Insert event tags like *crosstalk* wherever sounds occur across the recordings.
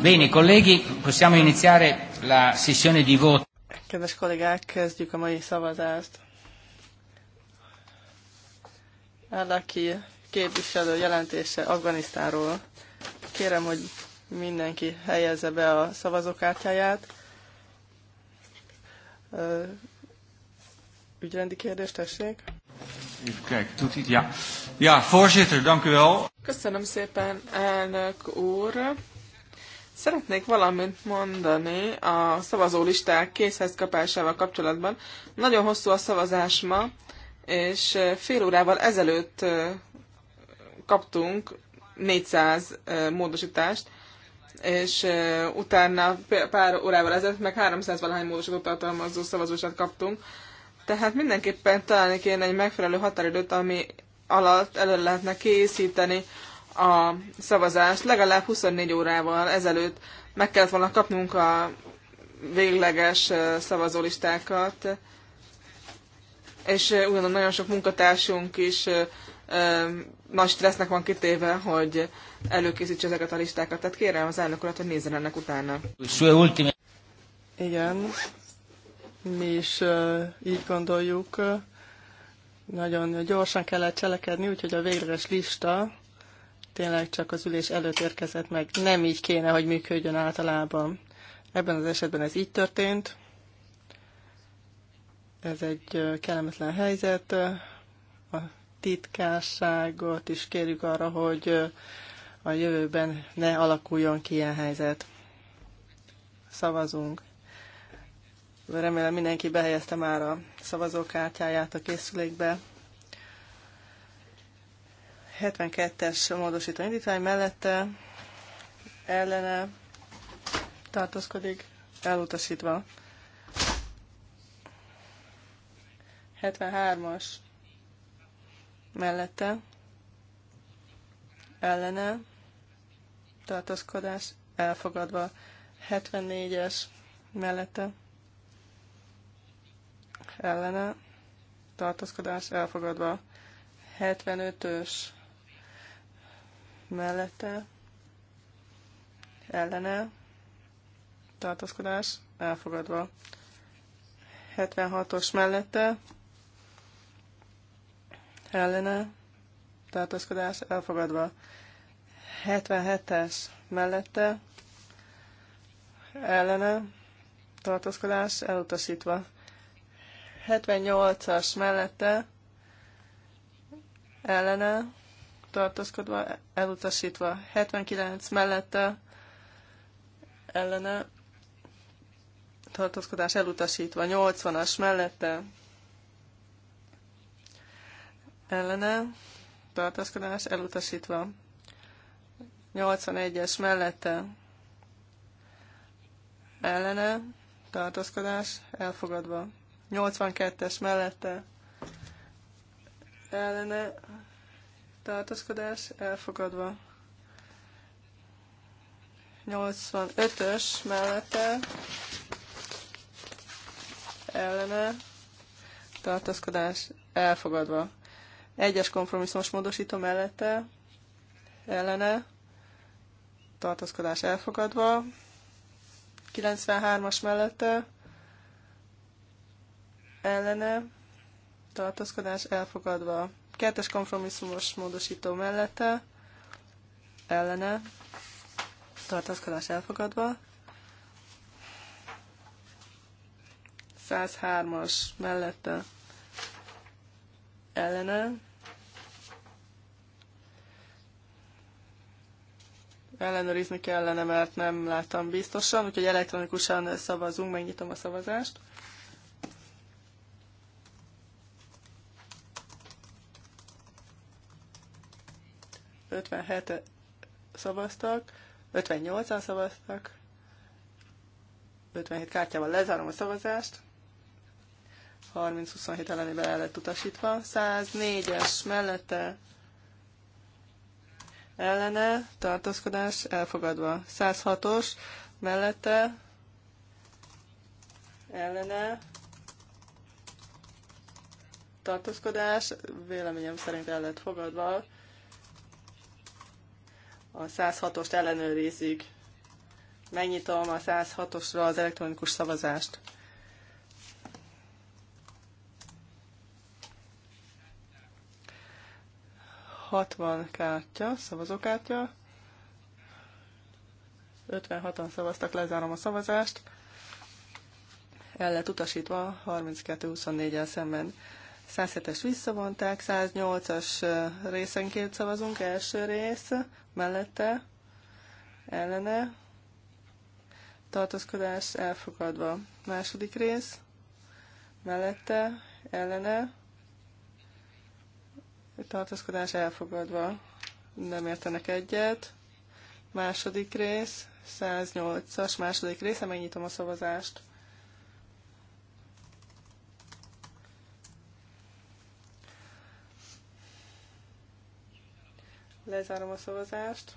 Bene, colleghi, possiamo iniziare la sessione di voto. Kedves kollégák, kezdjük a mai szavazást. Állaki képviselő jelentése Afganisztánról. Kérem, hogy mindenki helyezze be a szavazókártyáját. Ügyrendi kérdést, tessék. Even kijken, doet hij Ja. Ja, voorzitter, dank u wel. Köszönöm szépen, elnök úr. Szeretnék valamint mondani a szavazólisták készhez kapásával kapcsolatban. Nagyon hosszú a szavazás ma, és fél órával ezelőtt kaptunk 400 módosítást, és utána pár órával ezelőtt meg 300 valahány módosított tartalmazó szavazósát kaptunk. Tehát mindenképpen találni kéne egy megfelelő határidőt, ami alatt elő lehetne készíteni a szavazást. Legalább 24 órával ezelőtt meg kellett volna kapnunk a végleges szavazólistákat, és ugyanúgy nagyon sok munkatársunk is nagy stressznek van kitéve, hogy előkészítse ezeket a listákat. Tehát kérem az elnök urat, hogy nézzen ennek utána. Igen, mi is így gondoljuk. Nagyon gyorsan kellett cselekedni, úgyhogy a végleges lista tényleg csak az ülés előtt érkezett meg. Nem így kéne, hogy működjön általában. Ebben az esetben ez így történt. Ez egy kellemetlen helyzet. A titkárságot is kérjük arra, hogy a jövőben ne alakuljon ki ilyen helyzet. Szavazunk. Remélem mindenki behelyezte már a szavazókártyáját a készülékbe. 72-es módosító indítvány mellette ellene tartózkodik, elutasítva. 73-as mellette ellene tartózkodás elfogadva. 74-es mellette ellene tartózkodás elfogadva. 75-ös mellette ellene tartózkodás elfogadva. 76-os mellette ellene tartózkodás elfogadva. 77-es mellette ellene tartózkodás elutasítva. 78-as mellette ellene tartózkodva, elutasítva. 79 mellette ellene tartózkodás elutasítva. 80-as mellette ellene tartózkodás elutasítva. 81-es mellette ellene tartózkodás elfogadva. 82-es mellette ellene tartózkodás elfogadva. 85-ös mellette ellene tartózkodás elfogadva. Egyes kompromisszumos módosító mellette ellene tartózkodás elfogadva. 93-as mellette ellene tartózkodás elfogadva. Kettes kompromisszumos módosító mellette ellene tartózkodás elfogadva. 103-as mellette ellene ellenőrizni kellene, mert nem láttam biztosan, úgyhogy elektronikusan szavazunk, megnyitom a szavazást. 57 szavaztak, 58-an szavaztak, 57 kártyával lezárom a szavazást. 30-27 ellenében el lett utasítva. 104-es mellette ellene tartózkodás elfogadva. 106-os mellette ellene tartózkodás véleményem szerint el lett fogadva. A 106-ost ellenőrizzük. Megnyitom a 106-osra az elektronikus szavazást. Hatvan kártya, szavazókártya. 56-an szavaztak, lezárom a szavazást. El lett utasítva 32-24-el szemben. 107-es visszavonták, 108-as részenként szavazunk, első rész, mellette, ellene, tartózkodás elfogadva. Második rész, mellette, ellene, tartózkodás elfogadva. Nem értenek egyet. Második rész, 108-as második része, megnyitom a szavazást. Lezárom a szavazást.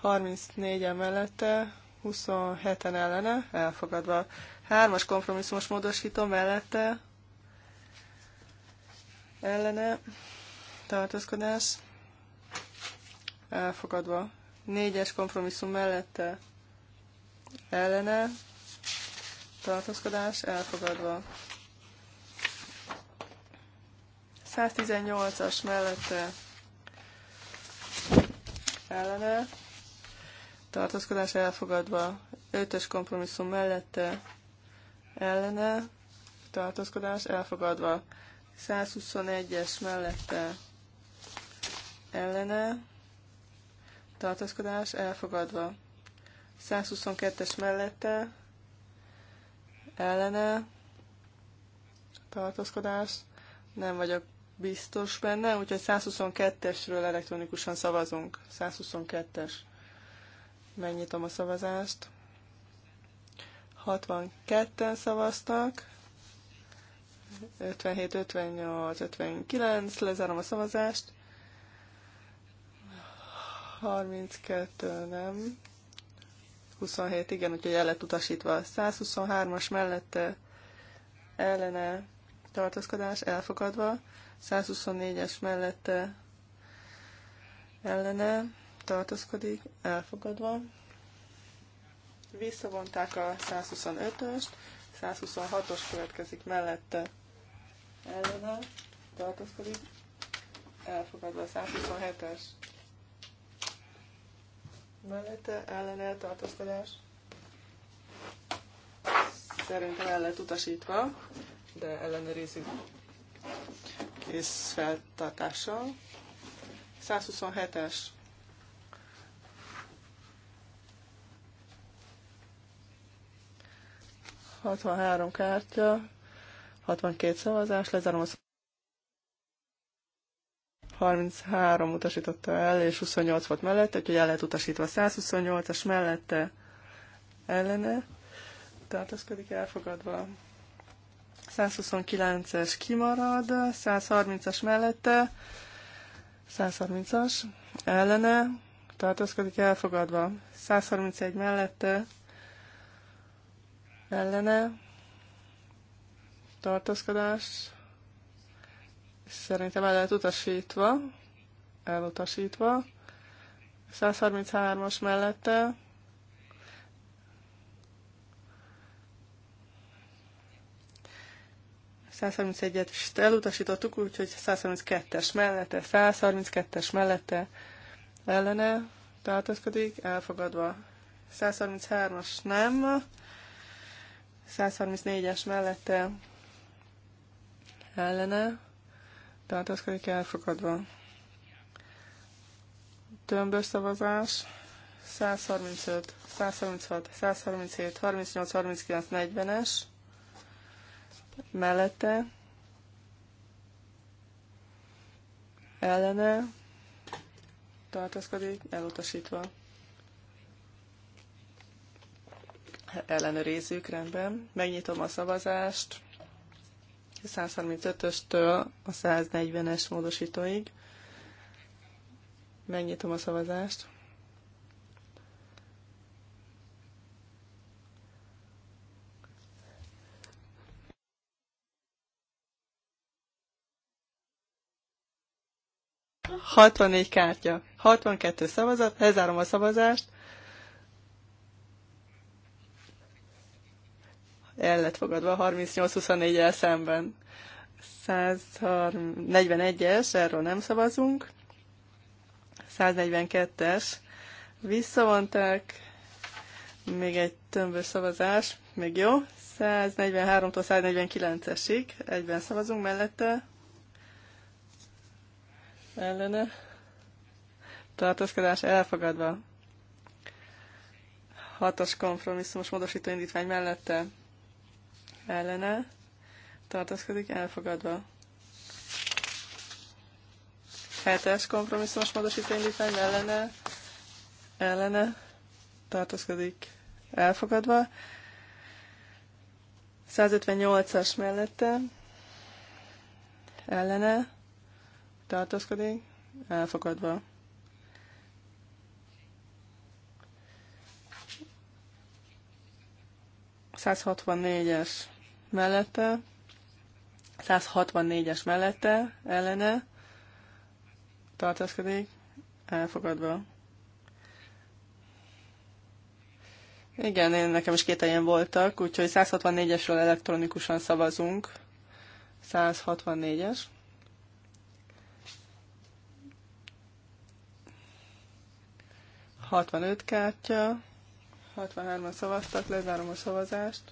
34 emellette, mellette, 27-en ellene, elfogadva. Hármas kompromisszumos módosító mellette, ellene, tartózkodás, elfogadva. Négyes kompromisszum mellette, ellene, tartózkodás, elfogadva. 118-as mellette ellene, tartózkodás elfogadva, 5-ös kompromisszum mellette ellene, tartózkodás elfogadva, 121-es mellette ellene, tartózkodás elfogadva, 122-es mellette ellene, tartózkodás, nem vagyok biztos benne, úgyhogy 122-esről elektronikusan szavazunk. 122-es. Megnyitom a szavazást. 62-en szavaztak. 57, 58, 59, lezárom a szavazást. 32 nem. 27, igen, úgyhogy el lett utasítva. 123-as mellette ellene tartózkodás elfogadva. 124-es mellette ellene tartózkodik, elfogadva. Visszavonták a 125-öst, 126-os következik mellette ellene tartózkodik, elfogadva a 127-es mellette ellene tartózkodás szerintem el lett utasítva, de ellenőrizzük készfeltartással. 127-es ...63 kártya, két szavazás, lezárom a 33 utasította el, és 28 volt mellette, úgyhogy el lehet utasítva 128-as mellette ellene, tartózkodik elfogadva. 129-es kimarad, 130-as mellette, 130-as ellene, tartózkodik elfogadva. 131 mellette, ellene, tartózkodás, szerintem el lehet utasítva, elutasítva. 133-as mellette, 131-et is elutasítottuk, úgyhogy 132-es mellette, 132-es mellette ellene tartózkodik, elfogadva. 133-as nem, 134-es mellette ellene tartózkodik, elfogadva. Tömbös szavazás, 135, 136, 137, 38, 39, 40-es mellette, ellene, tartózkodik, elutasítva. Ellenőrizzük, rendben. Megnyitom a szavazást. 135-östől a 140-es módosítóig. Megnyitom a szavazást. 64 kártya, 62 szavazat, lezárom a szavazást. El lett fogadva 38-24-el szemben. 141-es, erről nem szavazunk. 142-es, visszavonták, még egy tömbös szavazás, még jó. 143-tól 149-esig, egyben szavazunk mellette, ellene tartózkodás elfogadva. Hatos kompromisszumos módosító indítvány mellette ellene tartózkodik elfogadva. Hetes kompromisszumos módosító indítvány ellene ellene tartózkodik elfogadva. 158-as mellette ellene tartózkodik, elfogadva. es mellette, 164-es mellette, ellene tartózkodik, elfogadva. Igen, én nekem is két ilyen voltak, úgyhogy 164-esről elektronikusan szavazunk. 164-es. 65 kártya, 63-an szavaztak, lezárom a szavazást.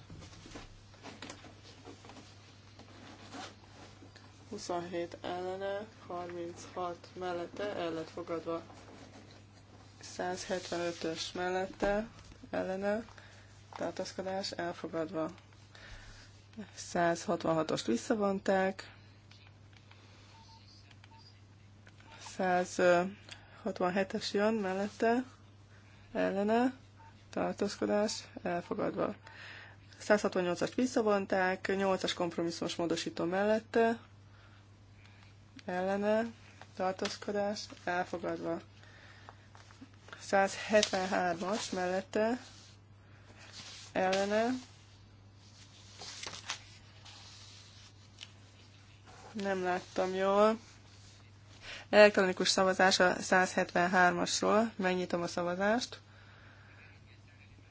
27 ellene, 36 mellette, el lett fogadva 175-ös mellette, ellene, tartaszkodás elfogadva. 166-ost visszavonták, 167-es jön mellette, ellene tartózkodás elfogadva. 168-ast visszavonták, 8-as kompromisszumos módosító mellette ellene tartózkodás elfogadva. 173-as mellette ellene nem láttam jól. Elektronikus szavazás a 173-asról. Megnyitom a szavazást.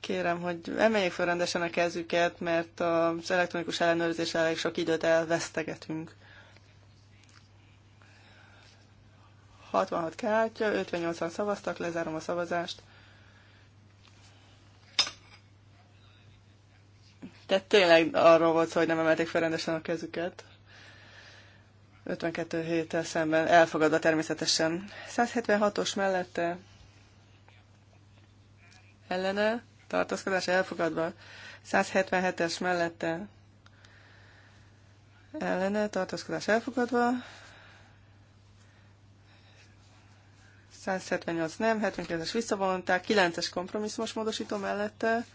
Kérem, hogy emeljék fel rendesen a kezüket, mert az elektronikus ellenőrzés elég sok időt elvesztegetünk. 66 kártya, 58-an szavaztak, lezárom a szavazást. Tehát tényleg arról volt szó, hogy nem emelték fel rendesen a kezüket. 52 héttel szemben elfogadva természetesen. 176-os mellette ellene, tartózkodás elfogadva. 177-es mellette ellene, tartózkodás elfogadva. 178 nem, 79-es visszavonták, 9-es kompromisszumos módosító mellette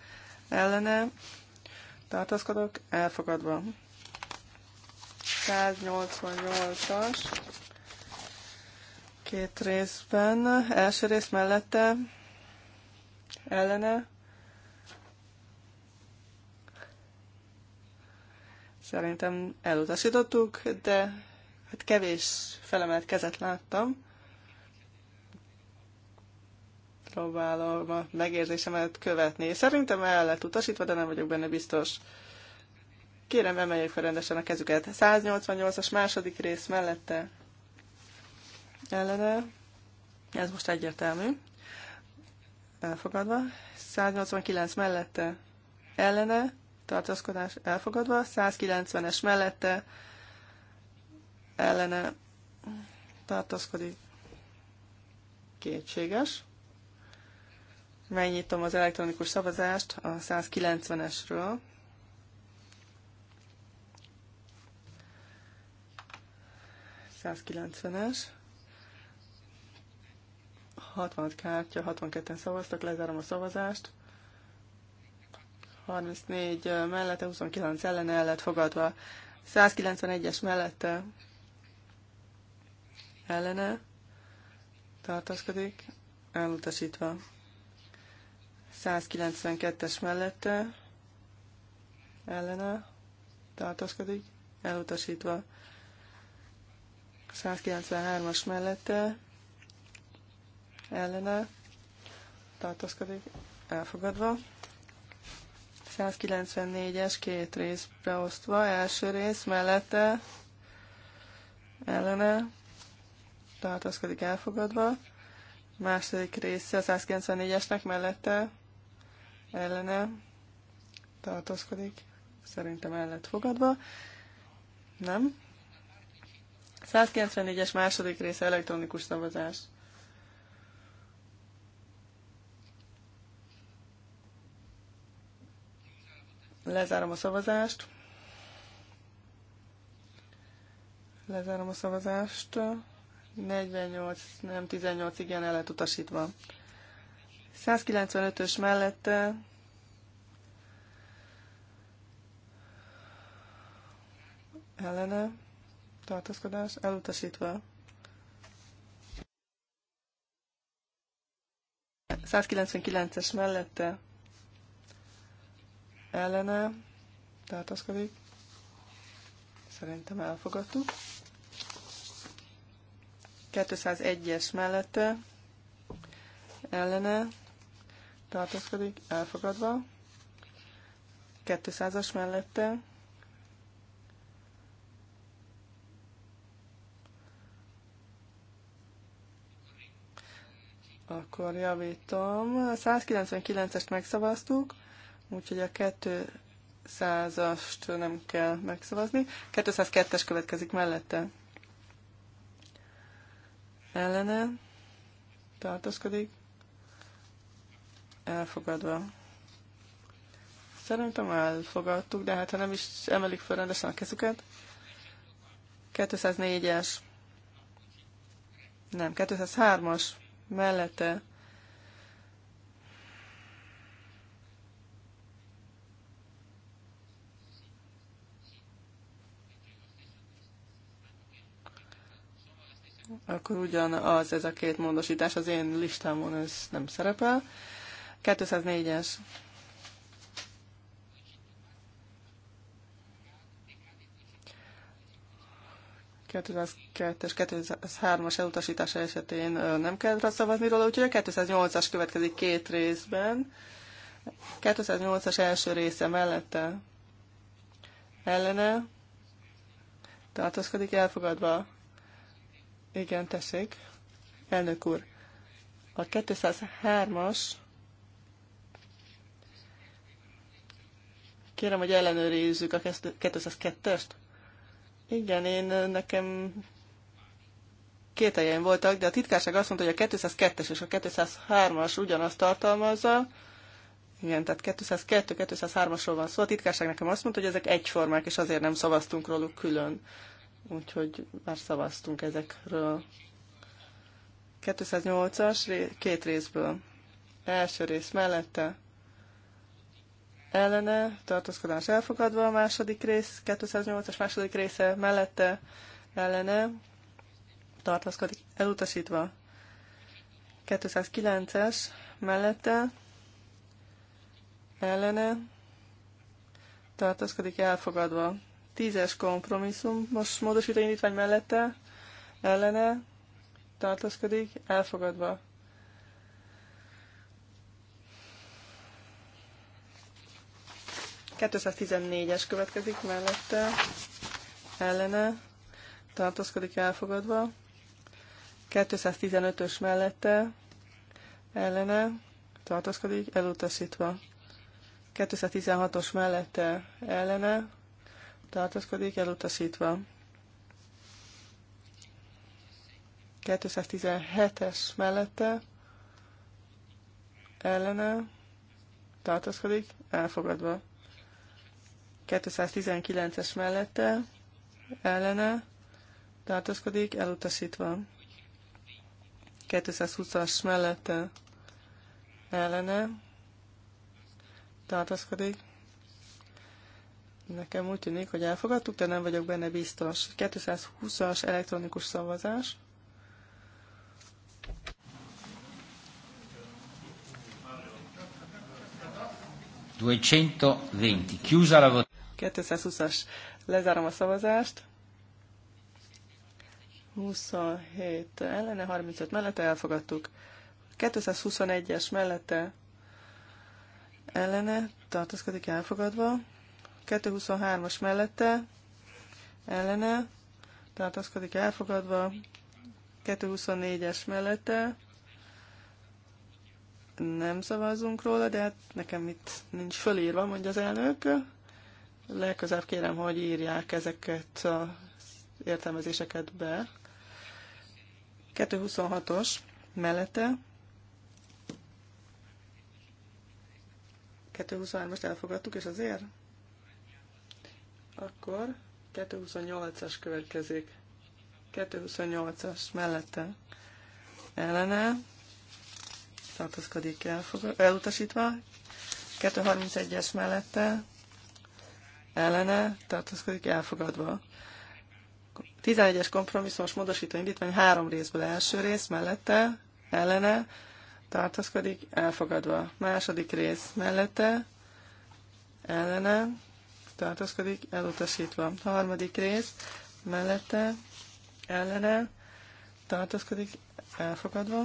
ellene, tartózkodok elfogadva. 188-as két részben. Első rész mellette ellene. Szerintem elutasítottuk, de hát kevés felemelt kezet láttam. Próbálom a megérzésemet követni. Szerintem el lett utasítva, de nem vagyok benne biztos. Kérem, emeljék fel rendesen a kezüket. 188-as második rész mellette ellene. Ez most egyértelmű. Elfogadva. 189 mellette ellene. Tartózkodás elfogadva. 190-es mellette ellene tartózkodik. Kétséges. Megnyitom az elektronikus szavazást a 190-esről. 190-es. 60 kártya, 62-en szavaztak, lezárom a szavazást. 34 mellette, 29 ellen el lett fogadva. 191-es mellette ellene tartózkodik, elutasítva. 192-es mellette ellene tartózkodik, elutasítva. 193-as mellette ellene tartózkodik elfogadva. 194-es két részbe osztva, első rész mellette ellene tartózkodik elfogadva. Második része 194-esnek mellette ellene tartózkodik, szerintem el lett fogadva. Nem? 194-es második része elektronikus szavazás. Lezárom a szavazást. Lezárom a szavazást. 48, nem 18, igen, el lehet utasítva. 195-ös mellette ellene tartózkodás elutasítva. 199-es mellette ellene tartózkodik. Szerintem elfogadtuk. 201-es mellette ellene tartózkodik, elfogadva. 200-as mellette Akkor javítom. A 199-est megszavaztuk, úgyhogy a 200-ast nem kell megszavazni. 202-es következik mellette. Ellene tartózkodik. Elfogadva. Szerintem elfogadtuk, de hát ha nem is emelik fel rendesen a kezüket. 204-es. Nem, 203-as mellette akkor ugyanaz ez a két módosítás, az én listámon ez nem szerepel. 204-es 2002-es, 2003-as elutasítása esetén nem kell szavazni róla, úgyhogy a 2008 as következik két részben. 2008 as első része mellette ellene tartózkodik elfogadva. Igen, tessék. Elnök úr, a 203-as kérem, hogy ellenőrizzük a 202-est. Igen, én nekem két helyen voltak, de a titkárság azt mondta, hogy a 202-es és a 203-as ugyanazt tartalmazza. Igen, tehát 202-203-asról van szó. A titkárság nekem azt mondta, hogy ezek egyformák, és azért nem szavaztunk róluk külön. Úgyhogy már szavaztunk ezekről. 208-as két részből. Első rész mellette, ellene, tartózkodás elfogadva a második rész, 208-as második része mellette, ellene, tartózkodik elutasítva. 209-es mellette, ellene, tartózkodik elfogadva. 10-es kompromisszum, most módosító indítvány mellette, ellene, tartózkodik elfogadva. 214-es következik mellette, ellene, tartózkodik elfogadva. 215-ös mellette, ellene, tartózkodik elutasítva. 216-os mellette, ellene, tartózkodik elutasítva. 217-es mellette, ellene, tartózkodik elfogadva. 219-es mellette ellene tartózkodik, elutasítva. 220-as mellette ellene tartózkodik. Nekem úgy tűnik, hogy elfogadtuk, de nem vagyok benne biztos. 220-as elektronikus szavazás. Duecento venti. Chiusa la 220-as. Lezárom a szavazást. 27 ellene, 35 mellette elfogadtuk. 221-es mellette ellene, tartozkodik elfogadva. 223-as mellette ellene, tartozkodik elfogadva. 224-es mellette nem szavazunk róla, de hát nekem itt nincs fölírva, mondja az elnök. Legközelebb kérem, hogy írják ezeket a értelmezéseket be. 226-os mellette 223-ast elfogadtuk, és azért akkor 228-as következik. 228-as mellette ellene tartozkodik elfogad, elutasítva. 231-es mellette ellene tartózkodik elfogadva. 11-es kompromisszumos módosító indítvány három részből első rész mellette ellene tartózkodik elfogadva. Második rész mellette ellene tartózkodik elutasítva. Harmadik rész mellette ellene tartózkodik elfogadva.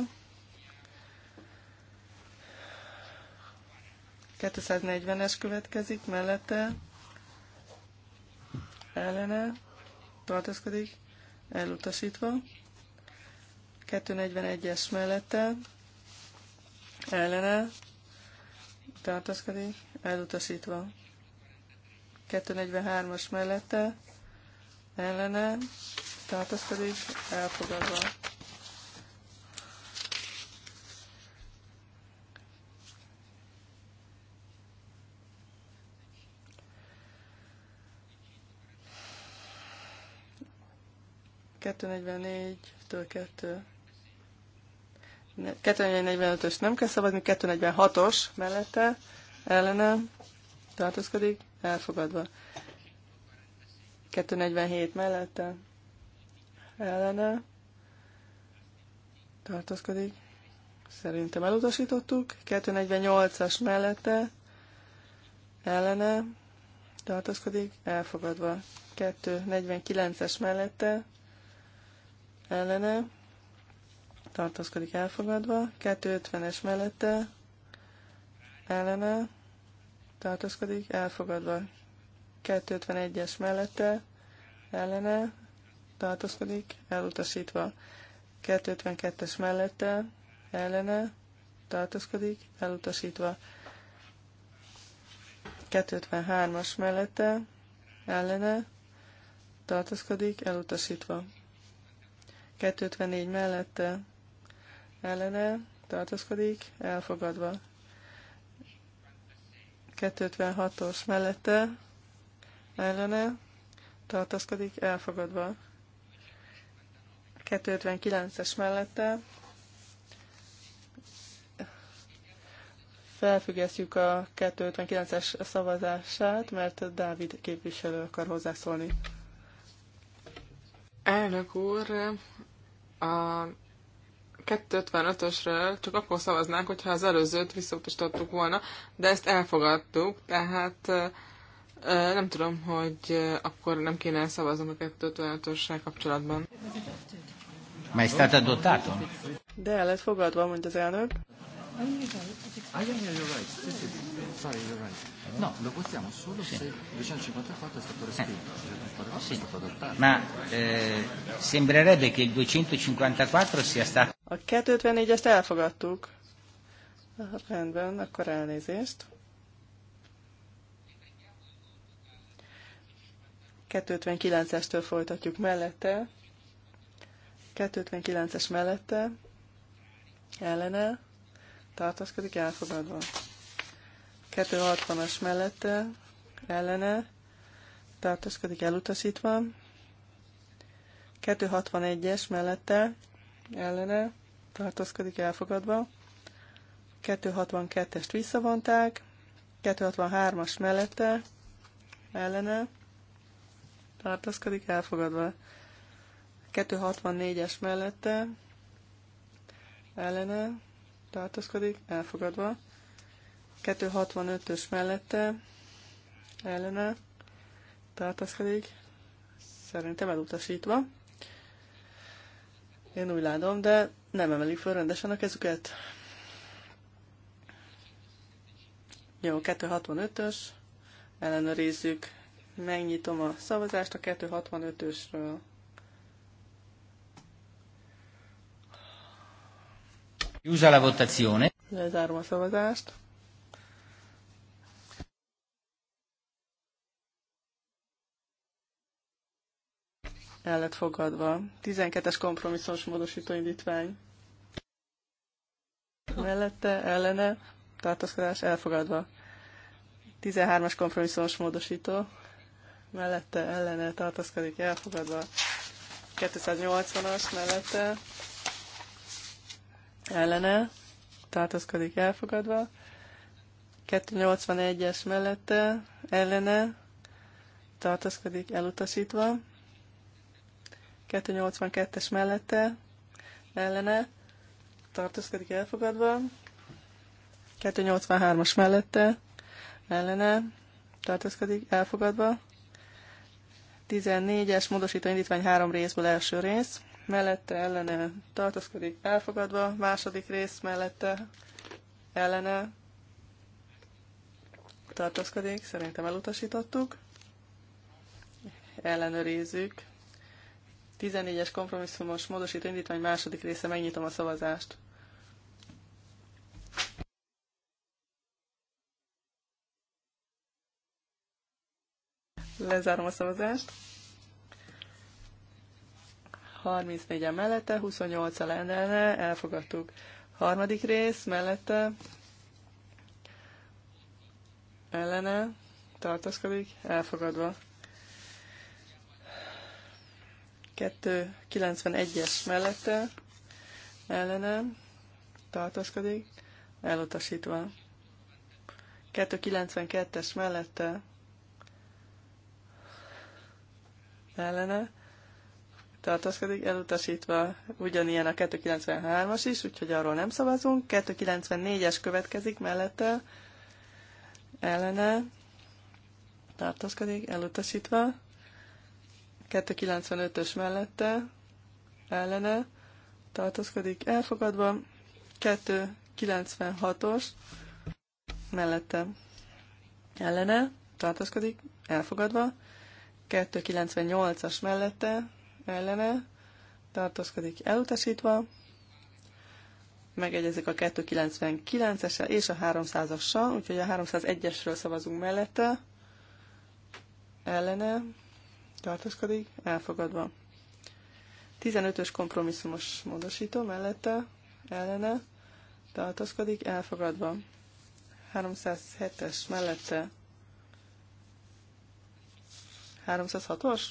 240-es következik mellette, ellene tartózkodik, elutasítva. 241-es mellette ellene tartózkodik, elutasítva. 243-as mellette ellene tartózkodik, elfogadva. 244-től 2... 245-ös nem kell szabadni, 246-os mellette ellene tartózkodik, elfogadva. 247 mellette ellene tartózkodik. Szerintem elutasítottuk. 248-as mellette ellene tartózkodik, elfogadva. 249-es mellette ellene tartózkodik elfogadva, 250-es mellette ellene tartózkodik elfogadva, 251-es mellette ellene tartózkodik elutasítva, 252-es mellette ellene tartózkodik elutasítva, 253-as mellette ellene tartózkodik elutasítva. 254 mellette ellene tartózkodik, elfogadva. 256-os mellette ellene tartózkodik, elfogadva. 259-es mellette felfüggesztjük a 259-es szavazását, mert Dávid képviselő akar hozzászólni. Elnök úr, a 255-ösről csak akkor szavaznánk, hogyha az előzőt visszautasítottuk volna, de ezt elfogadtuk, tehát nem tudom, hogy akkor nem kéne szavazni a 255 ösre kapcsolatban. Ma è stata De el lett fogadva, mondja az elnök. Ah, yeah, yeah, you're right. Sì, sì, sì. Sorry, you're right. No, lo solo sì. se 254 è stato respinto. Sì. Ma eh, sembrerebbe che il 254 sia stato... A 254-est elfogadtuk. Rendben, akkor elnézést. 259-estől folytatjuk mellette. 259-es mellette. Ellene tartózkodik, elfogadva. 260-as mellette, ellene, tartózkodik, elutasítva. 261-es mellette, ellene, tartózkodik, elfogadva. 262-est visszavonták, 263-as mellette, ellene, tartózkodik, elfogadva. 264-es mellette, ellene, tartózkodik, elfogadva. 265-ös mellette ellene tartózkodik, szerintem elutasítva. Én úgy látom, de nem emelik föl rendesen a kezüket. Jó, 265-ös, ellenőrizzük, megnyitom a szavazást a 265-ösről. Chiusa la votazione. Lezárom a szavazást. El lett fogadva. 12-es kompromisszós módosító indítvány. Mellette, ellene, tartózkodás elfogadva. 13-as kompromisszós módosító. Mellette, ellene, tartózkodik elfogadva. 280-as mellette, ellene tartozkodik elfogadva, 281-es mellette ellene tartozkodik elutasítva, 282-es mellette ellene tartozkodik elfogadva, 283-as mellette ellene tartozkodik elfogadva, 14-es módosító indítvány három részből első rész mellette ellene tartózkodik elfogadva, második rész mellette ellene tartózkodik, szerintem elutasítottuk. Ellenőrizzük. 14-es kompromisszumos módosító indítvány második része, megnyitom a szavazást. Lezárom a szavazást. 34-en mellette, 28 a lenne, elfogadtuk. Harmadik rész mellette, ellene, tartozkodik, elfogadva. 291-es mellette, ellene, tartozkodik, elutasítva. 292-es mellette, ellene, tartózkodik, elutasítva ugyanilyen a 293-as is, úgyhogy arról nem szavazunk. 294-es következik mellette, ellene, tartózkodik, elutasítva. 295-ös mellette, ellene, tartózkodik, elfogadva. 296-os mellette, ellene, tartózkodik, elfogadva. 298-as mellette, ellene tartózkodik elutasítva, megegyezik a 299-essel és a 300-assal, úgyhogy a 301-esről szavazunk mellette, ellene tartózkodik, elfogadva. 15-ös kompromisszumos módosító mellette, ellene tartózkodik, elfogadva. 307-es mellette 306-os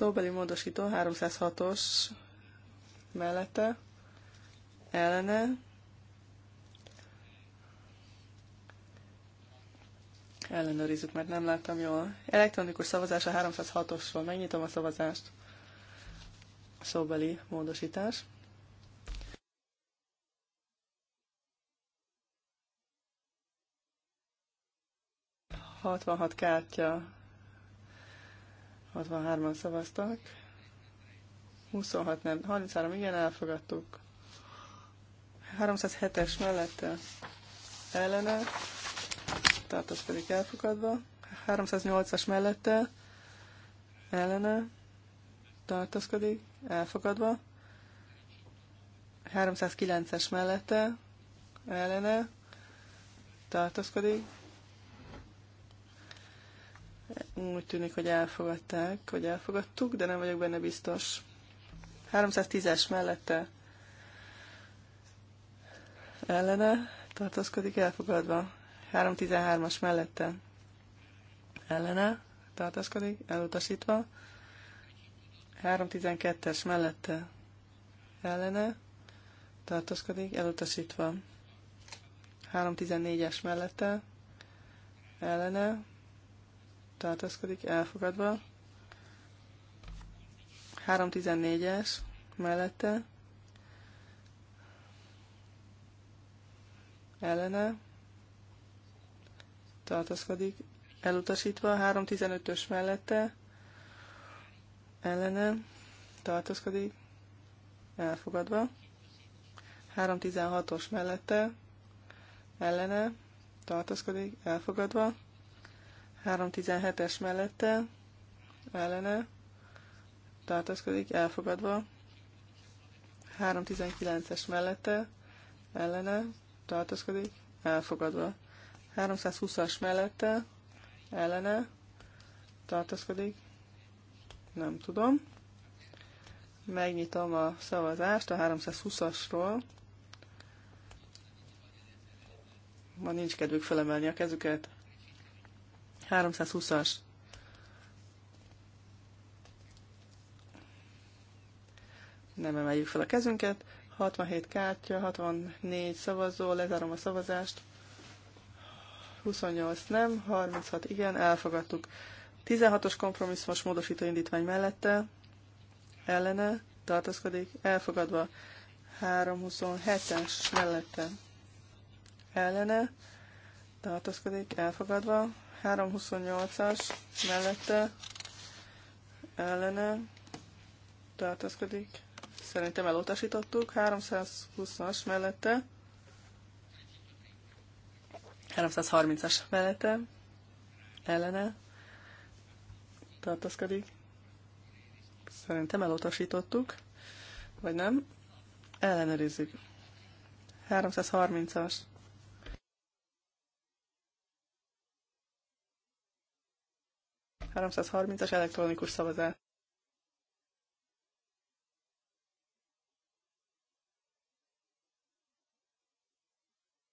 Szóbeli módosító 306-os mellette, ellene, ellenőrizzük, mert nem láttam jól. Elektronikus szavazás a 306-osról. Megnyitom a szavazást. Szóbeli módosítás. Hatvanhat kártya 63-an szavaztak. 26 nem, 33 igen, elfogadtuk. 307-es mellette ellene, tehát az pedig elfogadva. 308-as mellette ellene, tartózkodik elfogadva. 309-es mellette ellene, tartózkodik úgy tűnik, hogy elfogadták, hogy elfogadtuk, de nem vagyok benne biztos. 310-es mellette ellene tartózkodik elfogadva. 313-as mellette ellene tartózkodik elutasítva. 312-es mellette ellene tartózkodik elutasítva. 314-es mellette ellene tartózkodik, elfogadva. 314-es mellette, ellene, tartózkodik, elutasítva, 315-ös mellette, ellene, tartózkodik, elfogadva, 316-os mellette, ellene, tartózkodik, elfogadva, 317-es mellette ellene tartózkodik, elfogadva. 319-es mellette ellene tartózkodik, elfogadva. 320-as mellette ellene tartózkodik, nem tudom. Megnyitom a szavazást a 320-asról. Ma nincs kedvük felemelni a kezüket. 320-as. Nem emeljük fel a kezünket. 67 kártya, 64 szavazó, lezárom a szavazást. 28 nem, 36 igen, elfogadtuk. 16-os kompromisszumos módosító indítvány mellette, ellene, tartozkodik, elfogadva. 327-es mellette, ellene, tartozkodik, elfogadva. 328-as mellette ellene tartózkodik. Szerintem elutasítottuk. 320-as mellette 330-as mellette ellene tartózkodik. Szerintem elutasítottuk, vagy nem? Ellenőrizzük. 330-as 330-as elektronikus szavazás.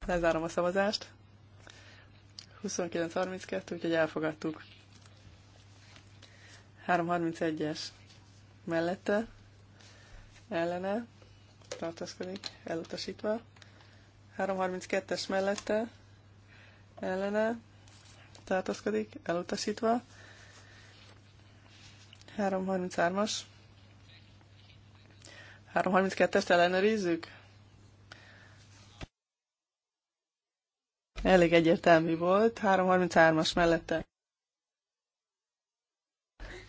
Lezárom a szavazást. 29-32, úgyhogy elfogadtuk. 331-es mellette, ellene, tartaszkodik, elutasítva. 332-es mellette, ellene, tartaszkodik, elutasítva. 333-as. 332-est ellenőrizzük? Elég egyértelmű volt. 333-as mellette.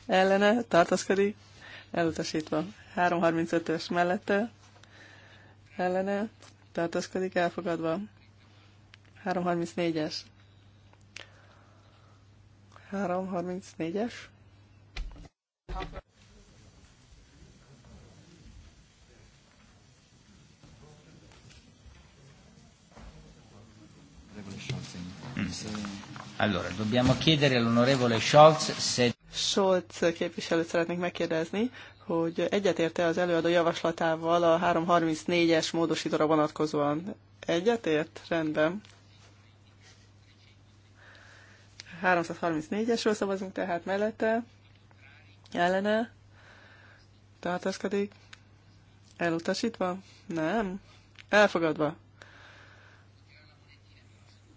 Ellene tartozkodik. Elutasítva. 335-ös mellette. Ellene tartozkodik. Elfogadva. 334-es. 334-es. Mm. Allora, dobbiamo chiedere all'onorevole Scholz se... Scholz képviselőt szeretnék megkérdezni, hogy egyetérte az előadó javaslatával a 334-es módosítóra vonatkozóan. Egyetért? Rendben. 334-esről szavazunk tehát mellette ellene tartaszkodik, elutasítva, nem, elfogadva.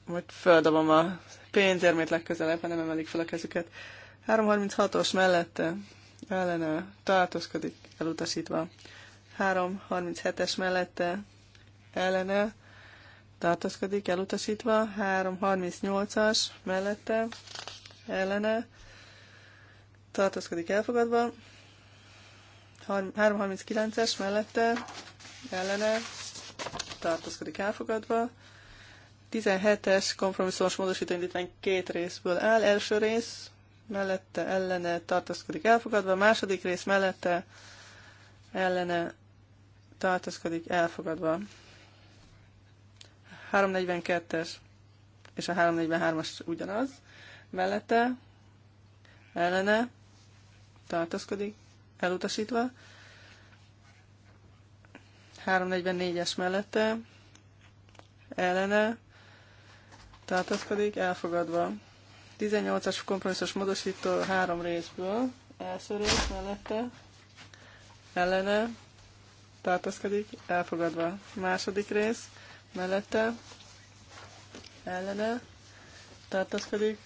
Vagy földobom a pénzérmét legközelebb, ha nem emelik fel a kezüket. 336-os mellette ellene tartózkodik, elutasítva. 337-es mellette ellene tartózkodik, elutasítva. 338-as mellette ellene tartózkodik elfogadva. 339-es mellette ellene tartózkodik elfogadva. 17-es kompromisszumos módosító indítvány két részből áll. Első rész mellette ellene tartózkodik elfogadva, második rész mellette ellene tartózkodik elfogadva. 342-es és a 343-as ugyanaz. Mellette ellene tartózkodik, elutasítva. 344-es mellette, ellene, tartózkodik, elfogadva. 18-as kompromisszus módosító három részből, első rész mellette, ellene, tartózkodik, elfogadva. Második rész, mellette, ellene, tartózkodik,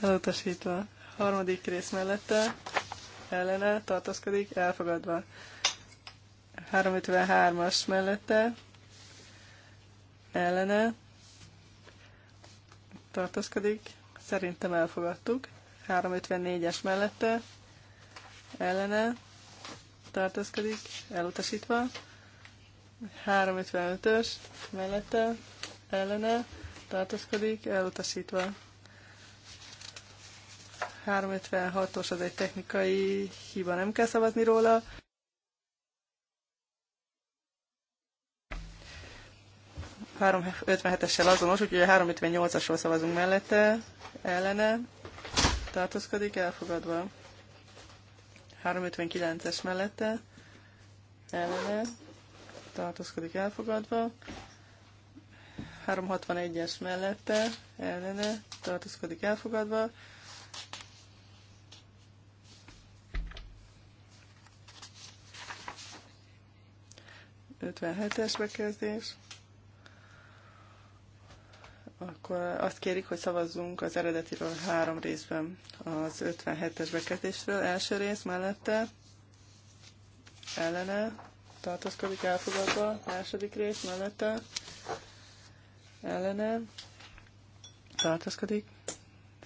elutasítva. Harmadik rész mellette, ellene tartózkodik, elfogadva. 353-as mellette ellene tartózkodik, szerintem elfogadtuk. 354-es mellette ellene tartózkodik, elutasítva. 355-ös mellette ellene tartózkodik, elutasítva. 356-os az egy technikai hiba, nem kell szavazni róla. Három 57-essel azonos, úgyhogy a 358-asról szavazunk mellette, ellene, tartózkodik, elfogadva. 359-es mellette, ellene, tartózkodik, elfogadva. 361-es mellette, ellene, tartózkodik, elfogadva. 57-es bekezdés. Akkor azt kérik, hogy szavazzunk az eredetiről három részben az 57-es bekezdésről. Első rész mellette ellene tartozkodik elfogadva, második rész mellette ellene tartozkodik.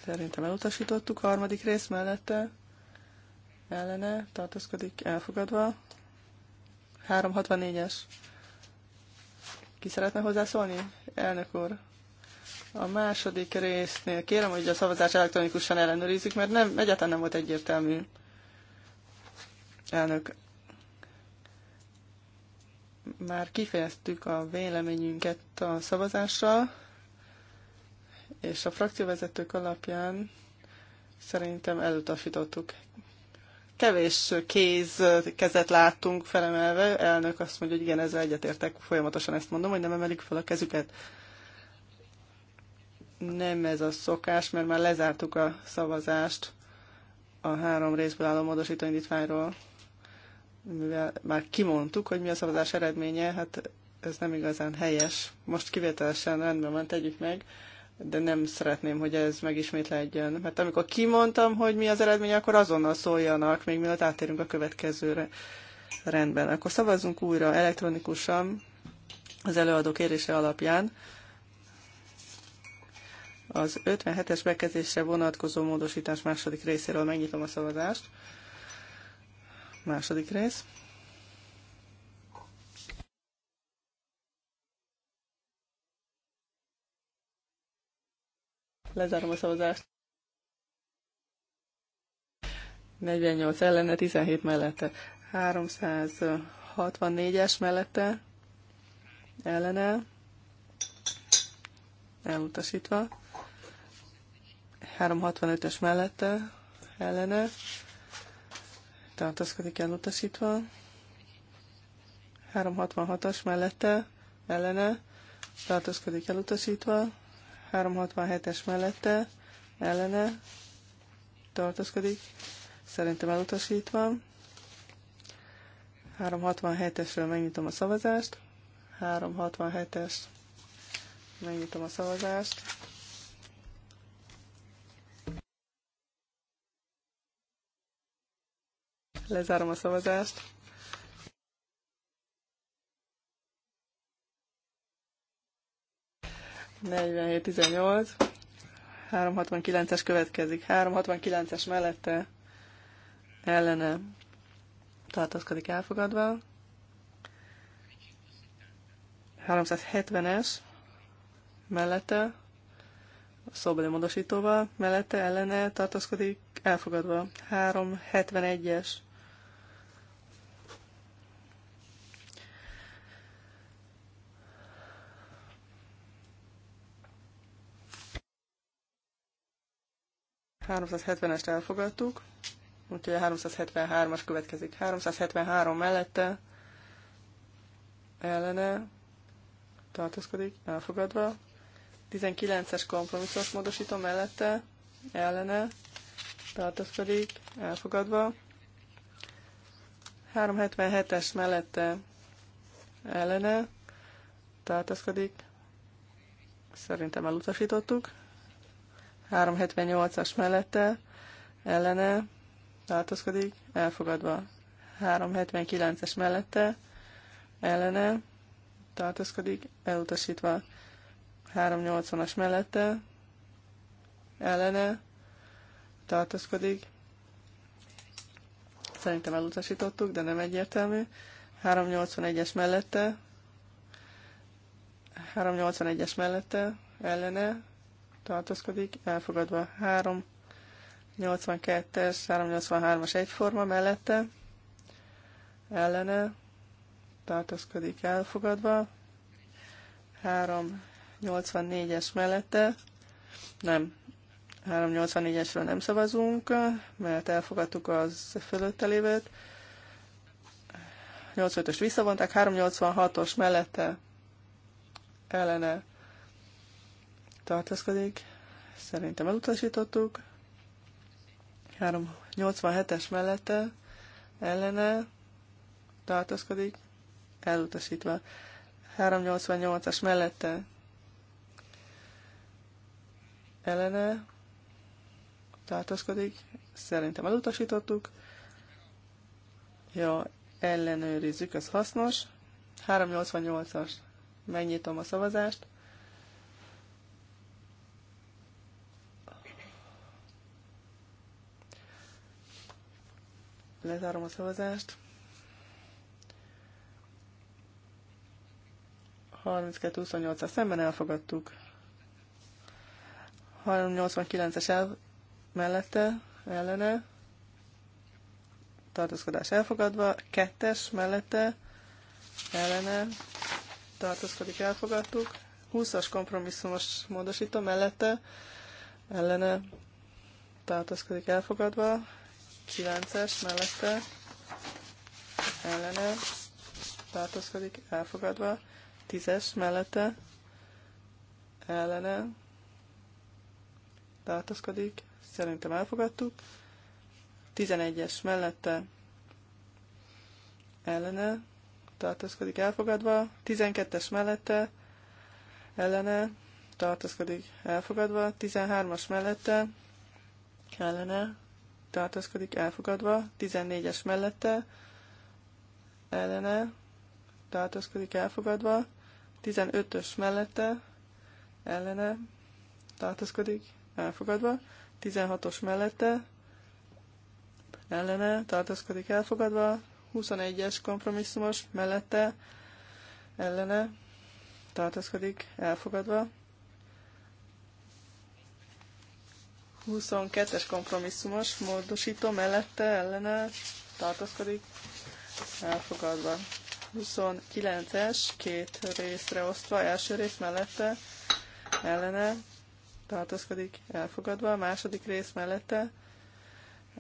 Szerintem elutasítottuk, harmadik rész mellette ellene tartozkodik elfogadva, 364-es. Ki szeretne hozzászólni? Elnök úr. A második résznél kérem, hogy a szavazás elektronikusan ellenőrizzük, mert nem, egyáltalán nem volt egyértelmű. Elnök, már kifejeztük a véleményünket a szavazással, és a frakcióvezetők alapján szerintem elutasítottuk. Kevés kéz, kezet láttunk felemelve. Elnök azt mondja, hogy igen, ezzel egyetértek. Folyamatosan ezt mondom, hogy nem emelik fel a kezüket. Nem ez a szokás, mert már lezártuk a szavazást a három részből álló módosító indítványról, mivel már kimondtuk, hogy mi a szavazás eredménye, hát ez nem igazán helyes. Most kivételesen rendben van, tegyük meg de nem szeretném, hogy ez megismétlődjön. Mert amikor kimondtam, hogy mi az eredmény, akkor azonnal szóljanak, még mielőtt átérünk a következőre. Rendben, akkor szavazzunk újra elektronikusan az előadó kérése alapján az 57-es bekezdésre vonatkozó módosítás második részéről megnyitom a szavazást. Második rész. Lezárom a szavazást. 48 ellene, 17 mellette. 364-es mellette. Ellene. Elutasítva. 365-ös mellette. Ellene. Tartózkodik elutasítva. 366-as mellette. Ellene. Tartózkodik elutasítva. 367-es mellette ellene tartózkodik. Szerintem elutasítva. 367-esről megnyitom a szavazást. 367-es. Megnyitom a szavazást. Lezárom a szavazást. 47-18, 369-es következik, 369-es mellette ellene tartozkodik elfogadva. 370-es mellette, szóbeli módosítóval, mellette ellene tartózkodik elfogadva. 371-es 370-est elfogadtuk, úgyhogy a 373-as következik. 373 mellette ellene tartózkodik, elfogadva. 19-es kompromisszos módosító mellette ellene tartózkodik, elfogadva. 377-es mellette ellene tartózkodik, szerintem elutasítottuk. 378-as mellette ellene változkodik, elfogadva. 379-es mellette ellene tartózkodik, elutasítva. 380-as mellette ellene tartózkodik. Szerintem elutasítottuk, de nem egyértelmű. 381-es mellette 381-es mellette ellene tartózkodik, elfogadva 3, 82-es, 383-as egyforma mellette, ellene, tartózkodik, elfogadva, 3, 84-es mellette, nem, 384-esről nem szavazunk, mert elfogadtuk az fölötte lévőt. 85-ös visszavonták, 386-os mellette ellene tartózkodik. Szerintem elutasítottuk. 387-es mellette ellene tartózkodik, elutasítva. 388-as mellette ellene tartózkodik, szerintem elutasítottuk. Ja, ellenőrizzük, ez hasznos. 388-as. Megnyitom a szavazást. Lezárom a szavazást. 32-28-as szemben elfogadtuk. 389-es el, mellette, ellene, tartózkodás elfogadva, kettes mellette, ellene, tartózkodik, elfogadtuk, 20-as kompromisszumos módosító mellette, ellene, tartózkodik, elfogadva, 9-es mellette ellene tartózkodik, elfogadva. 10-es mellette ellene tartózkodik, szerintem elfogadtuk. 11-es mellette ellene tartózkodik, elfogadva. 12-es mellette ellene tartózkodik, elfogadva. 13-as mellette ellene tartózkodik elfogadva, 14-es mellette ellene tartózkodik elfogadva, 15-ös mellette ellene tartózkodik elfogadva, 16-os mellette ellene tartózkodik elfogadva, 21-es kompromisszumos mellette ellene tartózkodik elfogadva, 22-es kompromisszumos módosító mellette ellene tartozkodik elfogadva. 29-es két részre osztva, első rész mellette ellene tartozkodik elfogadva, második rész mellette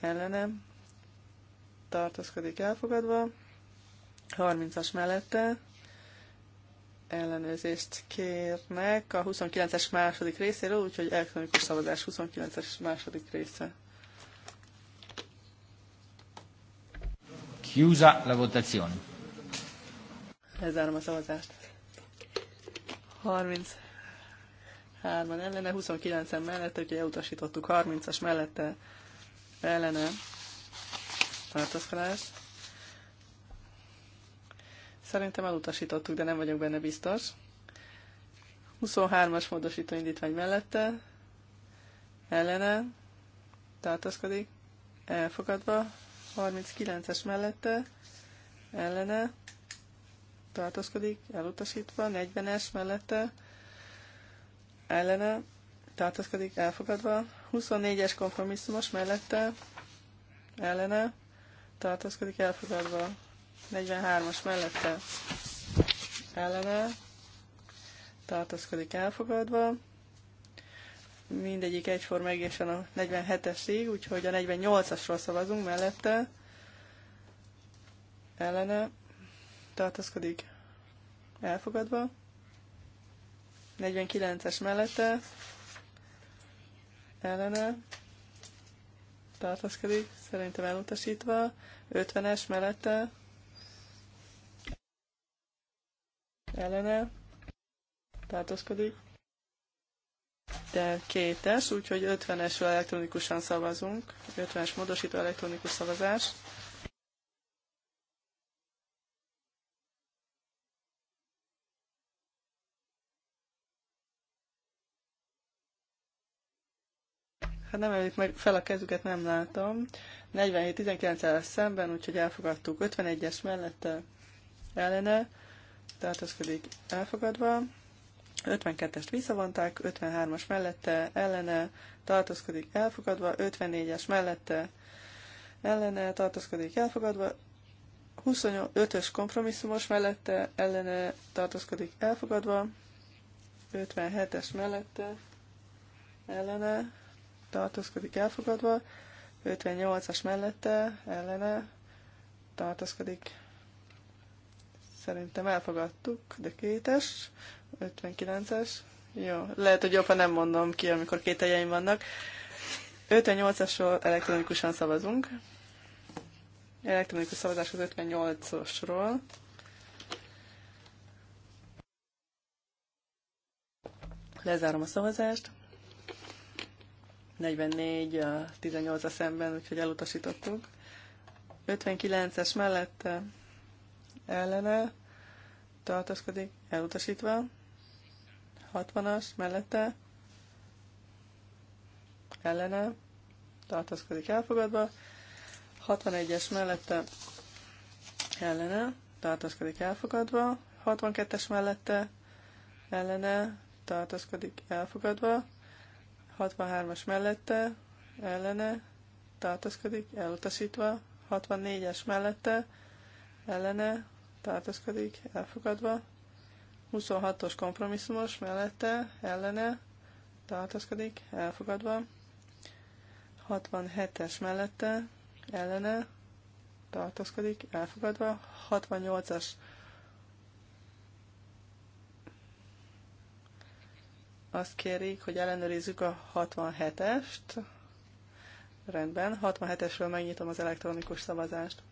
ellene tartozkodik elfogadva, 30-as mellette ellenőrzést kérnek a 29-es második részéről, úgyhogy elektronikus szavazás 29-es második része. Chiusa la votazione. Lezárom a szavazást. 33-an ellene, 29-en mellette, úgyhogy elutasítottuk 30-as mellette ellene tartózkodást Szerintem elutasítottuk, de nem vagyok benne biztos. 23-as módosító indítvány mellette, ellene, tartozkodik, elfogadva, 39-es mellette, ellene, tartozkodik, elutasítva, 40-es mellette, ellene, tartozkodik, elfogadva, 24-es kompromisszumos mellette, ellene, tartozkodik, elfogadva, 43-as mellette ellene tartozkodik elfogadva. Mindegyik egyforma egészen a 47-esig, úgyhogy a 48-asról szavazunk mellette ellene tartozkodik elfogadva. 49-es mellette ellene tartozkodik, szerintem elutasítva. 50-es mellette ellene tartózkodik. De kétes, úgyhogy 50-esről elektronikusan szavazunk. 50-es módosító elektronikus szavazás. Hát nem emelik meg fel a kezüket, nem látom. 47-19 el szemben, úgyhogy elfogadtuk. 51-es mellette ellene tartózkodik elfogadva. 52-est visszavonták, 53-as mellette ellene tartózkodik elfogadva, 54-es mellette ellene tartózkodik elfogadva, 25-ös kompromisszumos mellette ellene tartózkodik elfogadva, 57-es mellette ellene tartózkodik elfogadva, 58-as mellette ellene tartózkodik Szerintem elfogadtuk, de kétes, 59-es. Jó, lehet, hogy jobban nem mondom ki, amikor helyeim vannak. 58-asról elektronikusan szavazunk. Elektronikus szavazás az 58-osról. Lezárom a szavazást. 44 a 18 a szemben, úgyhogy elutasítottuk. 59-es mellette ellene tartózkodik, elutasítva. 60-as mellette ellene tartózkodik, elfogadva. 61-es mellette ellene tartózkodik, elfogadva. 62-es mellette ellene tartózkodik, elfogadva. 63-as mellette ellene tartózkodik, elutasítva. 64-es mellette ellene tartózkodik, elfogadva. 26-os kompromisszumos mellette, ellene, tartózkodik, elfogadva. 67-es mellette, ellene, tartózkodik, elfogadva. 68-as azt kérik, hogy ellenőrizzük a 67-est. Rendben, 67-esről megnyitom az elektronikus szavazást.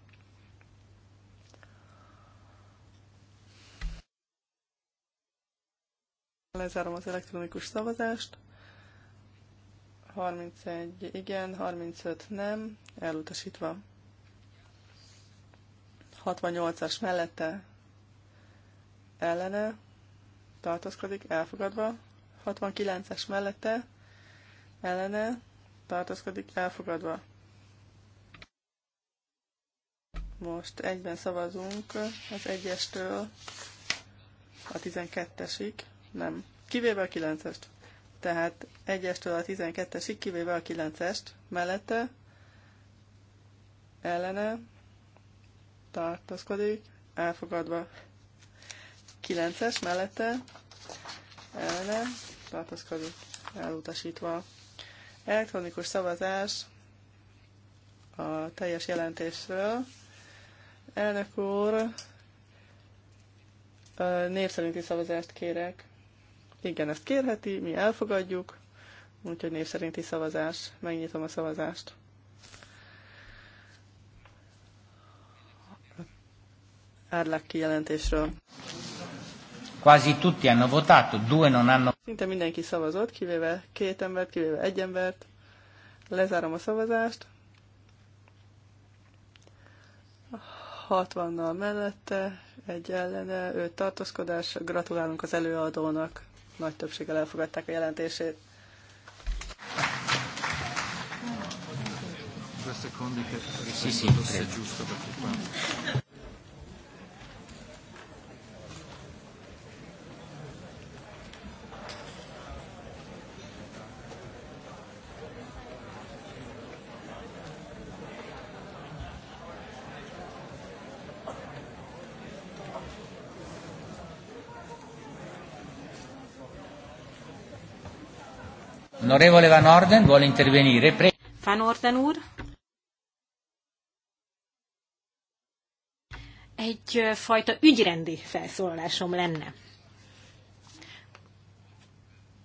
Lezárom az elektronikus szavazást. 31 igen, 35 nem, elutasítva. 68-as mellette ellene tartozkodik, elfogadva. 69-es mellette ellene tartozkodik, elfogadva. Most egyben szavazunk az 1-estől a 12-esig. Nem. Kivéve a 9-est. Tehát 1-estől a 12-esig, kivéve a 9-est, mellette, ellene, tartózkodik, elfogadva. 9-es mellette, ellene, tartózkodik, elutasítva. Elektronikus szavazás a teljes jelentésről. Elnök úr, név szavazást kérek. Igen, ezt kérheti, mi elfogadjuk, úgyhogy név szerinti szavazás. Megnyitom a szavazást. Árlák kijelentésről. Quasi tutti hanno votato, due non hanno... Szinte mindenki szavazott, kivéve két embert, kivéve egy embert. Lezárom a szavazást. 60-nal mellette, egy ellene, ő tartózkodás. Gratulálunk az előadónak nagy többséggel elfogadták a jelentését. Sì, sì, prego. Onorevole Van Orden vuole intervenire. Pre- Van Orden úr? Egyfajta ügyrendi felszólalásom lenne.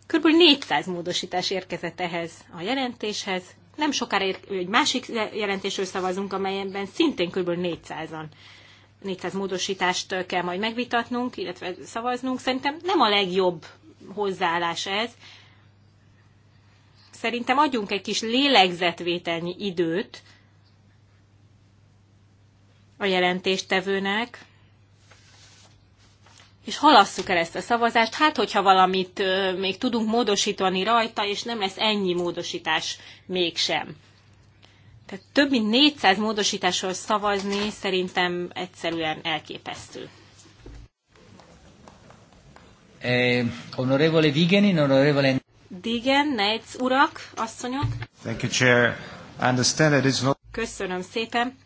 Körülbelül 400 módosítás érkezett ehhez a jelentéshez. Nem sokára ér, egy másik jelentésről szavazunk, amelyben szintén kb. 400-an 400 módosítást kell majd megvitatnunk, illetve szavaznunk. Szerintem nem a legjobb hozzáállás ez szerintem adjunk egy kis lélegzetvételnyi időt a jelentéstevőnek, és halasszuk el ezt a szavazást, hát hogyha valamit még tudunk módosítani rajta, és nem lesz ennyi módosítás mégsem. Tehát több mint 400 módosításról szavazni szerintem egyszerűen elképesztő. Eh, honorevole Vigeni, honorevole... Digen, Neitz urak, asszonyok. Thank you, Chair. I understand that it's not... Köszönöm szépen.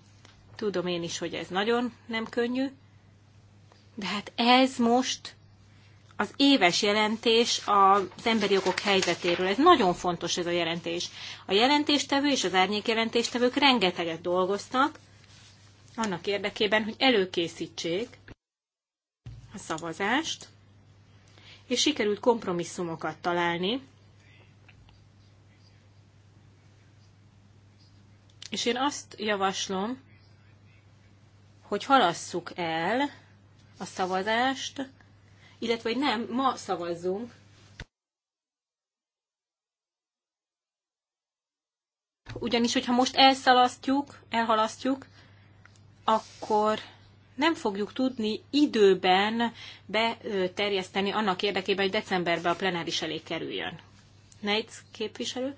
Tudom én is, hogy ez nagyon nem könnyű. De hát ez most az éves jelentés az emberi jogok helyzetéről. Ez nagyon fontos ez a jelentés. A jelentéstevő és az árnyék jelentéstevők rengeteget dolgoztak annak érdekében, hogy előkészítsék a szavazást és sikerült kompromisszumokat találni. És én azt javaslom, hogy halasszuk el a szavazást, illetve hogy nem, ma szavazzunk, ugyanis, hogyha most elszalasztjuk, elhalasztjuk, akkor nem fogjuk tudni időben beterjeszteni annak érdekében, hogy decemberben a plenáris elé kerüljön. Neitz képviselő?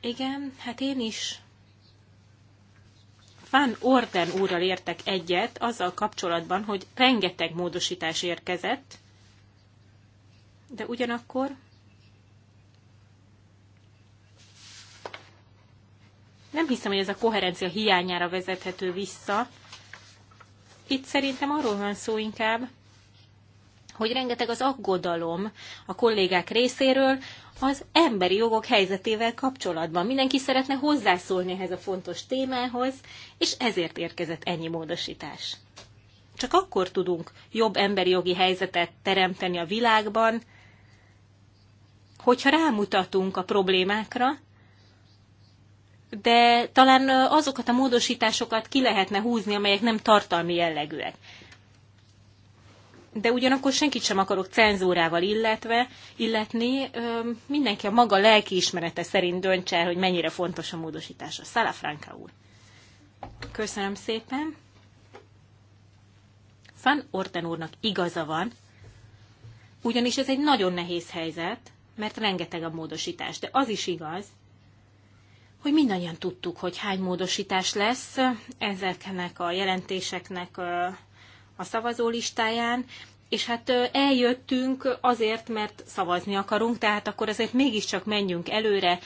Igen, hát én is Van Orden úrral értek egyet azzal kapcsolatban, hogy rengeteg módosítás érkezett, de ugyanakkor nem hiszem, hogy ez a koherencia hiányára vezethető vissza, itt szerintem arról van szó inkább, hogy rengeteg az aggodalom a kollégák részéről az emberi jogok helyzetével kapcsolatban. Mindenki szeretne hozzászólni ehhez a fontos témához, és ezért érkezett ennyi módosítás. Csak akkor tudunk jobb emberi jogi helyzetet teremteni a világban, hogyha rámutatunk a problémákra, de talán azokat a módosításokat ki lehetne húzni, amelyek nem tartalmi jellegűek. De ugyanakkor senkit sem akarok cenzúrával illetve, illetni, mindenki a maga lelkiismerete szerint döntse el, hogy mennyire fontos a módosítása. Szála Franka úr. Köszönöm szépen. Van Orten úrnak igaza van, ugyanis ez egy nagyon nehéz helyzet, mert rengeteg a módosítás. De az is igaz, hogy mindannyian tudtuk, hogy hány módosítás lesz ezeknek a jelentéseknek a szavazólistáján, és hát eljöttünk azért, mert szavazni akarunk, tehát akkor azért mégiscsak menjünk előre,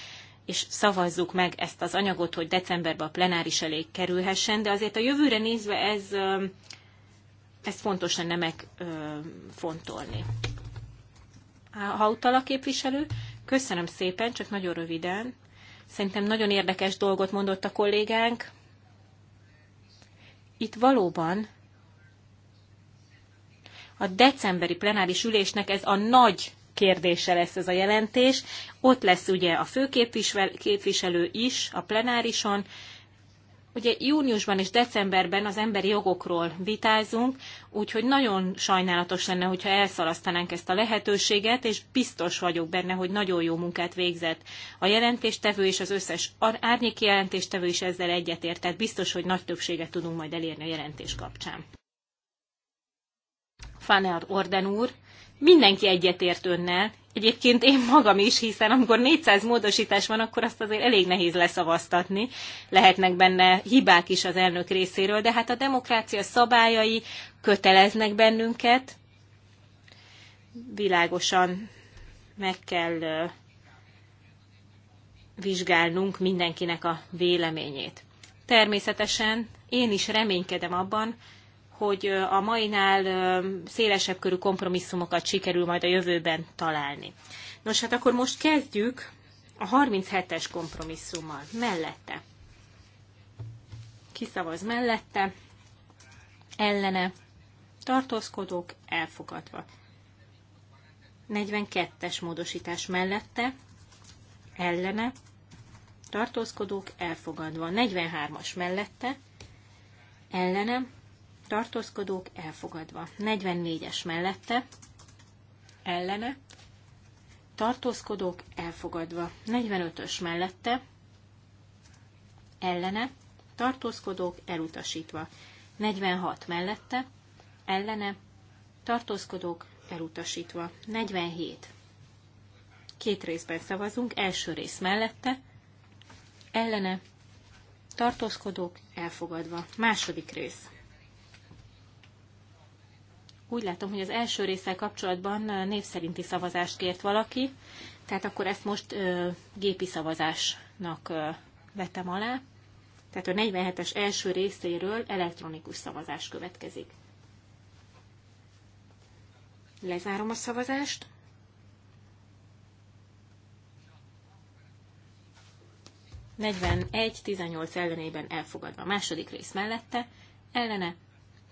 és szavazzuk meg ezt az anyagot, hogy decemberben a plenáris elég kerülhessen, de azért a jövőre nézve ez, ez fontos lenne megfontolni. Hautala képviselő, köszönöm szépen, csak nagyon röviden. Szerintem nagyon érdekes dolgot mondott a kollégánk. Itt valóban a decemberi plenáris ülésnek ez a nagy kérdése lesz ez a jelentés. Ott lesz ugye a főképviselő is a plenárison, ugye júniusban és decemberben az emberi jogokról vitázunk, úgyhogy nagyon sajnálatos lenne, hogyha elszalasztanánk ezt a lehetőséget, és biztos vagyok benne, hogy nagyon jó munkát végzett a jelentéstevő, és az összes árnyéki jelentéstevő is ezzel egyetért, tehát biztos, hogy nagy többséget tudunk majd elérni a jelentés kapcsán. Fanel Orden úr Mindenki egyetért önnel, Egyébként én magam is, hiszen amikor 400 módosítás van, akkor azt azért elég nehéz leszavaztatni. Lehetnek benne hibák is az elnök részéről, de hát a demokrácia szabályai köteleznek bennünket. Világosan meg kell vizsgálnunk mindenkinek a véleményét. Természetesen én is reménykedem abban, hogy a mainál szélesebb körű kompromisszumokat sikerül majd a jövőben találni. Nos, hát akkor most kezdjük a 37-es kompromisszummal. Mellette. Kiszavaz mellette. Ellene. Tartózkodók elfogadva. 42-es módosítás mellette. Ellene. Tartózkodók elfogadva. 43-as mellette. Ellene tartózkodók elfogadva. 44-es mellette, ellene, tartózkodók elfogadva. 45-ös mellette, ellene, tartózkodók elutasítva. 46 mellette, ellene, tartózkodók elutasítva. 47. Két részben szavazunk, első rész mellette, ellene, tartózkodók elfogadva. Második rész úgy látom, hogy az első részsel kapcsolatban név szerinti szavazást kért valaki, tehát akkor ezt most ö, gépi szavazásnak ö, vetem alá. Tehát a 47-es első részéről elektronikus szavazás következik. Lezárom a szavazást. tizennyolc ellenében elfogadva. Második rész mellette, ellene,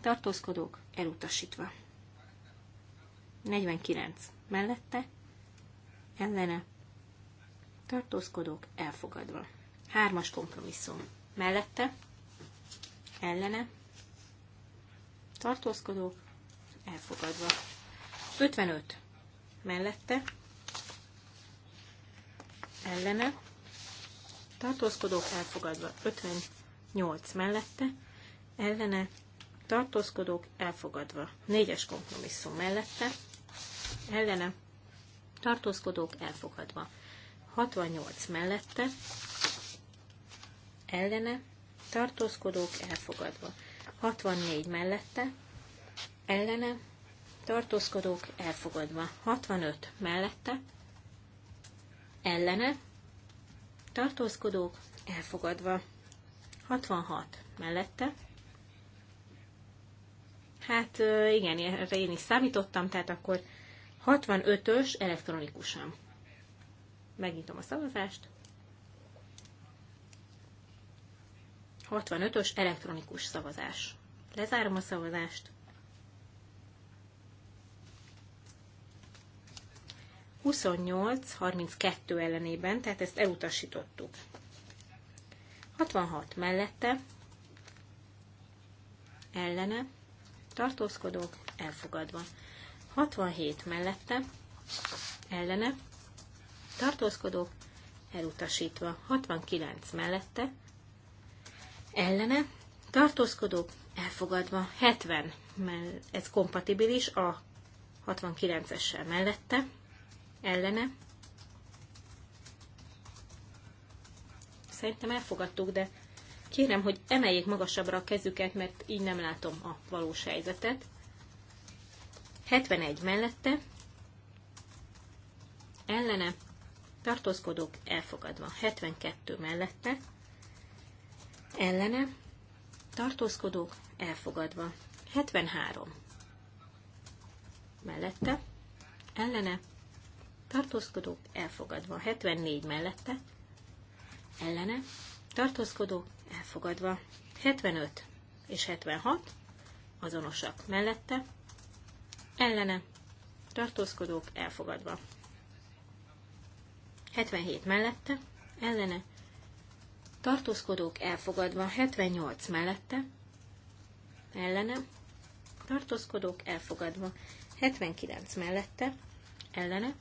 tartózkodók, elutasítva. 49 mellette, ellene, tartózkodók elfogadva. Hármas kompromisszum mellette, ellene, tartózkodók elfogadva. 55 mellette, ellene, tartózkodók elfogadva. 58 mellette, ellene, tartózkodók elfogadva. Négyes kompromisszum mellette, ellene tartózkodók elfogadva. 68 mellette ellene tartózkodók elfogadva. 64 mellette ellene tartózkodók elfogadva. 65 mellette ellene tartózkodók elfogadva. 66 mellette Hát igen, erre én is számítottam, tehát akkor 65-ös elektronikusan. Megnyitom a szavazást. 65-ös elektronikus szavazás. Lezárom a szavazást. 28-32 ellenében, tehát ezt elutasítottuk. 66 mellette, ellene, tartózkodók, elfogadva. 67 mellette, ellene, tartózkodók, elutasítva. 69 mellette, ellene, tartózkodók, elfogadva. 70, ez kompatibilis a 69-essel mellette, ellene. Szerintem elfogadtuk, de kérem, hogy emeljék magasabbra a kezüket, mert így nem látom a valós helyzetet. 71 mellette, ellene, tartózkodók elfogadva. 72 mellette, ellene, tartózkodók elfogadva. 73 mellette, ellene, tartózkodók elfogadva. 74 mellette, ellene, tartózkodók elfogadva. 75 és 76 azonosak mellette, ellene tartózkodók elfogadva. 77 mellette, ellene tartózkodók elfogadva. 78 mellette, ellene tartózkodók elfogadva. 79 mellette, ellene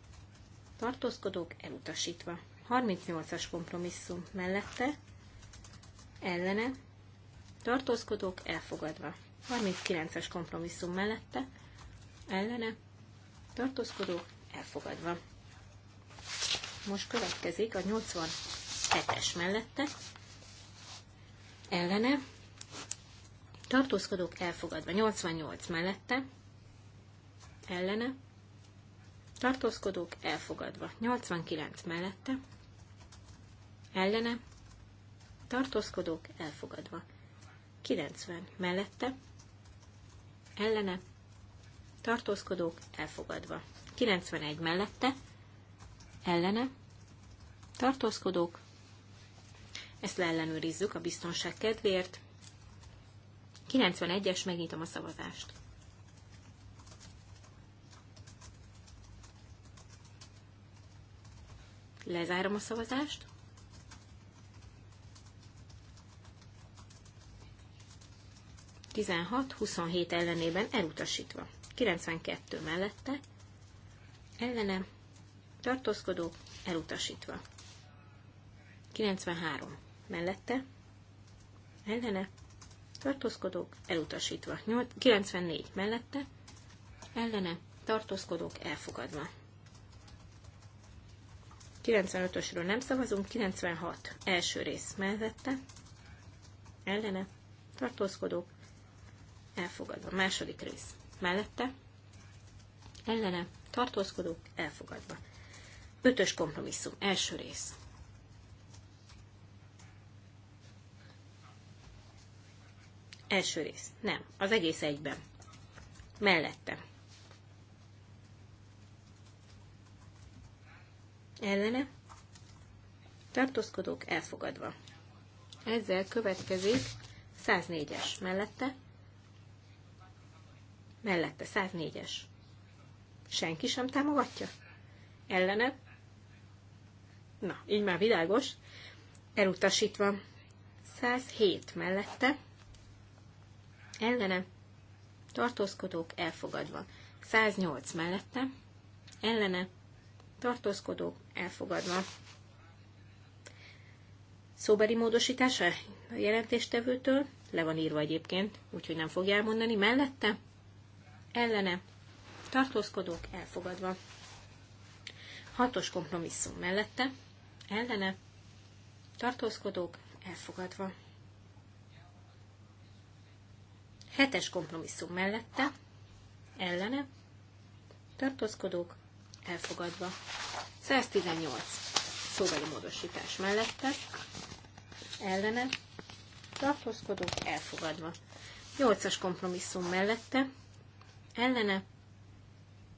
tartózkodók elutasítva. 38-as kompromisszum mellette, ellene tartózkodók elfogadva. 39-es kompromisszum mellette, ellene, tartózkodó elfogadva. Most következik a 87-es mellette, ellene, tartózkodók elfogadva, 88 mellette, ellene, tartózkodók elfogadva, 89 mellette, ellene, tartózkodók elfogadva, 90 mellette, ellene, tartózkodók elfogadva. 91 mellette, ellene, tartózkodók, ezt leellenőrizzük a biztonság kedvéért. 91-es, megnyitom a szavazást. Lezárom a szavazást. Tizenhat, 27 ellenében elutasítva. 92 mellette, ellene, tartózkodók, elutasítva. 93 mellette, ellene, tartózkodók, elutasítva. 94 mellette, ellene, tartózkodók, elfogadva. 95-ösről nem szavazunk, 96 első rész mellette, ellene, tartózkodók, elfogadva. Második rész mellette, ellene, tartózkodók elfogadva. Ötös kompromisszum, első rész. Első rész. Nem, az egész egyben. Mellette. Ellene. Tartózkodók elfogadva. Ezzel következik 104-es mellette mellette 104-es. Senki sem támogatja? Ellene? Na, így már világos. Elutasítva. 107 mellette. Ellene. Tartózkodók elfogadva. 108 mellette. Ellene. Tartózkodók elfogadva. Szóbeli módosítása a jelentéstevőtől, le van írva egyébként, úgyhogy nem fogja elmondani, mellette ellene tartózkodók elfogadva. Hatos kompromisszum mellette ellene tartózkodók elfogadva. Hetes kompromisszum mellette ellene tartózkodók elfogadva. 118 szóbeli módosítás mellette ellene tartózkodók elfogadva. 8-as kompromisszum mellette ellene,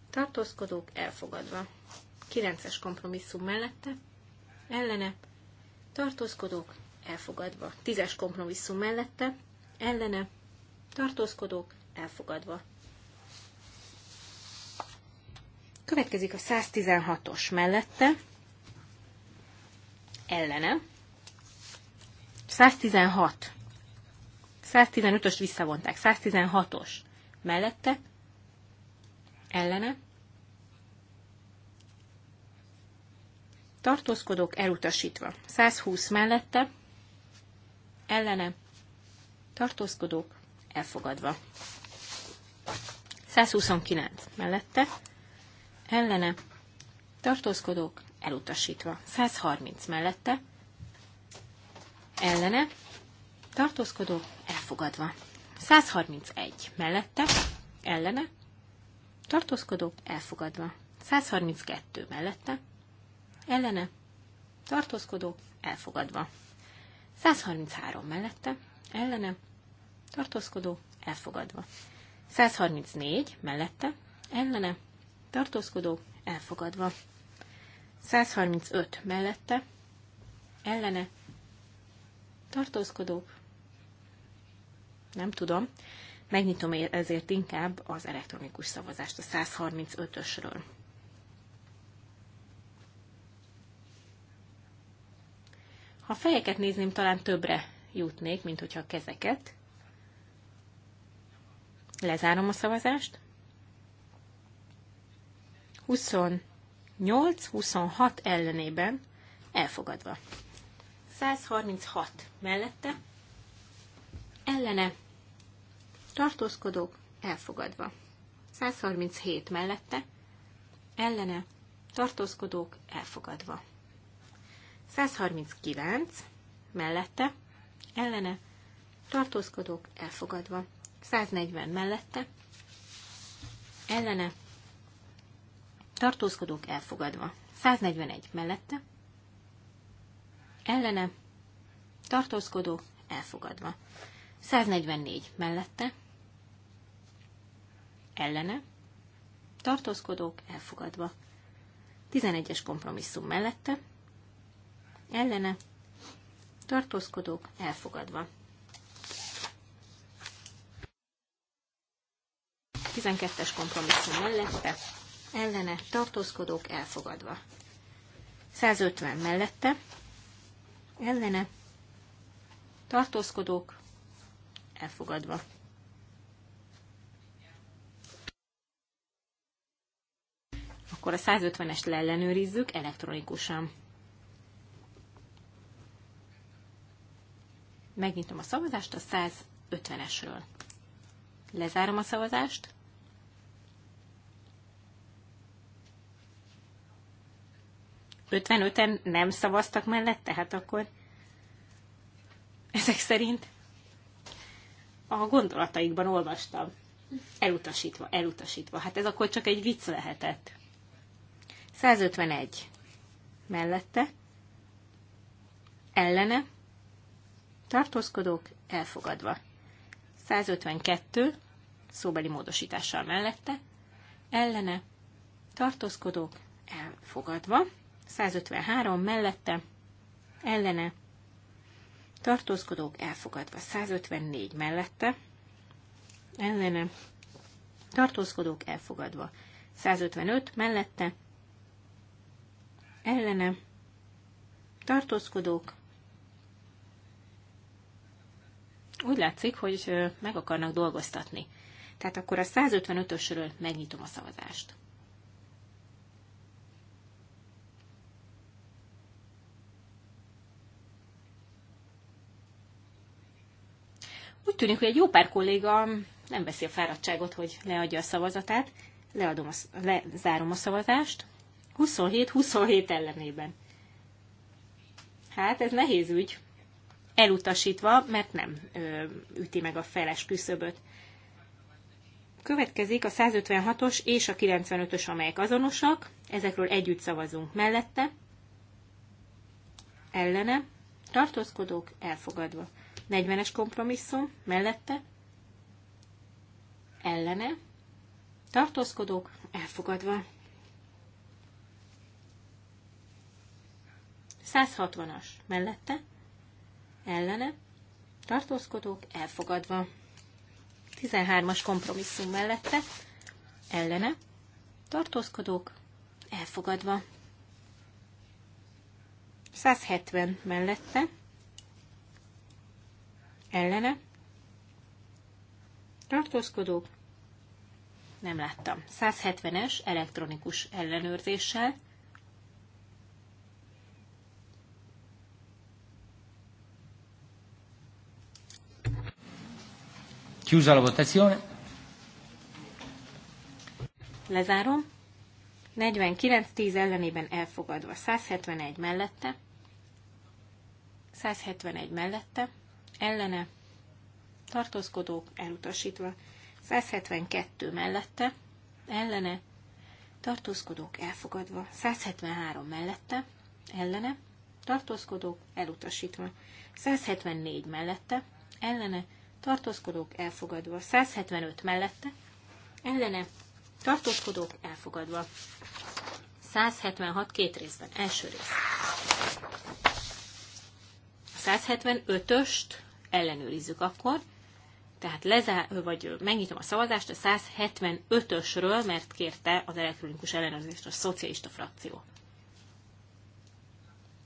tartózkodók elfogadva. 9-es kompromisszum mellette, ellene, tartózkodók elfogadva. 10-es kompromisszum mellette, ellene, tartózkodók elfogadva. Következik a 116-os mellette, ellene. 116. 115-öst visszavonták, 116-os mellette, ellene, tartózkodók elutasítva. 120 mellette, ellene, tartózkodók elfogadva. 129 mellette, ellene, tartózkodók elutasítva. 130 mellette, ellene, tartózkodók elfogadva. 131 mellette, ellene, Tartózkodó elfogadva. 132 mellette, ellene, Tartózkodó elfogadva. 133 mellette, ellene, tartózkodó, elfogadva. 134 mellette, ellene, tartózkodó, elfogadva. 135 mellette, ellene, Tartózkodó. nem tudom, Megnyitom ezért inkább az elektronikus szavazást a 135-ösről. Ha fejeket nézném, talán többre jutnék, mint hogyha a kezeket. Lezárom a szavazást. 28-26 ellenében elfogadva. 136 mellette ellene tartózkodók elfogadva. 137 mellette, ellene, tartózkodók elfogadva. 139 mellette, ellene, tartózkodók elfogadva. 140 mellette, ellene, tartózkodók elfogadva. 141 mellette, ellene, tartózkodók elfogadva. 144 mellette, ellene, tartózkodók elfogadva. 11-es kompromisszum mellette, ellene, tartózkodók elfogadva. 12-es kompromisszum mellette, ellene, tartózkodók elfogadva. 150 mellette, ellene, tartózkodók elfogadva. Akkor a 150-est leellenőrizzük elektronikusan. Megnyitom a szavazást a 150-esről. Lezárom a szavazást. Ötvenöten nem szavaztak mellett, tehát akkor ezek szerint a gondolataikban olvastam. Elutasítva, elutasítva. Hát ez akkor csak egy vicc lehetett. 151 mellette, ellene, tartózkodók elfogadva. 152 szóbeli módosítással mellette, ellene, tartózkodók elfogadva. 153 mellette, ellene, tartózkodók elfogadva. 154 mellette, ellene, tartózkodók elfogadva. 155 mellette, ellene tartózkodók. Úgy látszik, hogy meg akarnak dolgoztatni. Tehát akkor a 155-ösről megnyitom a szavazást. Úgy tűnik, hogy egy jó pár kolléga nem veszi a fáradtságot, hogy leadja a szavazatát. Leadom a, lezárom a szavazást. 27-27 ellenében. Hát ez nehéz ügy, elutasítva, mert nem ö, üti meg a feles küszöböt. Következik a 156-os és a 95-ös, amelyek azonosak, ezekről együtt szavazunk mellette, ellene, tartózkodók elfogadva. 40-es kompromisszum mellette, ellene, tartózkodók elfogadva. 160-as mellette, ellene, tartózkodók elfogadva. 13-as kompromisszum mellette, ellene, tartózkodók elfogadva. 170 mellette, ellene, tartózkodók, nem láttam. 170-es elektronikus ellenőrzéssel Chiusa la votazione. Lezárom. 49-10 ellenében elfogadva. 171 mellette. 171 mellette. Ellene. Tartózkodók elutasítva. 172 mellette. Ellene. Tartózkodók elfogadva. 173 mellette. Ellene. Tartózkodók elutasítva. 174 mellette. Ellene tartózkodók elfogadva. 175 mellette, ellene, tartózkodók elfogadva. 176 két részben, első rész. A 175-öst ellenőrizzük akkor, tehát lezá- vagy megnyitom a szavazást a 175-ösről, mert kérte az elektronikus ellenőrzést a szocialista frakció.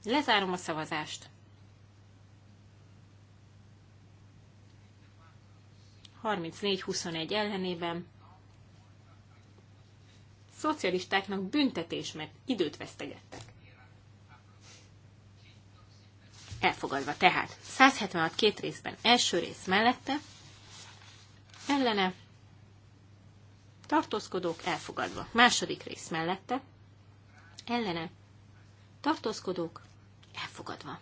Lezárom a szavazást. 34-21 ellenében. Szocialistáknak büntetés, mert időt vesztegettek. Elfogadva tehát. 176 két részben első rész mellette, ellene, tartózkodók elfogadva. Második rész mellette, ellene, tartózkodók elfogadva.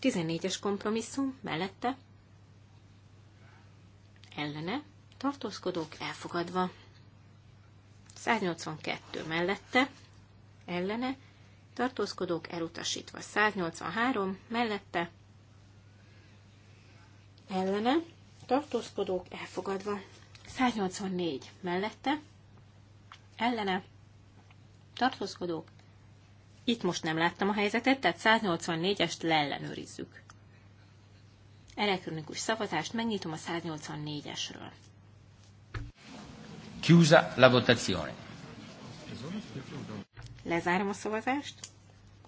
14-es kompromisszum mellette, ellene, tartózkodók elfogadva. 182 mellette, ellene, tartózkodók elutasítva. 183 mellette, ellene, tartózkodók elfogadva. 184 mellette, ellene, tartózkodók. Itt most nem láttam a helyzetet, tehát 184-est leellenőrizzük. Elektronikus szavazást megnyitom a 184-esről. Chiusa la votazione. Lezárom a szavazást.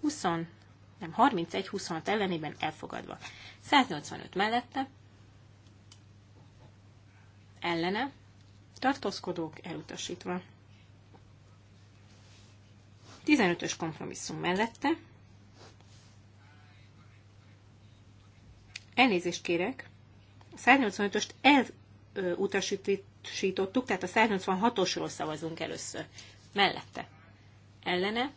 20, nem 31-26 ellenében elfogadva. 185 mellette. Ellene. Tartózkodók elutasítva. 15-ös kompromisszum mellette Elnézést kérek. A 185-öst elutasítottuk, tehát a 186-osról szavazunk először. Mellette. Ellene.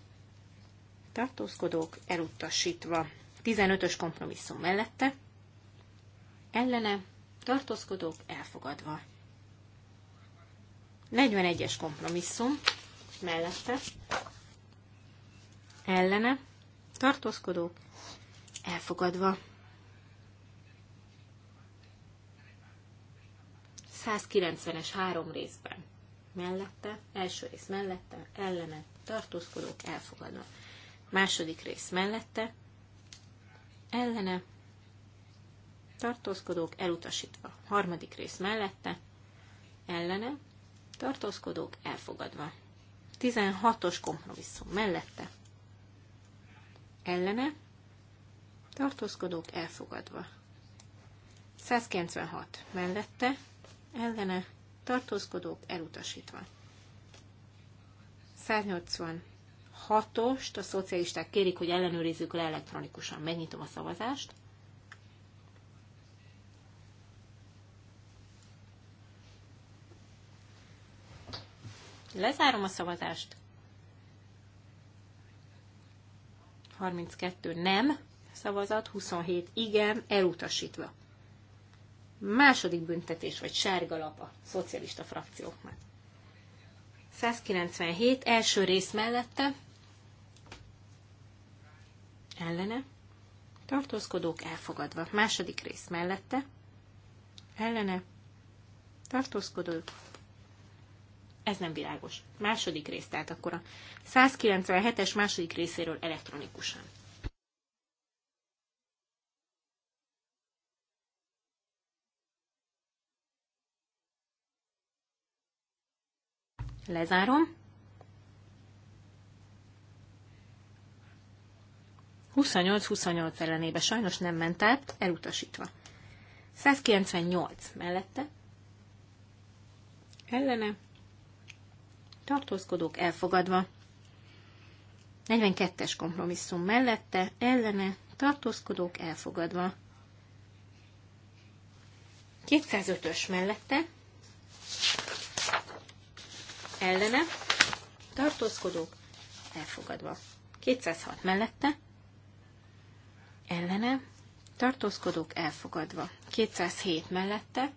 Tartózkodók elutasítva. 15-ös kompromisszum mellette. Ellene. Tartózkodók elfogadva. 41-es kompromisszum mellette. Ellene. Tartózkodók elfogadva. 190-es három részben. Mellette, első rész mellette, ellene, tartózkodók elfogadva. Második rész mellette, ellene, tartózkodók elutasítva. Harmadik rész mellette, ellene, tartózkodók elfogadva. 16-os kompromisszum mellette, ellene, tartózkodók elfogadva. 196 mellette, ellene tartózkodók elutasítva. 186-ost a szocialisták kérik, hogy ellenőrizzük le elektronikusan. Megnyitom a szavazást. Lezárom a szavazást. 32 nem szavazat, 27 igen, elutasítva. Második büntetés, vagy sárga lap a szocialista frakcióknak. 197 első rész mellette ellene tartózkodók elfogadva. Második rész mellette ellene tartózkodók ez nem világos. Második rész, tehát akkor a 197-es második részéről elektronikusan. Lezárom. 28-28 ellenébe sajnos nem ment át, elutasítva. 198 mellette. Ellene. Tartózkodók elfogadva. 42-es kompromisszum mellette, ellene, tartózkodók elfogadva. 205-ös mellette, ellene, tartózkodók elfogadva. 206 mellette, ellene, tartózkodók elfogadva. 207 mellette,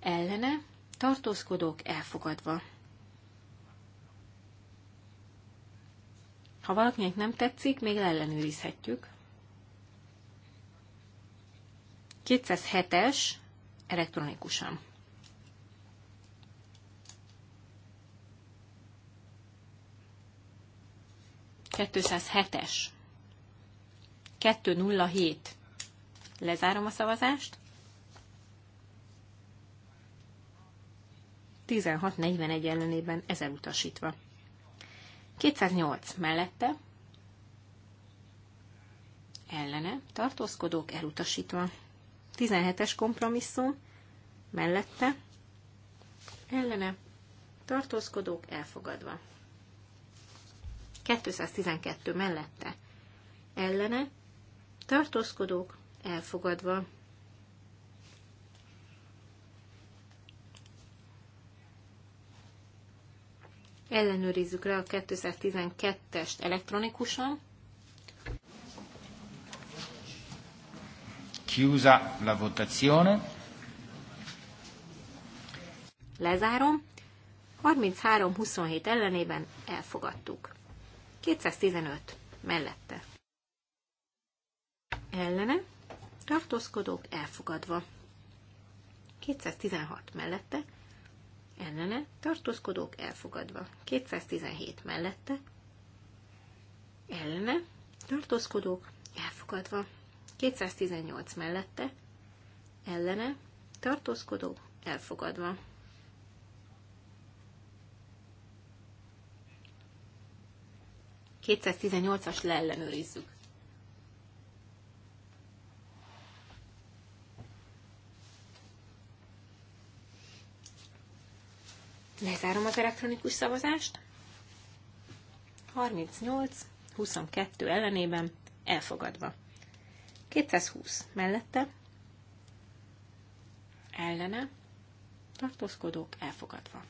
ellene, tartózkodók elfogadva. Ha valakinek nem tetszik, még ellenőrizhetjük. 207-es elektronikusan. 207-es. 207. Lezárom a szavazást. 1641 ellenében ez elutasítva. 208 mellette, ellene, tartózkodók elutasítva. 17-es kompromisszum mellette, ellene, tartózkodók elfogadva. 212 mellette ellene, tartózkodók elfogadva. Ellenőrizzük le a 212-est elektronikusan. Chiusa la votazione. Lezárom. 33-27 ellenében elfogadtuk. 215 mellette. Ellene tartózkodók elfogadva. 216 mellette. Ellene tartózkodók elfogadva. 217 mellette. Ellene tartózkodók elfogadva. 218 mellette. Ellene tartózkodók elfogadva. 218-as leellenőrizzük. Lezárom az elektronikus szavazást. 38, 22 ellenében elfogadva. 220 mellette ellene tartózkodók elfogadva.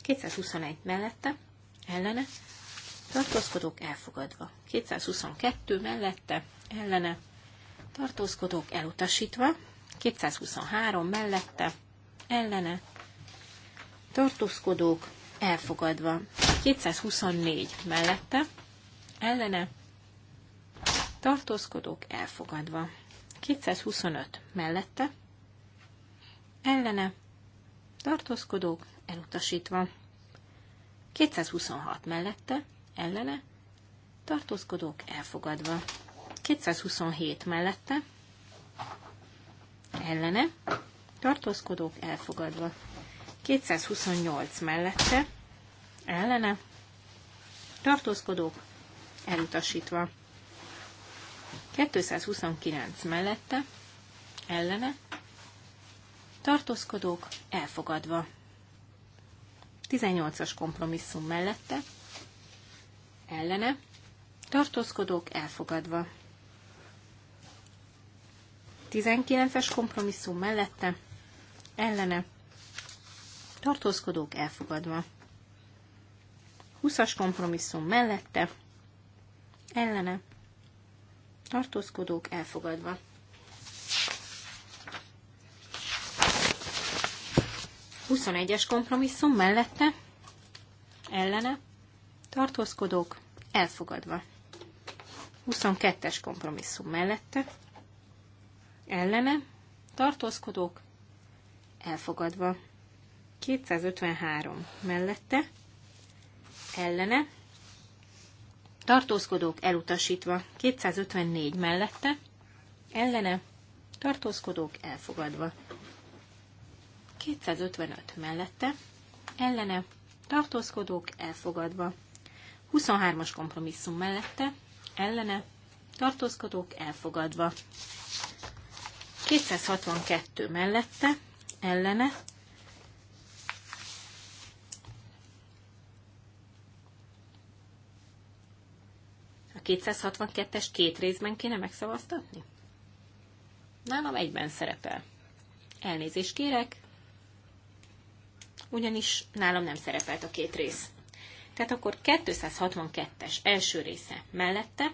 221 mellette ellene tartózkodók elfogadva. 222 mellette, ellene, tartózkodók elutasítva. 223 mellette, ellene, tartózkodók elfogadva. 224 mellette, ellene, tartózkodók elfogadva. 225 mellette, ellene, tartózkodók elutasítva. 226 mellette, ellene, tartózkodók elfogadva. 227 mellette, ellene, tartózkodók elfogadva. 228 mellette, ellene, tartózkodók elutasítva. 229 mellette, ellene, tartózkodók elfogadva. 18-as kompromisszum mellette, ellene, tartózkodók elfogadva. 19-es kompromisszum mellette, ellene, tartózkodók elfogadva. 20-as kompromisszum mellette, ellene, tartózkodók elfogadva. Huszonegyes kompromisszum mellette, ellene, tartózkodók elfogadva. 22-es kompromisszum mellette, ellene, tartózkodók elfogadva. 253 mellette, ellene, tartózkodók elutasítva. 254 mellette, ellene, tartózkodók elfogadva. 255 mellette, ellene, tartózkodók elfogadva. 23-as kompromisszum mellette, ellene, tartózkodók elfogadva. 262 mellette, ellene, a 262-es két részben kéne megszavaztatni? Nálam egyben szerepel. Elnézést kérek, ugyanis nálam nem szerepelt a két rész. Tehát akkor 262-es első része mellette,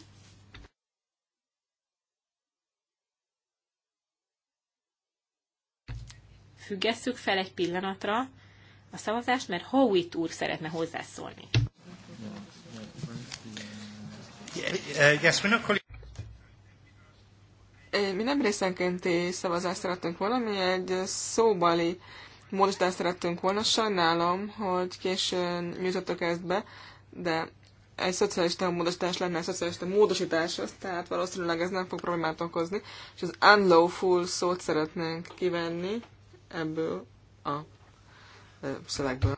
függesszük fel egy pillanatra a szavazást, mert Howitt úr szeretne hozzászólni. Mi nem részenkénti szavazást szerettünk volna, mi egy szóbali módosítást szerettünk volna. Sajnálom, hogy későn nyújtottak ezt be, de egy szocialista módosítás lenne, egy szocialista módosítás, tehát valószínűleg ez nem fog problémát okozni, és az unlawful szót szeretnénk kivenni ebből a szövegből.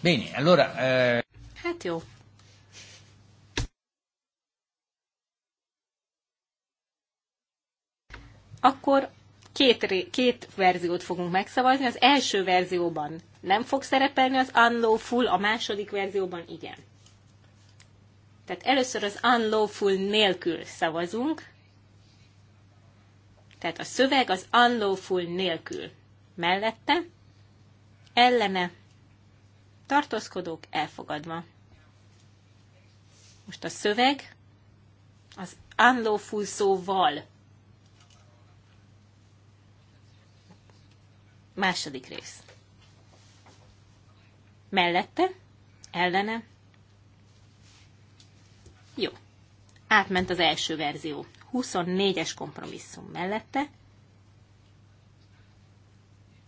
Bene, allora... Eh... Hát jó. akkor két, két verziót fogunk megszavazni. Az első verzióban nem fog szerepelni az unlawful, a második verzióban igen. Tehát először az unlawful nélkül szavazunk, tehát a szöveg az unlawful nélkül. Mellette, ellene, tartózkodók elfogadva. Most a szöveg az unlawful szóval Második rész. Mellette, ellene. Jó. Átment az első verzió. 24-es kompromisszum mellette.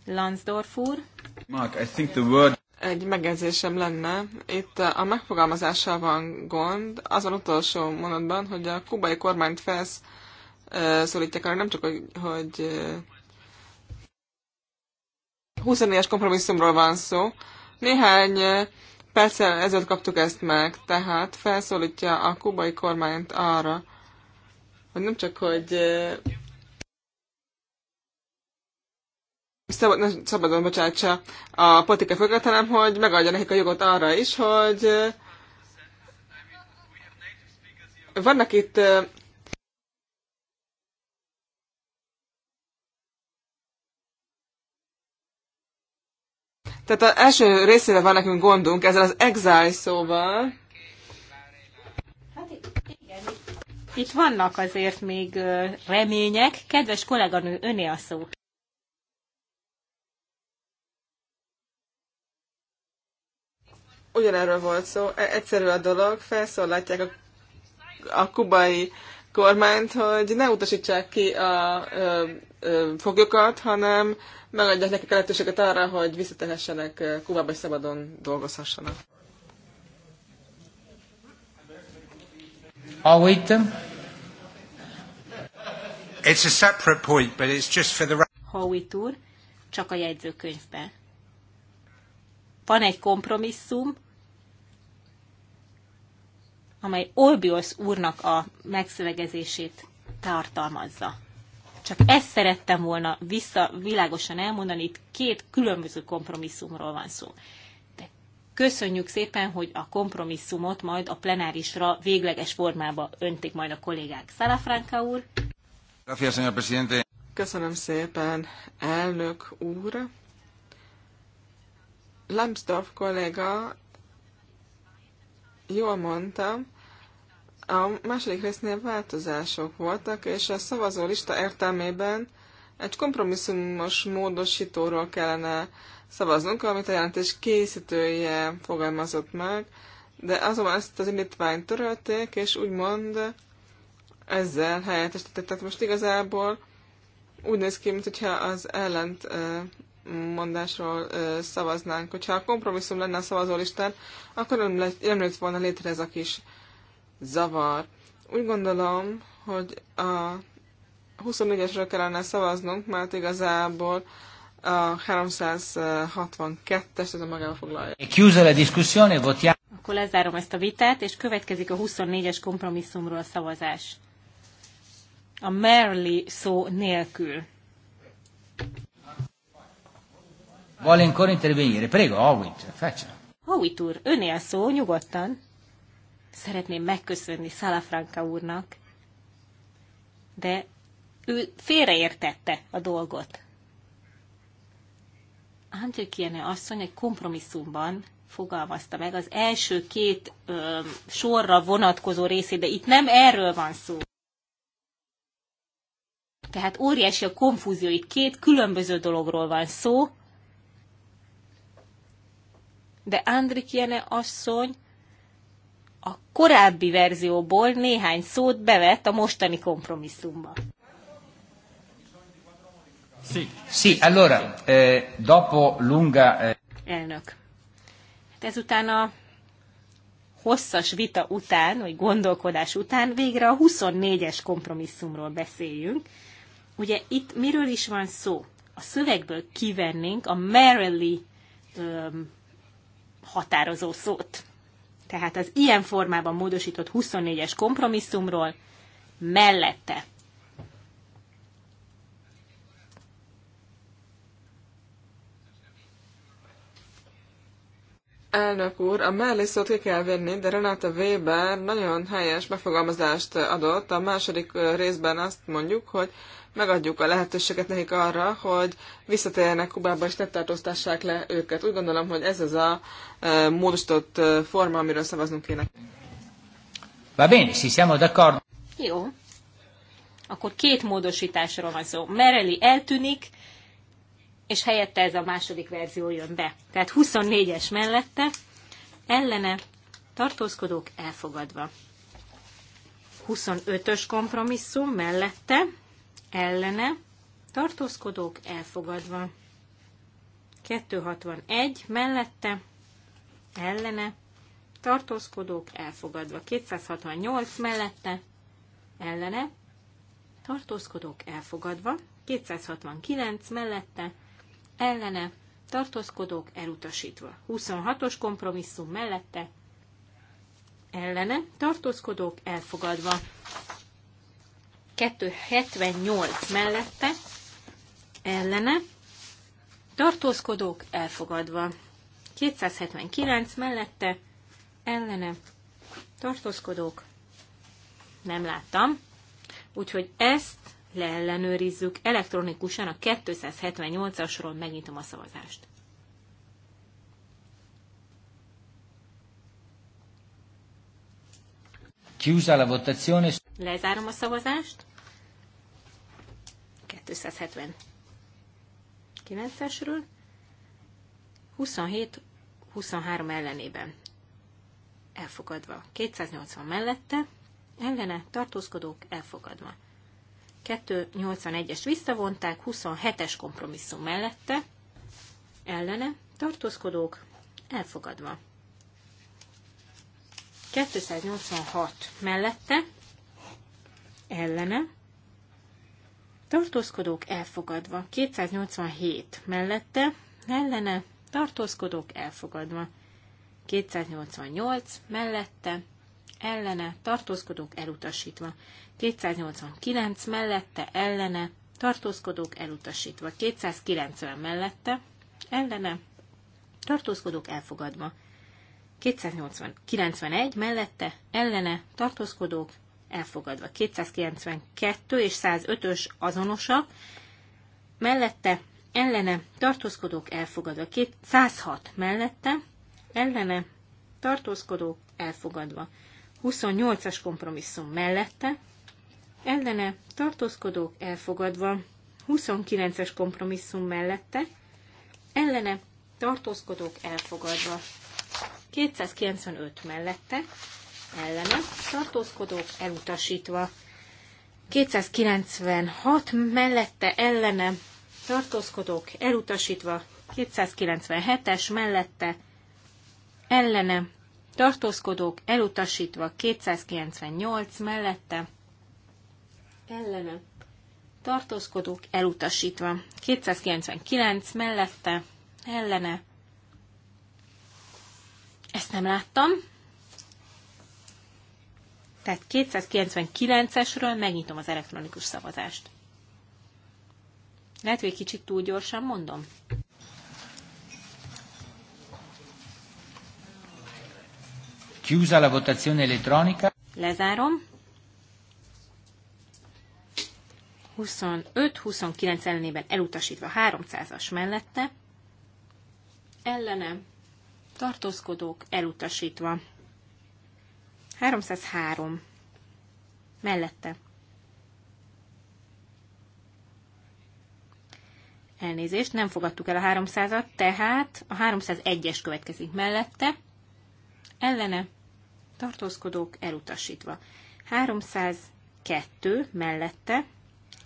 Lansdorf úr. Mark, I think the word... Egy megjegyzésem lenne. Itt a megfogalmazással van gond, azon utolsó mondatban, hogy a kubai kormányt felsz szólítják arra nem csak, hogy, hogy 24-es kompromisszumról van szó. Néhány eh, perccel ezelőtt kaptuk ezt meg, tehát felszólítja a kubai kormányt arra, hogy nem csak, hogy eh, szabad, nem szabadon bocsátsa a politika főket, hanem hogy megadja nekik a jogot arra is, hogy eh, vannak itt Tehát az első részével van nekünk gondunk, ezzel az exile szóval. Hát igen, itt vannak azért még remények. Kedves kolléganő, öné a szó. Ugyanerről volt szó, e- egyszerű a dolog, felszólítják a, a kubai kormányt, hogy ne utasítsák ki a ö, ö, foglyokat, hanem megadják nekik a lehetőséget arra, hogy visszatehessenek Kubába és szabadon dolgozhassanak. I'll them. It's a separate point, but it's just for the... Howitt úr, csak a jegyzőkönyvben. Van egy kompromisszum, amely Olbiosz úrnak a megszövegezését tartalmazza. Csak ezt szerettem volna vissza világosan elmondani, itt két különböző kompromisszumról van szó. De köszönjük szépen, hogy a kompromisszumot majd a plenárisra végleges formába öntik majd a kollégák. Szalafranka úr. Köszönöm szépen, elnök úr. Lambsdorff kolléga jól mondtam, a második résznél változások voltak, és a szavazó lista értelmében egy kompromisszumos módosítóról kellene szavaznunk, amit a jelentés készítője fogalmazott meg, de azonban ezt az indítványt törölték, és úgymond ezzel helyettesítették. Tehát most igazából úgy néz ki, mintha az ellent mondásról szavaznánk. Hogyha a kompromisszum lenne a szavazólistán, akkor nem, le, nem lett volna létre ez a kis zavar. Úgy gondolom, hogy a 24-esről kellene szavaznunk, mert igazából a 362 es ez a magába foglalja. Akkor lezárom ezt a vitát, és következik a 24-es kompromisszumról a szavazás. A Merli szó nélkül. Vuole ancora intervenire? Prego, Howitt, faccia. Howitt úr, öné a szó, nyugodtan. Szeretném megköszönni Salafranca úrnak, de ő félreértette a dolgot. André asszony egy kompromisszumban fogalmazta meg az első két ö, sorra vonatkozó részét, de itt nem erről van szó. Tehát óriási a konfúzió, itt két különböző dologról van szó, de jene asszony a korábbi verzióból néhány szót bevett a mostani kompromisszumba. Sí. Sí. allora, eh, dopo lunga... Eh... Elnök. Hát ezután a hosszas vita után, vagy gondolkodás után végre a 24-es kompromisszumról beszéljünk. Ugye itt miről is van szó? A szövegből kivennénk a Merrily határozó szót. Tehát az ilyen formában módosított 24-es kompromisszumról mellette Elnök úr, a mellé szót ki kell venni, de Renata Weber nagyon helyes megfogalmazást adott. A második részben azt mondjuk, hogy megadjuk a lehetőséget nekik arra, hogy visszatérjenek Kubába, és ne tartóztassák le őket. Úgy gondolom, hogy ez az a módosított forma, amiről szavaznunk kéne. Va bene, si siamo d'accordo. Jó. Akkor két módosításról van szó. Mereli eltűnik, és helyette ez a második verzió jön be. Tehát 24-es mellette ellene tartózkodók elfogadva. 25-ös kompromisszum mellette ellene tartózkodók elfogadva. 261 mellette ellene tartózkodók elfogadva. 268 mellette ellene tartózkodók elfogadva. 269 mellette ellene, tartózkodók elutasítva. 26-os kompromisszum mellette, ellene, tartózkodók elfogadva. 278 mellette, ellene, tartózkodók elfogadva. 279 mellette, ellene, tartózkodók nem láttam. Úgyhogy ezt leellenőrizzük elektronikusan a 278-asról, megnyitom a szavazást. Chiusa la votazione. Lezárom a szavazást. 270. 9-esről. 27-23 ellenében. Elfogadva. 280 mellette. Ellene tartózkodók elfogadva. 281-est visszavonták, 27-es kompromisszum mellette, ellene, tartózkodók, elfogadva. 286 mellette, ellene, tartózkodók elfogadva. 287 mellette, ellene, tartózkodók elfogadva. 288 mellette, ellene tartózkodók elutasítva. 289 mellette ellene tartózkodók elutasítva. 290 mellette ellene tartózkodók elfogadva. 291 mellette ellene tartózkodók elfogadva. 292 és 105-ös azonosak, mellette ellene tartózkodók elfogadva. 106 mellette ellene tartózkodók elfogadva. 28-as kompromisszum mellette, ellene tartózkodók elfogadva, 29-es kompromisszum mellette, ellene tartózkodók elfogadva, 295 mellette, ellene tartózkodók elutasítva, 296 mellette ellene tartózkodók elutasítva, 297-es mellette ellene tartózkodók elutasítva 298 mellette, ellene tartózkodók elutasítva 299 mellette, ellene. Ezt nem láttam. Tehát 299-esről megnyitom az elektronikus szavazást. Lehet, hogy kicsit túl gyorsan mondom. Chiusa la votazione elettronica. Lezárom. 25-29 ellenében elutasítva 300-as mellette. Ellenem tartózkodók elutasítva. 303 mellette. Elnézést, nem fogadtuk el a 300-at, tehát a 301-es következik mellette. Ellene tartózkodók elutasítva. 302 mellette,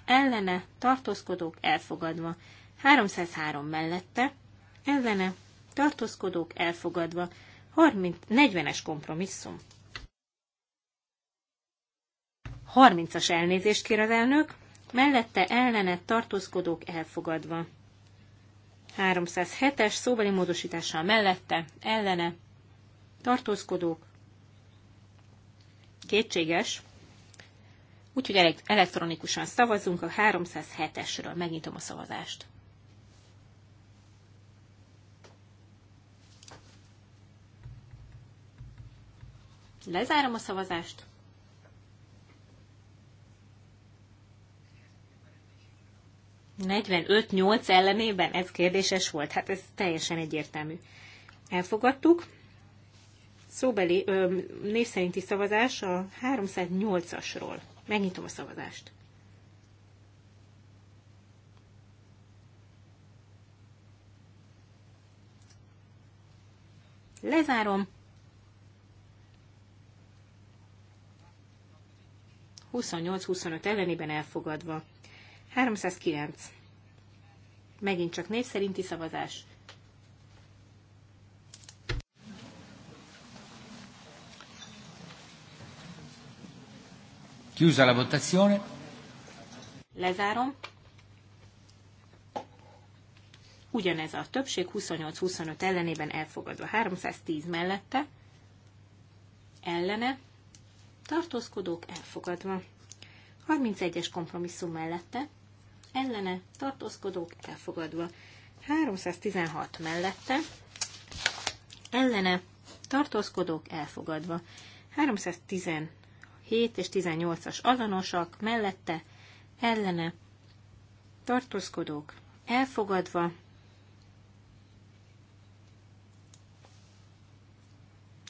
ellene tartózkodók elfogadva. 303 mellette, ellene tartózkodók elfogadva. 30, 40-es kompromisszum. 30-as elnézést kér az elnök, mellette ellene tartózkodók elfogadva. 307-es szóbeli módosítással mellette, ellene, tartózkodók, kétséges, úgyhogy elektronikusan szavazunk a 307-esről. Megnyitom a szavazást. Lezárom a szavazást. ellenében? Ez kérdéses volt. Hát ez teljesen egyértelmű. Elfogadtuk szóbeli ö, név szerinti szavazás a 308-asról. Megnyitom a szavazást. Lezárom. 28-25 ellenében elfogadva. 309. Megint csak név szerinti szavazás. Chiusa la votazione. Lezárom. Ugyanez a többség 28-25 ellenében elfogadva. 310 mellette ellene tartózkodók elfogadva. 31-es kompromisszum mellette ellene tartózkodók elfogadva. 316 mellette ellene tartózkodók elfogadva. 317 7 és 18-as azonosak, mellette, ellene, tartózkodók, elfogadva,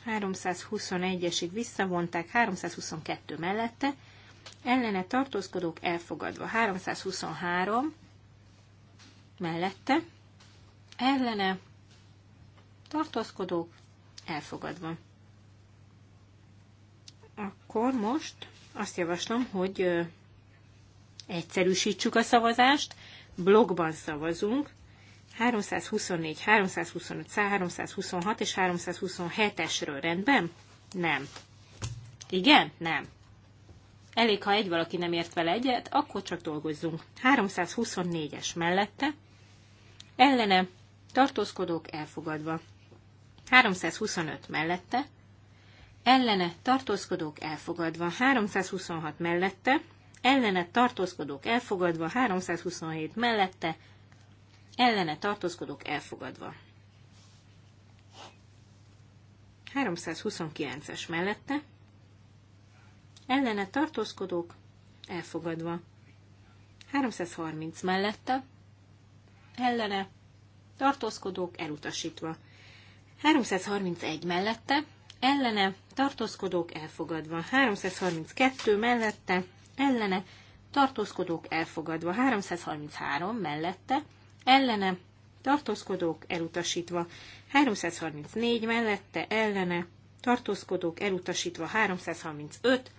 ...321-esig visszavonták, 322 mellette, ellene tartózkodók elfogadva, 323 mellette, ellene tartózkodók elfogadva. Akkor most azt javaslom, hogy egyszerűsítsük a szavazást, blogban szavazunk, 324, 325, 326 és 327-esről rendben? Nem. Igen? Nem. Elég, ha egy valaki nem ért vele egyet, akkor csak dolgozzunk. 324-es mellette, ellene, tartózkodók elfogadva. 325 mellette, ellene tartózkodók elfogadva 326 mellette, ellene tartózkodók elfogadva 327 mellette, ellene tartózkodók elfogadva. 329-es mellette, ellene tartózkodók elfogadva. 330 mellette, ellene tartózkodók elutasítva. 331 mellette, ellene, tartózkodók elfogadva. 332 mellette, ellene, tartózkodók elfogadva. 333 mellette, ellene, tartózkodók elutasítva. 334 mellette, ellene, tartózkodók elutasítva. 335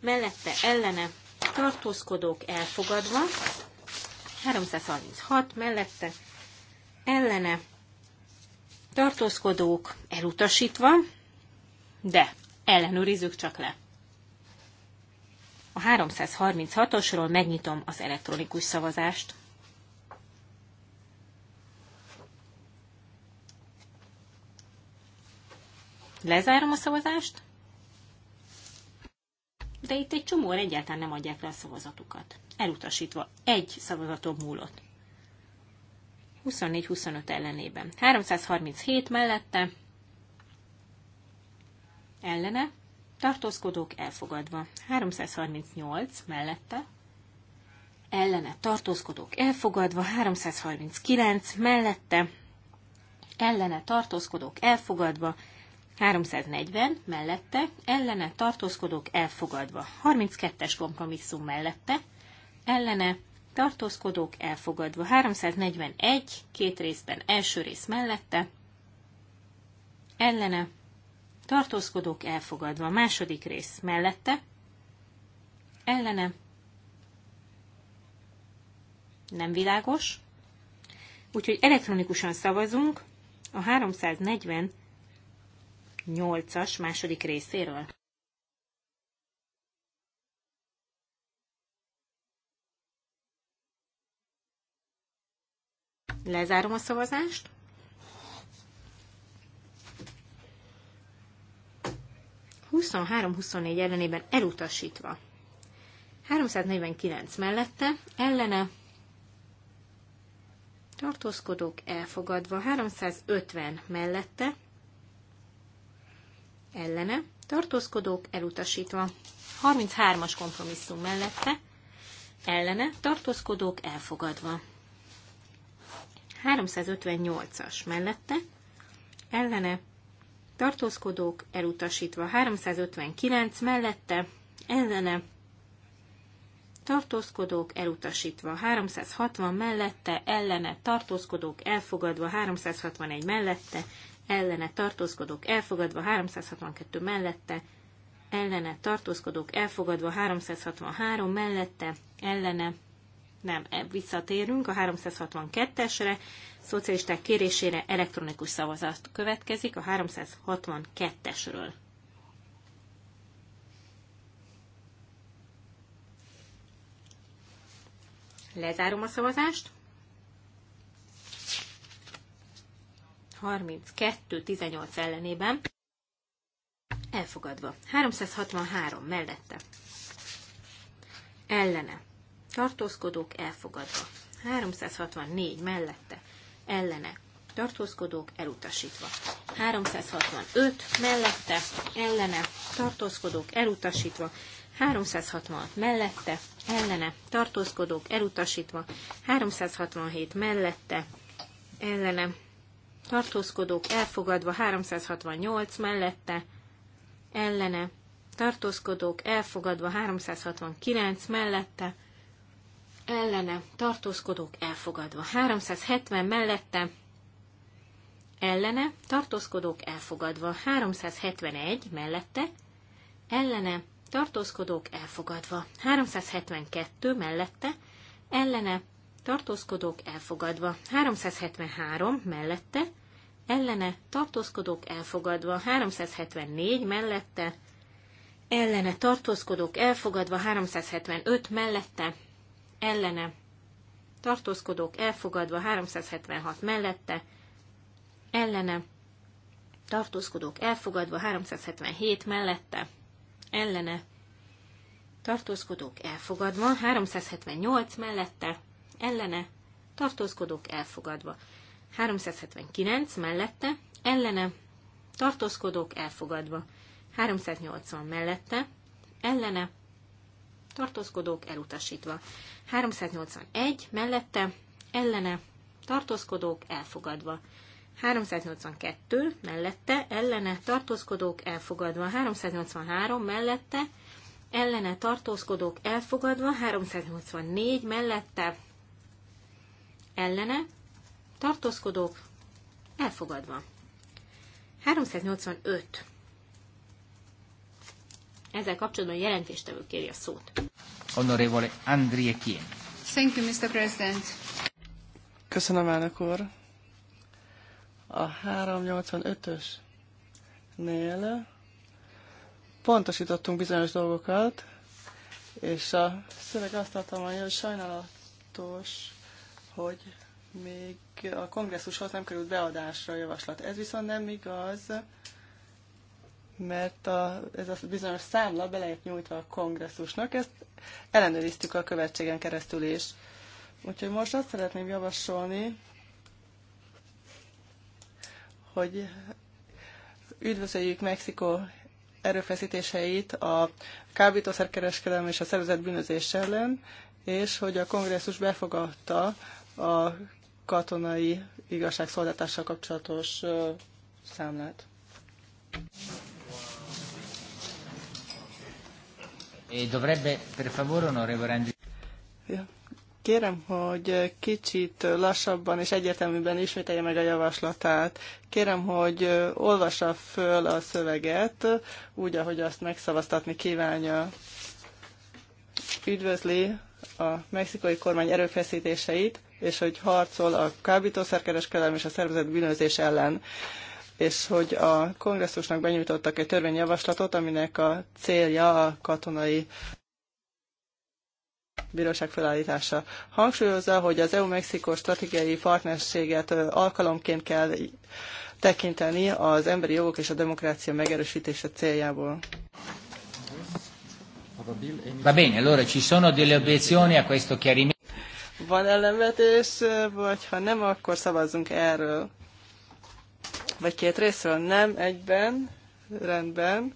mellette, ellene, tartózkodók elfogadva. 336 mellette, ellene, tartózkodók elutasítva, de ellenőrizzük csak le. A 336-osról megnyitom az elektronikus szavazást. Lezárom a szavazást. De itt egy csomó egyáltalán nem adják le a szavazatukat. Elutasítva egy szavazatom múlott. 24-25 ellenében. 337 mellette, ellene, tartózkodók elfogadva. 338 mellette, ellene, tartózkodók elfogadva. 339 mellette, ellene, tartózkodók elfogadva. 340 mellette, ellene, tartózkodók elfogadva. 32-es kompromisszum mellette, ellene, tartózkodók elfogadva. 341, két részben első rész mellette, ellene, tartózkodók elfogadva. Második rész mellette, ellene, nem világos, úgyhogy elektronikusan szavazunk a 348-as második részéről. Lezárom a szavazást. 23-24 ellenében elutasítva. 349 mellette, ellene tartózkodók elfogadva, 350 mellette, ellene tartózkodók elutasítva, 33-as kompromisszum mellette, ellene tartózkodók elfogadva. 358-as mellette, ellene tartózkodók elutasítva 359 mellette, ellene tartózkodók elutasítva 360 mellette, ellene tartózkodók elfogadva 361 mellette, ellene tartózkodók elfogadva 362 mellette, ellene tartózkodók elfogadva 363 mellette, ellene nem, e, visszatérünk a 362-esre, szocialisták kérésére elektronikus szavazat következik a 362-esről. Lezárom a szavazást. 32-18 ellenében elfogadva. 363 mellette. Ellene tartózkodók elfogadva. 364 mellette, ellene, tartózkodók elutasítva. 365 mellette, ellene, tartózkodók elutasítva. 366 mellette, ellene, tartózkodók elutasítva. 367 mellette, ellene, tartózkodók elfogadva. 368 mellette, ellene, tartózkodók elfogadva. 369 mellette, ellene tartózkodók elfogadva. 370 mellette ellene tartózkodók elfogadva. 371 mellette ellene tartózkodók elfogadva. 372 mellette ellene tartózkodók elfogadva. 373 mellette ellene tartózkodók elfogadva. 374 mellette ellene tartózkodók elfogadva. 375 mellette ellene tartózkodók elfogadva 376 mellette, ellene tartózkodók elfogadva 377 mellette, ellene tartózkodók elfogadva 378 mellette, ellene tartózkodók elfogadva 379 mellette, ellene tartózkodók elfogadva 380 mellette, ellene tartózkodók elutasítva. 381 mellette, ellene, tartózkodók elfogadva. 382 mellette, ellene, tartózkodók elfogadva. 383 mellette, ellene, tartózkodók elfogadva. 384 mellette, ellene, tartózkodók elfogadva. 385 ezzel kapcsolatban jelentéstevő kéri a szót. Honorevole Andrie Kien. Thank you, Mr. President. Köszönöm, elnök úr. A 385-ösnél pontosítottunk bizonyos dolgokat, és a szöveg azt tartalmazza, hogy sajnálatos, hogy még a kongresszushoz nem került beadásra a javaslat. Ez viszont nem igaz mert a, ez a bizonyos számla be nyújtva a kongresszusnak, ezt ellenőriztük a követségen keresztül is. Úgyhogy most azt szeretném javasolni, hogy üdvözöljük Mexikó erőfeszítéseit a kábítószerkereskedelem és a szervezet bűnözés ellen, és hogy a kongresszus befogadta a katonai igazságszolgáltással kapcsolatos számlát. E Kérem, hogy kicsit lassabban és egyértelműben ismételje meg a javaslatát. Kérem, hogy olvassa föl a szöveget, úgy, ahogy azt megszavaztatni kívánja. Üdvözli a mexikai kormány erőfeszítéseit, és hogy harcol a kábítószerkereskedelem és a szervezet bűnözés ellen és hogy a kongresszusnak benyújtottak egy törvényjavaslatot, aminek a célja a katonai bíróság felállítása. Hangsúlyozza, hogy az EU-Mexikó stratégiai partnerséget alkalomként kell tekinteni az emberi jogok és a demokrácia megerősítése céljából. Va bene, allora ci sono delle obiezioni a questo chiarimento. Van ellenvetés, vagy ha nem, akkor szavazzunk erről vagy két részről? Nem, egyben, rendben.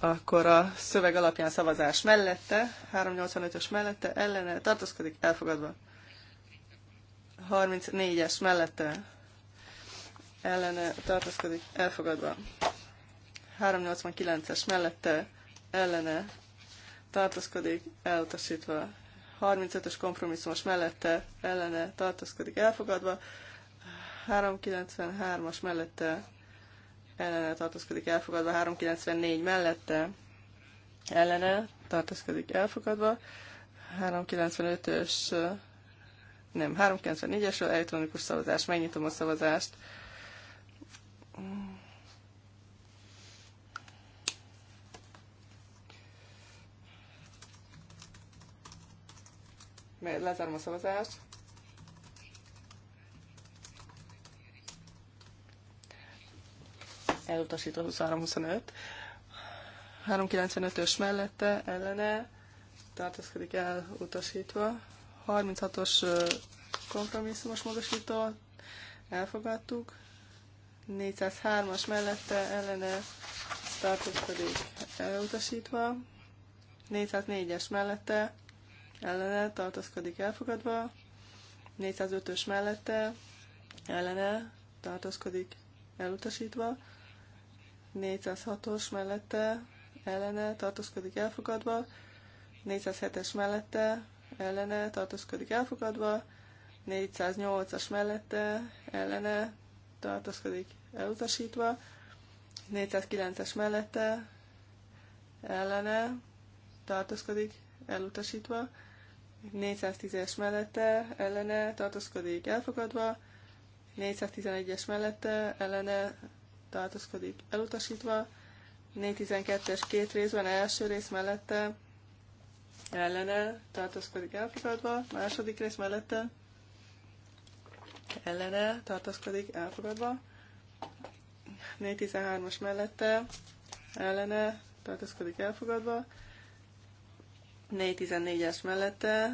Akkor a szöveg alapján szavazás mellette, 385-ös mellette, ellene, tartózkodik, elfogadva. 34-es mellette, ellene, tartózkodik, elfogadva. 389-es mellette, ellene, tartózkodik, elutasítva. 35-ös kompromisszumos mellette, ellene, tartózkodik, elfogadva. 393-as mellette ellene tartózkodik elfogadva, 394 mellette ellene tartózkodik elfogadva, 395-ös, nem, 394-esről elektronikus szavazás. Megnyitom a szavazást. Lezárom a szavazást. elutasít a 23-25. 395-ös mellette ellene tartózkodik utasítva. 36-os kompromisszumos módosító elfogadtuk. 403-as mellette ellene tartózkodik elutasítva. 404-es mellette ellene tartózkodik elfogadva. 405-ös mellette ellene tartózkodik elutasítva, 406-os mellette ellene tartózkodik elfogadva, 407-es mellette ellene tartózkodik elfogadva, 408-as mellette ellene tartózkodik elutasítva, 409-es mellette ellene tartózkodik elutasítva, 410-es mellette ellene tartózkodik elfogadva, 411-es mellette ellene tartózkodik elutasítva. 412-es két részben, első rész mellette ellene tartózkodik elfogadva, második rész mellette ellene tartózkodik elfogadva, 413-as mellette ellene tartózkodik elfogadva, 414-es mellette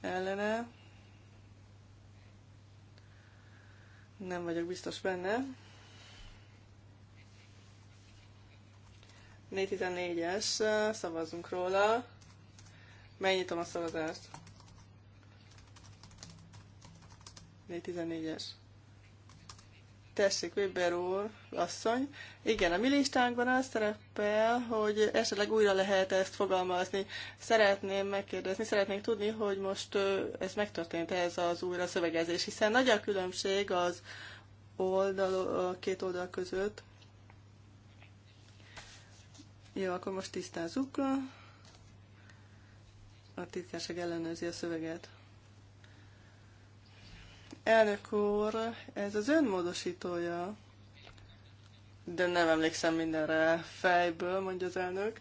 ellene nem vagyok biztos benne. 414-es, szavazunk róla. Megnyitom a szavazást. 414-es. Tessék, Weber úr, asszony. Igen, a mi listánkban az szerepel, hogy esetleg újra lehet ezt fogalmazni. Szeretném megkérdezni, szeretnék tudni, hogy most ez megtörtént ez az újra szövegezés, hiszen nagy a különbség az oldal, a két oldal között. Jó, akkor most tisztázzuk. A titkárság ellenőrzi a szöveget. Elnök úr, ez az önmódosítója, de nem emlékszem mindenre fejből, mondja az elnök.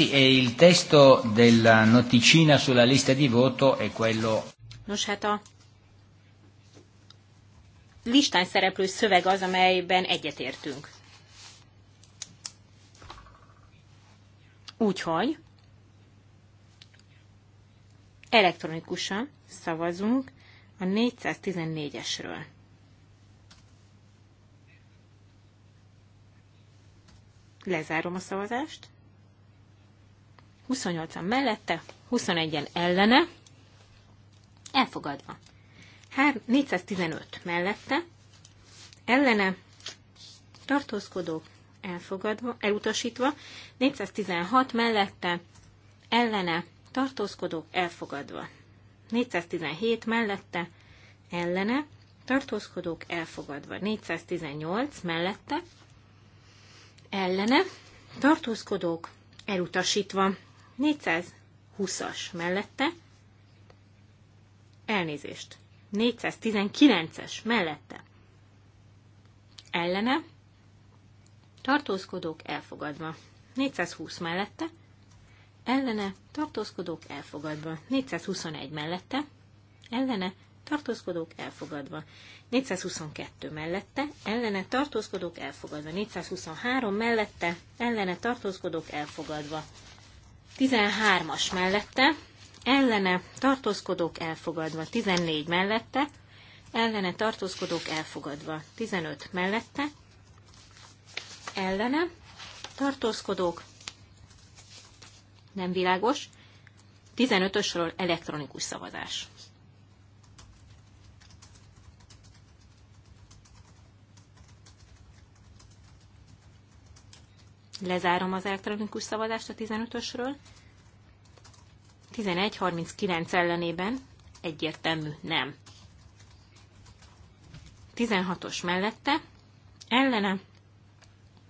Sì, e il testo della noticina sulla lista di voto è quello... Nos, hát a listán szereplő szöveg az, amelyben egyetértünk. Úgyhogy elektronikusan szavazunk a 414-esről. Lezárom a szavazást. 28-an mellette, 21-en ellene, elfogadva. 415 mellette, ellene, tartózkodók, elfogadva, elutasítva, 416 mellette, ellene, tartózkodók, elfogadva. 417 mellette, ellene, tartózkodók, elfogadva. 418 mellette, ellene, tartózkodók, elutasítva. 420-as mellette, elnézést, 419-es mellette, ellene, tartózkodók elfogadva, 420 mellette, ellene, tartózkodók elfogadva, 421 mellette, ellene, tartózkodók elfogadva. 422 mellette, ellene tartózkodók elfogadva. 423 mellette, ellene tartózkodók elfogadva. 13-as mellette, ellene tartózkodók elfogadva, 14 mellette, ellene tartózkodók elfogadva, 15 mellette, ellene tartózkodók, nem világos, 15-ösről elektronikus szavazás. Lezárom az elektronikus szavazást a 15-ösről. 11.39 ellenében egyértelmű nem. 16-os mellette, ellene,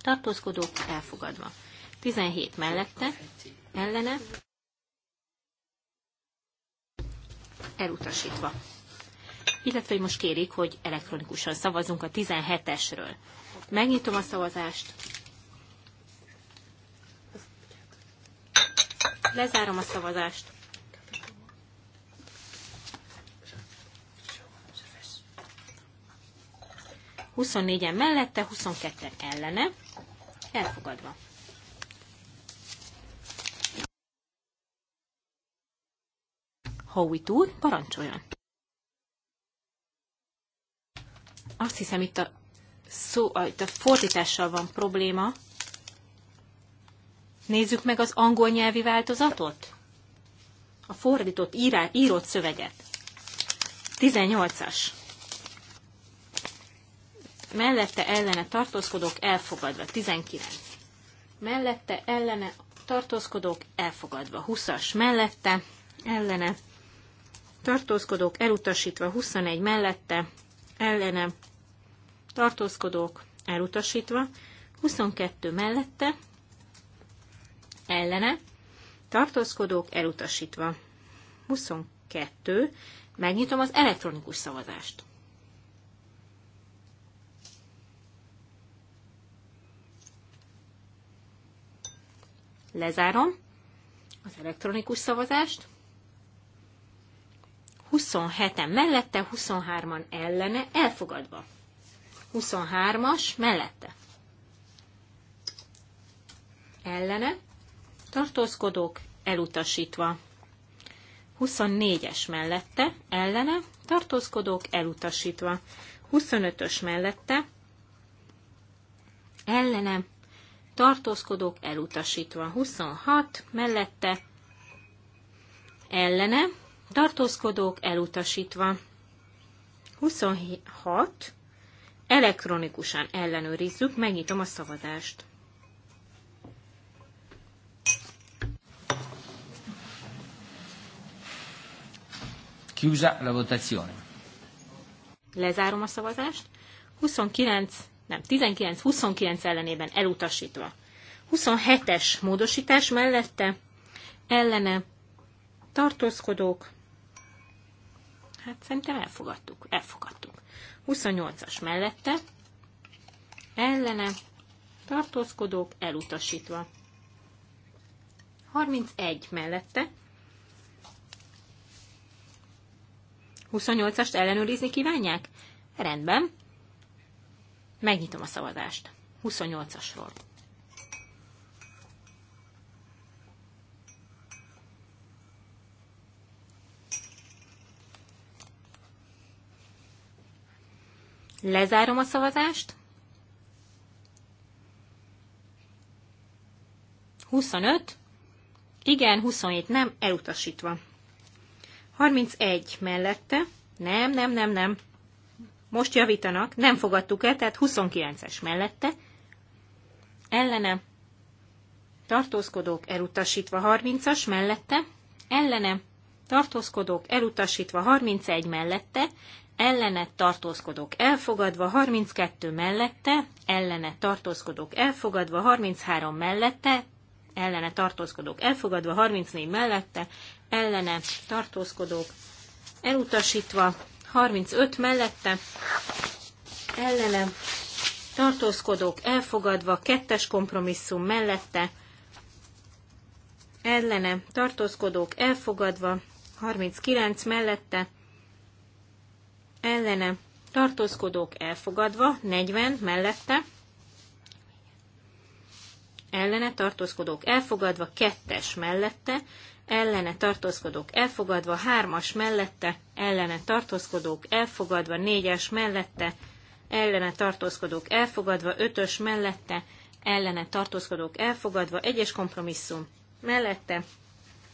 tartózkodók elfogadva. 17 mellette, ellene, elutasítva. Illetve, most kérik, hogy elektronikusan szavazunk a 17-esről. Megnyitom a szavazást. Lezárom a szavazást. Huszonnégyen mellette, 22 ellene. Elfogadva. Howie túr, parancsoljon. Azt hiszem, itt a, szó, itt a fordítással van probléma. Nézzük meg az angol nyelvi változatot. A fordított írá, írott szöveget. 18-as. Mellette ellene tartózkodók elfogadva. 19. Mellette ellene tartózkodók elfogadva. 20-as mellette ellene tartózkodók elutasítva. 21 mellette ellene tartózkodók elutasítva. 22 mellette ellene, tartózkodók elutasítva. 22. Megnyitom az elektronikus szavazást. Lezárom az elektronikus szavazást. 27-en mellette, 23-an ellene, elfogadva. 23-as mellette. Ellene, tartózkodók elutasítva. 24-es mellette, ellene, tartózkodók elutasítva. 25-ös mellette, ellene, tartózkodók elutasítva. 26 mellette, ellene, tartózkodók elutasítva. 26 elektronikusan ellenőrizzük, megnyitom a szavazást. Chiusa la votazione. Lezárom a szavazást. 29, nem, 19-29 ellenében elutasítva. 27-es módosítás mellette ellene tartózkodók. Hát szerintem elfogadtuk, elfogadtuk. 28-as mellette ellene tartózkodók elutasítva. 31 mellette 28-ast ellenőrizni kívánják? Rendben. Megnyitom a szavazást. 28-asról. Lezárom a szavazást. 25. Igen, 27 nem, elutasítva. 31 mellette, nem, nem, nem, nem, most javítanak, nem fogadtuk el, tehát 29-es mellette, ellene, tartózkodók elutasítva 30-as mellette, ellene, tartózkodók elutasítva 31 mellette, ellene tartózkodók elfogadva 32 mellette, ellene tartózkodók elfogadva 33 mellette, ellene tartózkodók elfogadva 34 mellette, ellene tartózkodók elutasítva, 35 mellette ellene tartózkodók elfogadva, kettes kompromisszum mellette ellene tartózkodók elfogadva, 39 mellette ellene tartózkodók elfogadva, 40 mellette ellene tartózkodók elfogadva, kettes mellette ellene tartózkodók elfogadva, hármas mellette, ellene tartózkodók elfogadva, négyes mellette, ellene tartózkodók elfogadva, ötös mellette, ellene tartózkodók elfogadva, egyes kompromisszum mellette,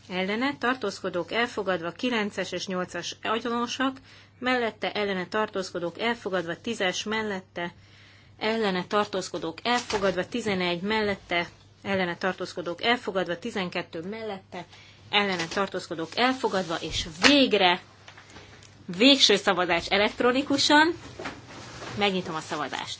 ellene tartózkodók elfogadva, kilences és nyolcas agyonosak, mellette ellene tartózkodók elfogadva, tízes mellette, ellene tartózkodók elfogadva, tizenegy mellette, ellene tartózkodók elfogadva, tizenkettő mellette, ellene tartózkodók elfogadva, és végre végső szavazás elektronikusan. Megnyitom a szavazást.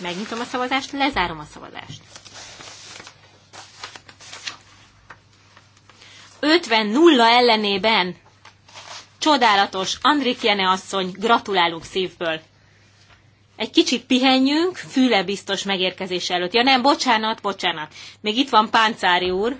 Megnyitom a szavazást, lezárom a szavazást. 50 nulla ellenében Csodálatos, Andrik Jene asszony, gratulálunk szívből. Egy kicsit pihenjünk, füle biztos megérkezés előtt. Ja nem, bocsánat, bocsánat. Még itt van Páncári úr.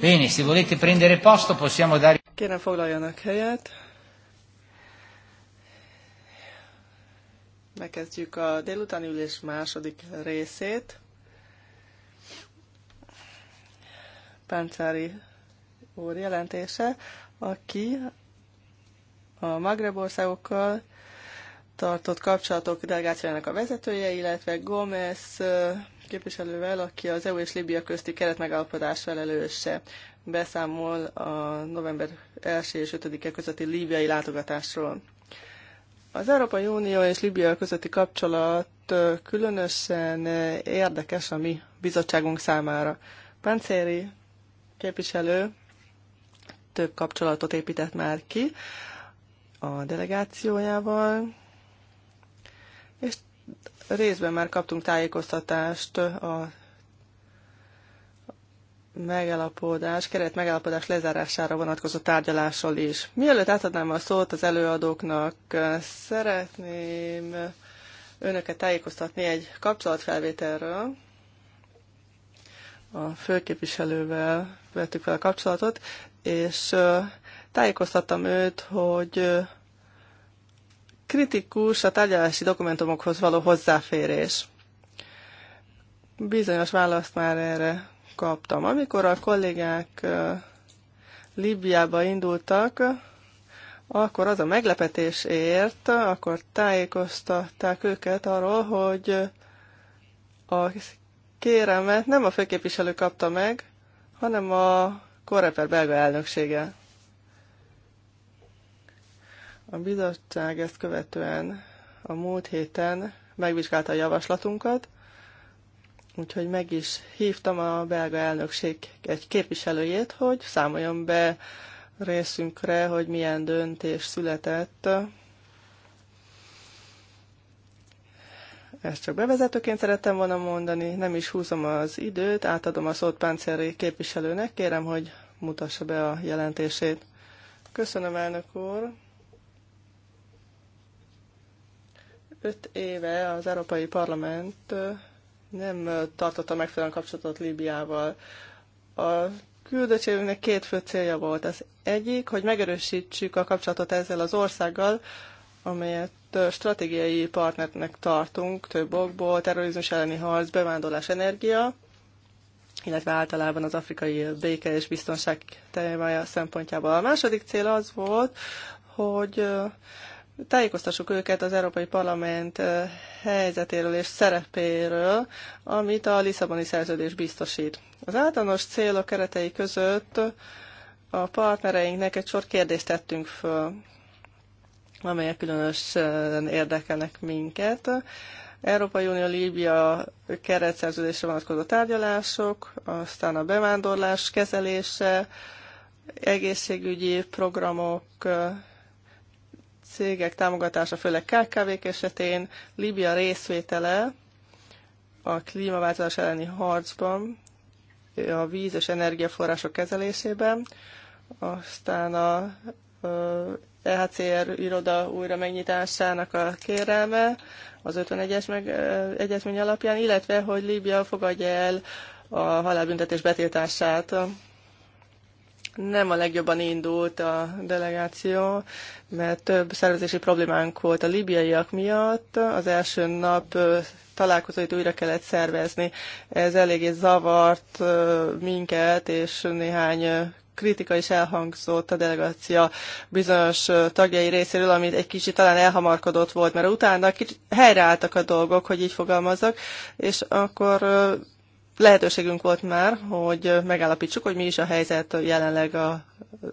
Bene, se volete prendere posto possiamo dare... Kérem foglaljanak helyet. Megkezdjük a délutáni ülés második részét. Páncári úr jelentése, aki a Magreb országokkal tartott kapcsolatok delegációjának a vezetője, illetve Gomez képviselővel, aki az EU és Libia közti keretmegállapodás felelőse beszámol a november 1 és 5-e közötti líbiai látogatásról. Az Európai Unió és Libia közötti kapcsolat különösen érdekes a mi bizottságunk számára. Pancéri képviselő több kapcsolatot épített már ki a delegációjával, részben már kaptunk tájékoztatást a megalapodás, keret megalapodás lezárására vonatkozó tárgyalásról is. Mielőtt átadnám a szót az előadóknak, szeretném önöket tájékoztatni egy kapcsolatfelvételről. A főképviselővel vettük fel a kapcsolatot, és tájékoztattam őt, hogy kritikus a tárgyalási dokumentumokhoz való hozzáférés. Bizonyos választ már erre kaptam. Amikor a kollégák Libiába indultak, akkor az a meglepetés ért, akkor tájékoztatták őket arról, hogy a kéremet nem a főképviselő kapta meg, hanem a Korreper belga elnöksége. A bizottság ezt követően a múlt héten megvizsgálta a javaslatunkat, úgyhogy meg is hívtam a belga elnökség egy képviselőjét, hogy számoljon be részünkre, hogy milyen döntés született. Ezt csak bevezetőként szerettem volna mondani, nem is húzom az időt, átadom a szót Páncéri képviselőnek, kérem, hogy mutassa be a jelentését. Köszönöm, elnök úr! Öt éve az Európai Parlament nem tartotta megfelelően kapcsolatot Líbiával. A küldöttségünknek két fő célja volt. Az egyik, hogy megerősítsük a kapcsolatot ezzel az országgal, amelyet stratégiai partnernek tartunk több okból, terrorizmus elleni harc, bevándorlás, energia, illetve általában az afrikai béke és biztonság témája szempontjából. A második cél az volt, hogy tájékoztassuk őket az Európai Parlament helyzetéről és szerepéről, amit a Lisszaboni szerződés biztosít. Az általános célok keretei között a partnereinknek egy sor kérdést tettünk föl, amelyek különösen érdekelnek minket. Európai Unió Líbia keretszerződésre vonatkozó tárgyalások, aztán a bevándorlás kezelése, egészségügyi programok, cégek támogatása, főleg KKV-k esetén, Líbia részvétele a klímaváltozás elleni harcban, a víz és energiaforrások kezelésében, aztán a EHCR iroda újra megnyitásának a kérelme az 51-es meg, egyezmény alapján, illetve hogy Líbia fogadja el a halálbüntetés betiltását nem a legjobban indult a delegáció, mert több szervezési problémánk volt a libiaiak miatt. Az első nap találkozóit újra kellett szervezni. Ez eléggé zavart minket, és néhány kritika is elhangzott a delegáció bizonyos tagjai részéről, amit egy kicsit talán elhamarkodott volt, mert utána kicsit helyreálltak a dolgok, hogy így fogalmazok, és akkor lehetőségünk volt már, hogy megállapítsuk, hogy mi is a helyzet jelenleg a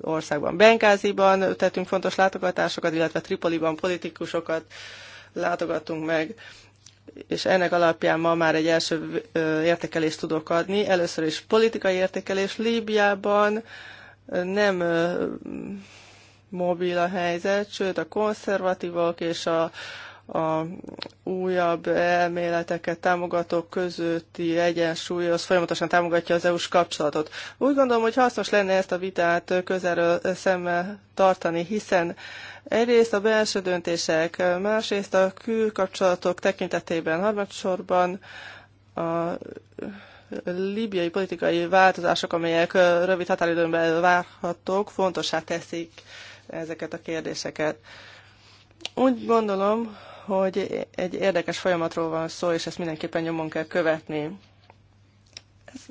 országban. Benkáziban, tettünk fontos látogatásokat, illetve Tripoliban politikusokat látogattunk meg, és ennek alapján ma már egy első értékelést tudok adni. Először is politikai értékelés Líbiában nem mobil a helyzet, sőt a konzervatívok és a a újabb elméleteket támogatók közötti egyensúly az folyamatosan támogatja az EU-s kapcsolatot. Úgy gondolom, hogy hasznos lenne ezt a vitát közelről szemmel tartani, hiszen egyrészt a belső döntések, másrészt a külkapcsolatok tekintetében, harmadsorban a libiai politikai változások, amelyek rövid határidőn belül várhatók, fontosá teszik ezeket a kérdéseket. Úgy gondolom, hogy egy érdekes folyamatról van szó, és ezt mindenképpen nyomon kell követni.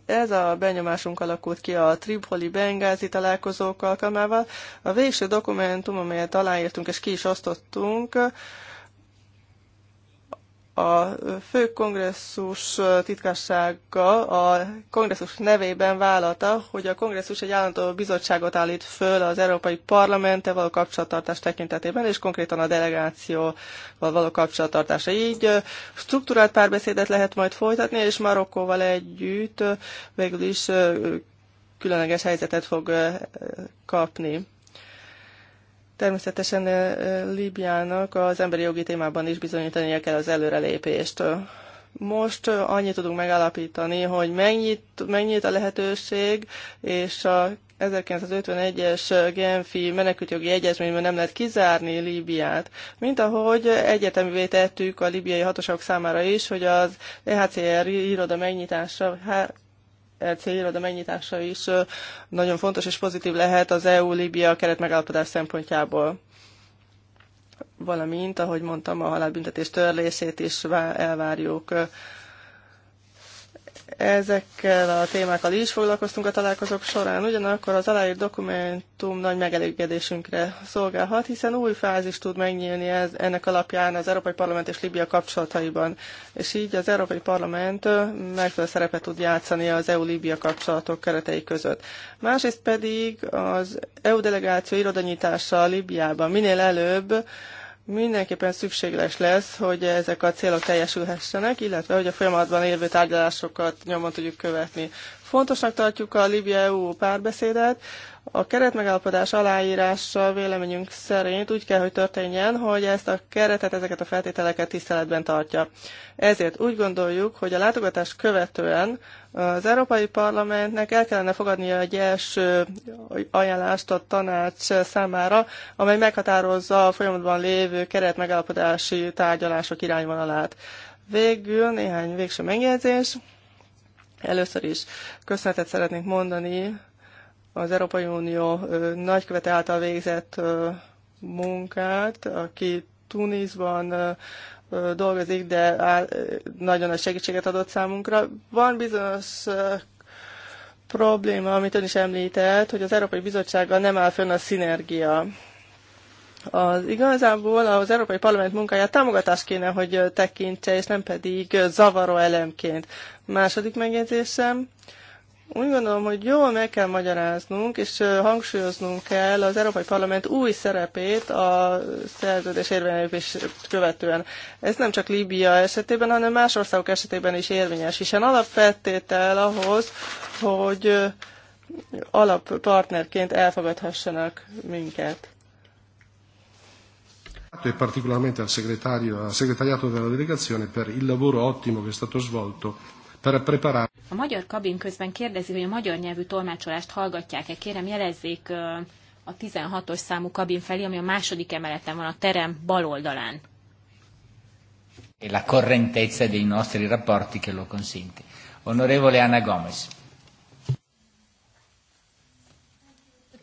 Ez, a benyomásunk alakult ki a Tripoli Bengázi találkozók alkalmával. A végső dokumentum, amelyet aláírtunk és ki is osztottunk, a fő kongresszus titkársága a kongresszus nevében vállalta, hogy a kongresszus egy állandó bizottságot állít föl az Európai Parlamenttel való kapcsolattartás tekintetében, és konkrétan a delegációval való kapcsolattartása. Így struktúrált párbeszédet lehet majd folytatni, és Marokkóval együtt végül is különleges helyzetet fog kapni. Természetesen Líbiának az emberi jogi témában is bizonyítania kell az előrelépést. Most annyit tudunk megállapítani, hogy mennyit, mennyit a lehetőség, és a 1951-es Genfi menekültjogi egyezményben nem lehet kizárni Líbiát, mint ahogy egyetemivé tettük a libiai hatóságok számára is, hogy az EHCR iroda megnyitása E célra de megnyitása is nagyon fontos és pozitív lehet az EU-Libia keretmegállapodás szempontjából. Valamint, ahogy mondtam, a halálbüntetés törlését is elvárjuk Ezekkel a témákkal is foglalkoztunk a találkozók során, ugyanakkor az aláírt dokumentum nagy megelégedésünkre szolgálhat, hiszen új fázis tud megnyílni ez, ennek alapján az Európai Parlament és Libia kapcsolataiban, és így az Európai Parlament megfelelő szerepet tud játszani az EU-Libia kapcsolatok keretei között. Másrészt pedig az EU delegáció irodanyitása Libiában minél előbb mindenképpen szükséges lesz, hogy ezek a célok teljesülhessenek, illetve hogy a folyamatban érvő tárgyalásokat nyomon tudjuk követni. Fontosnak tartjuk a Libia-EU párbeszédet, a keretmegállapodás aláírása véleményünk szerint úgy kell, hogy történjen, hogy ezt a keretet, ezeket a feltételeket tiszteletben tartja. Ezért úgy gondoljuk, hogy a látogatás követően az Európai Parlamentnek el kellene fogadnia egy első ajánlást a tanács számára, amely meghatározza a folyamatban lévő keretmegállapodási tárgyalások irányvonalát. Végül néhány végső megjegyzés. Először is köszönetet szeretnénk mondani az Európai Unió nagykövete által végzett munkát, aki Tunisban dolgozik, de nagyon nagy segítséget adott számunkra. Van bizonyos probléma, amit ön is említett, hogy az Európai Bizottsággal nem áll fönn a szinergia. Az igazából az Európai Parlament munkáját támogatást kéne, hogy tekintse, és nem pedig zavaró elemként. Második megjegyzésem, úgy gondolom, hogy jól meg kell magyaráznunk, és hangsúlyoznunk kell az Európai Parlament új szerepét a szerződés érvényelőpés követően. Ez nem csak Líbia esetében, hanem más országok esetében is érvényes, hiszen alapfeltétel ahhoz, hogy alappartnerként elfogadhassanak minket. E particolarmente al segretario, al segretariato della delegazione per il lavoro ottimo che è stato svolto a magyar kabin közben kérdezi, hogy a magyar nyelvű tolmácsolást hallgatják-e. Kérem, jelezzék a 16-os számú kabin felé, ami a második emeleten van a terem bal oldalán. E la correntezza dei nostri rapporti che lo consente. Onorevole Anna Gomez.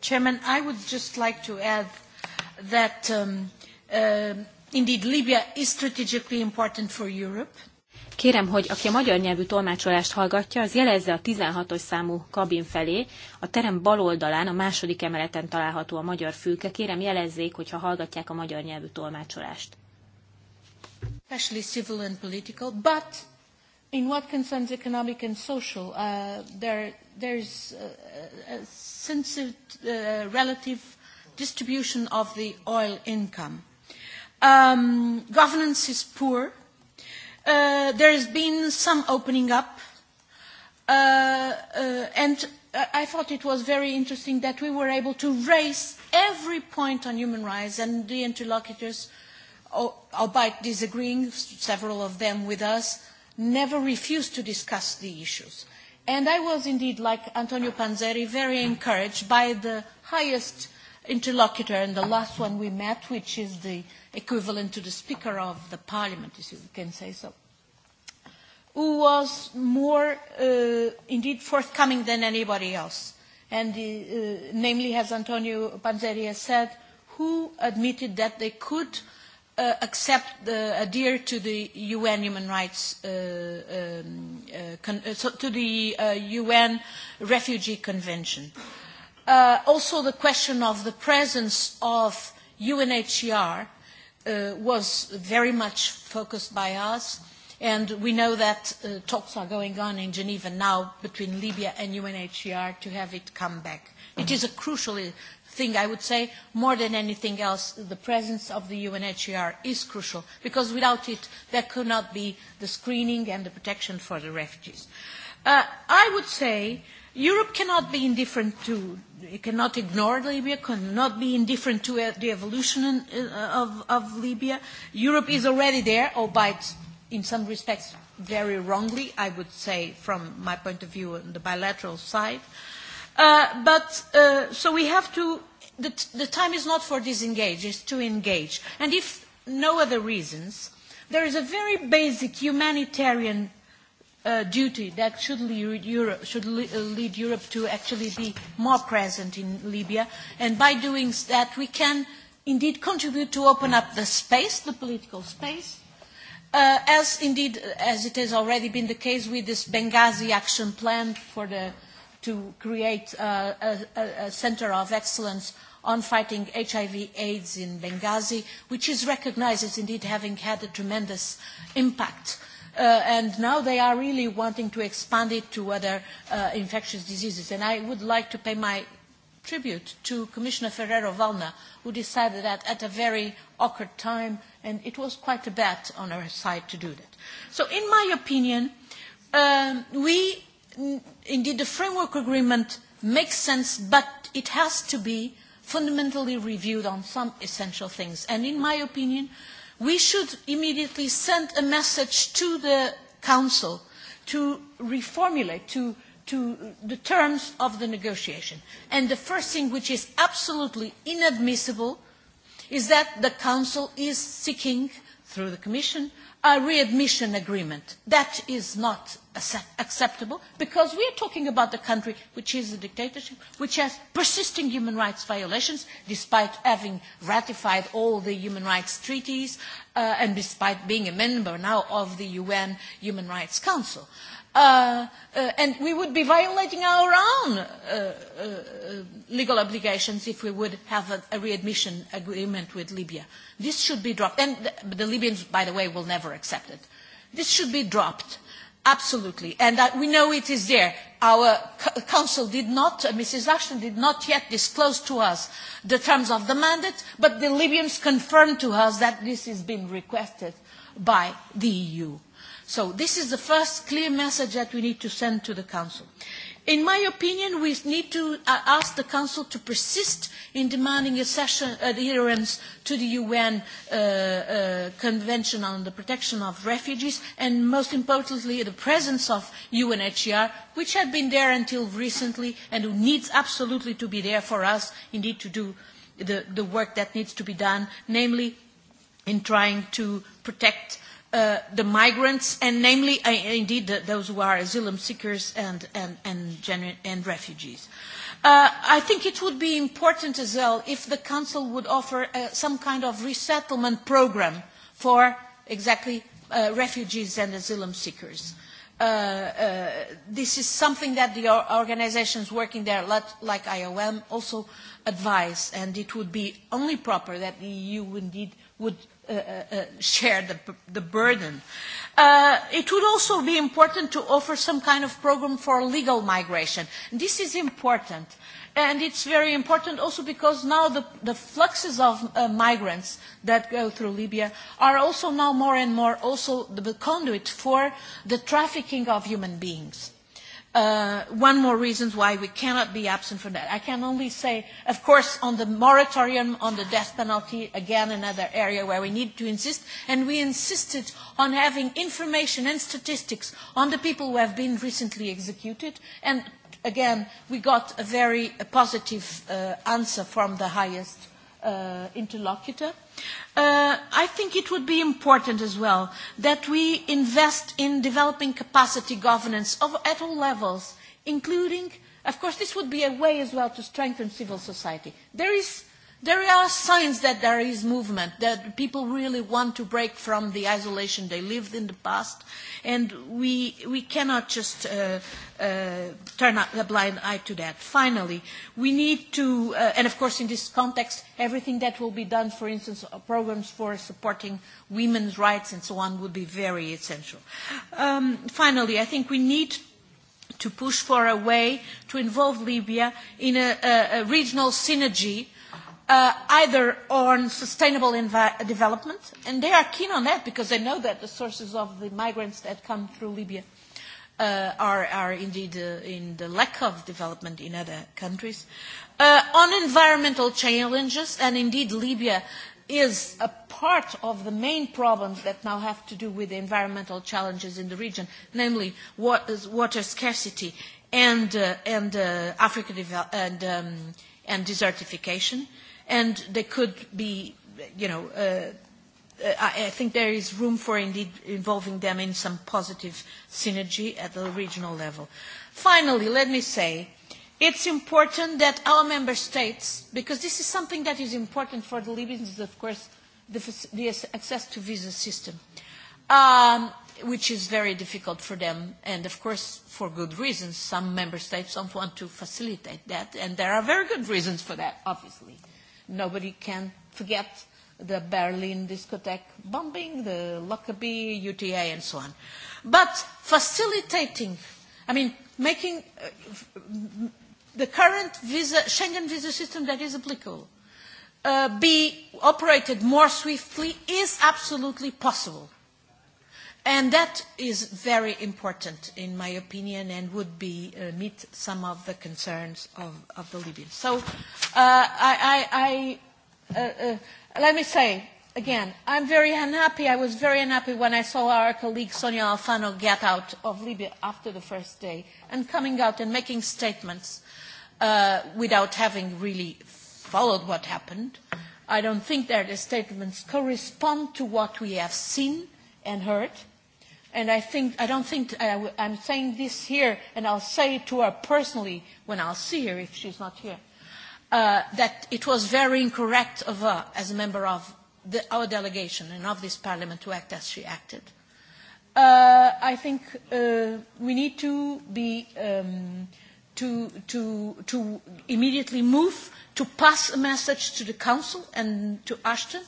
Chairman, I would just like to add that um, uh, indeed Libya is strategically important for Europe Kérem, hogy aki a magyar nyelvű tolmácsolást hallgatja, az jelezze a 16-os számú kabin felé. A terem bal oldalán, a második emeleten található a magyar fülke. Kérem, jelezzék, hogyha hallgatják a magyar nyelvű tolmácsolást. Especially civil and political, but in what concerns economic and social, uh, there, there's a, a sensitive uh, relative distribution of the oil income. Um, governance is poor uh, there has been some opening up, uh, uh, and uh, I thought it was very interesting that we were able to raise every point on human rights and the interlocutors, albeit disagreeing, several of them with us, never refused to discuss the issues. And I was indeed, like Antonio Panzeri, very encouraged by the highest interlocutor and the last one we met, which is the equivalent to the Speaker of the Parliament, if you can say so, who was more uh, indeed forthcoming than anybody else, and uh, namely, as Antonio Panzeri has said, who admitted that they could uh, accept, the, uh, adhere to the UN human rights, uh, um, uh, con uh, so to the uh, UN Refugee Convention. Uh, also the question of the presence of UNHCR uh, was very much focused by us. And we know that uh, talks are going on in Geneva now between Libya and UNHCR to have it come back. It is a crucial thing, I would say, more than anything else, the presence of the UNHCR is crucial, because without it, there could not be the screening and the protection for the refugees. Uh, I would say Europe cannot be indifferent to, it cannot ignore Libya, cannot be indifferent to e, the evolution uh, of, of Libya. Europe is already there, albeit in some respects very wrongly, I would say, from my point of view on the bilateral side. Uh, but uh, so we have to, the, the time is not for disengage, it's to engage. And if no other reasons, there is a very basic humanitarian uh, duty that should lead, Europe, should uh, lead Europe to actually be more present in Libya. And by doing that, we can indeed contribute to open up the space, the political space, uh, as indeed, uh, as it has already been the case with this Benghazi action plan for the, to create uh, a, a, a center of excellence on fighting HIV AIDS in Benghazi, which is recognized as indeed having had a tremendous impact uh, uh, and now they are really wanting to expand it to other uh, infectious diseases. And I would like to pay my tribute to Commissioner Ferrero-Valna, who decided that at a very awkward time, and it was quite a bet on her side to do that. So in my opinion, um, we, indeed, the framework agreement makes sense, but it has to be fundamentally reviewed on some essential things. And in my opinion, uh, we should immediately send a message to the Council to reformulate, to, to the terms of the negotiation. And the first thing which is absolutely inadmissible is that the Council is seeking, through the Commission, a readmission agreement. That is not acceptable because we are talking about the country which is a dictatorship, which has persisting human rights violations despite having ratified all the human rights treaties uh, and despite being a member now of the UN Human Rights Council. Uh, uh, uh, and we would be violating our own uh, uh, legal obligations if we would have a, a readmission agreement with Libya. This should be dropped. And the, the Libyans, by the way, will never accept it. This should be dropped, absolutely. And uh, we know it is there. Our council did not, uh, Mrs. Ashton did not yet disclose to us the terms of the mandate, but the Libyans confirmed to us that this has been requested by the EU. So this is the first clear message that we need to send to the Council. In my opinion, we need to uh, ask the Council to persist in demanding adherence to the UN uh, uh, Convention on the Protection of Refugees and, most importantly, the presence of UNHCR, which had been there until recently and who needs absolutely to be there for us, indeed, to do the, the work that needs to be done, namely in trying to protect Uh, the migrants, and namely, uh, indeed, the, those who are asylum seekers and, and, and, and refugees. Uh, I think it would be important as well if the Council would offer uh, some kind of resettlement program for exactly uh, refugees and asylum seekers. Uh, uh, this is something that the organizations working there, like IOM, also advise, and it would be only proper that the EU indeed would Uh, uh, uh, share the, the burden. Uh, it would also be important to offer some kind of program for legal migration. This is important. And it's very important also because now the, the fluxes of uh, migrants that go through Libya are also now more and more also the conduit for the trafficking of human beings uh, one more reason why we cannot be absent from that. I can only say, of course, on the moratorium on the death penalty, again, another area where we need to insist, and we insisted on having information and statistics on the people who have been recently executed, and again, we got a very a positive uh, answer from the highest uh, interlocutor. Uh, I think it would be important as well that we invest in developing capacity governance of, at all levels, including, of course, this would be a way as well to strengthen civil society. There is there are signs that there is movement, that people really want to break from the isolation they lived in the past, and we, we cannot just uh, uh, turn a blind eye to that. Finally, we need to, uh, and of course in this context, everything that will be done, for instance, uh, programs for supporting women's rights and so on would be very essential. Um, finally, I think we need to push for a way to involve Libya in a, a, a regional synergy uh, either on sustainable development, and they are keen on that because they know that the sources of the migrants that come through Libya uh, are, are indeed uh, in the lack of development in other countries. Uh, on environmental challenges, and indeed Libya is a part of the main problems that now have to do with the environmental challenges in the region, namely water scarcity and, uh, and uh, Africa devel- and, um, and desertification. Uh, and there could be, you know, uh, uh, I, I think there is room for indeed involving them in some positive synergy at the regional level. Finally, let me say, it's important that our member states, because this is something that is important for the Libyans, of course, the, the access to visa system, um, which is very difficult for them, and of course, for good reasons. Some member states don't want to facilitate that, and there are very good reasons for that, obviously. Nobody can forget the Berlin discotheque bombing, the Lockerbie, UTA, and so on. But facilitating, I mean, making uh, the current visa, Schengen visa system that is applicable uh, be operated more swiftly is absolutely possible And that is very important, in my opinion, and would be uh, meet some of the concerns of, of the Libyans. So, uh, I, I, I, uh, uh, let me say again, I'm very unhappy. I was very unhappy when I saw our colleague Sonia Alfano get out of Libya after the first day and coming out and making statements uh, without having really followed what happened. I don't think that the statements correspond to what we have seen and heard and I think I don't think uh, I'm saying this here, and I'll say it to her personally when I'll see her if she's not here, uh, that it was very incorrect of her as a member of the, our delegation and of this parliament to act as she acted. Uh, I think uh, we need to be um, to, to, to immediately move to pass a message to the Council and to Ashton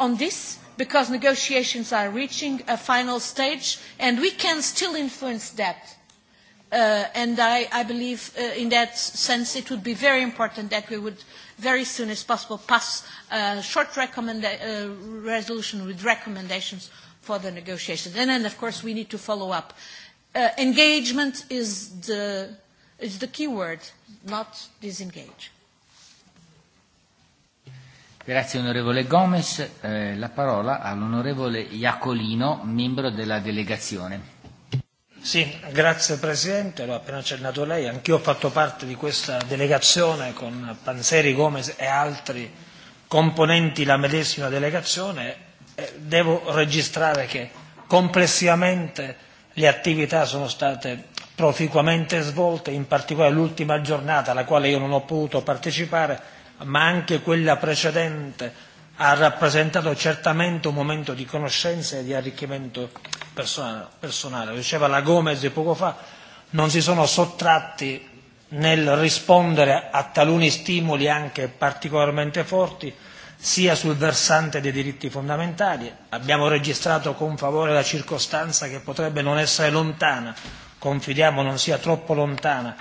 on this because negotiations are reaching a final stage and we can still influence that. Uh, and I, I believe uh, in that sense it would be very important that we would very soon as possible pass a short recommenda- uh, resolution with recommendations for the negotiations. And then of course we need to follow up. Uh, engagement is the, is the key word, not disengage. Grazie onorevole Gomez. Eh, la parola all'onorevole Iacolino, membro della delegazione. Sì, grazie Presidente, l'ho appena accennato lei, anch'io ho fatto parte di questa delegazione con Panzeri, Gomez e altri componenti la medesima delegazione e devo registrare che complessivamente le attività sono state proficuamente svolte, in particolare l'ultima giornata alla quale io non ho potuto partecipare ma anche quella precedente, ha rappresentato certamente un momento di conoscenza e di arricchimento personale. personale. Diceva la Gomez poco fa, non si sono sottratti nel rispondere a taluni stimoli anche particolarmente forti, sia sul versante dei diritti fondamentali. Abbiamo registrato con favore la circostanza che potrebbe non essere lontana, confidiamo non sia troppo lontana,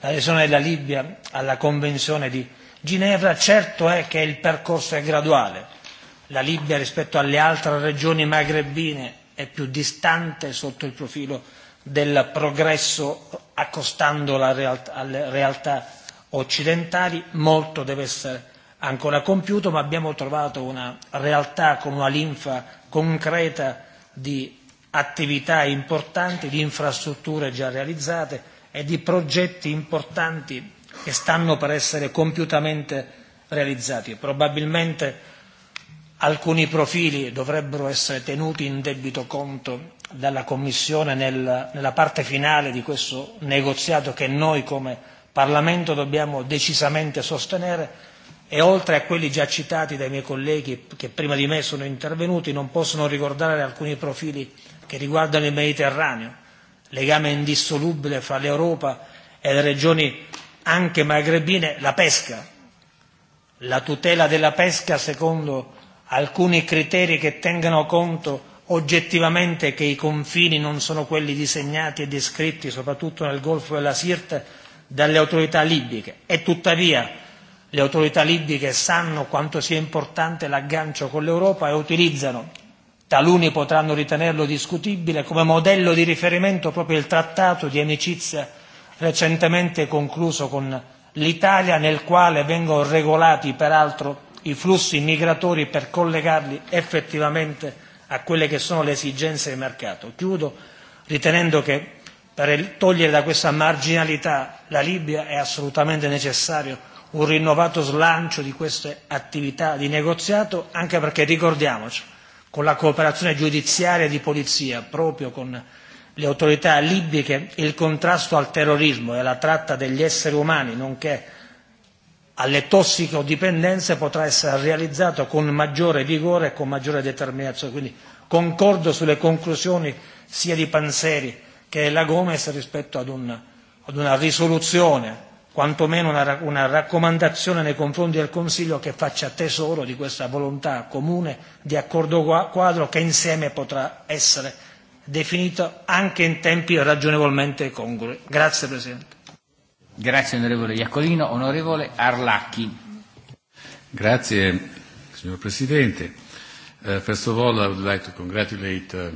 l'adesione della Libia alla Convenzione di Ginevra certo è che il percorso è graduale. La Libia rispetto alle altre regioni magrebine è più distante sotto il profilo del progresso accostando realtà, alle realtà occidentali, molto deve essere ancora compiuto, ma abbiamo trovato una realtà con una linfa concreta di attività importanti, di infrastrutture già realizzate e di progetti importanti che stanno per essere compiutamente realizzati. Probabilmente alcuni profili dovrebbero essere tenuti in debito conto dalla Commissione nel, nella parte finale di questo negoziato che noi come Parlamento dobbiamo decisamente sostenere e oltre a quelli già citati dai miei colleghi che prima di me sono intervenuti non possono ricordare alcuni profili che riguardano il Mediterraneo, legame indissolubile fra l'Europa e le regioni anche magrebine, la pesca, la tutela della pesca secondo alcuni criteri che tengano conto oggettivamente che i confini non sono quelli disegnati e descritti, soprattutto nel Golfo della Sirte, dalle autorità libiche. E tuttavia le autorità libiche sanno quanto sia importante l'aggancio con l'Europa e utilizzano, taluni potranno ritenerlo discutibile, come modello di riferimento proprio il trattato di amicizia recentemente concluso con l'Italia, nel quale vengono regolati peraltro i flussi migratori per collegarli effettivamente a quelle che sono le esigenze del mercato. Chiudo ritenendo che per togliere da questa marginalità la Libia è assolutamente necessario un rinnovato slancio di queste attività di negoziato, anche perché ricordiamoci, con la cooperazione giudiziaria e di polizia, proprio con le autorità libiche il contrasto al terrorismo e alla tratta degli esseri umani, nonché alle tossicodipendenze, potrà essere realizzato con maggiore vigore e con maggiore determinazione. Quindi concordo sulle conclusioni sia di Panseri che della Gomez rispetto ad una, ad una risoluzione, quantomeno una, una raccomandazione nei confronti del Consiglio che faccia tesoro di questa volontà comune di accordo quadro che insieme potrà essere definito anche in tempi ragionevolmente congrui. Grazie Presidente. Grazie onorevole Iacolino. Onorevole Arlacchi. Grazie signor Presidente. Uh, first of all, I would like to congratulate uh, eh,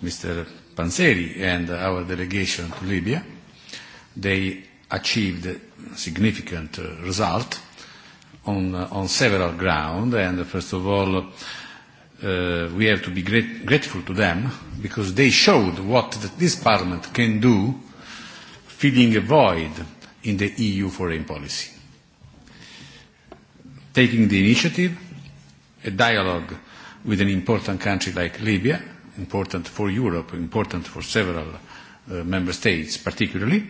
Mr. Panzeri and our delegation to Libya. They achieved a significant uh, result on, uh, on several grounds and uh, first of all uh, uh, we have to be great, grateful to them because they showed what the, this parliament can do filling a void in the EU foreign policy. Taking the initiative, a dialogue with an important country like Libya, important for Europe, important for several uh, member states particularly,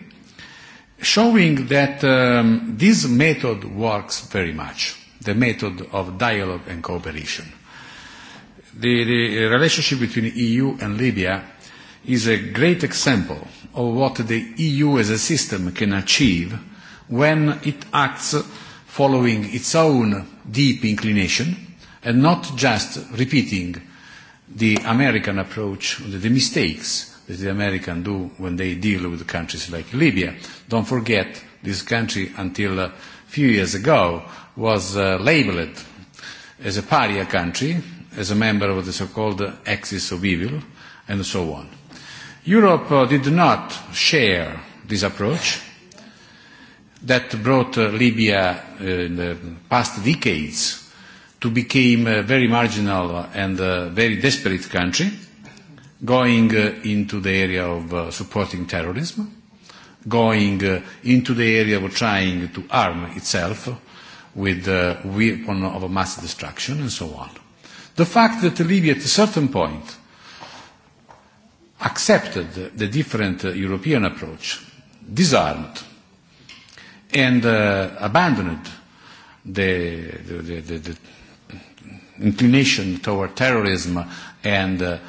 showing that um, this method works very much, the method of dialogue and cooperation the, the relationship between EU and Libya is a great example of what the EU as a system can achieve when it acts following its own deep inclination and not just repeating the American approach, the the mistakes that the Americans do when they deal with countries like Libya. Don't forget, this country until a few years ago was uh, labeled as a pariah country as a member of the so-called axis of evil, and so on. Europe uh, did not share this approach that brought uh, Libya uh, in the past decades to become a very marginal and a uh, very desperate country, going uh, into the area of uh, supporting terrorism, going uh, into the area of trying to arm itself with uh, weapon of mass destruction and so on. The fact that Libya at a certain point accepted the different uh, European approach, disarmed, and uh, abandoned the, the, the, the inclination toward terrorism and, uh,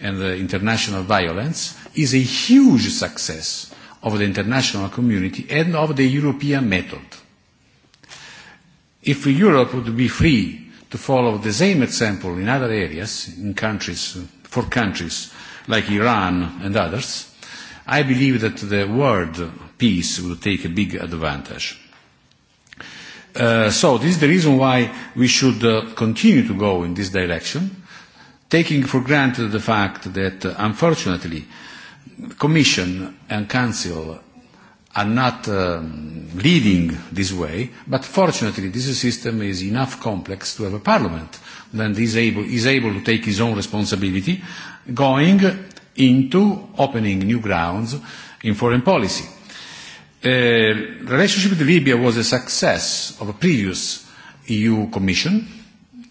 and the international violence is a huge success of the international community and of the European method. If Europe would be free to follow the same example in other areas, in countries, for countries like Iran and others, I believe that the world peace will take a big advantage. Uh, so this is the reason why we should uh, continue to go in this direction, taking for granted the fact that, uh, unfortunately, Commission and Council are not um, leading this way, but fortunately this system is enough complex to have a parliament that is able, is able to take his own responsibility going into opening new grounds in foreign policy. Uh, relationship with Libya was a success of a previous EU commission,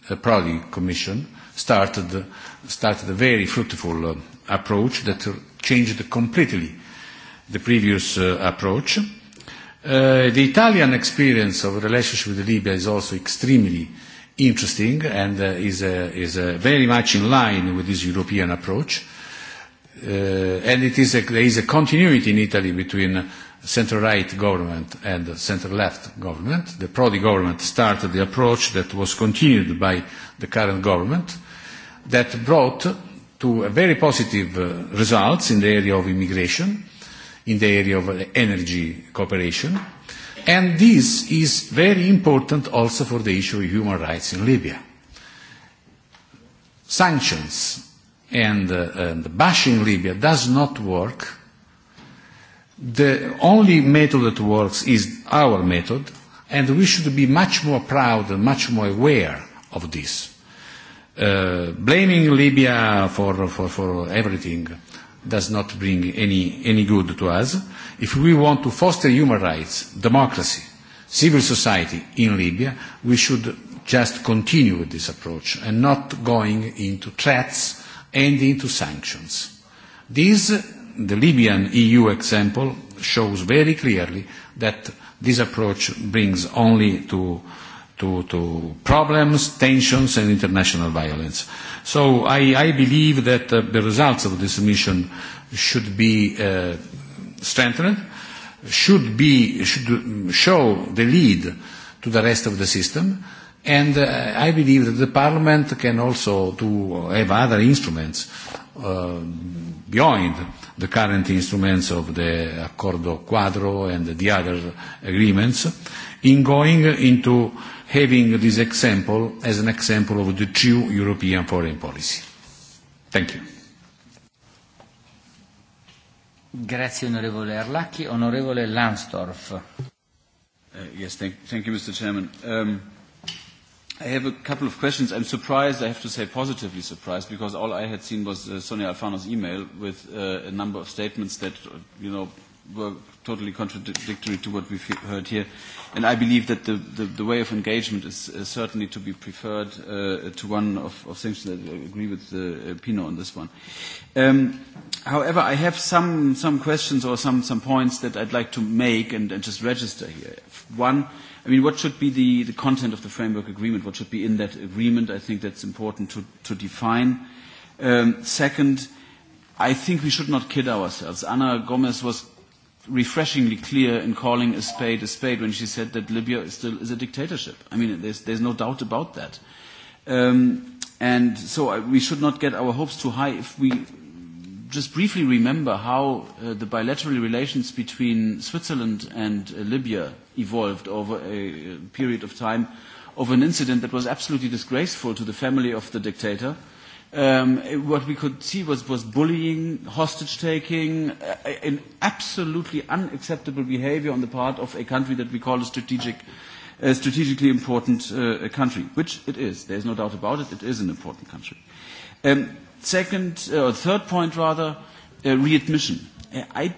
a Prodi commission, started, started a very fruitful uh, approach that changed completely the previous uh, approach. Uh, the Italian experience of relationship with Libya is also extremely interesting and uh, is, a, uh, is a uh, very much in line with this European approach. Uh, and it is a, there is a continuity in Italy between center-right government and center-left government. The Prodi government started the approach that was continued by the current government that brought to a very positive uh, results in the area of immigration in the area of energy cooperation. And this is very important also for the issue of human rights in Libya. Sanctions and, uh, and bashing Libya does not work. The only method that works is our method, and we should be much more proud and much more aware of this. Uh, blaming Libya for, for, for everything does not bring any, any good to us. If we want to foster human rights, democracy, civil society in Libya, we should just continue with this approach and not going into threats and into sanctions. This, the Libyan EU example, shows very clearly that this approach brings only to uh, to, to problems, tensions and international violence. So I, I believe that uh, the results of this mission should be uh, strengthened, should, be, should show the lead to the rest of the system, and uh, I believe that the Parliament can also do, have other instruments uh, beyond the current instruments of the Accordo Quadro and the other agreements in going into having this example as an example of the true European foreign policy. Thank you. Grazie onorevole Arlacchi. Onorevole Lansdorf. Uh, yes, thank, thank you, Mr. Chairman. Um, I have a couple of questions. I'm surprised, I have to say positively surprised, because all I had seen was uh, Sonia Alfano's email with uh, a number of statements that, you know, were totally contradictory to what we've heard here. And I believe that the, the, the way of engagement is uh, certainly to be preferred uh, to one of, of things that I agree with uh, Pino on this one. Um, however, I have some, some questions or some, some points that I'd like to make and, and just register here. One, I mean, what should be the, the content of the framework agreement? What should be in that agreement? I think that's important to, to define. Um, second, I think we should not kid ourselves. Ana Gomez was refreshingly clear in calling a spade a spade when she said that Libya is still is a dictatorship. I mean, there's, there's no doubt about that. Um, and so I, we should not get our hopes too high if we just briefly remember how uh, the bilateral relations between Switzerland and uh, Libya evolved over a, a period of time of an incident that was absolutely disgraceful to the family of the dictator – Um, what we could see was, was bullying, hostage taking, uh, an absolutely unacceptable behavior on the part of a country that we call a strategic, uh, strategically important uh, country, which it is. There's no doubt about it. It is an important country. Um, second, uh, or uh, third point rather, uh, readmission. Uh, I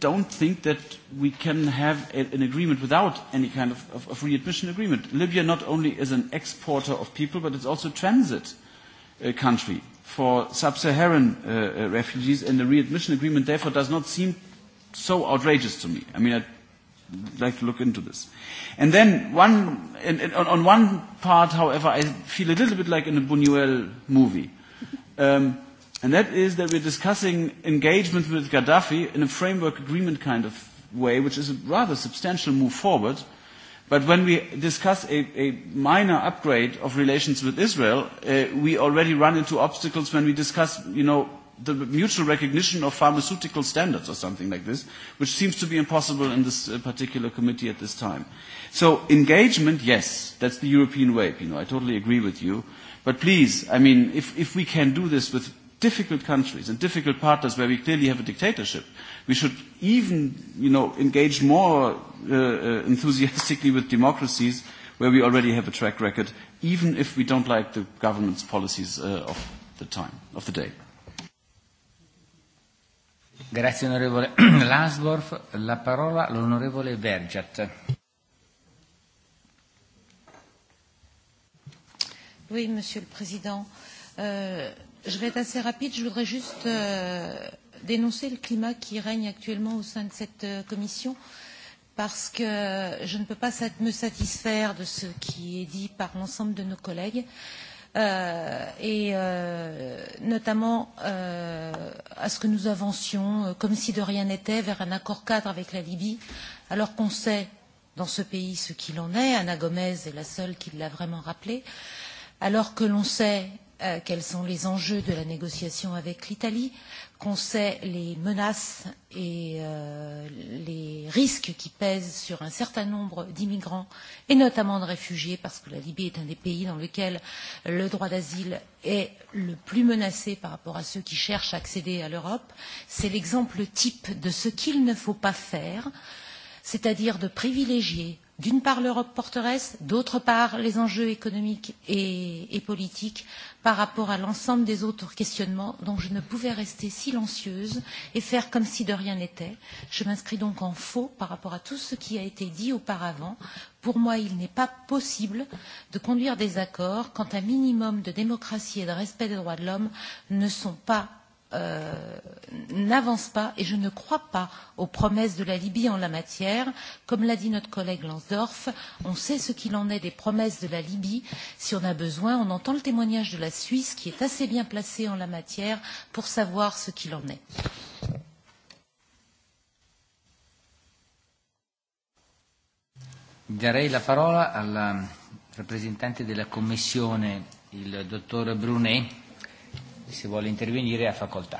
don't think that we can have a, an agreement without any kind of, of, of readmission agreement. Libya not only is an exporter of people, but it's also transit. Uh, Uh, country for sub-Saharan uh, uh, refugees, and the readmission agreement therefore does not seem so outrageous to me. I mean, I'd like to look into this. And then one, and, and on, on one part, however, I feel a little bit like in a Buñuel movie. Um, and that is that we're discussing engagement with Gaddafi in a framework agreement kind of way, which is a rather substantial move forward – But when we discuss a, a minor upgrade of relations with Israel, uh, we already run into obstacles when we discuss, you know, the mutual recognition of pharmaceutical standards or something like this, which seems to be impossible in this uh, particular committee at this time. So engagement, yes, that's the European way, You know, I totally agree with you. But please, I mean, if, if we can do this with difficult countries and difficult partners where we clearly have a dictatorship. We should even, you know, engage more uh, uh, enthusiastically with democracies where we already have a track record, even if we don't like the government's policies uh, of the time, of the day. Grazie onorevole *clears throat* Lasdorf. La parola all'onorevole Vergiat. Oui, Monsieur le Président. Euh, Je vais être assez rapide. Je voudrais juste euh, dénoncer le climat qui règne actuellement au sein de cette euh, commission, parce que je ne peux pas me satisfaire de ce qui est dit par l'ensemble de nos collègues, euh, et euh, notamment euh, à ce que nous avancions, euh, comme si de rien n'était, vers un accord cadre avec la Libye, alors qu'on sait dans ce pays ce qu'il en est. Anna Gomez est la seule qui l'a vraiment rappelé. Alors que l'on sait euh, Euh, quels sont les enjeux de la négociation avec l'Italie, qu'on sait les menaces et euh, les risques qui pèsent sur un certain nombre d'immigrants et notamment de réfugiés, parce que la Libye est un des pays dans lequel le droit d'asile est le plus menacé par rapport à ceux qui cherchent à accéder à l'Europe. C'est l'exemple type de ce qu'il ne faut pas faire, c'est-à-dire de privilégier d'une part l'Europe porteresse, d'autre part les enjeux économiques et, et politiques par rapport à l'ensemble des autres questionnements dont je ne pouvais rester silencieuse et faire comme si de rien n'était. Je m'inscris donc en faux par rapport à tout ce qui a été dit auparavant. Pour moi, il n'est pas possible de conduire des accords quand un minimum de démocratie et de respect des droits de l'homme ne sont pas Euh, n'avance pas et je ne crois pas aux promesses de la Libye en la matière. Comme l'a dit notre collègue Lansdorff, on sait ce qu'il en est des promesses de la Libye. Si on a besoin, on entend le témoignage de la Suisse qui est assez bien placée en la matière pour savoir ce qu'il en est. Darei la parola al rappresentante della Commissione, il dottor Brunet se vuole intervenire a facoltà.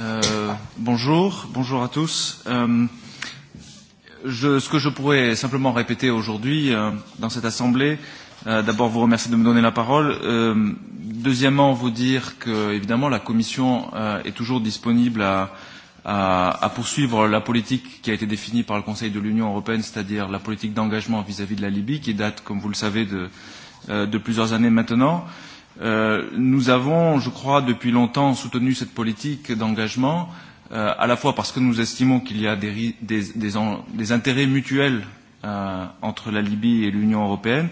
Euh, bonjour, bonjour à tous. Euh, je, ce que je pourrais simplement répéter aujourd'hui euh, dans cette assemblée, euh, d'abord vous remercier de me donner la parole. Euh, deuxièmement, vous dire que évidemment la Commission euh, est toujours disponible à à, à poursuivre la politique qui a été définie par le Conseil de l'Union européenne, c'est-à-dire la politique d'engagement vis-à-vis de la Libye, qui date, comme vous le savez, de, euh, de plusieurs années maintenant. Euh, nous avons, je crois, depuis longtemps soutenu cette politique d'engagement, euh, à la fois parce que nous estimons qu'il y a des, des, des, en, des intérêts mutuels euh, entre la Libye et l'Union européenne,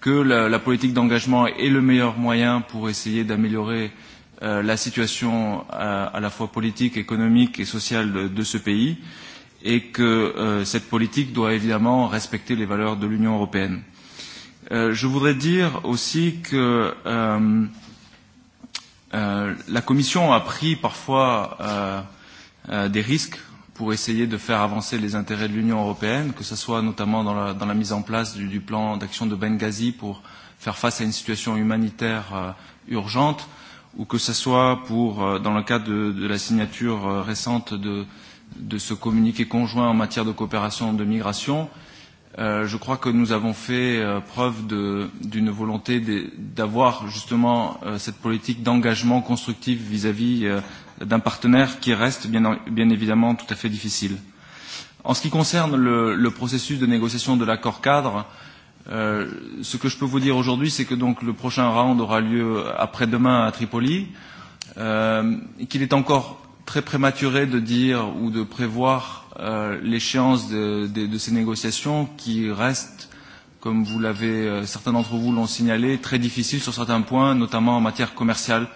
que la, la politique d'engagement est le meilleur moyen pour essayer d'améliorer euh, Euh, la situation à, euh, à la fois politique, économique et sociale de, de ce pays et que euh, cette politique doit évidemment respecter les valeurs de l'Union européenne. Euh, je voudrais dire aussi que euh, euh, la Commission a pris parfois euh, euh, des risques pour essayer de faire avancer les intérêts de l'Union européenne, que ce soit notamment dans la, dans la mise en place du, du plan d'action de Benghazi pour faire face à une situation humanitaire euh, urgente, euh, ou que ce soit pour, euh, dans le cadre de, de la signature euh, récente de, de ce communiqué conjoint en matière de coopération de migration, euh, je crois que nous avons fait euh, preuve d'une volonté d'avoir justement euh, cette politique d'engagement constructif vis-à-vis euh, d'un partenaire qui reste bien, bien évidemment tout à fait difficile. En ce qui concerne le, le processus de négociation de l'accord cadre, euh, Euh, ce que je peux vous dire aujourd'hui, c'est que donc le prochain round aura lieu après-demain à Tripoli, euh, qu'il est encore très prématuré de dire ou de prévoir euh, l'échéance de, de, de ces négociations qui restent, comme vous l'avez, euh, certains d'entre vous l'ont signalé, très difficiles sur certains points, notamment en matière commerciale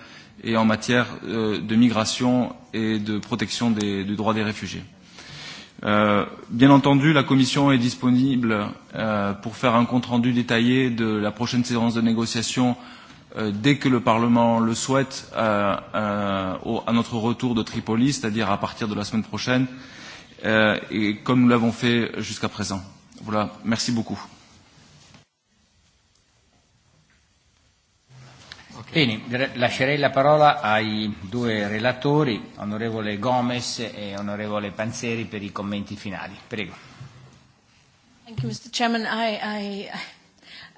et en matière euh, de migration et de protection des, du droit des réfugiés. Euh, bien entendu, la Commission est disponible euh, pour faire un compte-rendu détaillé de la prochaine séance de négociation euh, dès que le Parlement le souhaite euh, euh, au, à notre retour de Tripoli, c'est-à-dire à partir de la semaine prochaine, euh, et comme nous l'avons fait jusqu'à présent. Voilà, merci beaucoup. Bene, lascerei la parola ai due relatori, onorevole Gomez e onorevole Panzeri, per i commenti finali. Prego. Thank you, Mr. Chairman. I, I,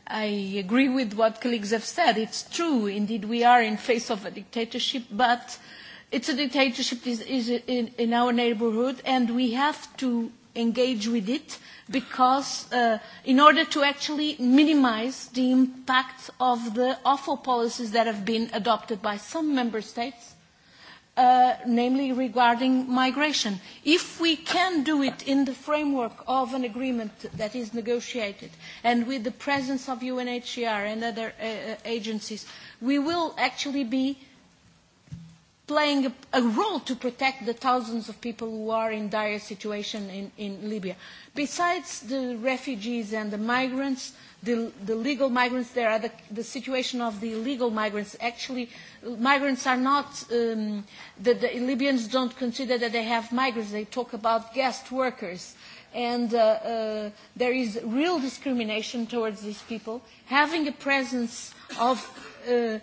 I agree with what colleagues have said. It's true, indeed, we are in face of a dictatorship, but it's a dictatorship is, is in, in our neighborhood, and we have to engage with it because uh, in order to actually minimize the impact of the awful policies that have been adopted by some member states, uh, namely regarding migration. If we can do it in the framework of an agreement that is negotiated and with the presence of UNHCR and other uh, uh, agencies, we will actually be playing a, a role to protect the thousands of people who are in dire situation in, in Libya. Besides the refugees and the migrants, the, the legal migrants, there are the, the situation of the illegal migrants. Actually, migrants are not, um, the, the Libyans don't consider that they have migrants. They talk about guest workers and uh, uh, there is real discrimination towards these people. Having a presence of uh,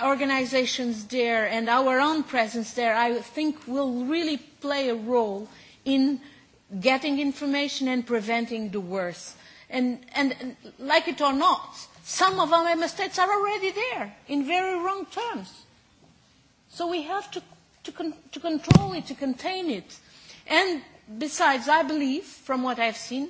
organizations there and our own presence there, I think will really play a role in getting information and preventing the worst. And, and, and like it or not, some of our member states are already there in very wrong terms. So we have to, to, con to control it, to contain it. And besides, I believe, from what I've seen,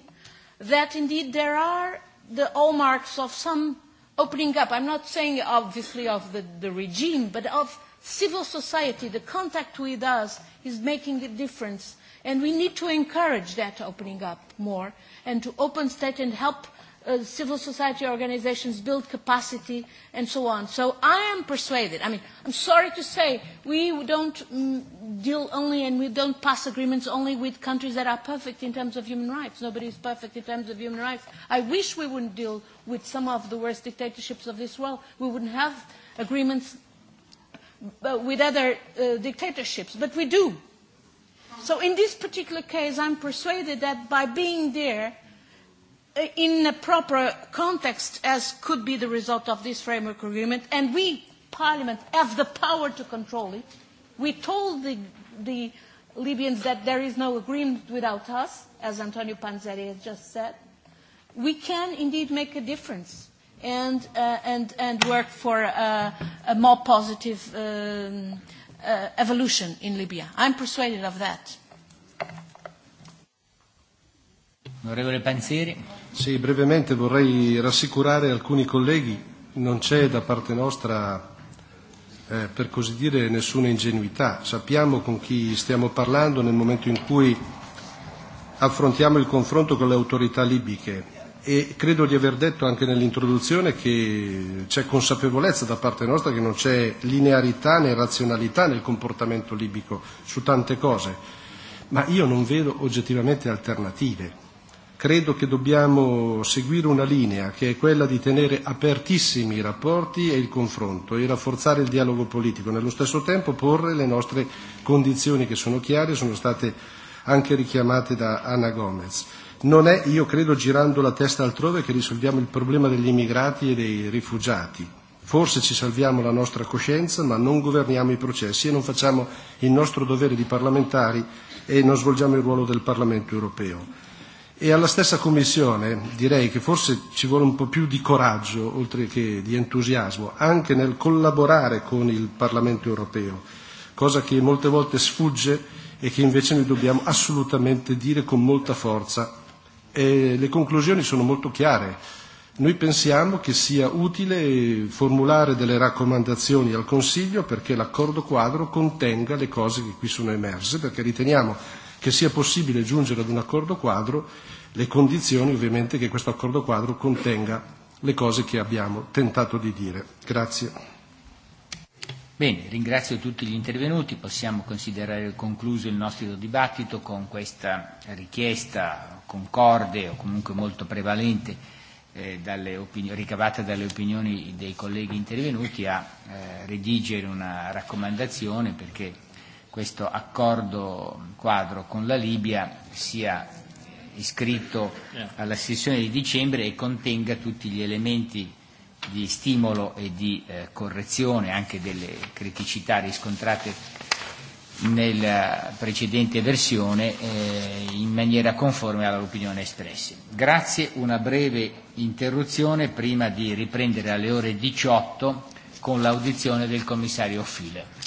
that indeed there are the hallmarks of some opening up, I'm not saying obviously of the, the regime, but of civil society, the contact with us is making a difference. And we need to encourage that opening up more and to open state and help Uh, civil society organizations build capacity and so on. So I am persuaded. I mean, I'm sorry to say, we don't mm, deal only and we don't pass agreements only with countries that are perfect in terms of human rights. Nobody is perfect in terms of human rights. I wish we wouldn't deal with some of the worst dictatorships of this world. We wouldn't have agreements uh, with other uh, dictatorships, but we do. So in this particular case, I'm persuaded that by being there, Uh, in a proper context as could be the result of this framework agreement, and we, Parliament, have the power to control it. We told the, the Libyans that there is no agreement without us, as Antonio Panzeri has just said. We can indeed make a difference and, uh, and, and work for a, a more positive um, uh, evolution in Libya. I'm persuaded of that. Onorevole Panzeri. Sì, brevemente vorrei rassicurare alcuni colleghi. Non c'è da parte nostra, eh, per così dire, nessuna ingenuità. Sappiamo con chi stiamo parlando nel momento in cui affrontiamo il confronto con le autorità libiche e credo di aver detto anche nell'introduzione che c'è consapevolezza da parte nostra che non c'è linearità né razionalità nel comportamento libico su tante cose, ma io non vedo oggettivamente alternative credo che dobbiamo seguire una linea che è quella di tenere apertissimi i rapporti e il confronto e rafforzare il dialogo politico, nello stesso tempo porre le nostre condizioni che sono chiare, sono state anche richiamate da Anna Gomez. Non è, io credo, girando la testa altrove che risolviamo il problema degli immigrati e dei rifugiati. Forse ci salviamo la nostra coscienza, ma non governiamo i processi e non facciamo il nostro dovere di parlamentari e non svolgiamo il ruolo del Parlamento europeo. E alla stessa Commissione direi che forse ci vuole un po' più di coraggio, oltre che di entusiasmo, anche nel collaborare con il Parlamento europeo, cosa che molte volte sfugge e che invece noi dobbiamo assolutamente dire con molta forza. E le conclusioni sono molto chiare. Noi pensiamo che sia utile formulare delle raccomandazioni al Consiglio perché l'accordo quadro contenga le cose che qui sono emerse, perché riteniamo che sia possibile giungere ad un accordo quadro, le condizioni ovviamente che questo accordo quadro contenga le cose che abbiamo tentato di dire. Grazie. Bene, ringrazio tutti gli intervenuti, possiamo considerare concluso il nostro dibattito con questa richiesta concorde o comunque molto prevalente eh, dalle opinioni, ricavata dalle opinioni dei colleghi intervenuti a eh, redigere una raccomandazione perché questo accordo quadro con la Libia sia iscritto alla sessione di dicembre e contenga tutti gli elementi di stimolo e di eh, correzione anche delle criticità riscontrate nella eh, precedente versione eh, in maniera conforme all'opinione espressa. Grazie, una breve interruzione prima di riprendere alle ore 18 con l'audizione del commissario File.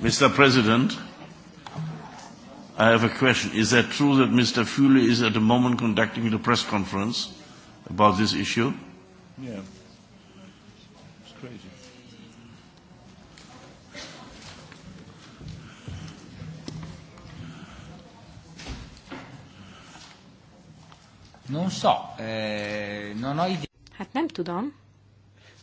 Mr. President, I have a question. Is that true that Mr. Fule is at the moment conducting the press conference about this issue? Yeah. It's crazy. Non so, eh, non ho idea. Hát nem tudom.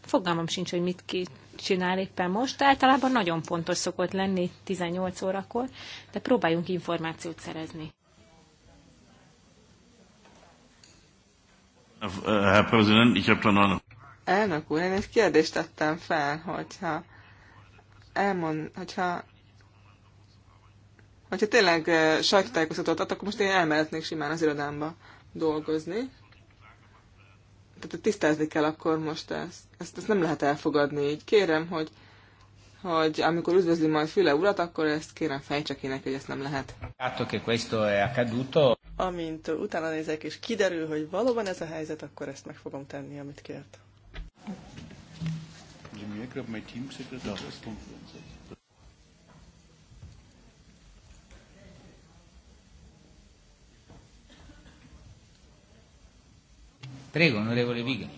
Fogalmam sincs, hogy mit, ki, csinál éppen most. Általában nagyon pontos szokott lenni 18 órakor, de próbáljunk információt szerezni. Elnök úr, én egy kérdést tettem fel, hogyha elmond, hogyha hogyha tényleg uh, sajtótájékoztatót ad, akkor most én elmehetnék simán az irodámba dolgozni tehát tisztázni kell akkor most ezt. Ezt, ezt nem lehet elfogadni így. Kérem, hogy, hogy amikor üdvözli majd Füle urat, akkor ezt kérem fejtsek ki hogy ezt nem lehet. Amint utána nézek, és kiderül, hogy valóban ez a helyzet, akkor ezt meg fogom tenni, amit kért. Prego, onorevole Vigan.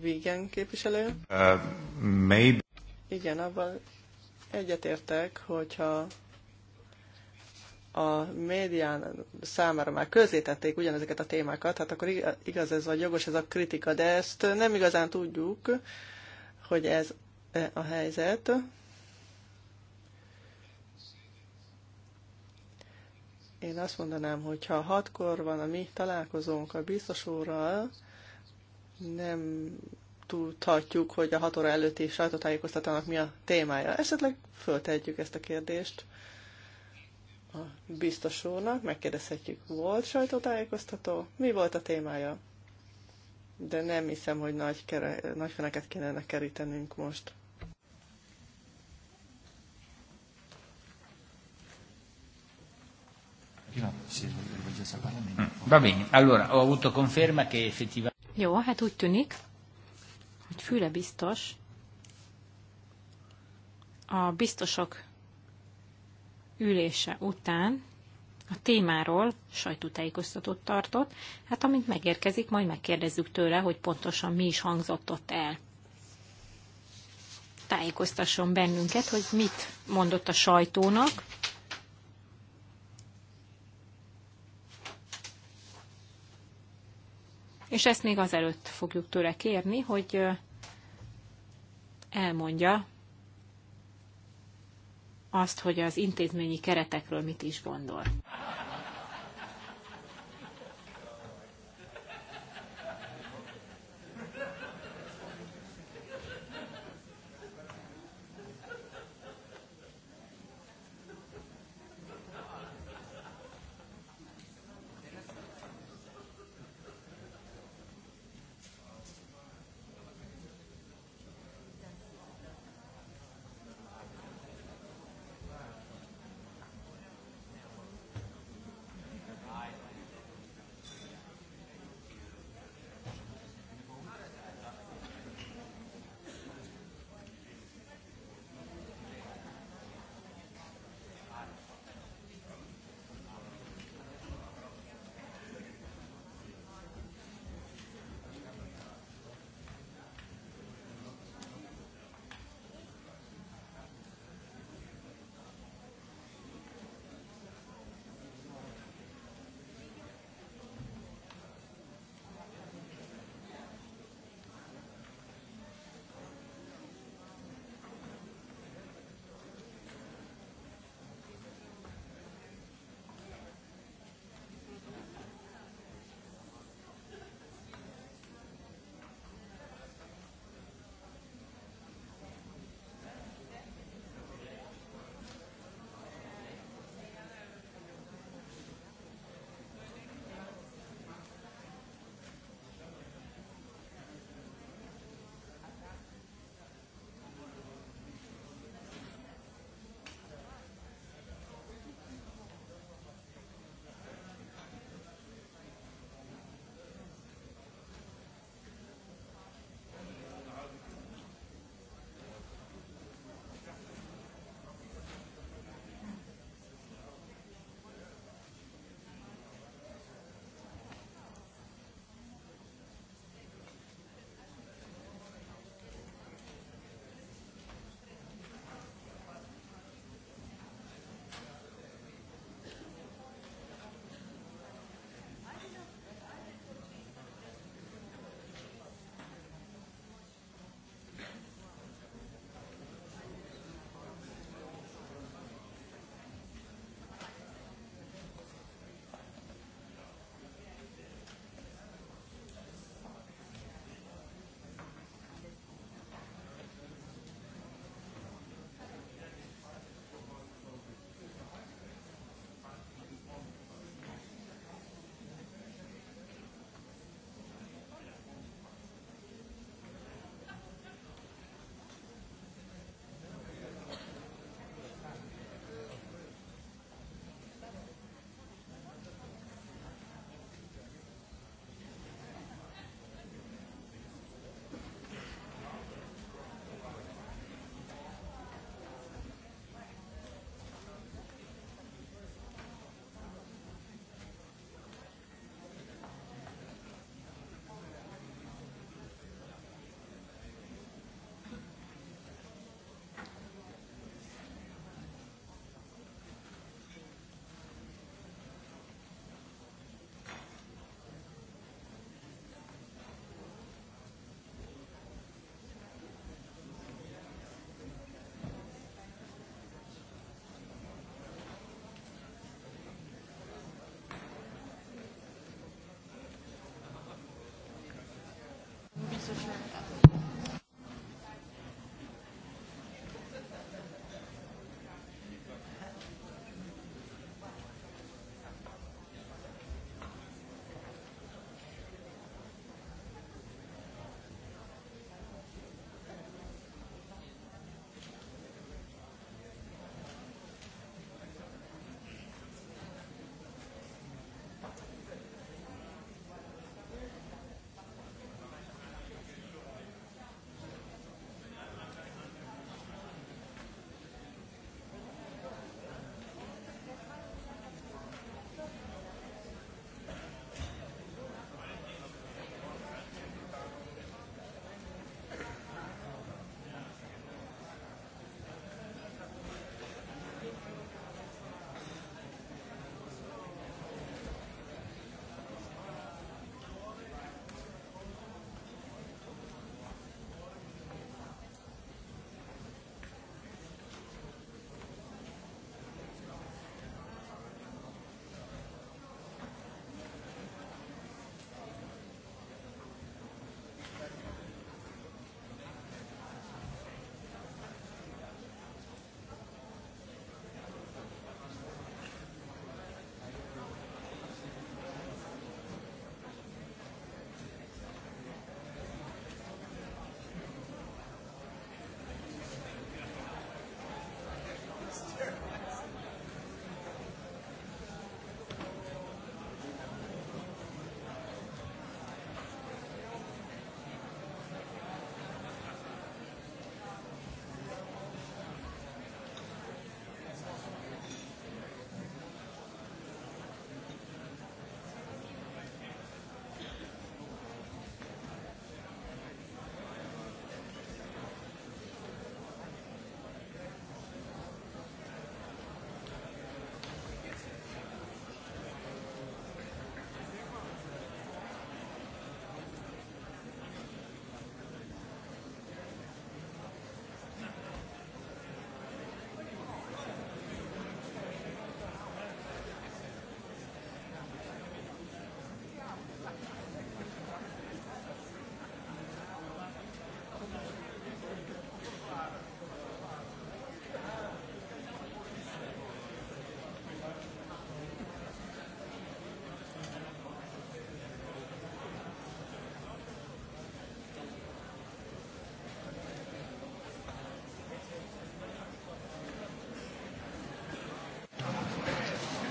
Vigan képviselő. Uh, maybe. Igen, abban egyetértek, hogyha a médián számára már közzétették ugyanezeket a témákat, hát akkor igaz ez vagy jogos ez a kritika, de ezt nem igazán tudjuk, hogy ez e, a helyzet. Én azt mondanám, hogy ha hatkor van a mi találkozónk a biztos úrral, nem tudhatjuk, hogy a hat óra előtti sajtótájékoztatónak mi a témája. Esetleg föltehetjük ezt a kérdést a biztosónak, megkérdezhetjük, volt sajtótájékoztató, mi volt a témája? De nem hiszem, hogy nagy, kere, nagy feneket kellene kerítenünk most. Hm. Va bene, allora ho avuto conferma che effettivamente jó, hát úgy tűnik, hogy füle biztos. A biztosok ülése után a témáról sajtótájékoztatót tartott, hát amint megérkezik, majd megkérdezzük tőle, hogy pontosan mi is hangzott ott el. Tájékoztasson bennünket, hogy mit mondott a sajtónak, és ezt még azelőtt fogjuk tőle kérni, hogy elmondja azt, hogy az intézményi keretekről mit is gondol.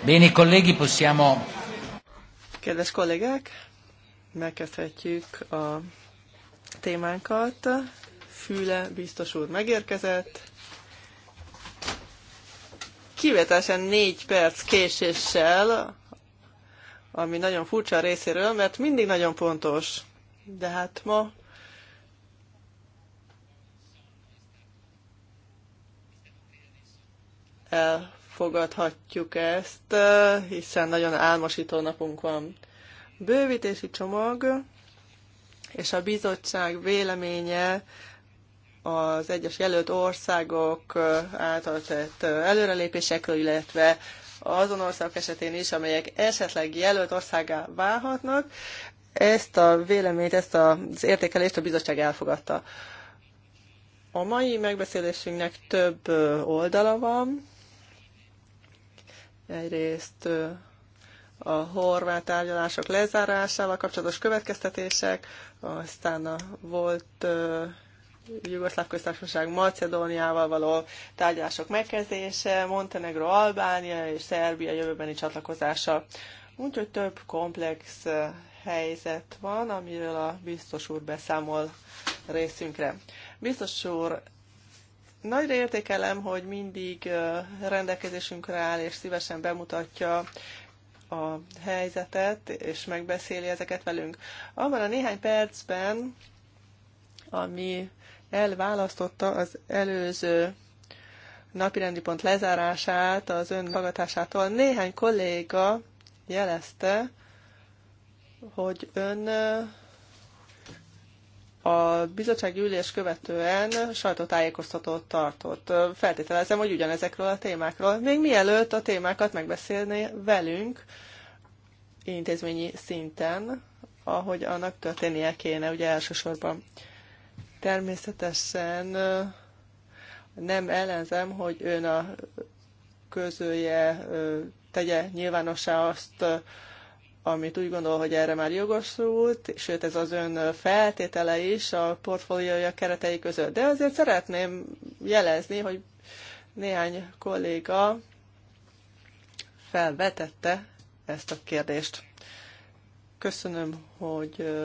Bene, colleghi, possiamo... Kedves kollégák, megkezdhetjük a témánkat. Füle biztos úr megérkezett. Kivetesen négy perc késéssel, ami nagyon furcsa a részéről, mert mindig nagyon pontos. De hát ma támogathatjuk ezt, hiszen nagyon álmosító napunk van. Bővítési csomag és a bizottság véleménye az egyes jelölt országok által tett előrelépésekről, illetve azon országok esetén is, amelyek esetleg jelölt országá válhatnak. Ezt a véleményt, ezt az értékelést a bizottság elfogadta. A mai megbeszélésünknek több oldala van. Egyrészt a horvát tárgyalások lezárásával kapcsolatos következtetések, aztán a volt Jugoszláv köztársaság Macedóniával való tárgyalások megkezdése, Montenegro, Albánia és Szerbia jövőbeni csatlakozása. Úgyhogy több komplex helyzet van, amiről a biztos úr beszámol részünkre. Biztos úr Nagyra értékelem, hogy mindig rendelkezésünkre áll, és szívesen bemutatja a helyzetet, és megbeszéli ezeket velünk. Abban a néhány percben, ami elválasztotta az előző napirendi pont lezárását, az ön magatásától, néhány kolléga jelezte, hogy ön a bizottsági ülés követően sajtótájékoztatót tartott. Feltételezem, hogy ugyanezekről a témákról. Még mielőtt a témákat megbeszélné velünk intézményi szinten, ahogy annak történnie kéne, ugye elsősorban. Természetesen nem ellenzem, hogy ön a közője tegye nyilvánossá azt, amit úgy gondol, hogy erre már jogosult, sőt ez az ön feltétele is a portfóliója keretei között. De azért szeretném jelezni, hogy néhány kolléga felvetette ezt a kérdést. Köszönöm, hogy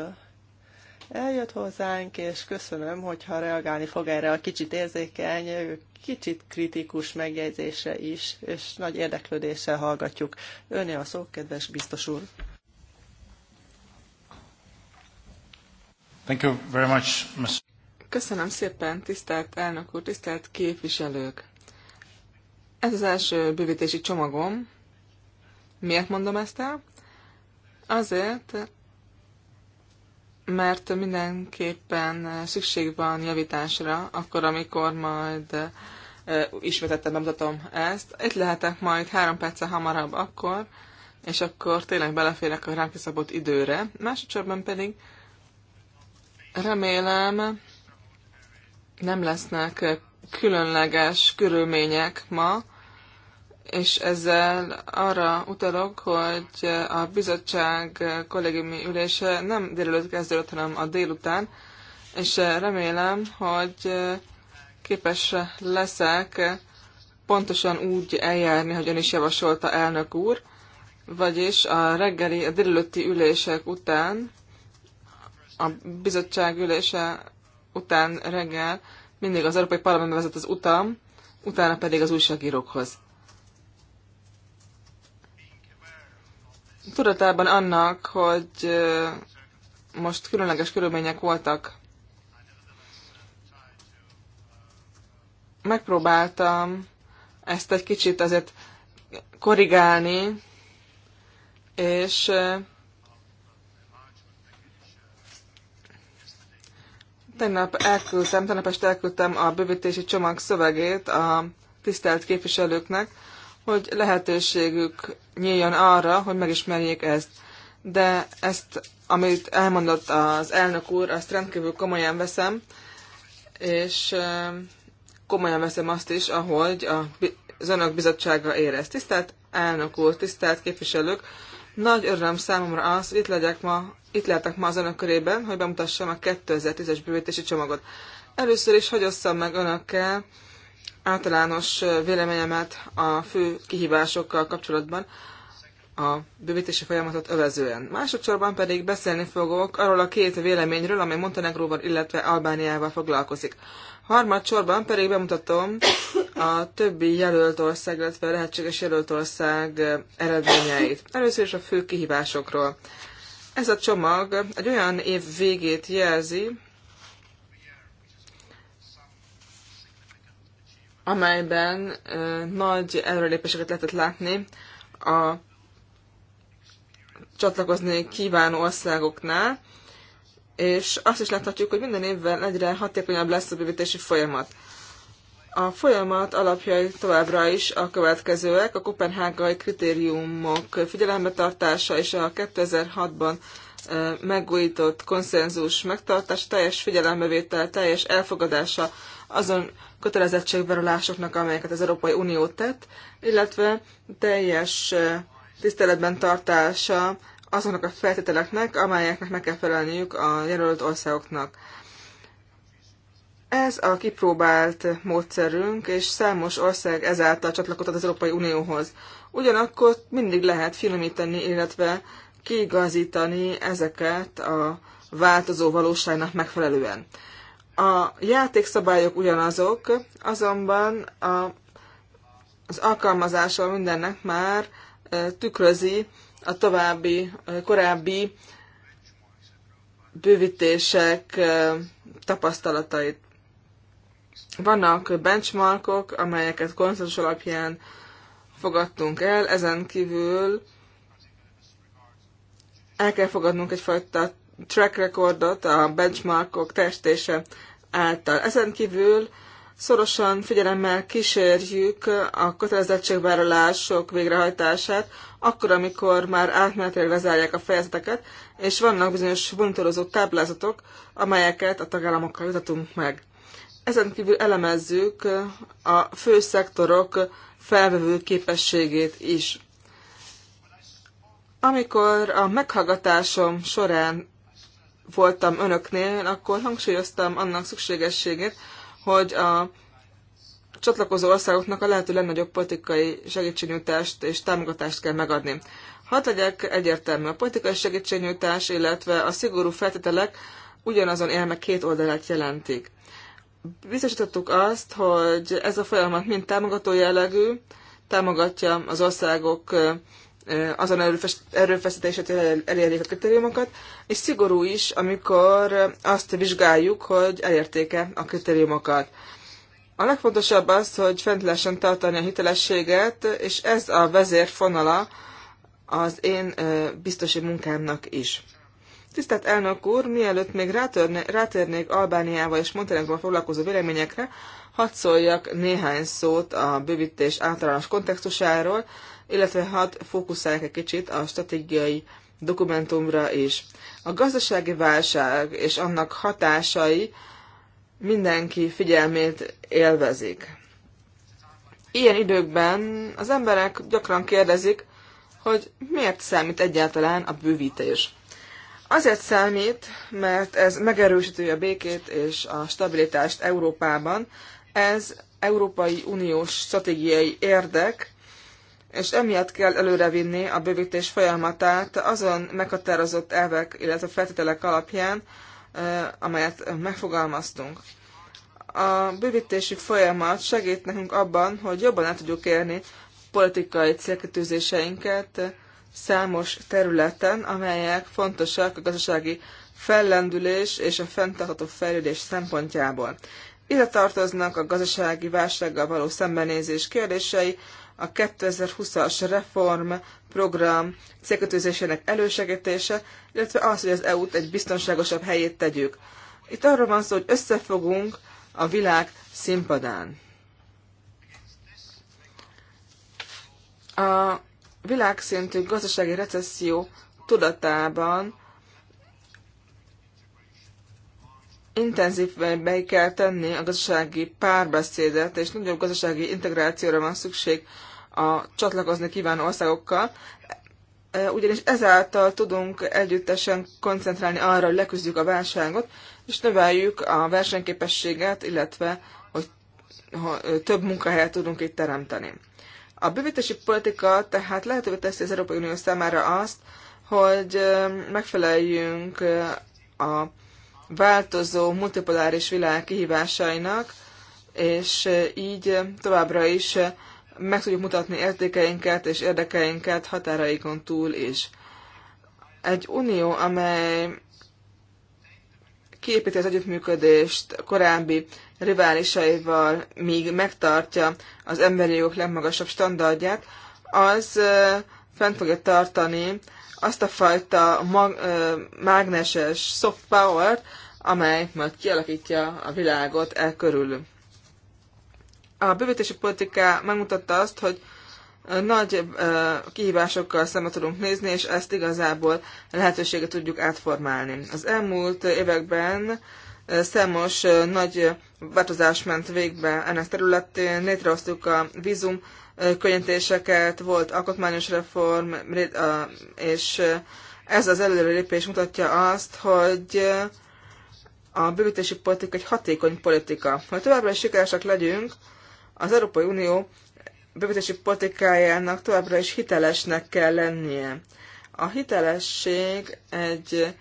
eljött hozzánk, és köszönöm, hogyha reagálni fog erre a kicsit érzékeny kicsit kritikus megjegyzése is, és nagy érdeklődéssel hallgatjuk. Öné a szó, kedves biztos úr. Thank you very much, Mr. Köszönöm szépen, tisztelt elnök úr, tisztelt képviselők! Ez az első bővítési csomagom. Miért mondom ezt el? Azért, mert mindenképpen szükség van javításra, akkor, amikor majd ismétettem bemutatom ezt. Itt lehetek majd három perccel hamarabb akkor, és akkor tényleg beleférek a rám kiszabott időre. Másodszorban pedig remélem nem lesznek különleges körülmények ma, és ezzel arra utalok, hogy a bizottság kollégiumi ülése nem délelőtt kezdődött, hanem a délután, és remélem, hogy képes leszek pontosan úgy eljárni, hogy ön is javasolta elnök úr, vagyis a reggeli, a délelőtti ülések után, a bizottság ülése után reggel mindig az Európai Parlament vezet az utam, utána pedig az újságírókhoz. tudatában annak, hogy most különleges körülmények voltak, megpróbáltam ezt egy kicsit azért korrigálni, és tegnap elküldtem, tegnap este elküldtem a bővítési csomag szövegét a tisztelt képviselőknek, hogy lehetőségük nyíljon arra, hogy megismerjék ezt. De ezt, amit elmondott az elnök úr, azt rendkívül komolyan veszem, és komolyan veszem azt is, ahogy a, az önök bizottsága érez. Tisztelt elnök úr, tisztelt képviselők, nagy öröm számomra az, hogy itt, legyek ma, itt lehetek ma az önök körében, hogy bemutassam a 2010-es bővítési csomagot. Először is hagyosszam meg önökkel, általános véleményemet a fő kihívásokkal kapcsolatban a bővítési folyamatot övezően. Másodszorban pedig beszélni fogok arról a két véleményről, amely Montenegróval, illetve Albániával foglalkozik. Harmadsorban pedig bemutatom a többi jelölt ország, illetve lehetséges jelölt ország eredményeit. Először is a fő kihívásokról. Ez a csomag egy olyan év végét jelzi, amelyben nagy előrelépéseket lehetett látni a csatlakozni kívánó országoknál, és azt is láthatjuk, hogy minden évvel egyre hatékonyabb lesz a bővítési folyamat. A folyamat alapjai továbbra is a következőek, a kopenhágai kritériumok figyelembe tartása és a 2006-ban megújított konszenzus megtartása, teljes figyelembevétel, teljes elfogadása azon kötelezettségvállalásoknak, amelyeket az Európai Unió tett, illetve teljes tiszteletben tartása azoknak a feltételeknek, amelyeknek meg kell felelniük a jelölt országoknak. Ez a kipróbált módszerünk, és számos ország ezáltal csatlakozott az Európai Unióhoz. Ugyanakkor mindig lehet finomítani, illetve kiigazítani ezeket a változó valóságnak megfelelően. A játékszabályok ugyanazok, azonban a, az alkalmazása mindennek már tükrözi a további, korábbi bővítések tapasztalatait. Vannak benchmarkok, amelyeket konszenzus alapján fogadtunk el, ezen kívül el kell fogadnunk egyfajta track recordot, a benchmarkok testése által. Ezen kívül szorosan figyelemmel kísérjük a kötelezettségvállalások végrehajtását, akkor, amikor már átmenetileg lezárják a fejezeteket, és vannak bizonyos monitorozó táblázatok, amelyeket a tagállamokkal jutatunk meg. Ezen kívül elemezzük a fő szektorok felvevő képességét is. Amikor a meghallgatásom során voltam önöknél, akkor hangsúlyoztam annak szükségességét, hogy a csatlakozó országoknak a lehető legnagyobb politikai segítségnyújtást és támogatást kell megadni. Hadd legyek egyértelmű, a politikai segítségnyújtás, illetve a szigorú feltételek ugyanazon érme két oldalát jelentik. Biztosítottuk azt, hogy ez a folyamat mind támogató jellegű, támogatja az országok azon erőfeszítését, elérjék a kritériumokat, és szigorú is, amikor azt vizsgáljuk, hogy elértéke a kritériumokat. A legfontosabb az, hogy fent lehessen tartani a hitelességet, és ez a vezérfonala az én biztosi munkámnak is. Tisztelt elnök úr, mielőtt még rátörne, rátérnék Albániával és Montenegróval foglalkozó véleményekre, hadd szóljak néhány szót a bővítés általános kontextusáról, illetve hat fókuszálják egy kicsit a stratégiai dokumentumra is. A gazdasági válság és annak hatásai mindenki figyelmét élvezik. Ilyen időkben az emberek gyakran kérdezik, hogy miért számít egyáltalán a bővítés. Azért számít, mert ez megerősíti a békét és a stabilitást Európában. Ez Európai Uniós stratégiai érdek, és emiatt kell előrevinni a bővítés folyamatát azon meghatározott elvek, illetve feltételek alapján, amelyet megfogalmaztunk. A bővítési folyamat segít nekünk abban, hogy jobban el tudjuk érni politikai célkitűzéseinket számos területen, amelyek fontosak a gazdasági fellendülés és a fenntartható fejlődés szempontjából. Ide tartoznak a gazdasági válsággal való szembenézés kérdései, a 2020-as reformprogram célkötőzésének elősegítése, illetve az, hogy az EU-t egy biztonságosabb helyét tegyük. Itt arról van szó, hogy összefogunk a világ színpadán. A világszintű gazdasági recesszió tudatában intenzívebbé kell tenni a gazdasági párbeszédet, és nagyobb gazdasági integrációra van szükség a csatlakozni kívánó országokkal, e, ugyanis ezáltal tudunk együttesen koncentrálni arra, hogy leküzdjük a válságot, és növeljük a versenyképességet, illetve hogy több munkahelyet tudunk itt teremteni. A bővítési politika tehát lehetővé teszi az Európai Unió számára azt, hogy megfeleljünk a változó multipoláris világ kihívásainak, és így továbbra is meg tudjuk mutatni értékeinket és érdekeinket határaikon túl is. Egy unió, amely kiépíti az együttműködést korábbi riválisaival, míg megtartja az emberi jogok legmagasabb standardját, az fent fogja tartani azt a fajta mag, mágneses soft power amely majd kialakítja a világot el körül. A bővítési politika megmutatta azt, hogy nagy kihívásokkal szembe tudunk nézni, és ezt igazából lehetőséget tudjuk átformálni. Az elmúlt években számos nagy változás ment végbe ennek területén. Létrehoztuk a vízum könnyítéseket, volt alkotmányos reform, és ez az előrelépés mutatja azt, hogy a bővítési politika egy hatékony politika. Hogy továbbra is sikeresek legyünk, az Európai Unió bővítési politikájának továbbra is hitelesnek kell lennie. A hitelesség egy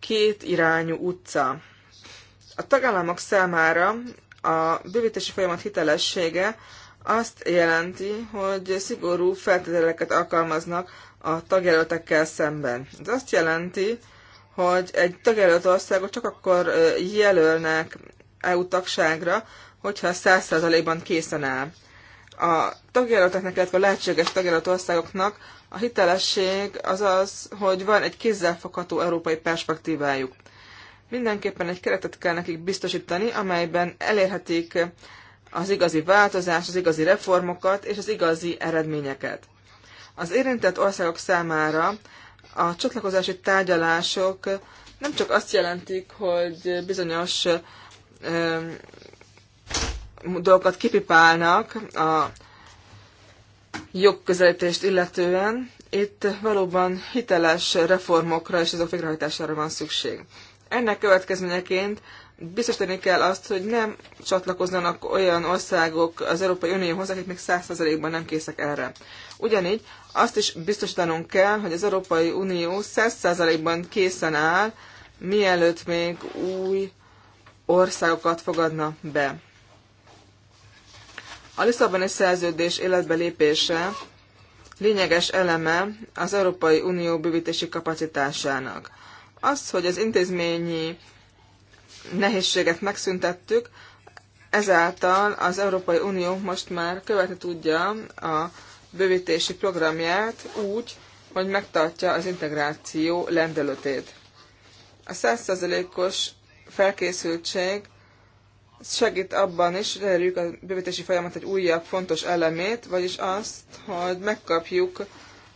két irányú utca. A tagállamok számára a bővítési folyamat hitelessége azt jelenti, hogy szigorú feltételeket alkalmaznak a tagjelöltekkel szemben. Ez azt jelenti, hogy egy tagjelölt országot csak akkor jelölnek EU tagságra, hogyha 100%-ban készen áll. A tagjelölteknek, illetve a lehetséges tagjelölt országoknak a hitelesség az az, hogy van egy kézzelfogható európai perspektívájuk. Mindenképpen egy keretet kell nekik biztosítani, amelyben elérhetik az igazi változás, az igazi reformokat és az igazi eredményeket. Az érintett országok számára a csatlakozási tárgyalások nem csak azt jelentik, hogy bizonyos ö, dolgokat kipipálnak a jogközelítést illetően, itt valóban hiteles reformokra és azok végrehajtására van szükség. Ennek következményeként biztosítani kell azt, hogy nem csatlakozzanak olyan országok az Európai Unióhoz, akik még 100%-ban nem készek erre. Ugyanígy azt is biztosítanunk kell, hogy az Európai Unió 100%-ban készen áll, mielőtt még új országokat fogadna be. A Lisszaboni szerződés életbe lépése lényeges eleme az Európai Unió bővítési kapacitásának. Az, hogy az intézményi nehézséget megszüntettük, ezáltal az Európai Unió most már követni tudja a bővítési programját úgy, hogy megtartja az integráció lendelőtét. A 100%-os felkészültség segít abban is, hogy elérjük a bővítési folyamat egy újabb fontos elemét, vagyis azt, hogy megkapjuk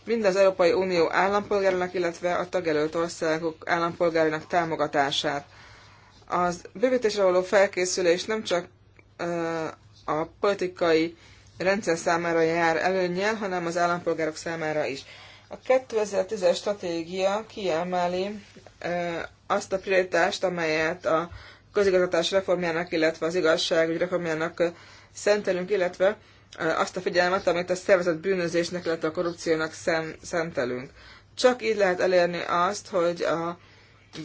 mind az Európai Unió állampolgárának, illetve a tagjelölt országok állampolgárának támogatását. Az bővítésre való felkészülés nem csak a politikai rendszer számára jár előnyel, hanem az állampolgárok számára is. A 2010-es stratégia kiemeli azt a prioritást, amelyet a közigazgatás reformjának, illetve az igazságügy reformjának szentelünk, illetve azt a figyelmet, amit a szervezet bűnözésnek, illetve a korrupciónak szem, szentelünk. Csak így lehet elérni azt, hogy a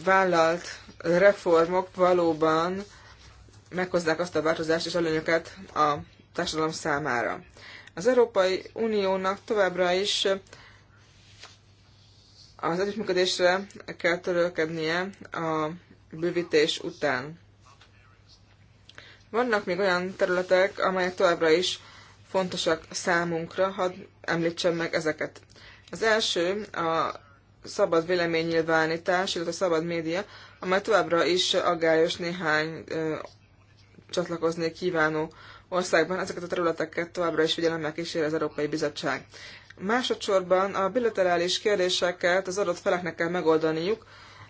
vállalt reformok valóban meghozzák azt a változást és előnyöket a társadalom számára. Az Európai Uniónak továbbra is az együttműködésre kell törölkednie a bővítés után. Vannak még olyan területek, amelyek továbbra is fontosak számunkra, hadd említsem meg ezeket. Az első a szabad véleménynyilvánítás, illetve a szabad média, amely továbbra is aggályos néhány ö, csatlakozni kívánó országban. Ezeket a területeket továbbra is figyelemmel kísér az Európai Bizottság. Másodszorban a bilaterális kérdéseket az adott feleknek kell megoldaniuk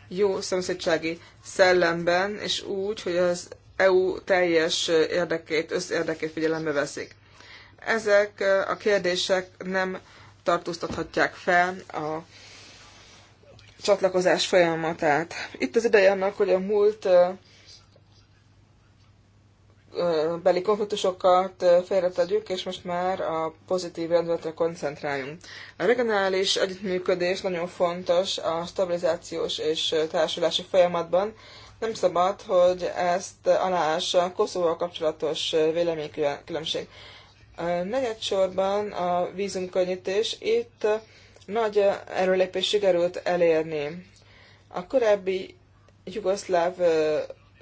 jó szomszédsági szellemben, és úgy, hogy az EU teljes érdekét, összérdekét figyelembe veszik. Ezek a kérdések nem tartóztathatják fel a csatlakozás folyamatát. Itt az ideje annak, hogy a múlt beli konfliktusokat félretegyük, és most már a pozitív rendületre koncentráljunk. A regionális együttműködés nagyon fontos a stabilizációs és társulási folyamatban. Nem szabad, hogy ezt aláássa a Koszovóval kapcsolatos véleménykülönbség. Negyedsorban a vízumkönnyítés itt nagy erőlépés sikerült elérni. A korábbi jugoszláv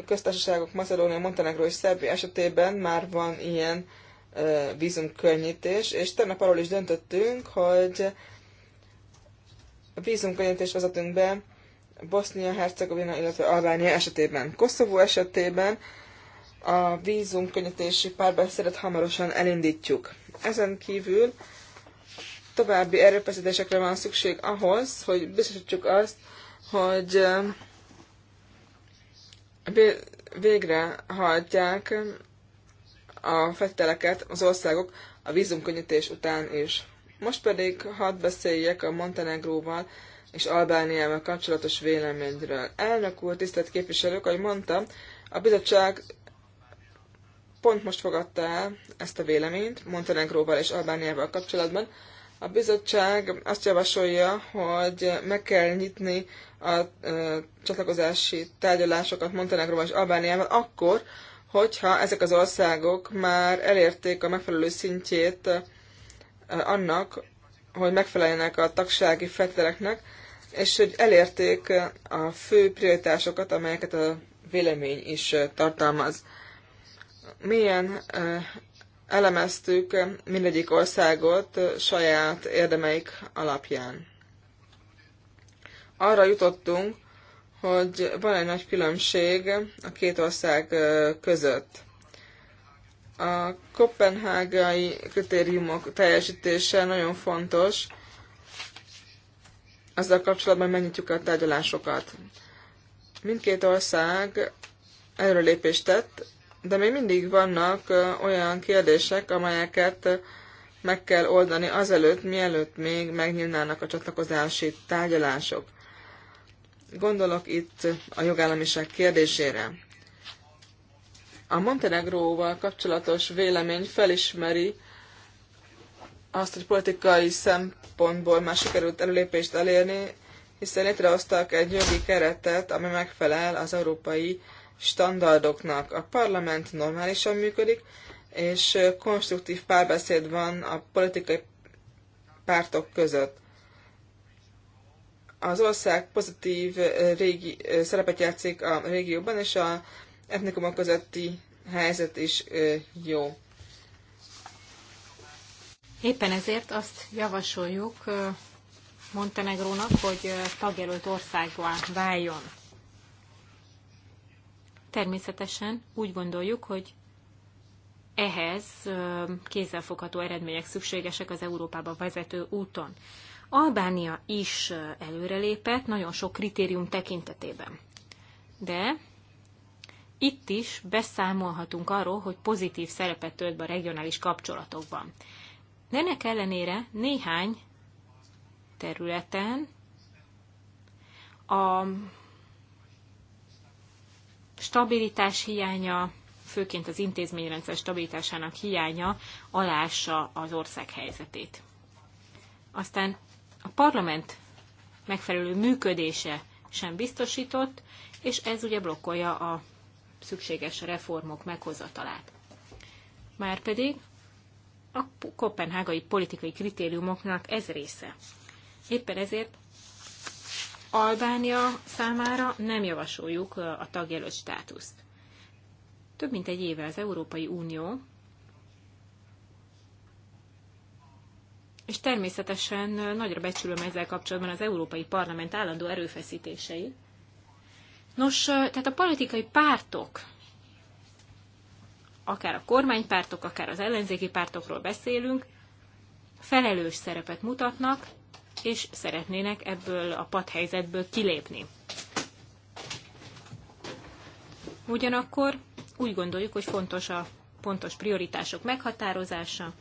köztársaságok Macedónia, Montenegro és Szerbia esetében már van ilyen vízumkönnyítés, és tegnap arról is döntöttünk, hogy vízumkönnyítést vezetünk be Bosznia-Hercegovina, illetve Albánia esetében. Koszovó esetében a vízum könnyítési párbeszédet hamarosan elindítjuk. Ezen kívül további erőfeszítésekre van szükség ahhoz, hogy biztosítsuk azt, hogy eh, végre hagyják eh, a fetteleket az országok a vízumkönnyítés után is. Most pedig hadd beszéljek a Montenegróval és Albániával kapcsolatos véleményről. Elnök úr, tisztelt képviselők, ahogy mondtam, a bizottság pont most fogadta el ezt a véleményt Montenegróval és Albániával kapcsolatban. A bizottság azt javasolja, hogy meg kell nyitni a ö, csatlakozási tárgyalásokat Montenegróval és Albániával akkor, hogyha ezek az országok már elérték a megfelelő szintjét annak, hogy megfeleljenek a tagsági feltételeknek, és hogy elérték a fő prioritásokat, amelyeket a vélemény is tartalmaz milyen elemeztük mindegyik országot saját érdemeik alapján. Arra jutottunk, hogy van egy nagy különbség a két ország között. A kopenhágai kritériumok teljesítése nagyon fontos, azzal kapcsolatban megnyitjuk a tárgyalásokat. Mindkét ország előrelépést tett, de még mindig vannak olyan kérdések, amelyeket meg kell oldani azelőtt, mielőtt még megnyílnának a csatlakozási tárgyalások. Gondolok itt a jogállamiság kérdésére. A Montenegróval kapcsolatos vélemény felismeri azt, hogy politikai szempontból már sikerült előlépést elérni, hiszen létrehoztak egy jogi keretet, ami megfelel az európai standardoknak. A parlament normálisan működik, és konstruktív párbeszéd van a politikai pártok között. Az ország pozitív régi, szerepet játszik a régióban, és a etnikumok közötti helyzet is jó. Éppen ezért azt javasoljuk Montenegrónak, hogy tagjelölt országban váljon. Természetesen úgy gondoljuk, hogy ehhez kézzelfogható eredmények szükségesek az Európába vezető úton. Albánia is előrelépett nagyon sok kritérium tekintetében. De itt is beszámolhatunk arról, hogy pozitív szerepet tölt be a regionális kapcsolatokban. ennek ellenére néhány területen a stabilitás hiánya, főként az intézményrendszer stabilitásának hiánya alássa az ország helyzetét. Aztán a parlament megfelelő működése sem biztosított, és ez ugye blokkolja a szükséges reformok meghozatalát. Márpedig a kopenhágai politikai kritériumoknak ez része. Éppen ezért Albánia számára nem javasoljuk a tagjelölt státuszt. Több mint egy éve az Európai Unió, és természetesen nagyra becsülöm ezzel kapcsolatban az Európai Parlament állandó erőfeszítései. Nos, tehát a politikai pártok, akár a kormánypártok, akár az ellenzéki pártokról beszélünk, felelős szerepet mutatnak, és szeretnének ebből a padhelyzetből kilépni. Ugyanakkor úgy gondoljuk, hogy fontos a pontos prioritások meghatározása,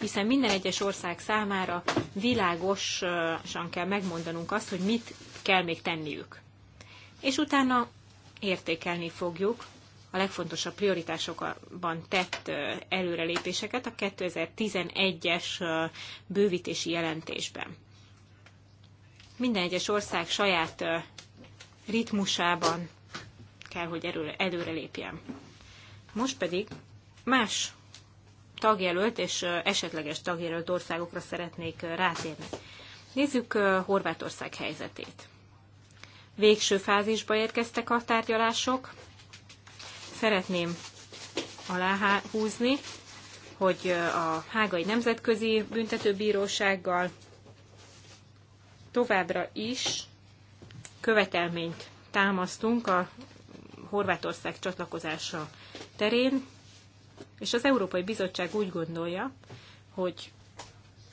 hiszen minden egyes ország számára világosan kell megmondanunk azt, hogy mit kell még tenniük. És utána értékelni fogjuk a legfontosabb prioritásokban tett előrelépéseket a 2011-es bővítési jelentésben. Minden egyes ország saját ritmusában kell, hogy előre, előre Most pedig más tagjelölt és esetleges tagjelölt országokra szeretnék rátérni. Nézzük Horvátország helyzetét. Végső fázisba érkeztek a tárgyalások. Szeretném aláhúzni, hogy a Hágai Nemzetközi Büntetőbírósággal továbbra is követelményt támasztunk a Horvátország csatlakozása terén, és az Európai Bizottság úgy gondolja, hogy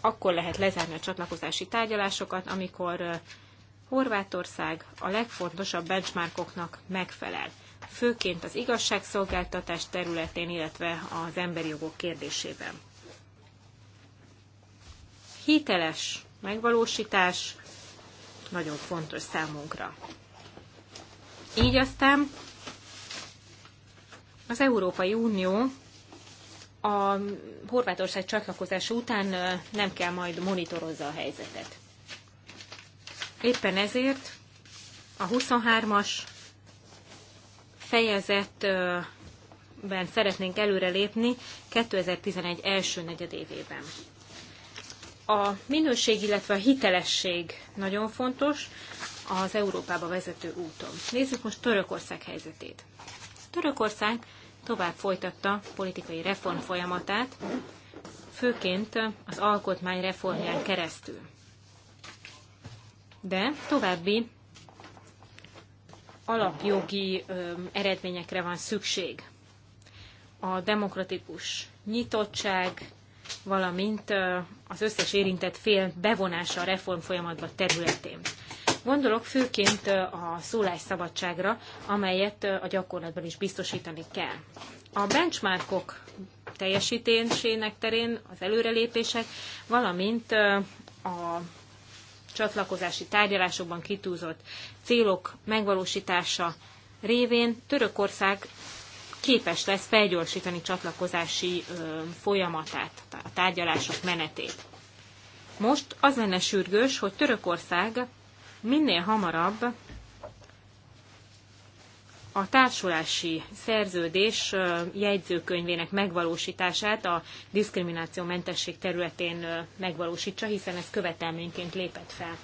akkor lehet lezárni a csatlakozási tárgyalásokat, amikor Horvátország a legfontosabb benchmarkoknak megfelel, főként az igazságszolgáltatás területén, illetve az emberi jogok kérdésében. Hiteles megvalósítás nagyon fontos számunkra. Így aztán az Európai Unió a Horvátország csatlakozása után nem kell majd monitorozza a helyzetet. Éppen ezért a 23-as fejezetben szeretnénk előrelépni 2011 első negyedévében. A minőség, illetve a hitelesség nagyon fontos az Európába vezető úton. Nézzük most Törökország helyzetét. Törökország tovább folytatta politikai reform folyamatát, főként az alkotmány reformján keresztül. De további alapjogi ö, eredményekre van szükség. A demokratikus nyitottság valamint az összes érintett fél bevonása a reform folyamatba területén. Gondolok főként a szólásszabadságra, amelyet a gyakorlatban is biztosítani kell. A benchmarkok teljesítésének terén az előrelépések, valamint a csatlakozási tárgyalásokban kitúzott célok megvalósítása révén Törökország képes lesz felgyorsítani csatlakozási folyamatát, a tárgyalások menetét. Most az lenne sürgős, hogy Törökország minél hamarabb a társulási szerződés jegyzőkönyvének megvalósítását a diszkriminációmentesség területén megvalósítsa, hiszen ez követelményként lépett fel.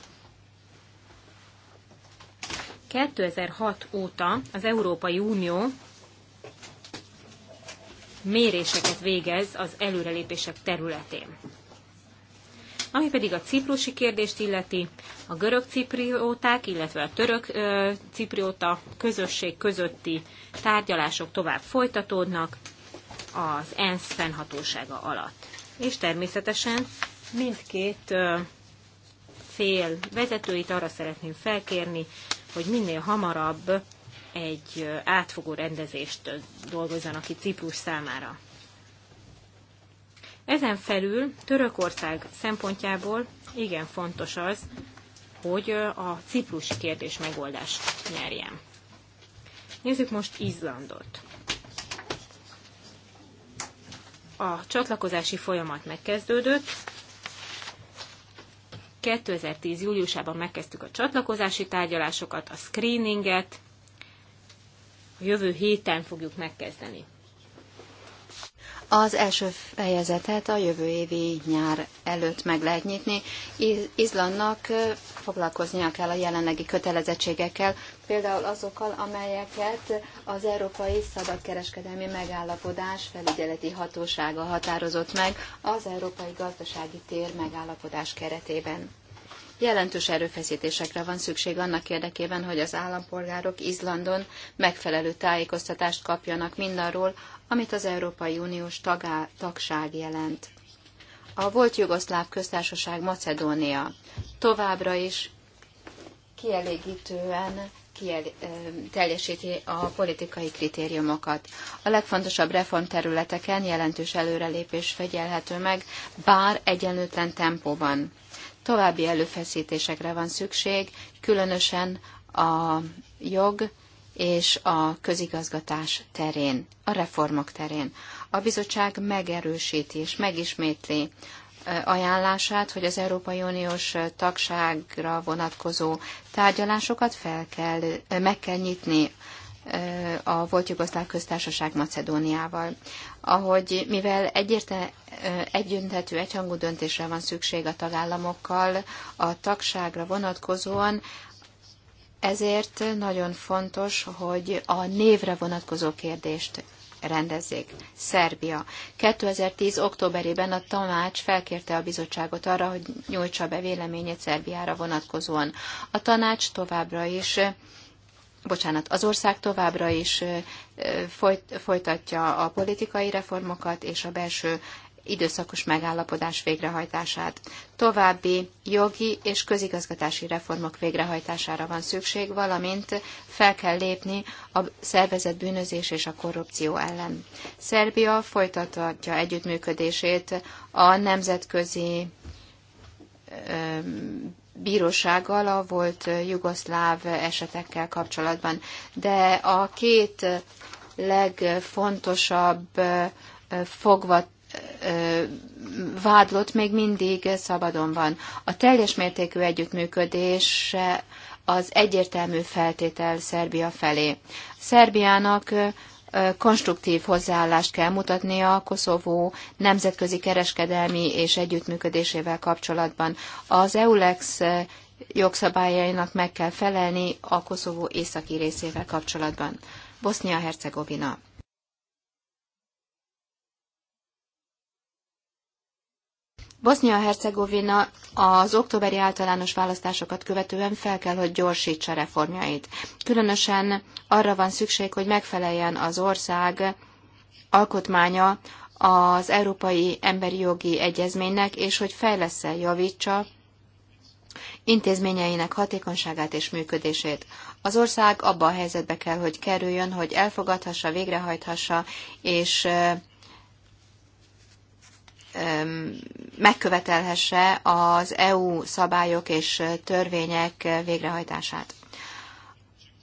2006 óta az Európai Unió méréseket végez az előrelépések területén. Ami pedig a ciprusi kérdést illeti, a görög ciprióták, illetve a török ciprióta közösség közötti tárgyalások tovább folytatódnak az ENSZ fennhatósága alatt. És természetesen mindkét fél vezetőit arra szeretném felkérni, hogy minél hamarabb egy átfogó rendezést dolgozzanak ki Ciprus számára. Ezen felül Törökország szempontjából igen fontos az, hogy a ciprusi kérdés megoldást nyerjen. Nézzük most Izlandot. A csatlakozási folyamat megkezdődött. 2010. júliusában megkezdtük a csatlakozási tárgyalásokat, a screeninget, jövő héten fogjuk megkezdeni. Az első fejezetet a jövő évi nyár előtt meg lehet nyitni. Izlandnak foglalkoznia kell a jelenlegi kötelezettségekkel, például azokkal, amelyeket az Európai Szabadkereskedelmi Megállapodás felügyeleti hatósága határozott meg az Európai Gazdasági Tér megállapodás keretében. Jelentős erőfeszítésekre van szükség annak érdekében, hogy az állampolgárok Izlandon megfelelő tájékoztatást kapjanak mindarról, amit az Európai Uniós tagá, tagság jelent. A volt jugoszláv köztársaság Macedónia továbbra is kielégítően teljesíti a politikai kritériumokat. A legfontosabb reformterületeken jelentős előrelépés fegyelhető meg, bár egyenlőtlen tempóban. További előfeszítésekre van szükség, különösen a jog és a közigazgatás terén, a reformok terén. A bizottság megerősíti és megismétli ajánlását, hogy az Európai Uniós tagságra vonatkozó tárgyalásokat fel kell, meg kell nyitni a volt Jugoszláv köztársaság Macedóniával ahogy mivel egyértelműen egyöntetű, egyhangú döntésre van szükség a tagállamokkal a tagságra vonatkozóan, ezért nagyon fontos, hogy a névre vonatkozó kérdést rendezzék. Szerbia. 2010. októberében a tanács felkérte a bizottságot arra, hogy nyújtsa be véleményét Szerbiára vonatkozóan. A tanács továbbra is bocsánat, az ország továbbra is folyt, folytatja a politikai reformokat és a belső időszakos megállapodás végrehajtását. További jogi és közigazgatási reformok végrehajtására van szükség, valamint fel kell lépni a szervezett bűnözés és a korrupció ellen. Szerbia folytatja együttműködését a nemzetközi bírósággal a volt jugoszláv esetekkel kapcsolatban. De a két legfontosabb fogva vádlott még mindig szabadon van. A teljes mértékű együttműködés az egyértelmű feltétel Szerbia felé. Szerbiának konstruktív hozzáállást kell mutatni a Koszovó nemzetközi kereskedelmi és együttműködésével kapcsolatban. Az EULEX jogszabályainak meg kell felelni a Koszovó északi részével kapcsolatban. Bosznia-Hercegovina. Bosznia-Hercegovina az októberi általános választásokat követően fel kell, hogy gyorsítsa reformjait. Különösen arra van szükség, hogy megfeleljen az ország alkotmánya az Európai Emberi Jogi Egyezménynek, és hogy fejlesz javítsa intézményeinek hatékonyságát és működését. Az ország abba a helyzetbe kell, hogy kerüljön, hogy elfogadhassa, végrehajthassa és megkövetelhesse az EU szabályok és törvények végrehajtását.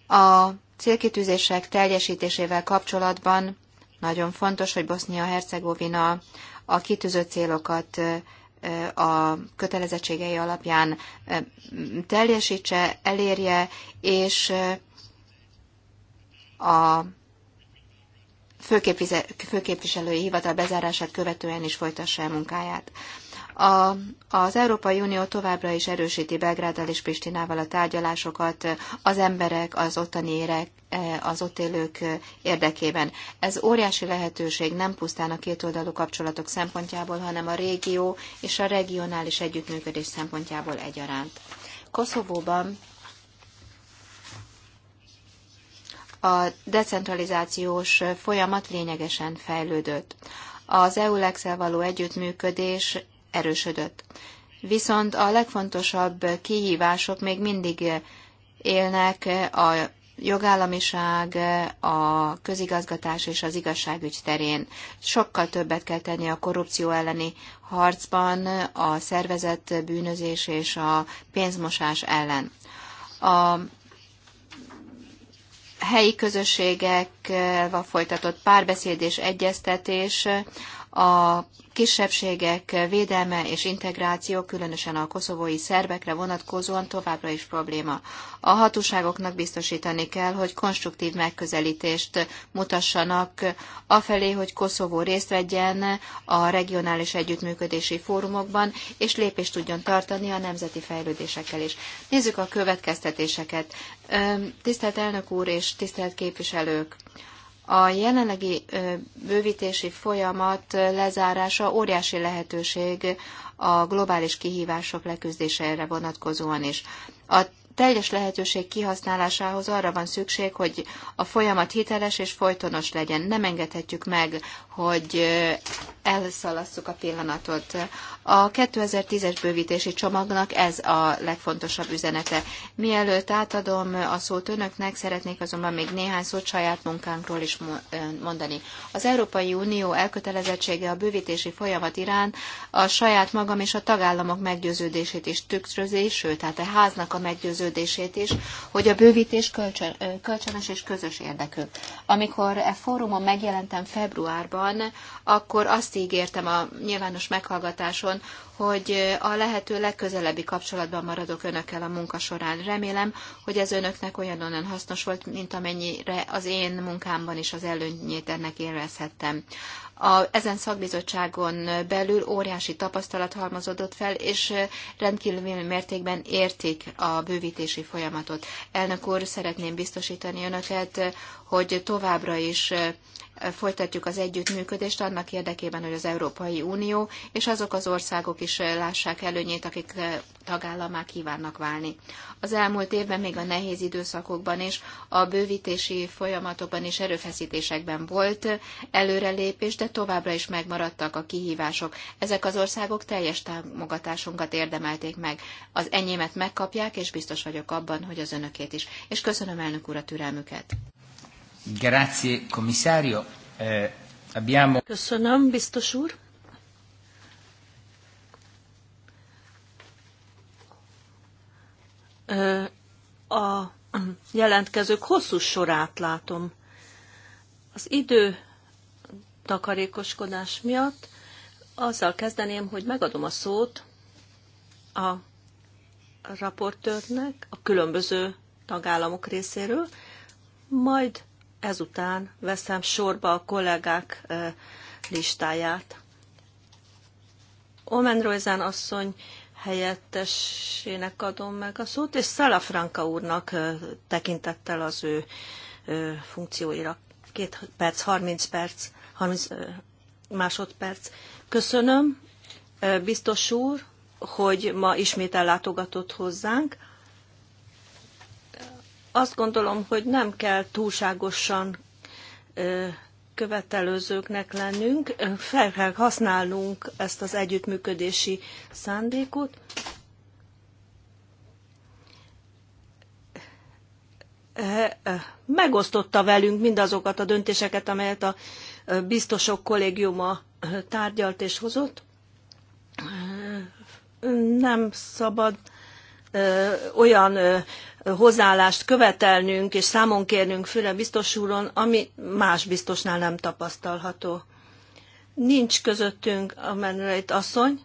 A célkitűzések teljesítésével kapcsolatban nagyon fontos, hogy Bosznia-Hercegovina a kitűzött célokat a kötelezettségei alapján teljesítse, elérje, és a főképviselői hivatal bezárását követően is folytassa el munkáját. A, az Európai Unió továbbra is erősíti Belgráddal és Pistinával a tárgyalásokat az emberek, az ottani érek, eh, az ott élők eh, érdekében. Ez óriási lehetőség nem pusztán a kétoldalú kapcsolatok szempontjából, hanem a régió és a regionális együttműködés szempontjából egyaránt. Koszovóban a decentralizációs folyamat lényegesen fejlődött. Az eulex való együttműködés erősödött. Viszont a legfontosabb kihívások még mindig élnek a jogállamiság, a közigazgatás és az igazságügy terén. Sokkal többet kell tenni a korrupció elleni harcban, a szervezett bűnözés és a pénzmosás ellen. A helyi közösségekkel folytatott párbeszéd és egyeztetés a kisebbségek védelme és integráció, különösen a koszovói szerbekre vonatkozóan továbbra is probléma. A hatóságoknak biztosítani kell, hogy konstruktív megközelítést mutassanak afelé, hogy Koszovó részt vegyen a regionális együttműködési fórumokban, és lépést tudjon tartani a nemzeti fejlődésekkel is. Nézzük a következtetéseket. Tisztelt elnök úr és tisztelt képviselők! A jelenlegi bővítési folyamat lezárása óriási lehetőség a globális kihívások leküzdésére vonatkozóan is. A teljes lehetőség kihasználásához arra van szükség, hogy a folyamat hiteles és folytonos legyen. Nem engedhetjük meg, hogy elszalasszuk a pillanatot. A 2010-es bővítési csomagnak ez a legfontosabb üzenete. Mielőtt átadom a szót önöknek, szeretnék azonban még néhány szót saját munkánkról is mondani. Az Európai Unió elkötelezettsége a bővítési folyamat irán a saját magam és a tagállamok meggyőződését is tükrözi, sőt, tehát a háznak a meggyőződését szerződését is, hogy a bővítés kölcsönös és közös érdekű. Amikor e fórumon megjelentem februárban, akkor azt ígértem a nyilvános meghallgatáson, hogy a lehető legközelebbi kapcsolatban maradok önökkel a munka során. Remélem, hogy ez önöknek olyan olyan hasznos volt, mint amennyire az én munkámban is az előnyét ennek érezhettem a, ezen szakbizottságon belül óriási tapasztalat halmozódott fel, és rendkívül mértékben értik a bővítési folyamatot. Elnök úr, szeretném biztosítani önöket, hogy továbbra is folytatjuk az együttműködést annak érdekében, hogy az Európai Unió és azok az országok is lássák előnyét, akik eh, tagállamá kívánnak válni. Az elmúlt évben, még a nehéz időszakokban is, a bővítési folyamatokban és erőfeszítésekben volt előrelépés, de továbbra is megmaradtak a kihívások. Ezek az országok teljes támogatásunkat érdemelték meg. Az enyémet megkapják, és biztos vagyok abban, hogy az önökét is. És köszönöm elnök úr a türelmüket. Grazie, commissario. Eh, abbiamo... Köszönöm, biztos úr. A jelentkezők hosszú sorát látom. Az idő takarékoskodás miatt azzal kezdeném, hogy megadom a szót a raportőrnek a különböző tagállamok részéről, majd ezután veszem sorba a kollégák listáját. Omen Rojzán asszony helyettesének adom meg a szót, és Franka úrnak tekintettel az ő funkcióira. Két perc, 30 perc, 30 másodperc. Köszönöm, biztos úr, hogy ma ismét ellátogatott hozzánk. Azt gondolom, hogy nem kell túlságosan követelőzőknek lennünk, fel kell használnunk ezt az együttműködési szándékot. Megosztotta velünk mindazokat a döntéseket, amelyet a biztosok kollégiuma tárgyalt és hozott. Nem szabad olyan hozzáállást követelnünk és számon kérnünk, főleg biztos úron, ami más biztosnál nem tapasztalható. Nincs közöttünk a Menrejt asszony,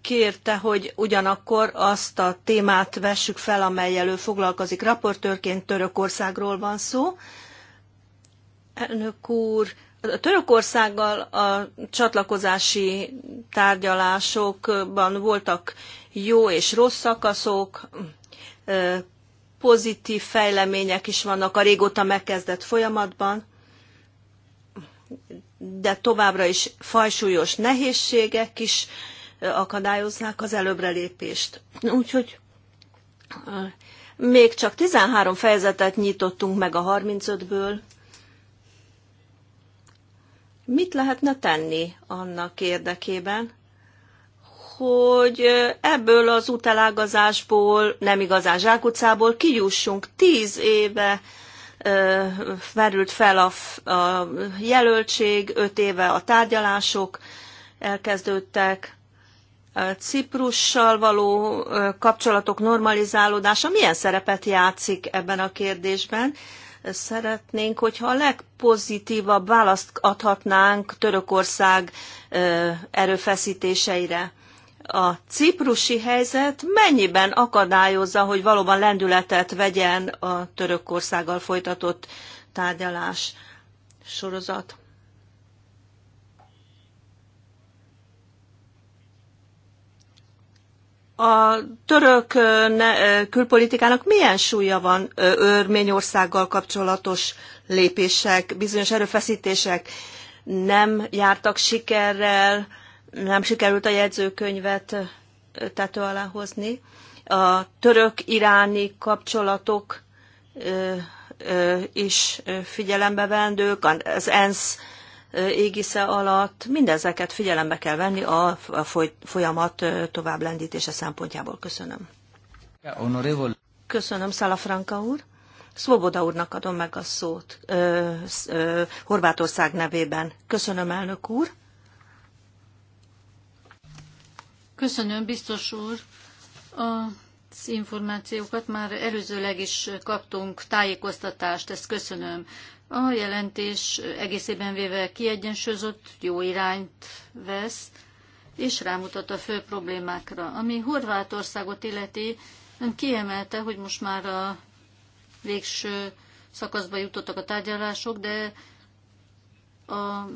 kérte, hogy ugyanakkor azt a témát vessük fel, amelyel ő foglalkozik. Raportőrként Törökországról van szó. Elnök úr, a Törökországgal a csatlakozási tárgyalásokban voltak jó és rossz szakaszok, pozitív fejlemények is vannak a régóta megkezdett folyamatban, de továbbra is fajsúlyos nehézségek is akadályoznák az előbbre lépést. Úgyhogy még csak 13 fejezetet nyitottunk meg a 35-ből. Mit lehetne tenni annak érdekében, hogy ebből az utalágazásból, nem igazán zsákutcából kijussunk. Tíz éve ö, merült fel a, a jelöltség, öt éve a tárgyalások elkezdődtek. Ciprussal való kapcsolatok normalizálódása milyen szerepet játszik ebben a kérdésben? Szeretnénk, hogyha a legpozitívabb választ adhatnánk Törökország erőfeszítéseire a ciprusi helyzet mennyiben akadályozza, hogy valóban lendületet vegyen a Törökországgal folytatott tárgyalás sorozat? A török külpolitikának milyen súlya van Örményországgal kapcsolatos lépések, bizonyos erőfeszítések nem jártak sikerrel, nem sikerült a jegyzőkönyvet tető alá hozni. A török-iráni kapcsolatok is figyelembe vendők, az ENSZ égisze alatt mindezeket figyelembe kell venni a folyamat tovább lendítése szempontjából. Köszönöm. Köszönöm, Franka úr. Svoboda úrnak adom meg a szót ö, ö, Horvátország nevében. Köszönöm, elnök úr. Köszönöm, biztos úr. Az információkat már előzőleg is kaptunk tájékoztatást, ezt köszönöm. A jelentés egészében véve kiegyensúlyozott, jó irányt vesz, és rámutat a fő problémákra. Ami Horvátországot illeti, ön kiemelte, hogy most már a végső szakaszba jutottak a tárgyalások, de a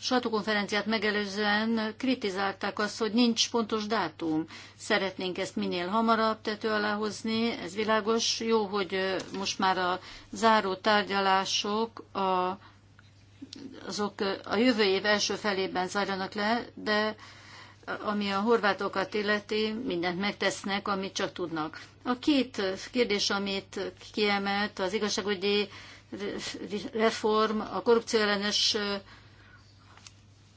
sajtókonferenciát megelőzően kritizálták azt, hogy nincs pontos dátum. Szeretnénk ezt minél hamarabb tető alá hozni, ez világos. Jó, hogy most már a záró tárgyalások a, azok a jövő év első felében zajlanak le, de ami a horvátokat illeti, mindent megtesznek, amit csak tudnak. A két kérdés, amit kiemelt, az igazságügyi reform, a korrupció ellenes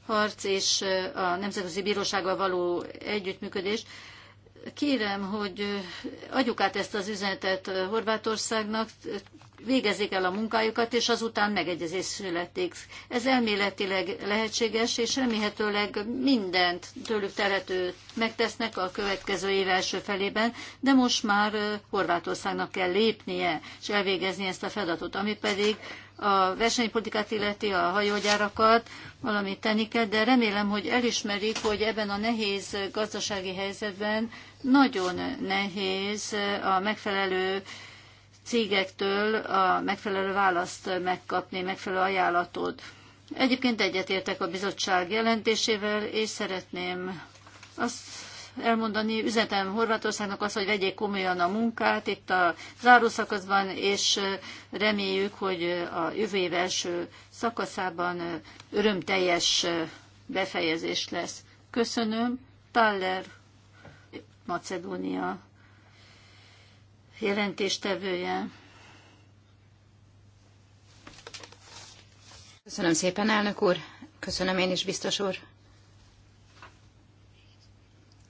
harc és a Nemzetközi Bírósággal való együttműködés. Kérem, hogy adjuk át ezt az üzenetet Horvátországnak, végezzék el a munkájukat, és azután megegyezés születik. Ez elméletileg lehetséges, és remélhetőleg mindent tőlük telhetőt megtesznek a következő év első felében, de most már Horvátországnak kell lépnie és elvégezni ezt a feladatot, ami pedig a versenypolitikát illeti a hajógyárakat, valamit tenni kell, de remélem, hogy elismerik, hogy ebben a nehéz gazdasági helyzetben nagyon nehéz a megfelelő cégektől a megfelelő választ megkapni, megfelelő ajánlatot. Egyébként egyetértek a bizottság jelentésével, és szeretném azt elmondani, üzenetem Horvátországnak az, hogy vegyék komolyan a munkát itt a zárószakaszban, és reméljük, hogy a jövő év első szakaszában örömteljes befejezés lesz. Köszönöm. Taller, Macedónia jelentéstevője. Köszönöm szépen, elnök úr. Köszönöm én is, biztos úr.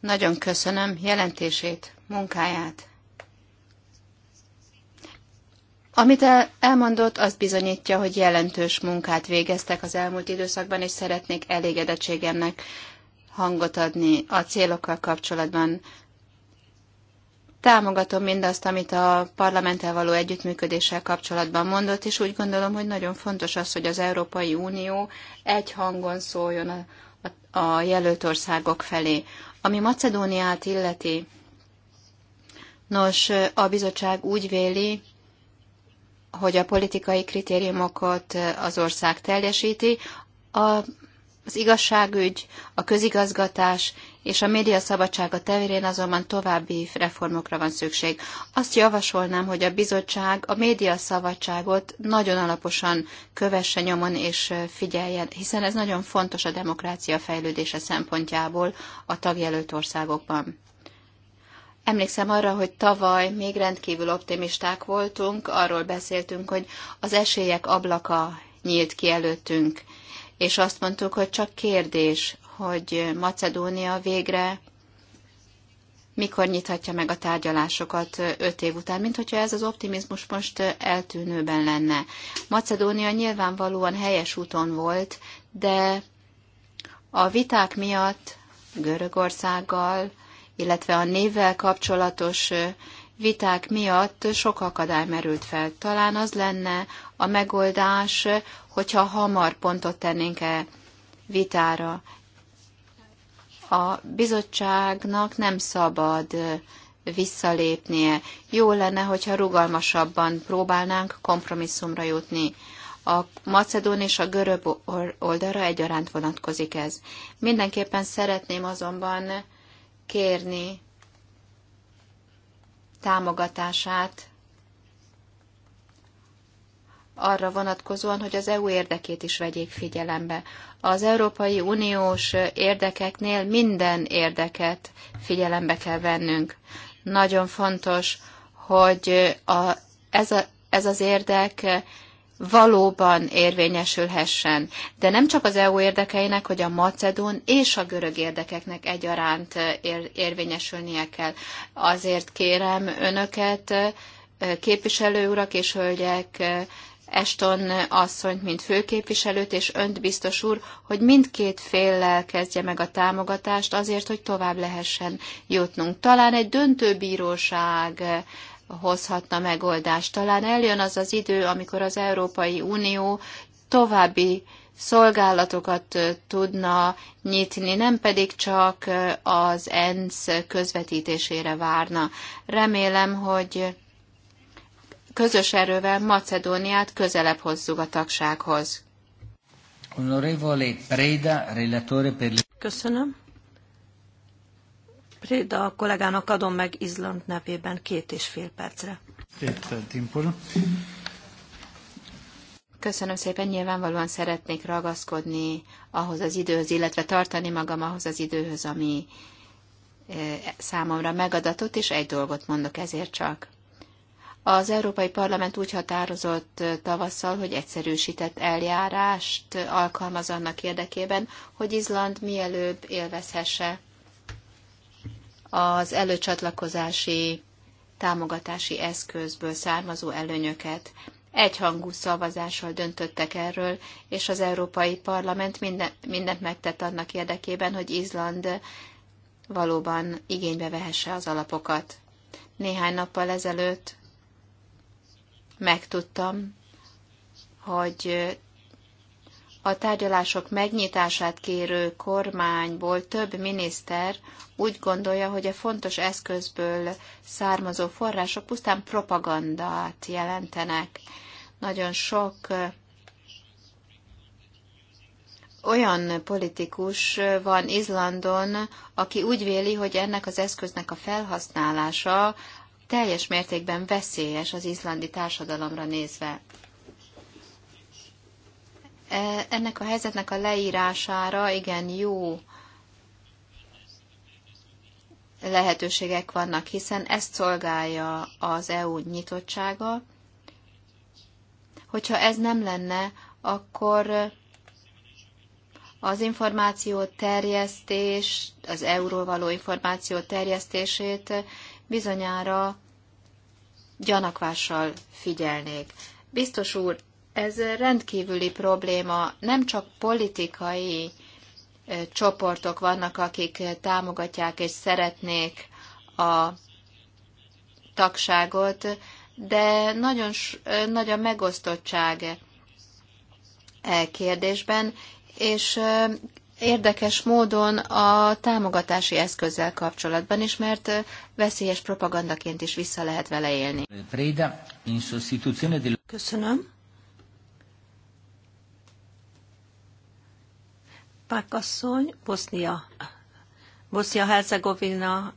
Nagyon köszönöm jelentését, munkáját. Amit elmondott, azt bizonyítja, hogy jelentős munkát végeztek az elmúlt időszakban, és szeretnék elégedettségemnek hangot adni a célokkal kapcsolatban, Támogatom mindazt, amit a parlamenttel való együttműködéssel kapcsolatban mondott, és úgy gondolom, hogy nagyon fontos az, hogy az Európai Unió egy hangon szóljon a, a, a jelölt országok felé. Ami Macedóniát illeti, nos, a bizottság úgy véli, hogy a politikai kritériumokat az ország teljesíti, a, az igazságügy, a közigazgatás és a média szabadsága terén azonban további reformokra van szükség. Azt javasolnám, hogy a bizottság a média szabadságot nagyon alaposan kövesse nyomon és figyeljen, hiszen ez nagyon fontos a demokrácia fejlődése szempontjából a tagjelölt országokban. Emlékszem arra, hogy tavaly még rendkívül optimisták voltunk, arról beszéltünk, hogy az esélyek ablaka nyílt ki előttünk, és azt mondtuk, hogy csak kérdés, hogy Macedónia végre mikor nyithatja meg a tárgyalásokat öt év után, mint hogyha ez az optimizmus most eltűnőben lenne. Macedónia nyilvánvalóan helyes úton volt, de a viták miatt Görögországgal, illetve a névvel kapcsolatos viták miatt sok akadály merült fel. Talán az lenne a megoldás, hogyha hamar pontot tennénk-e vitára a bizottságnak nem szabad visszalépnie. Jó lenne, hogyha rugalmasabban próbálnánk kompromisszumra jutni. A macedón és a görög oldalra egyaránt vonatkozik ez. Mindenképpen szeretném azonban kérni támogatását arra vonatkozóan, hogy az EU érdekét is vegyék figyelembe. Az Európai Uniós érdekeknél minden érdeket figyelembe kell vennünk. Nagyon fontos, hogy a, ez, a, ez az érdek valóban érvényesülhessen. De nem csak az EU érdekeinek, hogy a macedón és a görög érdekeknek egyaránt ér, érvényesülnie kell. Azért kérem önöket, képviselő urak és hölgyek, Eston asszonyt, mint főképviselőt, és önt biztos úr, hogy mindkét féllel kezdje meg a támogatást azért, hogy tovább lehessen jutnunk. Talán egy döntőbíróság hozhatna megoldást. Talán eljön az az idő, amikor az Európai Unió további szolgálatokat tudna nyitni, nem pedig csak az ENSZ közvetítésére várna. Remélem, hogy közös erővel Macedóniát közelebb hozzuk a tagsághoz. Preda, relatore per... Köszönöm. Préda a kollégának adom meg Izland nevében két és fél percre. Eh, Köszönöm szépen, nyilvánvalóan szeretnék ragaszkodni ahhoz az időhöz, illetve tartani magam ahhoz az időhöz, ami eh, számomra megadatott, és egy dolgot mondok ezért csak. Az Európai Parlament úgy határozott tavasszal, hogy egyszerűsített eljárást alkalmaz annak érdekében, hogy Izland mielőbb élvezhesse az előcsatlakozási támogatási eszközből származó előnyöket. Egyhangú szavazással döntöttek erről, és az Európai Parlament minden, mindent megtett annak érdekében, hogy Izland valóban igénybe vehesse az alapokat. Néhány nappal ezelőtt megtudtam, hogy a tárgyalások megnyitását kérő kormányból több miniszter úgy gondolja, hogy a fontos eszközből származó források pusztán propagandát jelentenek. Nagyon sok olyan politikus van Izlandon, aki úgy véli, hogy ennek az eszköznek a felhasználása teljes mértékben veszélyes az izlandi társadalomra nézve. E, ennek a helyzetnek a leírására igen jó lehetőségek vannak, hiszen ezt szolgálja az EU nyitottsága. Hogyha ez nem lenne, akkor az információ terjesztés, az EU-ról való információ terjesztését bizonyára gyanakvással figyelnék. Biztos úr, ez rendkívüli probléma, nem csak politikai csoportok vannak, akik támogatják és szeretnék a tagságot, de nagyon nagy a megosztottság e, kérdésben, és érdekes módon a támogatási eszközzel kapcsolatban is, mert veszélyes propagandaként is vissza lehet vele élni. Köszönöm. Pákasszony, Bosznia, Bosznia-Hercegovina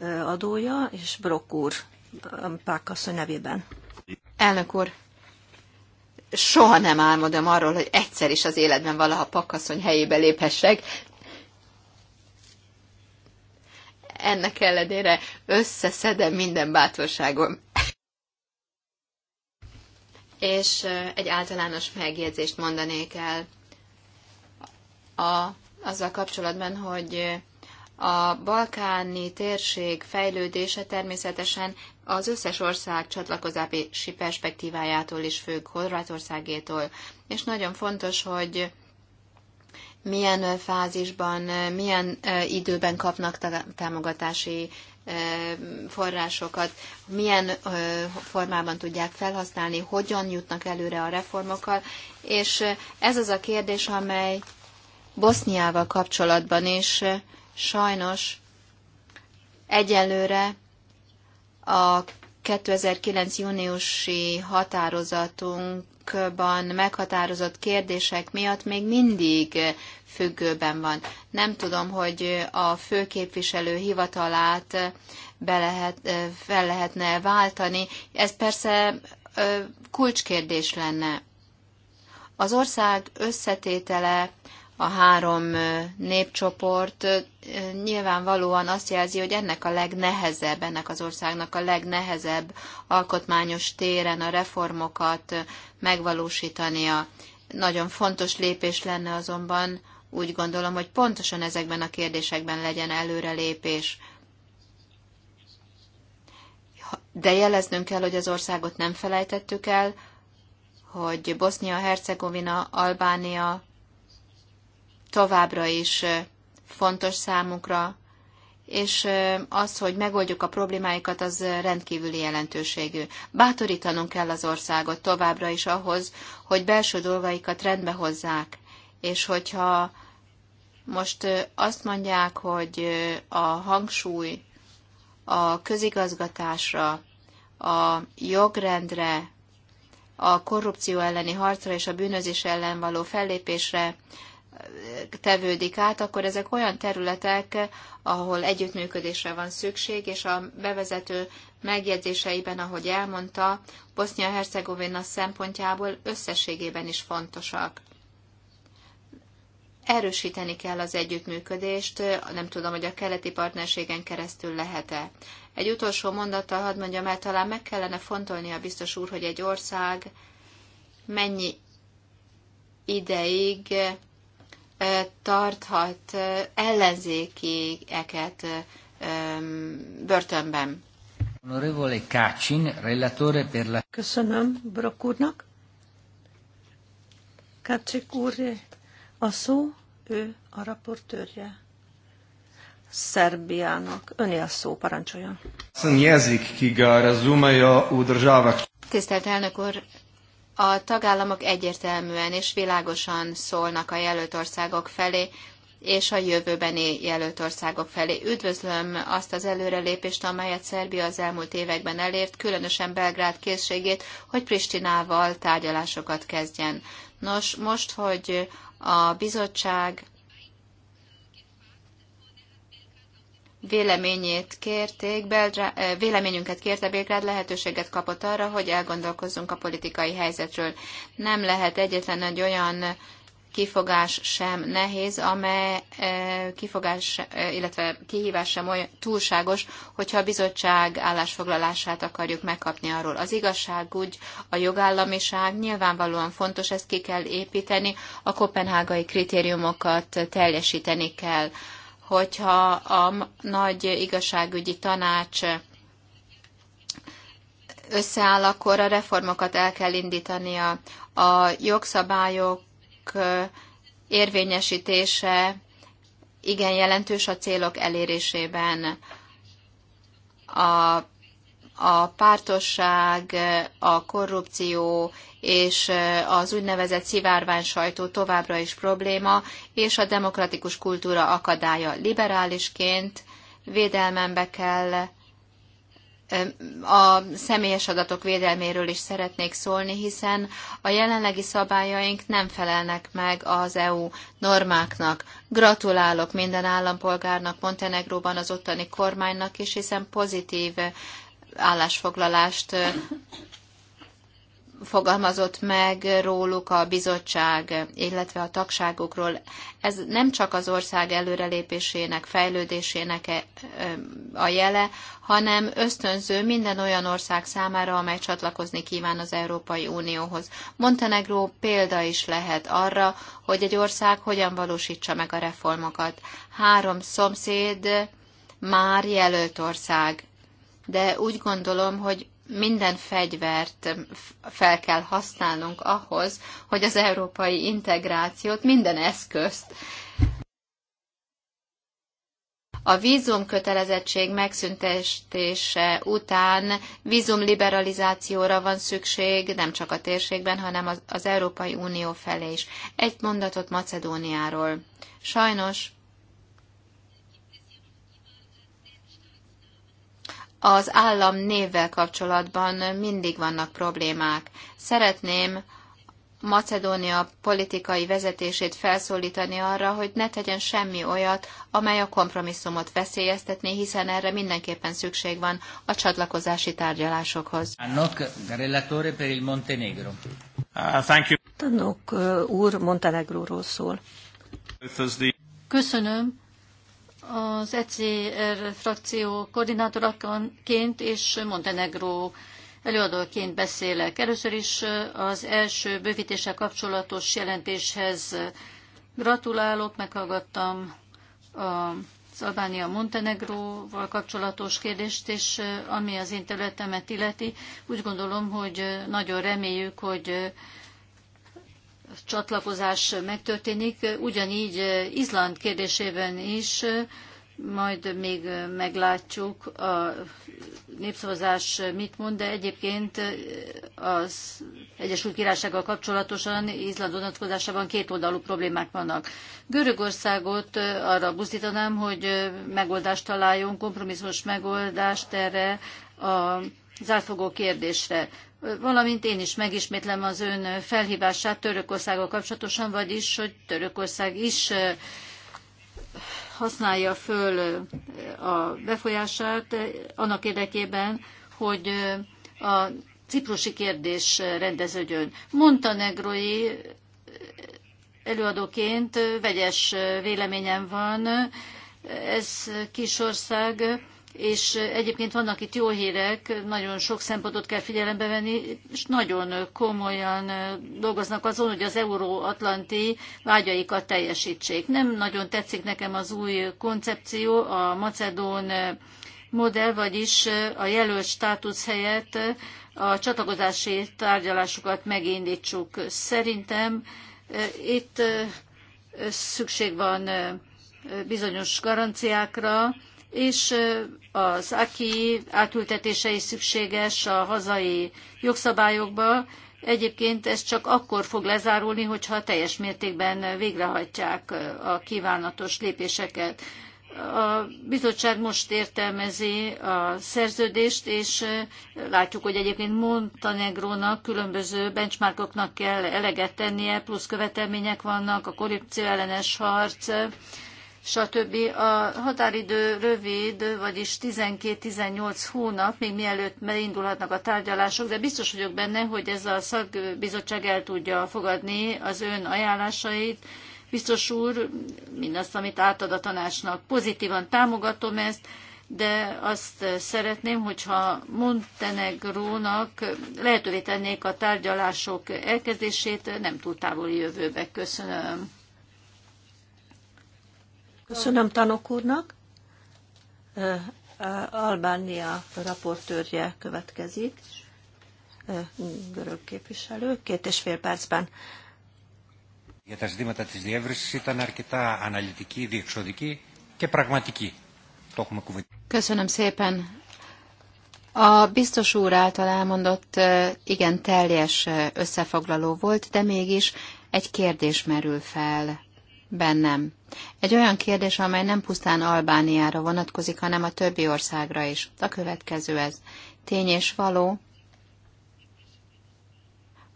előadója, és brokúr Pákasszony nevében. Elnök úr, soha nem álmodom arról, hogy egyszer is az életben valaha pakaszony helyébe léphessek. Ennek ellenére összeszedem minden bátorságom. És egy általános megjegyzést mondanék el a, azzal kapcsolatban, hogy a balkáni térség fejlődése természetesen az összes ország csatlakozási perspektívájától is függ, Horvátországétól, és nagyon fontos, hogy milyen fázisban, milyen időben kapnak támogatási forrásokat, milyen formában tudják felhasználni, hogyan jutnak előre a reformokkal, és ez az a kérdés, amely Boszniával kapcsolatban is sajnos egyelőre a 2009. júniusi határozatunkban meghatározott kérdések miatt még mindig függőben van. Nem tudom, hogy a főképviselő hivatalát be lehet, fel lehetne váltani. Ez persze kulcskérdés lenne. Az ország összetétele a három népcsoport nyilvánvalóan azt jelzi, hogy ennek a legnehezebb, ennek az országnak a legnehezebb alkotmányos téren a reformokat megvalósítania. Nagyon fontos lépés lenne azonban, úgy gondolom, hogy pontosan ezekben a kérdésekben legyen előrelépés. De jeleznünk kell, hogy az országot nem felejtettük el, hogy Bosznia-Hercegovina, Albánia, továbbra is fontos számukra és az, hogy megoldjuk a problémáikat, az rendkívüli jelentőségű. Bátorítanunk kell az országot továbbra is ahhoz, hogy belső dolgaikat rendbe hozzák, és hogyha most azt mondják, hogy a hangsúly a közigazgatásra, a jogrendre, a korrupció elleni harcra és a bűnözés ellen való fellépésre tevődik át, akkor ezek olyan területek, ahol együttműködésre van szükség, és a bevezető megjegyzéseiben, ahogy elmondta, Bosznia-Hercegovina szempontjából összességében is fontosak. Erősíteni kell az együttműködést, nem tudom, hogy a keleti partnerségen keresztül lehet-e. Egy utolsó mondattal hadd mondjam el, talán meg kellene fontolni a biztos úr, hogy egy ország mennyi ideig tarthat ellenzékieket börtönben. Onorevole Kacsin, relatore per la... Köszönöm Brok úrnak. Kacsik úr a szó, ő a raportőrje. Szerbiának. Öné a szó, parancsoljon. Jezik, ki a razumejo Tisztelt elnök úr, a tagállamok egyértelműen és világosan szólnak a jelölt országok felé, és a jövőbeni jelölt országok felé. Üdvözlöm azt az előrelépést, amelyet Szerbia az elmúlt években elért, különösen Belgrád készségét, hogy Pristinával tárgyalásokat kezdjen. Nos, most, hogy a bizottság véleményét kérték, Beldra, eh, véleményünket kérte Belgrád, lehetőséget kapott arra, hogy elgondolkozzunk a politikai helyzetről. Nem lehet egyetlen egy olyan kifogás sem nehéz, amely eh, kifogás, eh, illetve kihívás sem olyan túlságos, hogyha a bizottság állásfoglalását akarjuk megkapni arról. Az igazság úgy a jogállamiság nyilvánvalóan fontos, ezt ki kell építeni, a kopenhágai kritériumokat teljesíteni kell hogyha a nagy igazságügyi tanács összeáll, akkor a reformokat el kell indítania. A jogszabályok érvényesítése igen jelentős a célok elérésében. A a pártosság, a korrupció és az úgynevezett szivárvány sajtó továbbra is probléma, és a demokratikus kultúra akadálya. Liberálisként védelmembe kell a személyes adatok védelméről is szeretnék szólni, hiszen a jelenlegi szabályaink nem felelnek meg az EU normáknak. Gratulálok minden állampolgárnak Montenegróban az ottani kormánynak is, hiszen pozitív állásfoglalást fogalmazott meg róluk a bizottság, illetve a tagságokról. Ez nem csak az ország előrelépésének, fejlődésének e, a jele, hanem ösztönző minden olyan ország számára, amely csatlakozni kíván az Európai Unióhoz. Montenegró példa is lehet arra, hogy egy ország hogyan valósítsa meg a reformokat. Három szomszéd már jelölt ország de úgy gondolom, hogy minden fegyvert fel kell használnunk ahhoz, hogy az európai integrációt, minden eszközt a vízumkötelezettség megszüntetése után vízumliberalizációra van szükség, nem csak a térségben, hanem az, az Európai Unió felé is. Egy mondatot Macedóniáról. Sajnos az állam névvel kapcsolatban mindig vannak problémák. Szeretném Macedónia politikai vezetését felszólítani arra, hogy ne tegyen semmi olyat, amely a kompromisszumot veszélyeztetné, hiszen erre mindenképpen szükség van a csatlakozási tárgyalásokhoz. relatore per il Montenegro. Uh, thank you. Tanok uh, úr Montenegróról szól. Köszönöm az ECR frakció koordinátoraként és Montenegró előadóként beszélek. Először is az első bővítéssel kapcsolatos jelentéshez gratulálok, meghallgattam az Albánia Montenegróval kapcsolatos kérdést, és ami az én területemet illeti, úgy gondolom, hogy nagyon reméljük, hogy csatlakozás megtörténik, ugyanígy eh, Izland kérdésében is eh, majd még eh, meglátjuk a népszavazás mit mond, de egyébként az Egyesült Királysággal kapcsolatosan Izland vonatkozásában kétoldalú problémák vannak. Görögországot arra buzdítanám, hogy megoldást találjon, kompromisszós megoldást erre a az kérdésre. Valamint én is megismétlem az ön felhívását Törökországgal kapcsolatosan, vagyis, hogy Törökország is használja föl a befolyását annak érdekében, hogy a ciprusi kérdés rendeződjön. Montenegrói előadóként vegyes véleményem van, ez kisország és egyébként vannak itt jó hírek, nagyon sok szempontot kell figyelembe venni, és nagyon komolyan dolgoznak azon, hogy az euróatlanti vágyaikat teljesítsék. Nem nagyon tetszik nekem az új koncepció, a macedón modell, vagyis a jelölt státusz helyett a csatlakozási tárgyalásokat megindítsuk. Szerintem itt szükség van bizonyos garanciákra, és az AKI átültetése is szükséges a hazai jogszabályokba. Egyébként ez csak akkor fog lezárulni, hogyha teljes mértékben végrehajtják a kívánatos lépéseket. A bizottság most értelmezi a szerződést, és látjuk, hogy egyébként Montenegrónak különböző benchmarkoknak kell eleget tennie, plusz követelmények vannak, a korrupció ellenes harc, stb. A határidő rövid, vagyis 12-18 hónap, még mielőtt megindulhatnak a tárgyalások, de biztos vagyok benne, hogy ez a szakbizottság el tudja fogadni az ön ajánlásait. Biztos úr, mindazt, amit átad a tanácsnak, pozitívan támogatom ezt, de azt szeretném, hogyha Montenegrónak lehetővé tennék a tárgyalások elkezdését nem túl távoli jövőbe. Köszönöm. Köszönöm Tanok úrnak. Albánia raportőrje következik, görög képviselő, két és fél percben. Για τα ζητήματα της διεύρυνσης ήταν αρκετά αναλυτική, διεξοδική και πραγματική. Το έχουμε κουβεντήσει. Köszönöm szépen. A biztos úr által elmondott igen teljes összefoglaló volt, de mégis egy kérdés merül fel bennem. Egy olyan kérdés, amely nem pusztán Albániára vonatkozik, hanem a többi országra is. A következő ez. Tény és való,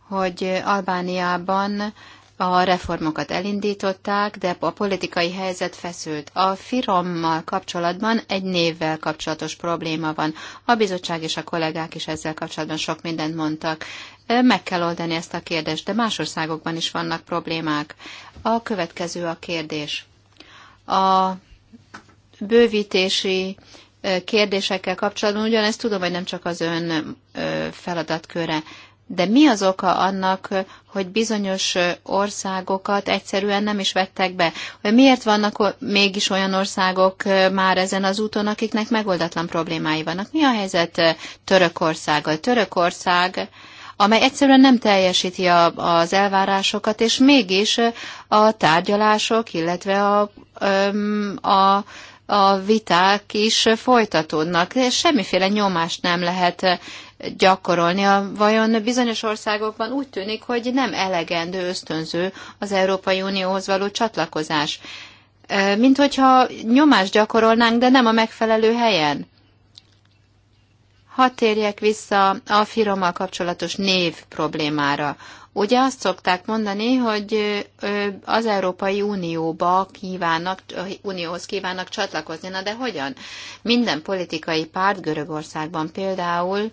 hogy Albániában a reformokat elindították, de a politikai helyzet feszült. A firommal kapcsolatban egy névvel kapcsolatos probléma van. A bizottság és a kollégák is ezzel kapcsolatban sok mindent mondtak. Meg kell oldani ezt a kérdést, de más országokban is vannak problémák. A következő a kérdés. A bővítési kérdésekkel kapcsolatban ugyanezt tudom, hogy nem csak az ön feladatköre, de mi az oka annak, hogy bizonyos országokat egyszerűen nem is vettek be? Miért vannak mégis olyan országok már ezen az úton, akiknek megoldatlan problémái vannak? Mi a helyzet Törökországgal? Törökország amely egyszerűen nem teljesíti a, az elvárásokat, és mégis a tárgyalások, illetve a, a a viták is folytatódnak, és semmiféle nyomást nem lehet gyakorolni. A, vajon bizonyos országokban úgy tűnik, hogy nem elegendő ösztönző az Európai Unióhoz való csatlakozás. Mint hogyha nyomást gyakorolnánk, de nem a megfelelő helyen. Hadd térjek vissza a firommal kapcsolatos név problémára. Ugye azt szokták mondani, hogy az Európai Unióba kívánnak, Unióhoz kívánnak csatlakozni, na de hogyan? Minden politikai párt Görögországban például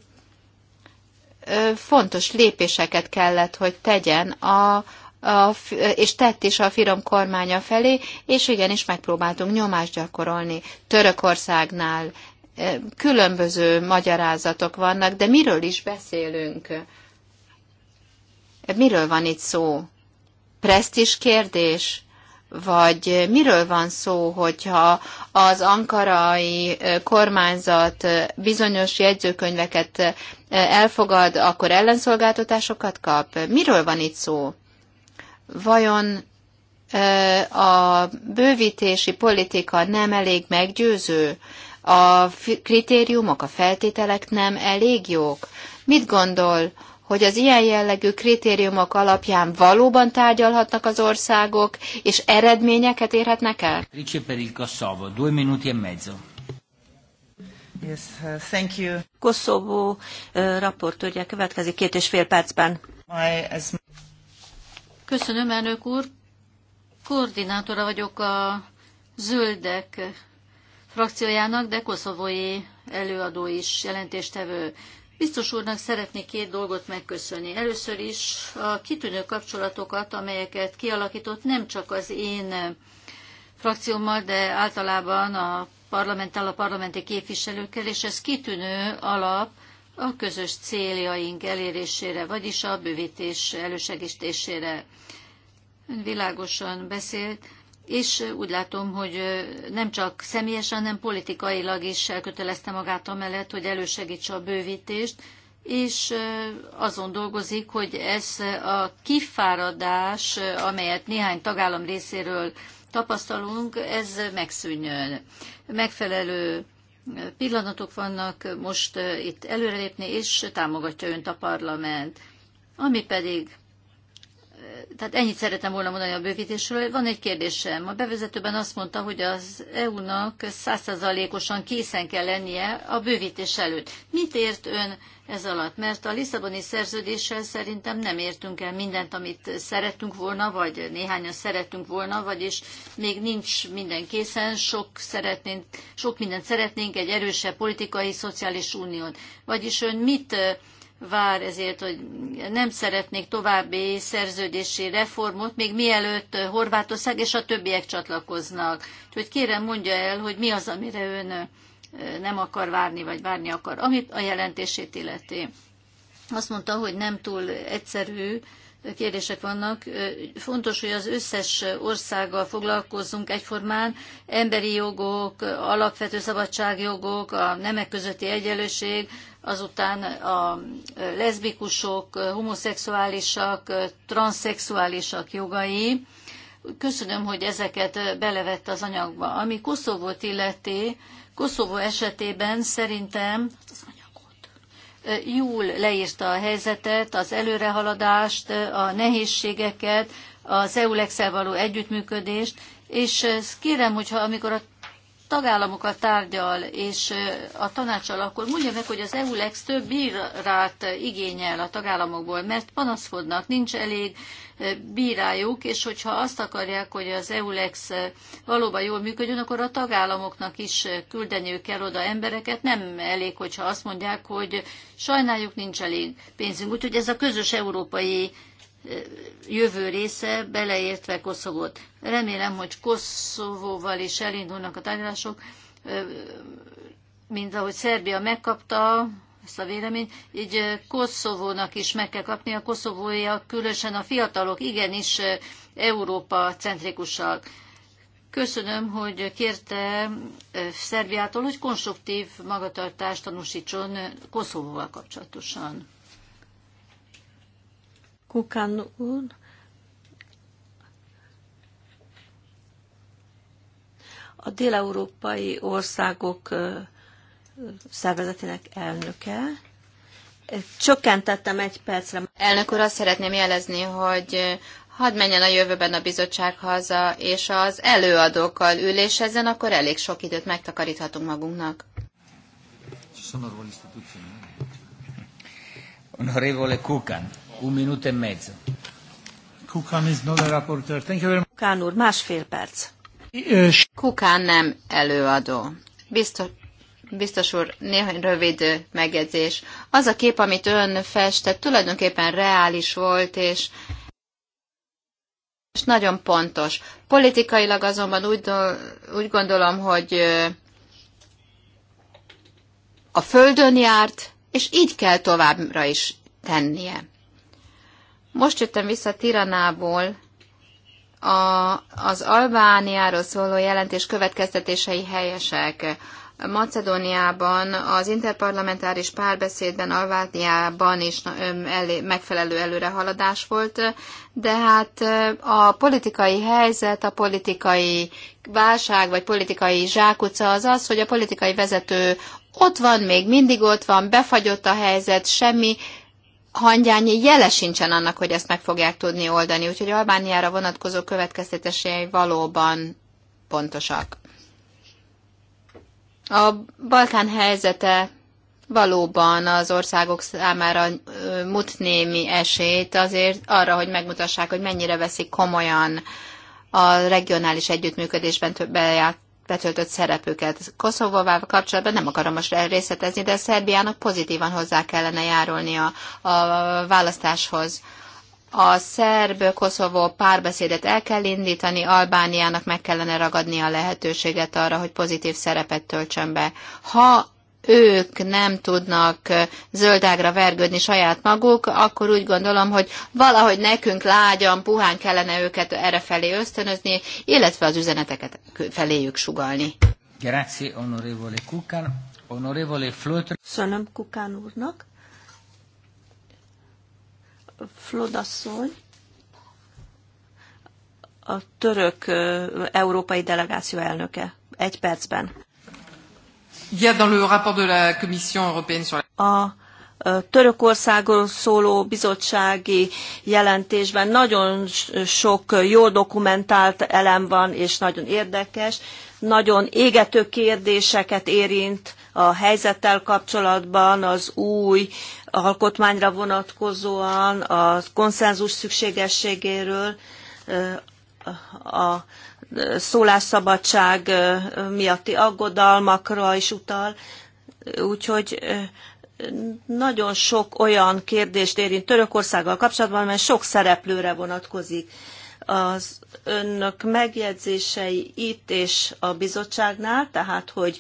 fontos lépéseket kellett, hogy tegyen a, a, és tett is a firom kormánya felé, és igenis megpróbáltunk nyomást gyakorolni Törökországnál, különböző magyarázatok vannak, de miről is beszélünk? Miről van itt szó? Presztis kérdés? Vagy miről van szó, hogyha az ankarai kormányzat bizonyos jegyzőkönyveket elfogad, akkor ellenszolgáltatásokat kap? Miről van itt szó? Vajon a bővítési politika nem elég meggyőző? a kritériumok, a feltételek nem elég jók? Mit gondol, hogy az ilyen jellegű kritériumok alapján valóban tárgyalhatnak az országok, és eredményeket érhetnek el? Rice per il Kosovo, due minuti e mezzo. Yes, uh, thank you. Koszovó uh, raportőrje következik két és fél percben. My, as... Köszönöm, elnök úr. Koordinátora vagyok a zöldek frakciójának, de koszovói előadó is jelentéstevő. Biztos úrnak szeretnék két dolgot megköszönni. Először is a kitűnő kapcsolatokat, amelyeket kialakított nem csak az én frakciómmal, de általában a parlamenttel, a parlamenti képviselőkkel, és ez kitűnő alap a közös céljaink elérésére, vagyis a bővítés elősegítésére. Ön világosan beszélt és úgy látom, hogy nem csak személyesen, hanem politikailag is elkötelezte magát amellett, hogy elősegítse a bővítést, és azon dolgozik, hogy ez a kifáradás, amelyet néhány tagállam részéről tapasztalunk, ez megszűnjön. Megfelelő pillanatok vannak most itt előrelépni, és támogatja önt a parlament. Ami pedig tehát ennyit szeretem volna mondani a bővítésről. Van egy kérdésem. A bevezetőben azt mondta, hogy az EU-nak százszerzalékosan készen kell lennie a bővítés előtt. Mit ért ön ez alatt? Mert a Lisszaboni szerződéssel szerintem nem értünk el mindent, amit szerettünk volna, vagy néhányan szerettünk volna, vagyis még nincs minden készen, sok, szeretnénk, sok mindent szeretnénk, egy erősebb politikai, szociális uniót. Vagyis ön mit vár ezért, hogy nem szeretnék további szerződési reformot, még mielőtt Horvátország és a többiek csatlakoznak. Úgyhogy kérem mondja el, hogy mi az, amire ön nem akar várni, vagy várni akar, amit a jelentését illeti. Azt mondta, hogy nem túl egyszerű kérdések vannak. Fontos, hogy az összes országgal foglalkozzunk egyformán. Emberi jogok, alapvető szabadságjogok, a nemek közötti egyenlőség, azután a leszbikusok, homoszexuálisak, transzexuálisak jogai. Köszönöm, hogy ezeket belevett az anyagba. Ami Koszovót illeti, Koszovó esetében szerintem jól leírta a helyzetet, az előrehaladást, a nehézségeket, az eulex való együttműködést, és kérem, hogyha amikor a tagállamokat tárgyal, és a tanácsal, akkor mondja meg, hogy az EULEX több bírát igényel a tagállamokból, mert panaszkodnak, nincs elég bírájuk, és hogyha azt akarják, hogy az EULEX valóban jól működjön, akkor a tagállamoknak is küldeniük kell oda embereket. Nem elég, hogyha azt mondják, hogy sajnáljuk, nincs elég pénzünk. Úgyhogy ez a közös európai jövő része, beleértve Koszovót. Remélem, hogy Koszovóval is elindulnak a tárgyalások, mint ahogy Szerbia megkapta ezt a véleményt, így Koszovónak is meg kell kapni, a koszovóiak, különösen a fiatalok igenis Európa centrikusak. Köszönöm, hogy kérte Szerbiától, hogy konstruktív magatartást tanúsítson Koszovóval kapcsolatosan. Kukán a déleurópai országok szervezetének elnöke. Csökkentettem egy percre. Elnök úr, azt szeretném jelezni, hogy hadd menjen a jövőben a bizottság haza, és az előadókkal ülésezzen, akkor elég sok időt megtakaríthatunk magunknak. Onorevole Kukan. Un minuto e mezzo. Kukan is not a rapporteur. Thank you very much. Kukán úr, másfél perc. Kukán nem előadó. Biztos, biztos úr, néhány rövid megjegyzés. Az a kép, amit ön festett, tulajdonképpen reális volt, és és nagyon pontos. Politikailag azonban úgy, úgy gondolom, hogy a földön járt, és így kell továbbra is tennie. Most jöttem vissza Tiranából, a, az Albániáról szóló jelentés következtetései helyesek. Macedóniában, az interparlamentáris párbeszédben, Albániában is megfelelő előrehaladás volt, de hát a politikai helyzet, a politikai válság vagy politikai zsákutca az az, hogy a politikai vezető ott van, még mindig ott van, befagyott a helyzet, semmi hangyányi jele sincsen annak, hogy ezt meg fogják tudni oldani, úgyhogy Albániára vonatkozó következtetései valóban pontosak. A Balkán helyzete valóban az országok számára mut némi esélyt azért arra, hogy megmutassák, hogy mennyire veszik komolyan a regionális együttműködésben betöltött szerepüket. Koszovóval kapcsolatban nem akarom most részletezni, de Szerbiának pozitívan hozzá kellene a, a választáshoz. A szerb-koszovó párbeszédet el kell indítani, Albániának meg kellene ragadni a lehetőséget arra, hogy pozitív szerepet töltsön be. Ha ők nem tudnak zöldágra vergődni saját maguk, akkor úgy gondolom, hogy valahogy nekünk lágyan, puhán kellene őket erre felé ösztönözni, illetve az üzeneteket feléjük sugalni. Grazie, onorevole Kukán. Onorevole Flötr. Köszönöm Kukán úrnak. Flodasszony a török európai delegáció elnöke. Egy percben. A Törökországról szóló bizottsági jelentésben nagyon sok jó dokumentált elem van, és nagyon érdekes. Nagyon égető kérdéseket érint a helyzettel kapcsolatban, az új alkotmányra vonatkozóan, a konszenzus szükségességéről, a szólásszabadság miatti aggodalmakra is utal, úgyhogy nagyon sok olyan kérdést érint Törökországgal kapcsolatban, mert sok szereplőre vonatkozik. Az önök megjegyzései itt és a bizottságnál, tehát hogy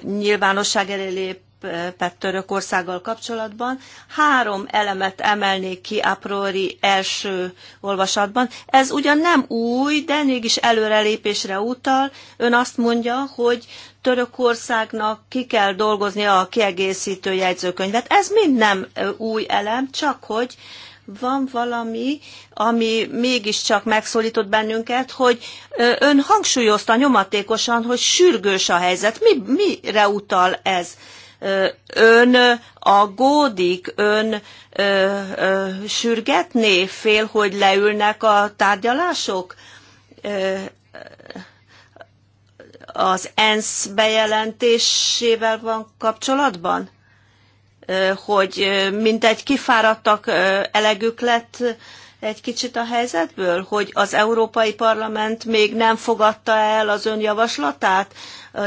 nyilvánosság elé szerepet Törökországgal kapcsolatban. Három elemet emelnék ki a priori első olvasatban. Ez ugyan nem új, de mégis előrelépésre utal. Ön azt mondja, hogy Törökországnak ki kell dolgoznia a kiegészítő jegyzőkönyvet. Ez mind nem új elem, csak hogy van valami, ami mégiscsak megszólított bennünket, hogy ön hangsúlyozta nyomatékosan, hogy sürgős a helyzet. Mi, mire utal ez? ön aggódik, ön ö, ö, sürgetné, fél, hogy leülnek a tárgyalások? Ö, az ENSZ bejelentésével van kapcsolatban? hogy mintegy kifáradtak, elegük lett egy kicsit a helyzetből, hogy az Európai Parlament még nem fogadta el az ön javaslatát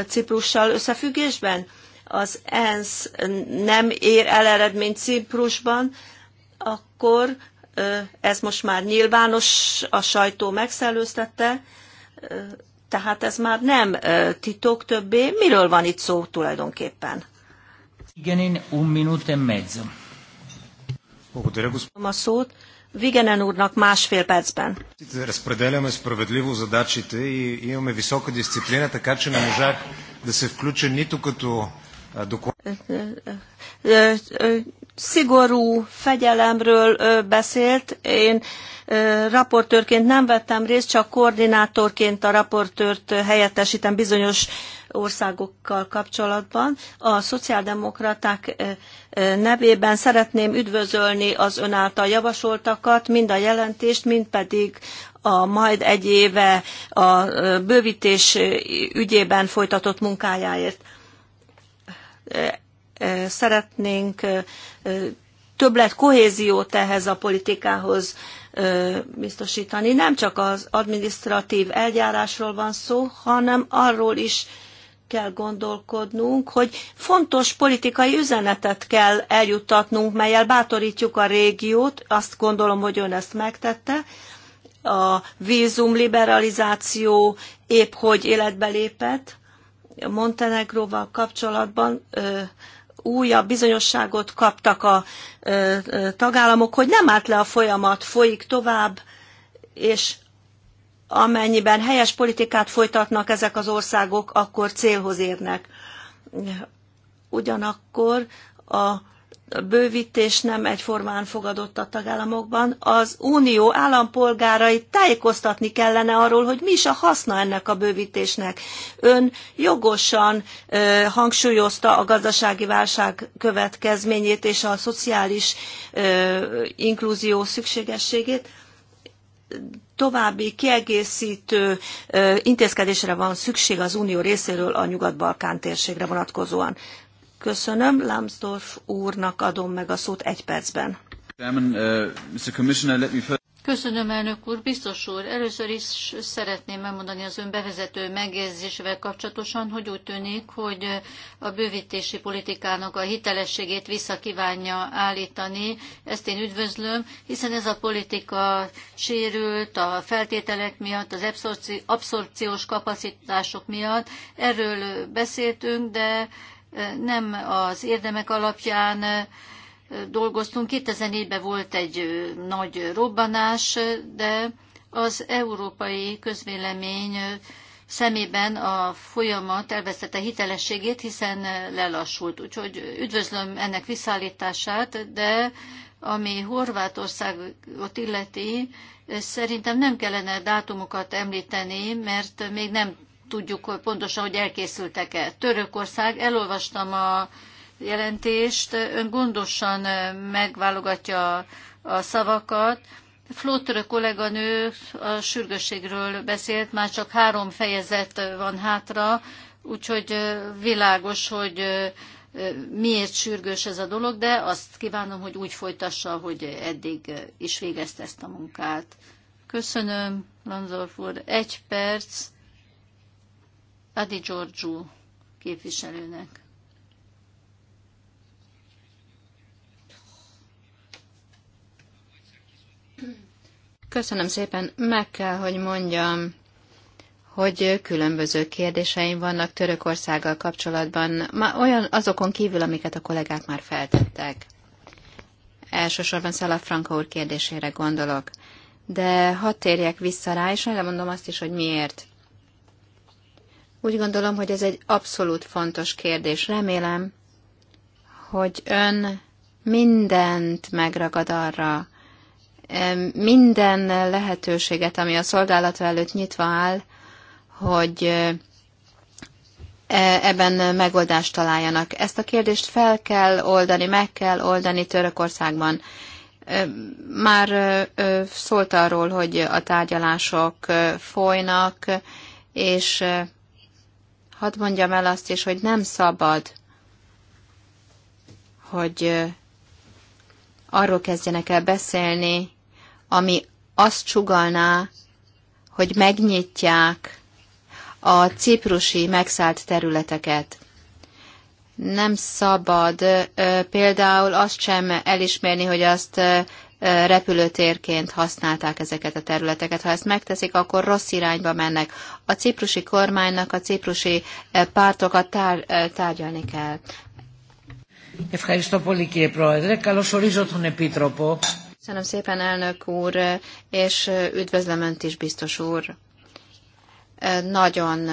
Ciprussal összefüggésben? az ENSZ nem ér el eredményt Ciprusban, akkor ez most már nyilvános, a sajtó megszellőztette, tehát ez már nem titok többé. Miről van itt szó tulajdonképpen? Igenin, un minut e mezzo. A szót. Vigenen úrnak másfél percben. Разпределяме справедливо задачите и имаме висока дисциплина, така че не можах да се включа нито като Szigorú fegyelemről beszélt. Én raportőrként nem vettem részt, csak koordinátorként a raportőrt helyettesítem bizonyos országokkal kapcsolatban. A szociáldemokraták nevében szeretném üdvözölni az ön által javasoltakat, mind a jelentést, mind pedig a majd egy éve a bővítés ügyében folytatott munkájáért szeretnénk többlet kohéziót ehhez a politikához biztosítani. Nem csak az administratív eljárásról van szó, hanem arról is kell gondolkodnunk, hogy fontos politikai üzenetet kell eljuttatnunk, melyel bátorítjuk a régiót, azt gondolom, hogy ön ezt megtette, a vízum liberalizáció épp hogy életbe lépett, Montenegróval kapcsolatban újabb bizonyosságot kaptak a tagállamok, hogy nem állt le a folyamat, folyik tovább, és amennyiben helyes politikát folytatnak ezek az országok, akkor célhoz érnek. Ugyanakkor a bővítés nem egyformán fogadott a tagállamokban, az unió állampolgárait tájékoztatni kellene arról, hogy mi is a haszna ennek a bővítésnek. Ön jogosan ö, hangsúlyozta a gazdasági válság következményét és a szociális ö, inkluzió szükségességét. További kiegészítő ö, intézkedésre van szükség az unió részéről a Nyugat-Balkán térségre vonatkozóan. Köszönöm. Lambsdorff úrnak adom meg a szót egy percben. Uh, Köszönöm, elnök úr. Biztos úr, először is szeretném elmondani az ön bevezető megjegyzésével kapcsolatosan, hogy úgy tűnik, hogy a bővítési politikának a hitelességét visszakívánja állítani. Ezt én üdvözlöm, hiszen ez a politika sérült a feltételek miatt, az abszorpciós kapacitások miatt. Erről beszéltünk, de nem az érdemek alapján dolgoztunk. 2004-ben volt egy nagy robbanás, de az európai közvélemény szemében a folyamat elvesztette hitelességét, hiszen lelassult. Úgyhogy üdvözlöm ennek visszaállítását, de ami Horvátországot illeti, szerintem nem kellene dátumokat említeni, mert még nem tudjuk pontosan, hogy elkészültek-e. Törökország, elolvastam a jelentést, ön gondosan megválogatja a szavakat. Flótörő kolléganő a sürgősségről beszélt, már csak három fejezet van hátra, úgyhogy világos, hogy miért sürgős ez a dolog, de azt kívánom, hogy úgy folytassa, hogy eddig is végezte ezt a munkát. Köszönöm, Lanzorf úr. Egy perc. Adi Giorgio képviselőnek. Köszönöm szépen. Meg kell, hogy mondjam, hogy különböző kérdéseim vannak Törökországgal kapcsolatban, ma olyan azokon kívül, amiket a kollégák már feltettek. Elsősorban Szala Franka úr kérdésére gondolok. De hadd térjek vissza rá, és elmondom azt is, hogy miért. Úgy gondolom, hogy ez egy abszolút fontos kérdés. Remélem, hogy ön mindent megragad arra, minden lehetőséget, ami a szolgálata előtt nyitva áll, hogy e, ebben megoldást találjanak. Ezt a kérdést fel kell oldani, meg kell oldani Törökországban. Már szólt arról, hogy a tárgyalások folynak, és hadd mondjam el azt is, hogy nem szabad, hogy arról kezdjenek el beszélni, ami azt csugalná, hogy megnyitják a ciprusi megszállt területeket. Nem szabad például azt sem elismerni, hogy azt repülőtérként használták ezeket a területeket. Ha ezt megteszik, akkor rossz irányba mennek. A ciprusi kormánynak a ciprusi pártokat tár, tárgyalni kell. Köszönöm szépen, elnök úr, és üdvözlöm Önt is, biztos úr. Nagyon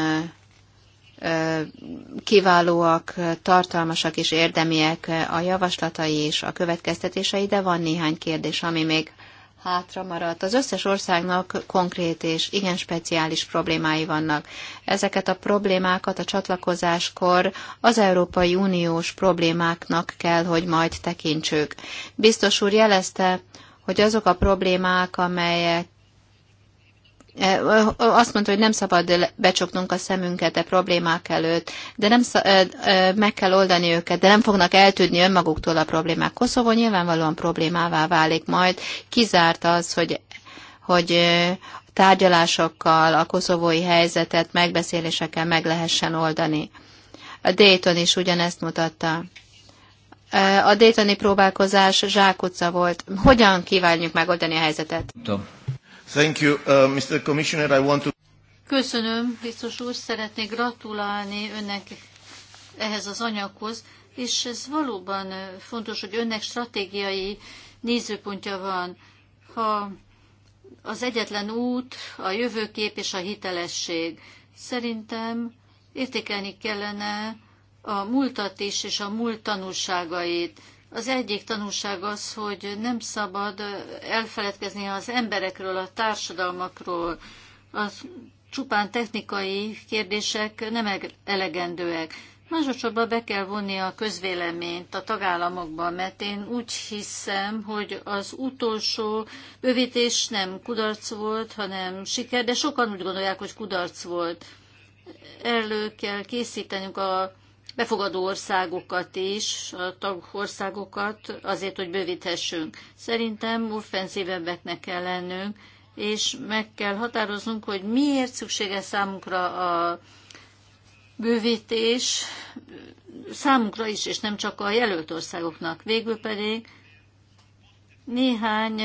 kiválóak, tartalmasak és érdemiek a javaslatai és a következtetései, de van néhány kérdés, ami még hátra maradt. Az összes országnak konkrét és igen speciális problémái vannak. Ezeket a problémákat a csatlakozáskor az Európai Uniós problémáknak kell, hogy majd tekintsük. Biztos úr jelezte, hogy azok a problémák, amelyek azt mondta, hogy nem szabad becsuknunk a szemünket a e problémák előtt, de nem meg kell oldani őket, de nem fognak eltűnni önmaguktól a problémák. Koszovó nyilvánvalóan problémává válik majd. Kizárt az, hogy, hogy tárgyalásokkal a koszovói helyzetet megbeszélésekkel meg lehessen oldani. A Dayton is ugyanezt mutatta. A Daytoni próbálkozás zsákutca volt. Hogyan kívánjuk megoldani a helyzetet? Tudom. Thank you, uh, Mr. Commissioner. I want to... Köszönöm, biztos úr, szeretnék gratulálni önnek ehhez az anyaghoz, és ez valóban uh, fontos, hogy önnek stratégiai nézőpontja van. Ha az egyetlen út, a jövőkép és a hitelesség. Szerintem értékelni kellene a múltat is és a múlt tanulságait. Az egyik tanulság az, hogy nem szabad elfeledkezni az emberekről, a társadalmakról. A csupán technikai kérdések nem e- elegendőek. Másodszorban be kell vonni a közvéleményt a tagállamokban, mert én úgy hiszem, hogy az utolsó bővítés nem kudarc volt, hanem siker, de sokan úgy gondolják, hogy kudarc volt. Elő kell készítenünk a befogadó országokat is, a tagországokat azért, hogy bővíthessünk. Szerintem offenzívebbeknek kell lennünk, és meg kell határoznunk, hogy miért szükséges számunkra a bővítés, számunkra is, és nem csak a jelölt országoknak. Végül pedig néhány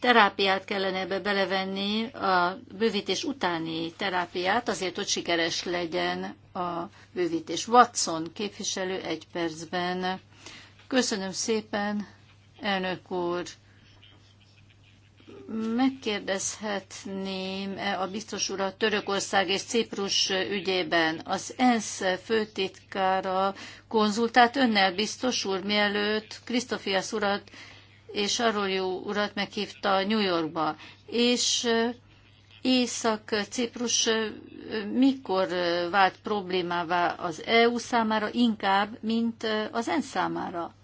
terápiát kellene ebbe belevenni, a bővítés utáni terápiát, azért, hogy sikeres legyen a bővítés. Watson képviselő egy percben. Köszönöm szépen, elnök úr. Megkérdezhetném-e a biztos urat Törökország és Ciprus ügyében? Az ENSZ főtitkára konzultált önnel, biztos úr, mielőtt Krisztofiasz urat és arról jó urat meghívta New Yorkba. És Észak-Ciprus mikor vált problémává az EU számára inkább, mint az en számára?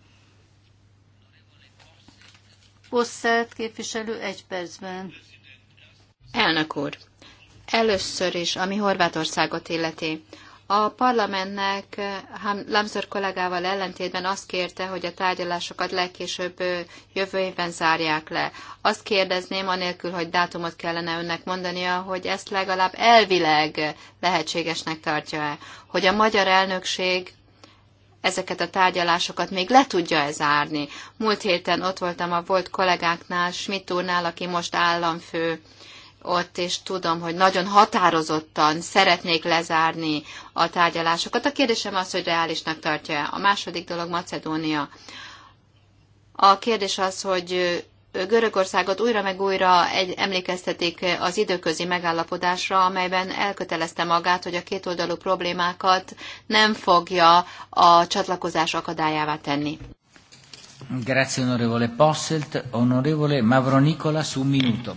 Posselt képviselő egy percben. Elnök úr, először is, ami Horvátországot illeti, a parlamentnek eh, Lamszor kollégával ellentétben azt kérte, hogy a tárgyalásokat legkésőbb eh, jövő évben zárják le. Azt kérdezném, anélkül, hogy dátumot kellene önnek mondania, hogy ezt legalább elvileg lehetségesnek tartja-e, hogy a magyar elnökség ezeket a tárgyalásokat még le tudja ez zárni. Múlt héten ott voltam a volt kollégáknál, Schmidt úrnál, aki most államfő ott, és tudom, hogy nagyon határozottan szeretnék lezárni a tárgyalásokat. A kérdésem az, hogy reálisnak tartja-e. A második dolog Macedónia. A kérdés az, hogy Görögországot újra meg újra egy, emlékeztetik az időközi megállapodásra, amelyben elkötelezte magát, hogy a kétoldalú problémákat nem fogja a csatlakozás akadályává tenni. Grazie onorevole Posselt, onorevole Mavro Nicola, su minuto.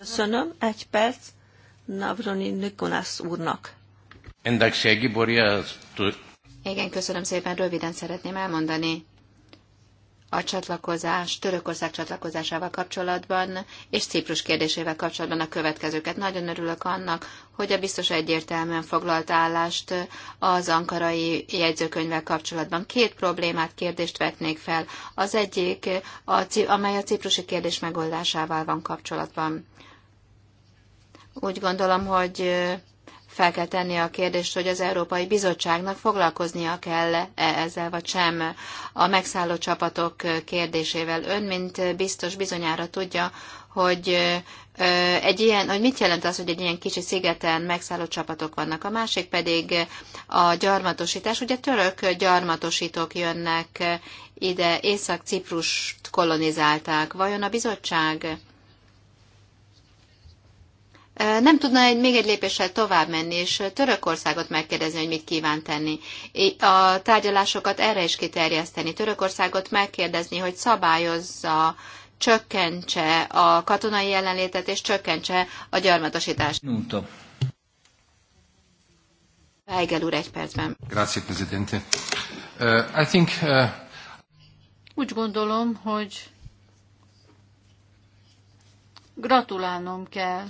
Köszönöm. Egy perc Navroni Nikonász úrnak. Igen, köszönöm szépen. Röviden szeretném elmondani a csatlakozás, Törökország csatlakozásával kapcsolatban és Ciprus kérdésével kapcsolatban a következőket. Nagyon örülök annak, hogy a biztos egyértelműen foglalt állást az ankarai jegyzőkönyvvel kapcsolatban. Két problémát, kérdést vetnék fel. Az egyik, amely a ciprusi kérdés megoldásával van kapcsolatban. Úgy gondolom, hogy fel kell tenni a kérdést, hogy az Európai Bizottságnak foglalkoznia kell -e ezzel vagy sem a megszálló csapatok kérdésével. Ön, mint biztos bizonyára tudja, hogy egy ilyen, hogy mit jelent az, hogy egy ilyen kicsi szigeten megszálló csapatok vannak. A másik pedig a gyarmatosítás. Ugye török gyarmatosítók jönnek ide, Észak-Ciprust kolonizálták. Vajon a bizottság nem tudna egy, még egy lépéssel tovább menni, és Törökországot megkérdezni, hogy mit kíván tenni. A tárgyalásokat erre is kiterjeszteni. Törökországot megkérdezni, hogy szabályozza, csökkentse a katonai jelenlétet, és csökkentse a gyarmatosítást. Nuto. Weigel úr, egy percben. Grazie, Presidente. Uh, I think, uh... Úgy gondolom, hogy gratulálnom kell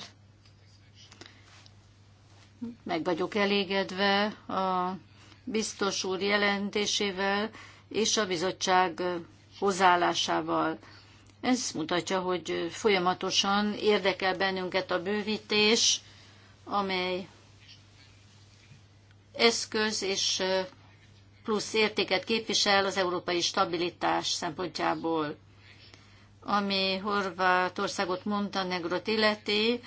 meg vagyok elégedve a biztos úr jelentésével és a bizottság hozzáállásával. Ez mutatja, hogy folyamatosan érdekel bennünket a bővítés, amely eszköz és plusz értéket képvisel az európai stabilitás szempontjából. Ami Horvátországot, Montenegrot illeti,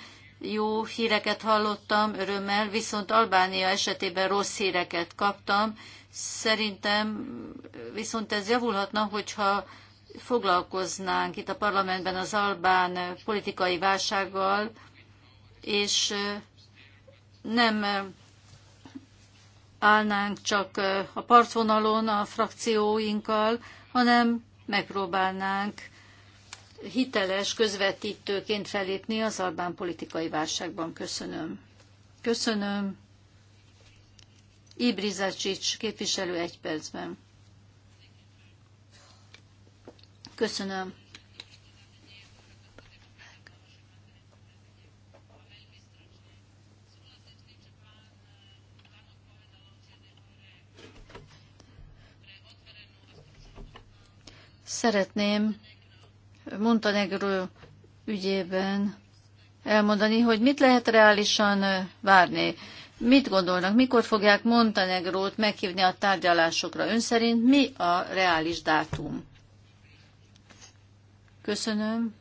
jó híreket hallottam örömmel, viszont Albánia esetében rossz híreket kaptam. Szerintem viszont ez javulhatna, hogyha foglalkoznánk itt a parlamentben az albán politikai válsággal, és nem állnánk csak a partvonalon a frakcióinkkal, hanem megpróbálnánk hiteles közvetítőként felépni az albán politikai válságban. Köszönöm. Köszönöm. Ibrizacsics képviselő egy percben. Köszönöm. Szeretném Montenegro ügyében elmondani, hogy mit lehet reálisan várni. Mit gondolnak, mikor fogják Montenegrót meghívni a tárgyalásokra? Ön szerint mi a reális dátum? Köszönöm.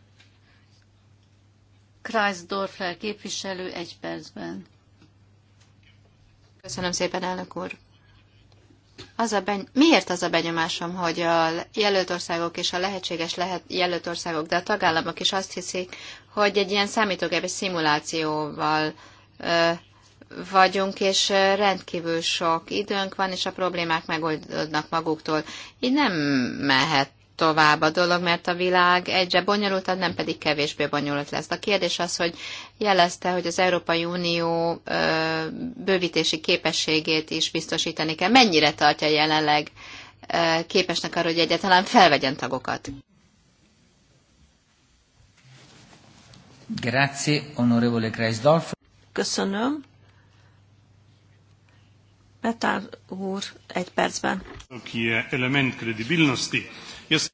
Kreisdorfer képviselő egy percben. Köszönöm szépen, elnök úr az a beny- miért az a benyomásom, hogy a jelölt országok és a lehetséges lehet jelölt országok, de a tagállamok is azt hiszik, hogy egy ilyen számítógépes szimulációval ö, vagyunk, és rendkívül sok időnk van, és a problémák megoldódnak maguktól. Így nem mehet tovább a dolog, mert a világ egyre bonyolultabb, nem pedig kevésbé bonyolult lesz. A kérdés az, hogy jelezte, hogy az Európai Unió bővítési képességét is biztosítani kell. Mennyire tartja jelenleg képesnek arra, hogy egyáltalán felvegyen tagokat? Grazie, onorevole Kreisdorf. Köszönöm. Petár úr, egy percben. Aki element kredibilnosti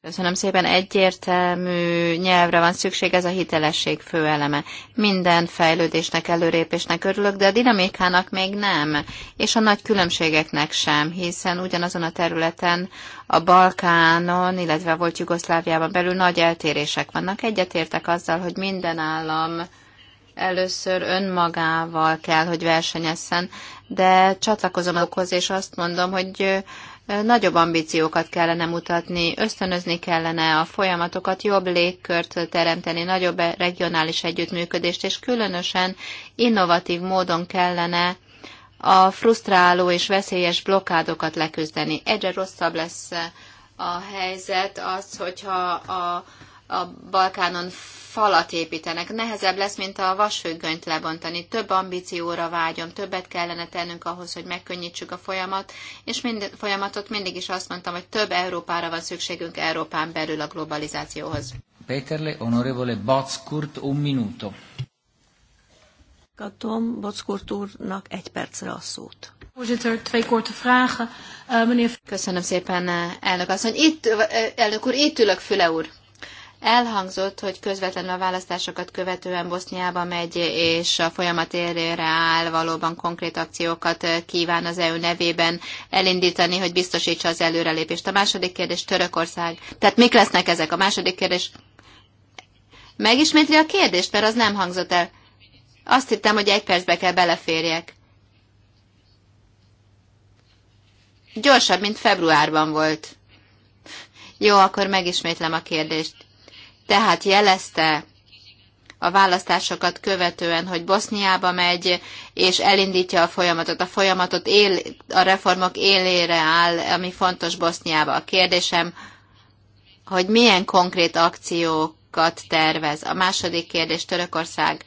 Köszönöm szépen, egyértelmű nyelvre van szükség, ez a hitelesség fő eleme. Minden fejlődésnek, előrépésnek örülök, de a dinamikának még nem, és a nagy különbségeknek sem, hiszen ugyanazon a területen, a Balkánon, illetve volt Jugoszláviában belül nagy eltérések vannak. Egyetértek azzal, hogy minden állam először önmagával kell, hogy versenyezzen, de csatlakozom okhoz, és azt mondom, hogy nagyobb ambíciókat kellene mutatni, ösztönözni kellene a folyamatokat, jobb légkört teremteni, nagyobb regionális együttműködést, és különösen innovatív módon kellene a frusztráló és veszélyes blokkádokat leküzdeni. Egyre rosszabb lesz a helyzet az, hogyha a a Balkánon falat építenek. Nehezebb lesz, mint a vasfüggönyt lebontani. Több ambícióra vágyom, többet kellene tennünk ahhoz, hogy megkönnyítsük a folyamat, és mind, folyamatot mindig is azt mondtam, hogy több Európára van szükségünk Európán belül a globalizációhoz. Péterle, honorevole Bockurt, un minuto. Katom Bockurt úrnak egy percre a szót. Eh, Köszönöm szépen, eh, elnök asszony. Itt, eh, elnök úr, itt ülök, Füle úr. Elhangzott, hogy közvetlenül a választásokat követően Boszniába megy, és a folyamat érére áll, valóban konkrét akciókat eh, kíván az EU nevében elindítani, hogy biztosítsa az előrelépést. A második kérdés Törökország. Tehát mik lesznek ezek? A második kérdés Megismétli a kérdést, mert az nem hangzott el. Azt hittem, hogy egy percbe kell beleférjek. Gyorsabb, mint februárban volt. Jó, akkor megismétlem a kérdést tehát jelezte a választásokat követően, hogy Boszniába megy, és elindítja a folyamatot. A folyamatot él, a reformok élére áll, ami fontos Boszniába. A kérdésem, hogy milyen konkrét akciókat tervez. A második kérdés Törökország.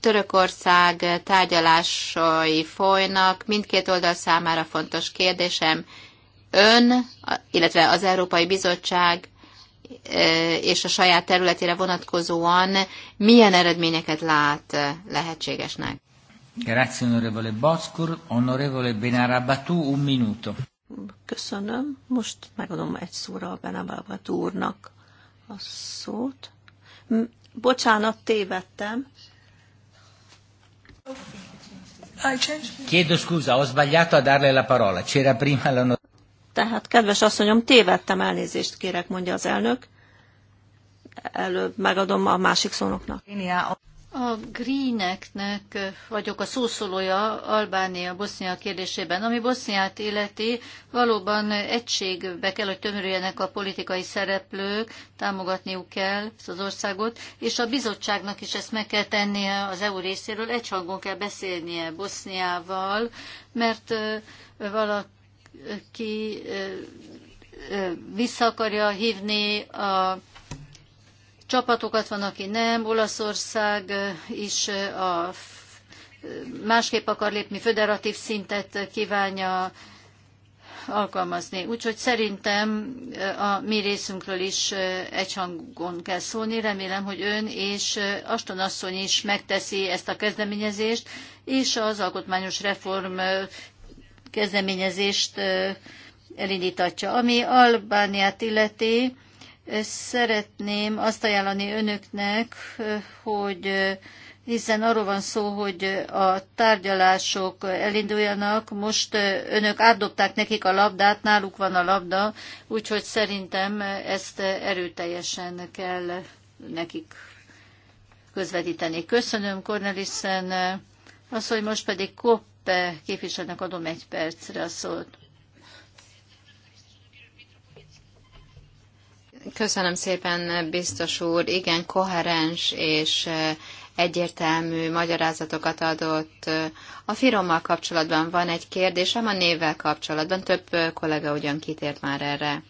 Törökország tárgyalásai folynak, mindkét oldal számára fontos kérdésem. Ön, illetve az Európai Bizottság és a saját területére vonatkozóan milyen eredményeket lát lehetségesnek. Grazie, onorevole Boskur. Onorevole Benarabatú, un minuto. Köszönöm. Most megadom egy szóra a Benarabatú úrnak a szót. Bocsánat, tévedtem. Chiedo scusa, ho sbagliato a darle la parola. C'era prima la tehát, kedves asszonyom, tévedtem, elnézést kérek, mondja az elnök. Előbb megadom a másik szónoknak. A Greeneknek vagyok a szószólója Albánia-Bosznia kérdésében. Ami Boszniát illeti, valóban egységbe kell, hogy tömörüljenek a politikai szereplők, támogatniuk kell ezt az országot, és a bizottságnak is ezt meg kell tennie az EU részéről, egyhangon kell beszélnie Boszniával, mert valaki ki vissza akarja hívni a csapatokat, van, aki nem. Olaszország is a másképp akar lépni, föderatív szintet kívánja alkalmazni. Úgyhogy szerintem a mi részünkről is egyhangon kell szólni. Remélem, hogy ön és Aston asszony is megteszi ezt a kezdeményezést, és az alkotmányos reform kezdeményezést elindítatja. Ami Albániát illeti, szeretném azt ajánlani önöknek, hogy hiszen arról van szó, hogy a tárgyalások elinduljanak, most önök átdobták nekik a labdát, náluk van a labda, úgyhogy szerintem ezt erőteljesen kell nekik közvetíteni. Köszönöm Cornelissen, az, hogy most pedig Kopp Rope képviselőnek adom egy percre a szót. Köszönöm szépen, biztos úr. Igen, koherens és eh, egyértelmű magyarázatokat adott. A firommal kapcsolatban van egy kérdésem, a névvel kapcsolatban. Több eh, kollega ugyan kitért már erre.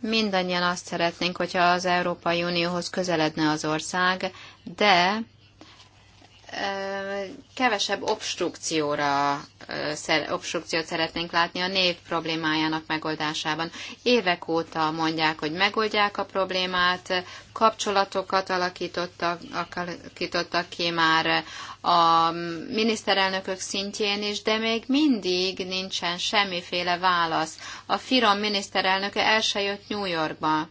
Mindannyian azt szeretnénk, hogyha az Európai Unióhoz közeledne az ország, de kevesebb obstrukcióra, obstrukciót szeretnénk látni a név problémájának megoldásában. Évek óta mondják, hogy megoldják a problémát, kapcsolatokat alakítottak, alakítottak ki már a miniszterelnökök szintjén is, de még mindig nincsen semmiféle válasz. A Firom miniszterelnöke el se jött New Yorkba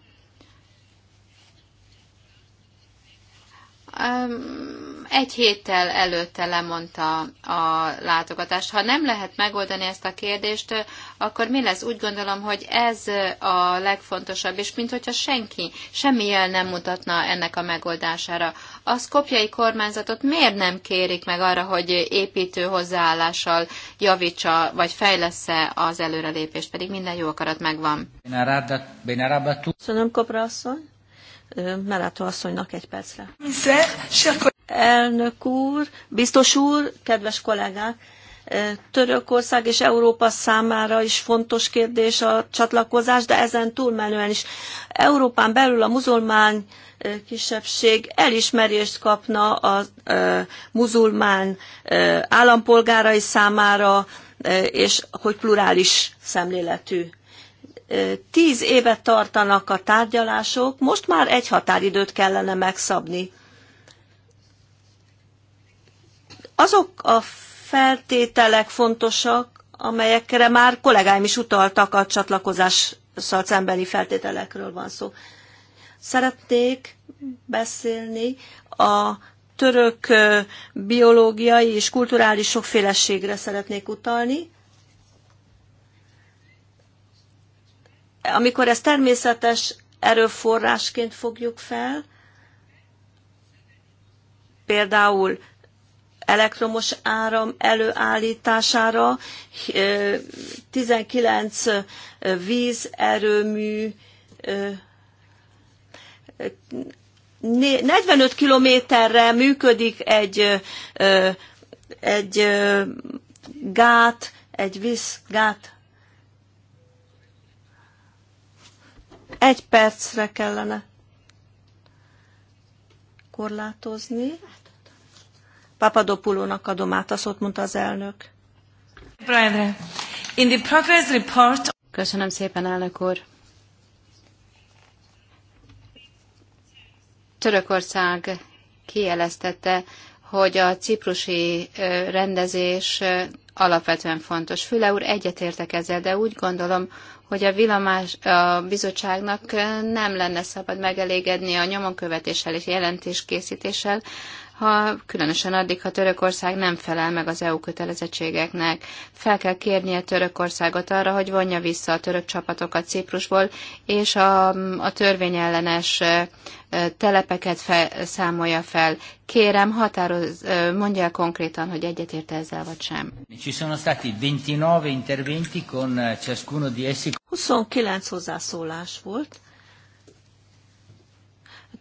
egy héttel előtte lemondta a látogatást. Ha nem lehet megoldani ezt a kérdést, akkor mi lesz? Úgy gondolom, hogy ez a legfontosabb, és mint hogyha senki semmi jel nem mutatna ennek a megoldására. A szkopjai kormányzatot miért nem kérik meg arra, hogy építő hozzáállással javítsa, vagy fejlesz-e az előrelépést, pedig minden jó akarat megvan. Köszönöm, Kopra asszony. Melátó asszonynak egy percre. Elnök úr, biztos úr, kedves kollégák, Törökország és Európa számára is fontos kérdés a csatlakozás, de ezen túlmenően is Európán belül a muzulmán kisebbség elismerést kapna a muzulmán állampolgárai számára, és hogy plurális szemléletű tíz évet tartanak a tárgyalások, most már egy határidőt kellene megszabni. Azok a feltételek fontosak, amelyekre már kollégáim is utaltak a csatlakozással szembeni feltételekről van szó. Szeretnék beszélni a török biológiai és kulturális sokféleségre szeretnék utalni. amikor ezt természetes erőforrásként fogjuk fel, például elektromos áram előállítására 19 vízerőmű 45 kilométerre működik egy, egy gát, egy vízgát egy percre kellene korlátozni. Papadopulónak adom át, azt ott mondta az elnök. In the progress report... Köszönöm szépen, elnök úr. Törökország kijeleztette, hogy a ciprusi rendezés alapvetően fontos. Füle úr, egyetértek ezzel, de úgy gondolom, hogy a, villamás, a bizottságnak nem lenne szabad megelégedni a nyomonkövetéssel és jelentéskészítéssel, ha különösen addig, ha Törökország nem felel meg az EU kötelezettségeknek. Fel kell kérnie Törökországot arra, hogy vonja vissza a török csapatokat Ciprusból, és a, a törvényellenes telepeket fel, számolja fel. Kérem, határoz, mondja el konkrétan, hogy egyetért ezzel vagy sem. Ci sono stati 29 interventi con eh, ciascuno di essi. 29 hozzászólás volt,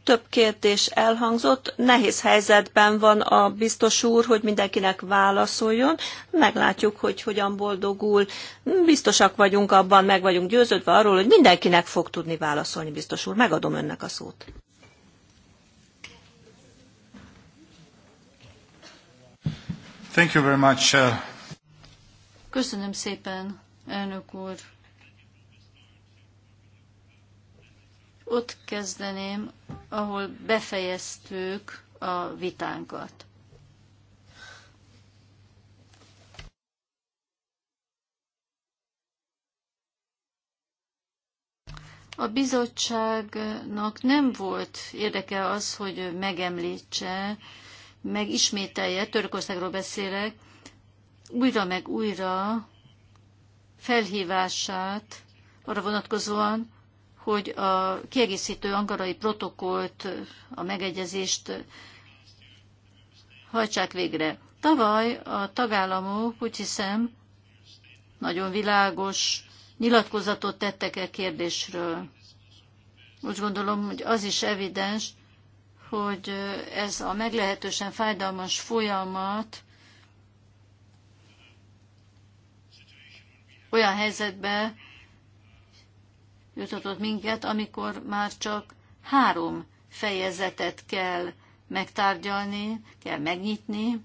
több kérdés elhangzott. Nehéz helyzetben van a biztos úr, hogy mindenkinek válaszoljon. Meglátjuk, hogy hogyan boldogul. Biztosak vagyunk abban, meg vagyunk győződve arról, hogy mindenkinek fog tudni válaszolni, biztos úr. Megadom önnek a szót. Thank you very much. Uh, Köszönöm szépen, elnök úr. Ott kezdeném, ahol befejeztük a vitánkat. A bizottságnak nem volt érdeke az, hogy megemlítse, megismételje, Törökországról beszélek, újra meg újra felhívását arra vonatkozóan, hogy a kiegészítő angarai protokollt, a megegyezést hajtsák végre. Tavaly a tagállamok úgy hiszem nagyon világos nyilatkozatot tettek e kérdésről. Úgy gondolom, hogy az is evidens, hogy ez a meglehetősen fájdalmas folyamat olyan helyzetbe jutatott minket, amikor már csak három fejezetet kell megtárgyalni, kell megnyitni,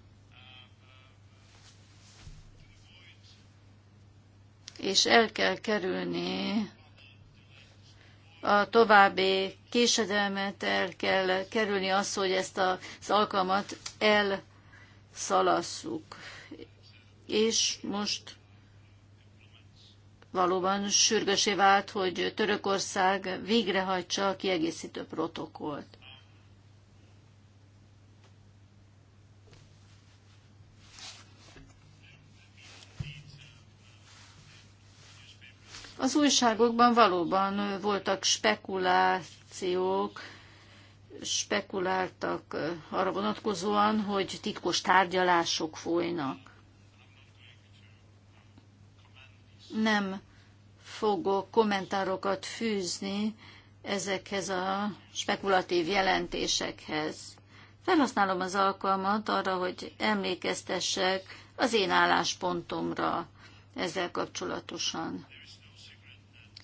és el kell kerülni a további késedelmet, el kell kerülni azt, hogy ezt az alkalmat elszalasszuk. És most valóban sürgősé vált, hogy Törökország végrehajtsa a kiegészítő protokollt. Az újságokban valóban voltak spekulációk, spekuláltak arra vonatkozóan, hogy titkos tárgyalások folynak. Nem fogok kommentárokat fűzni ezekhez a spekulatív jelentésekhez. Felhasználom az alkalmat arra, hogy emlékeztessek az én álláspontomra ezzel kapcsolatosan.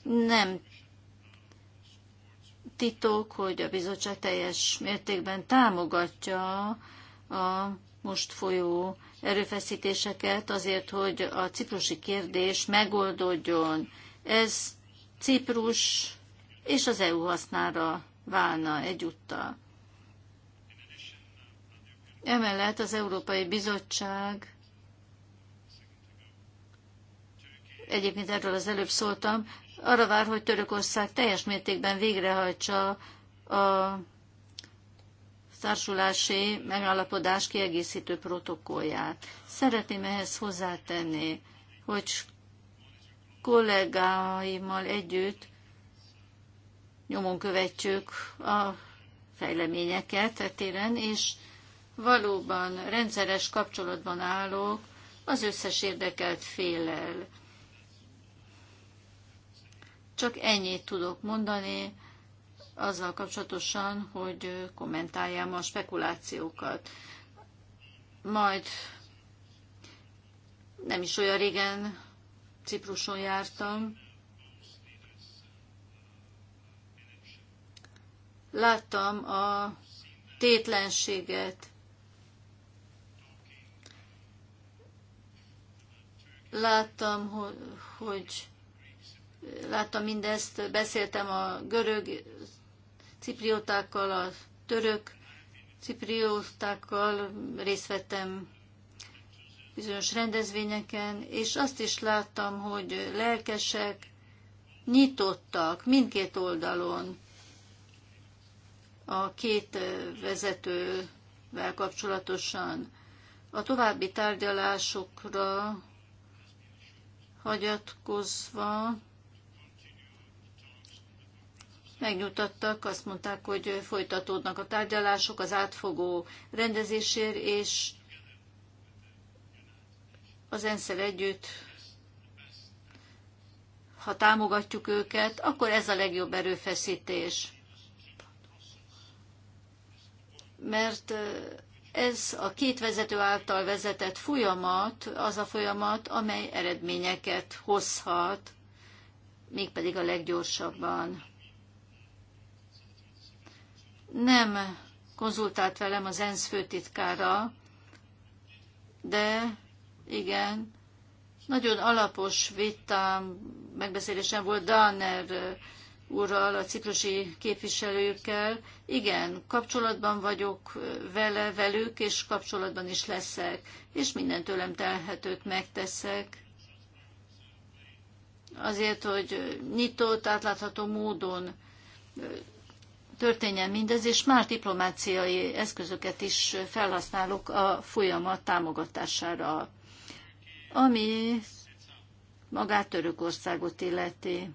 Nem titok, hogy a bizottság teljes mértékben támogatja a most folyó erőfeszítéseket azért, hogy a ciprusi kérdés megoldódjon, ez Ciprus és az EU hasznára válna egyúttal. Emellett az Európai Bizottság, egyébként erről az előbb szóltam, arra vár, hogy Törökország teljes mértékben végrehajtsa a társulási megállapodás kiegészítő protokollját. Szeretném ehhez hozzátenni, hogy kollégáimmal együtt nyomon követjük a fejleményeket e téren, és valóban rendszeres kapcsolatban állok az összes érdekelt félel. Csak ennyit tudok mondani azzal kapcsolatosan, hogy kommentáljam a spekulációkat. Majd nem is olyan régen Cipruson jártam. Láttam a tétlenséget. Láttam, hogy láttam mindezt, beszéltem a görög cipriótákkal, a török cipriótákkal, részt vettem bizonyos rendezvényeken, és azt is láttam, hogy lelkesek, nyitottak mindkét oldalon a két vezetővel kapcsolatosan. A további tárgyalásokra hagyatkozva megnyugtattak, azt mondták, hogy folytatódnak a tárgyalások az átfogó rendezésért, és az ensz együtt, ha támogatjuk őket, akkor ez a legjobb erőfeszítés. Mert ez a két vezető által vezetett folyamat az a folyamat, amely eredményeket hozhat, mégpedig a leggyorsabban. Nem konzultált velem az ENSZ főtitkára, de igen, nagyon alapos vitám, megbeszélésem volt Danner úrral, a ciprusi képviselőkkel. Igen, kapcsolatban vagyok vele, velük, és kapcsolatban is leszek, és minden tőlem telhetőt megteszek. Azért, hogy nyitott, átlátható módon történjen mindez, és már diplomáciai eszközöket is felhasználok a folyamat támogatására ami magát Törökországot illeti.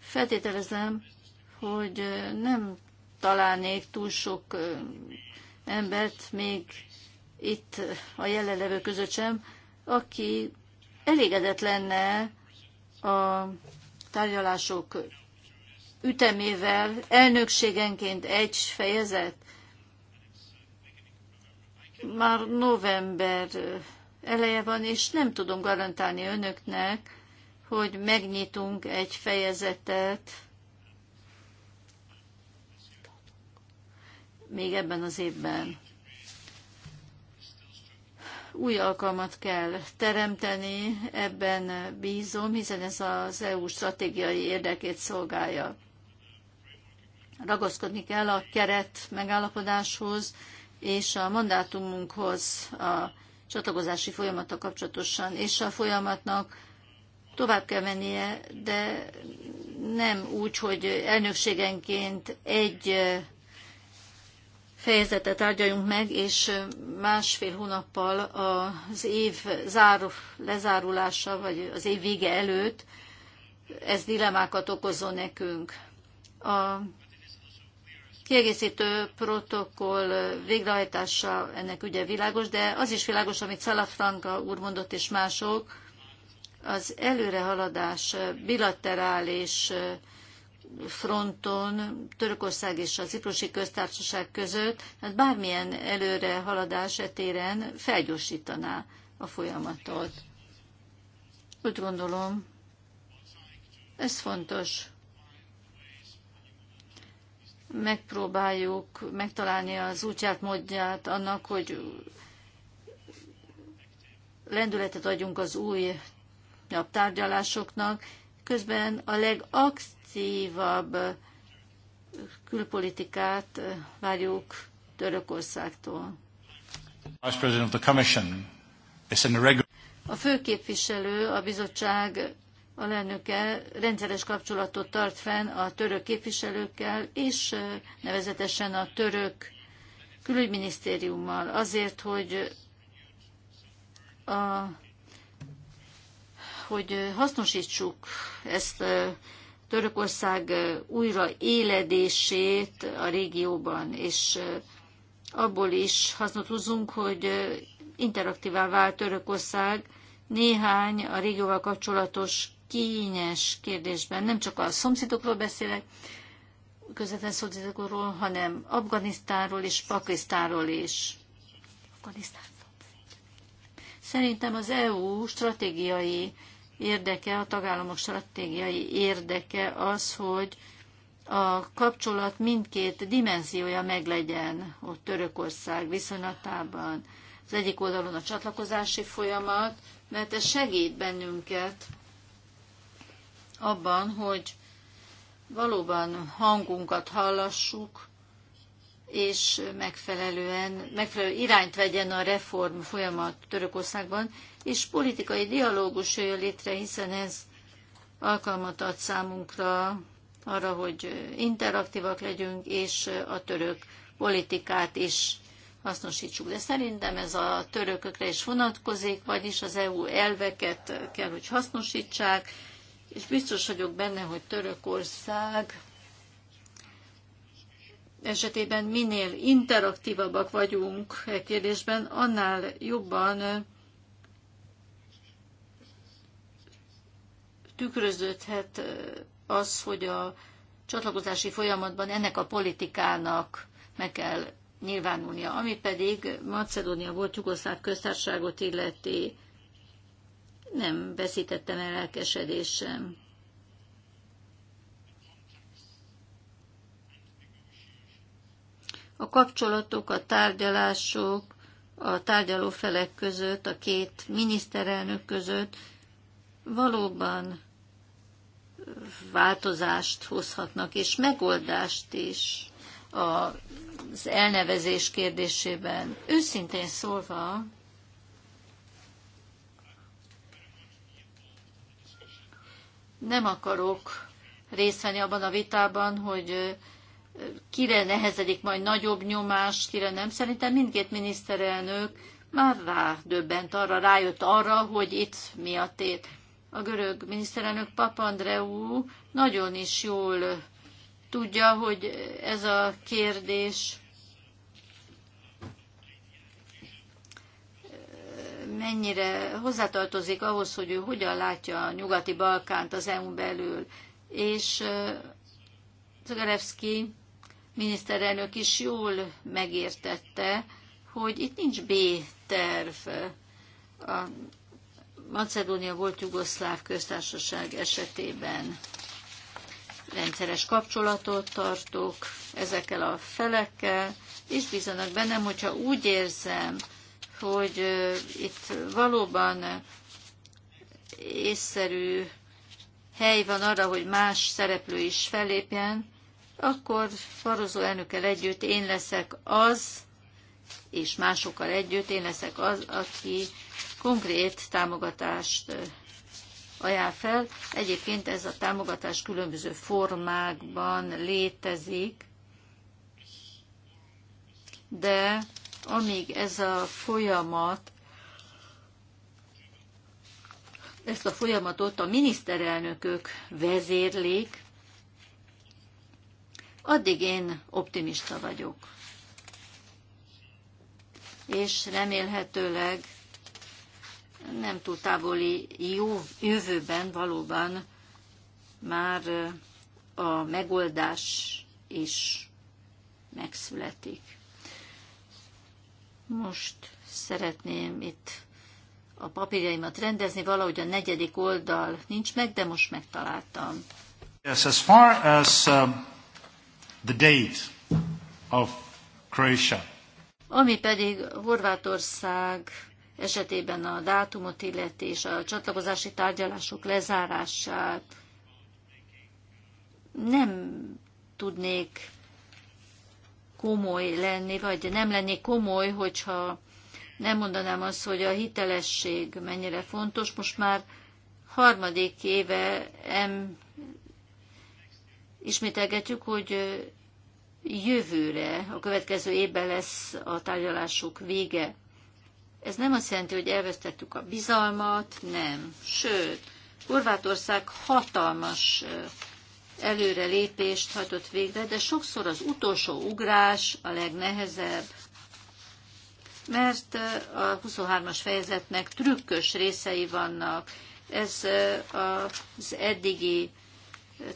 Feltételezem, hogy nem találnék túl sok embert, még itt a jelenlevő között sem, aki elégedett lenne a tárgyalások ütemével, elnökségenként egy fejezet, már november eleje van, és nem tudom garantálni önöknek, hogy megnyitunk egy fejezetet még ebben az évben. Új alkalmat kell teremteni, ebben bízom, hiszen ez az EU stratégiai érdekét szolgálja. Ragaszkodni kell a keret megállapodáshoz, és a mandátumunkhoz a csatlakozási folyamata kapcsolatosan, és a folyamatnak tovább kell mennie, de nem úgy, hogy elnökségenként egy fejezetet tárgyaljunk meg, és másfél hónappal az év zár, lezárulása, vagy az év vége előtt ez dilemákat okozó nekünk. A kiegészítő protokoll végrehajtása ennek ugye világos, de az is világos, amit Salafranca úr mondott és mások, az előrehaladás bilaterális fronton Törökország és a Ciprusi Köztársaság között, Ez hát bármilyen előrehaladás etéren felgyorsítaná a folyamatot. Úgy gondolom, ez fontos megpróbáljuk megtalálni az útját, módját annak, hogy lendületet adjunk az új tárgyalásoknak, közben a legaktívabb külpolitikát várjuk Törökországtól. A főképviselő a bizottság alelnöke rendszeres kapcsolatot tart fenn a török képviselőkkel, és nevezetesen a török külügyminisztériummal azért, hogy, a, hogy hasznosítsuk ezt Törökország újra éledését a régióban, és abból is hasznot húzunk, hogy interaktívá vált Törökország néhány a régióval kapcsolatos kényes kérdésben. Nem csak a szomszédokról beszélek, közvetlen szomszédokról, hanem Afganisztánról és Pakisztánról is. Szerintem az EU stratégiai érdeke, a tagállamok stratégiai érdeke az, hogy a kapcsolat mindkét dimenziója meglegyen ott Törökország viszonylatában. Az egyik oldalon a csatlakozási folyamat, mert ez segít bennünket abban, hogy valóban hangunkat hallassuk, és megfelelően, megfelelő irányt vegyen a reform folyamat Törökországban, és politikai dialógus jöjjön létre, hiszen ez alkalmat ad számunkra arra, hogy interaktívak legyünk, és a török politikát is hasznosítsuk. De szerintem ez a törökökre is vonatkozik, vagyis az EU elveket kell, hogy hasznosítsák, és biztos vagyok benne, hogy Törökország esetében minél interaktívabbak vagyunk e kérdésben, annál jobban tükröződhet e, az, hogy a csatlakozási folyamatban ennek a politikának meg kell nyilvánulnia. Ami pedig Macedónia volt Jugoszláv köztársaságot illeti nem veszítettem el lelkesedésem. A kapcsolatok, a tárgyalások, a tárgyalófelek között, a két miniszterelnök között valóban változást hozhatnak, és megoldást is az elnevezés kérdésében. Őszintén szólva, nem akarok részt venni abban a vitában, hogy kire nehezedik majd nagyobb nyomás, kire nem. Szerintem mindkét miniszterelnök már rádöbbent arra, rájött arra, hogy itt mi a tét. A görög miniszterelnök Papandreou nagyon is jól tudja, hogy ez a kérdés mennyire hozzátartozik ahhoz, hogy ő hogyan látja a nyugati Balkánt az EU-n belül. És Zagarevszki miniszterelnök is jól megértette, hogy itt nincs B-terv. A Macedónia volt Jugoszláv köztársaság esetében rendszeres kapcsolatot tartok ezekkel a felekkel, és bízanak bennem, hogyha úgy érzem, hogy itt valóban észszerű hely van arra, hogy más szereplő is felépjen, akkor Farozó elnökkel együtt én leszek az, és másokkal együtt én leszek az, aki konkrét támogatást ajánl fel. Egyébként ez a támogatás különböző formákban létezik, de amíg ez a folyamat ezt a folyamatot a miniszterelnökök vezérlik, addig én optimista vagyok. És remélhetőleg nem túl távoli jó jövőben valóban már a megoldás is megszületik. Most szeretném itt a papírjaimat rendezni, valahogy a negyedik oldal nincs meg, de most megtaláltam. Yes, as far as um, the date of Croatia. Ami pedig Horvátország esetében a dátumot illeti és a csatlakozási tárgyalások lezárását nem tudnék komoly lenni, vagy nem lenni komoly, hogyha nem mondanám azt, hogy a hitelesség mennyire fontos. Most már harmadik éve em, ismételgetjük, hogy jövőre, a következő évben lesz a tárgyalások vége. Ez nem azt jelenti, hogy elvesztettük a bizalmat, nem. Sőt, Horvátország hatalmas előre lépést hajtott végre, de sokszor az utolsó ugrás a legnehezebb, mert a 23-as fejezetnek trükkös részei vannak. Ez az eddigi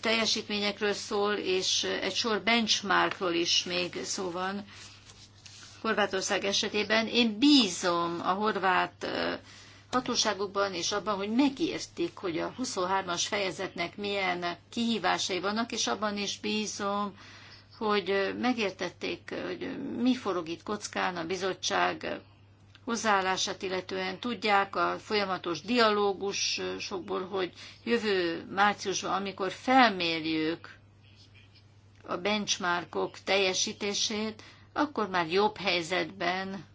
teljesítményekről szól, és egy sor benchmarkról is még szó van. Horvátország esetében én bízom a horvát hatóságokban és abban, hogy megértik, hogy a 23-as fejezetnek milyen kihívásai vannak, és abban is bízom, hogy megértették, hogy mi forog itt kockán a bizottság hozzáállását illetően tudják a folyamatos dialógusokból, hogy jövő márciusban, amikor felmérjük a benchmarkok teljesítését, akkor már jobb helyzetben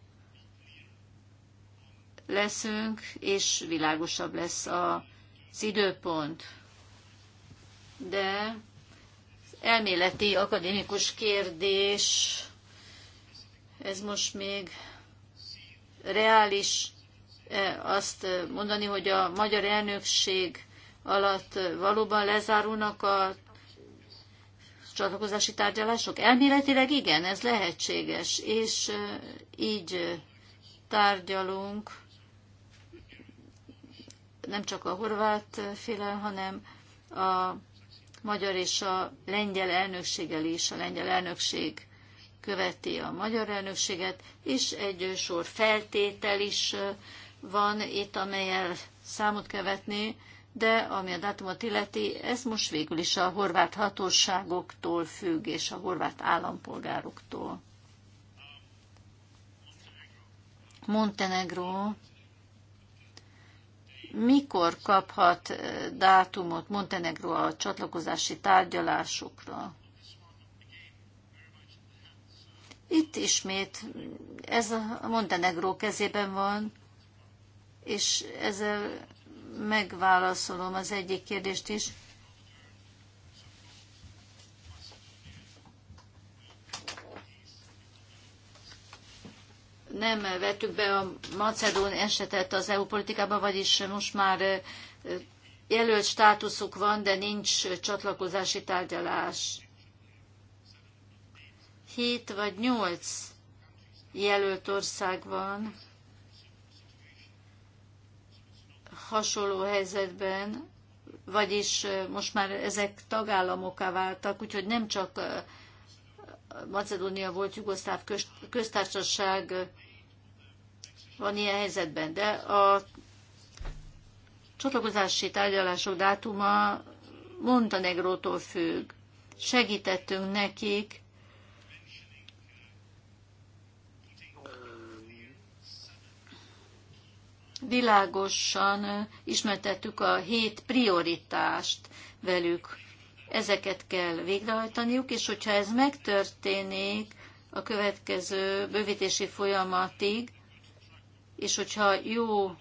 leszünk, és világosabb lesz az időpont. De elméleti, akadémikus kérdés, ez most még reális e, azt mondani, hogy a magyar elnökség alatt valóban lezárulnak a csatlakozási tárgyalások? Elméletileg igen, ez lehetséges, és e, így tárgyalunk nem csak a horvát féle, hanem a magyar és a lengyel elnökséggel is. A lengyel elnökség követi a magyar elnökséget, és egy sor feltétel is van itt, amelyel számot kell vetni, de ami a dátumot illeti, ez most végül is a horvát hatóságoktól függ, és a horvát állampolgároktól. Montenegro mikor kaphat eh, dátumot Montenegro a csatlakozási tárgyalásokra? Itt ismét ez a Montenegro kezében van, és ezzel megválaszolom az egyik kérdést is. nem vettük be a macedón esetet az EU politikába, vagyis most már jelölt státuszuk van, de nincs csatlakozási tárgyalás. Hét vagy nyolc jelölt ország van hasonló helyzetben, vagyis most már ezek tagállamokká váltak, úgyhogy nem csak Macedónia volt jugoszláv köztársaság van ilyen helyzetben, de a csatlakozási tárgyalások dátuma Montenegrótól függ. Segítettünk nekik világosan ismertettük a hét prioritást velük. Ezeket kell végrehajtaniuk, és hogyha ez megtörténik a következő bővítési folyamatig, és hogyha jó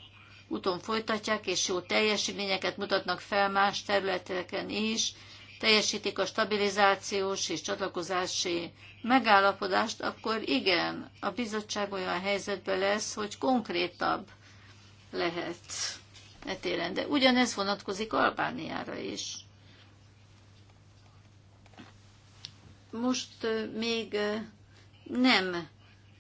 úton folytatják, és jó teljesítményeket mutatnak fel más területeken is, teljesítik a stabilizációs és csatlakozási megállapodást, akkor igen, a bizottság olyan helyzetben lesz, hogy konkrétabb lehet e téren De ugyanez vonatkozik Albániára is. Most még nem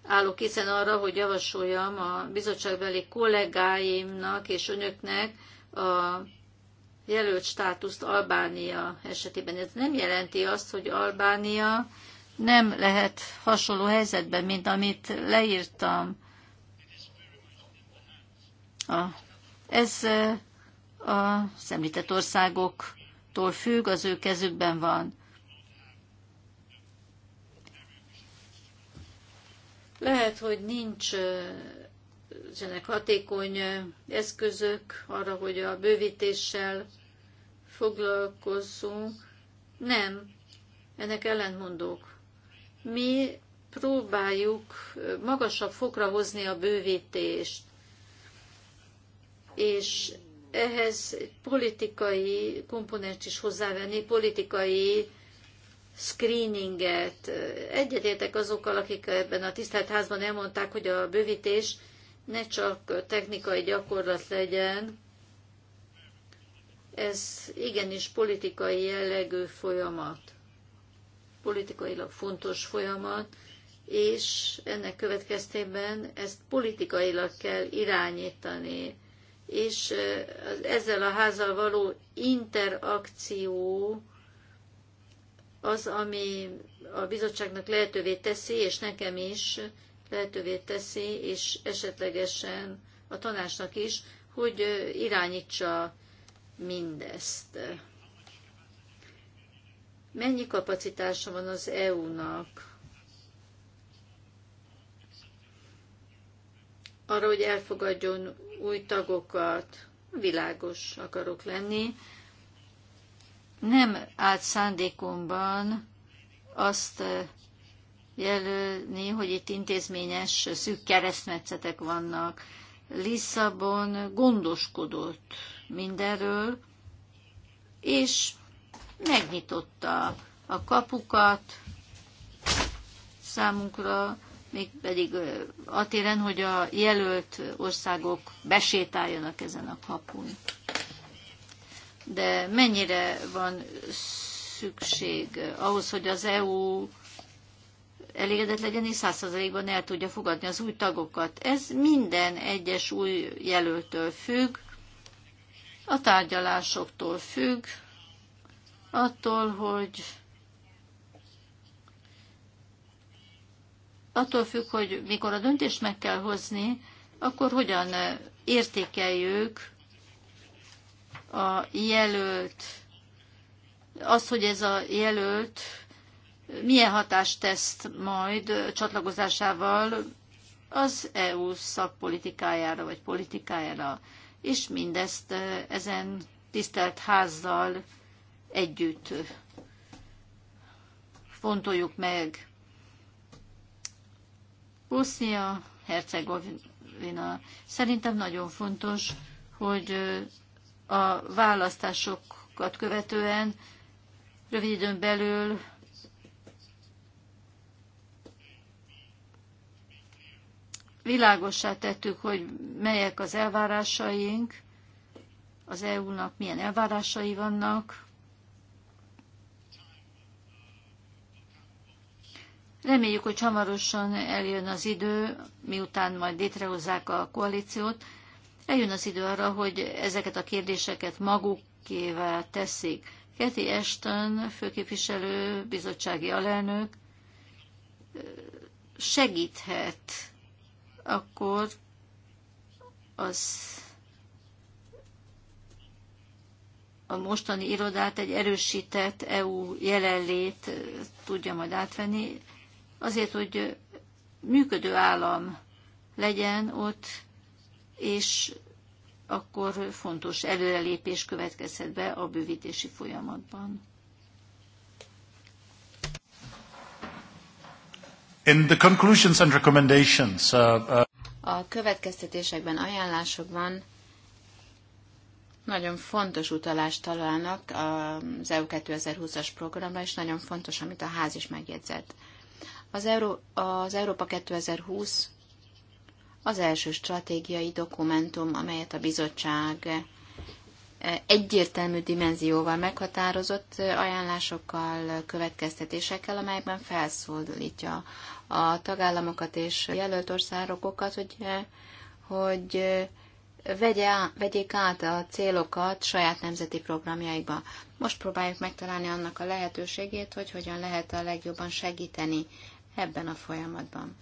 állok készen arra, hogy javasoljam a bizottságbeli kollégáimnak és önöknek a jelölt státuszt Albánia esetében. Ez nem jelenti azt, hogy Albánia nem lehet hasonló helyzetben, mint amit leírtam. A, ez eh, a említett országoktól függ, az ő kezükben van. Lehet, hogy nincs nincsenek hatékony eszközök arra, hogy a bővítéssel foglalkozzunk. Nem, ennek ellentmondók. Mi próbáljuk magasabb fokra hozni a bővítést, és ehhez politikai komponens is hozzávenni, politikai screeninget. Egyetértek azokkal, akik ebben a tisztelt házban elmondták, hogy a bővítés ne csak technikai gyakorlat legyen, ez igenis politikai jellegű folyamat, politikailag fontos folyamat, és ennek következtében ezt politikailag kell irányítani, és eh, ezzel a házal való interakció az, ami a bizottságnak lehetővé teszi, és nekem is lehetővé teszi, és esetlegesen a tanácsnak is, hogy irányítsa mindezt. Mennyi kapacitása van az EU-nak arra, hogy elfogadjon új tagokat? Világos akarok lenni nem állt szándékomban azt eh, jelölni, hogy itt intézményes szűk keresztmetszetek vannak. Lisszabon gondoskodott mindenről, és megnyitotta a kapukat számunkra, még pedig eh, a téren, hogy a jelölt országok besétáljanak ezen a kapun de mennyire van szükség eh, ahhoz, hogy az EU elégedett legyen, és százszerzalékban el tudja fogadni az új tagokat. Ez minden egyes új jelöltől függ, a tárgyalásoktól függ, attól, hogy attól függ, hogy mikor a döntést meg kell hozni, akkor hogyan eh, értékeljük a jelölt, az, hogy ez a jelölt milyen hatást tesz majd csatlakozásával az EU szakpolitikájára vagy politikájára, és mindezt ezen tisztelt házzal együtt fontoljuk meg. Bosznia, Hercegovina. Szerintem nagyon fontos, hogy a választásokat követően rövid időn belül világossá tettük, hogy melyek az elvárásaink, az EU-nak milyen elvárásai vannak. Reméljük, hogy hamarosan eljön az idő, miután majd létrehozzák a koalíciót, Eljön az idő arra, hogy ezeket a kérdéseket magukévá teszik. Kathy Ashton, főképviselő, bizottsági alelnök segíthet akkor az a mostani irodát egy erősített EU jelenlét tudja majd átvenni, azért, hogy működő állam legyen ott és akkor fontos előrelépés következhet be a bővítési folyamatban. In the conclusions and recommendations, uh, uh... A következtetésekben, ajánlásokban nagyon fontos utalást találnak az EU 2020-as programra, és nagyon fontos, amit a ház is megjegyzett. Az, Euró- az Európa 2020 az első stratégiai dokumentum, amelyet a bizottság eh, egyértelmű dimenzióval meghatározott eh, ajánlásokkal, következtetésekkel, amelyben felszólítja a tagállamokat és jelölt országokat, hogy, eh, hogy vegye, vegyék át a célokat saját nemzeti programjaikba. Most próbáljuk megtalálni annak a lehetőségét, hogy hogyan lehet a legjobban segíteni ebben a folyamatban.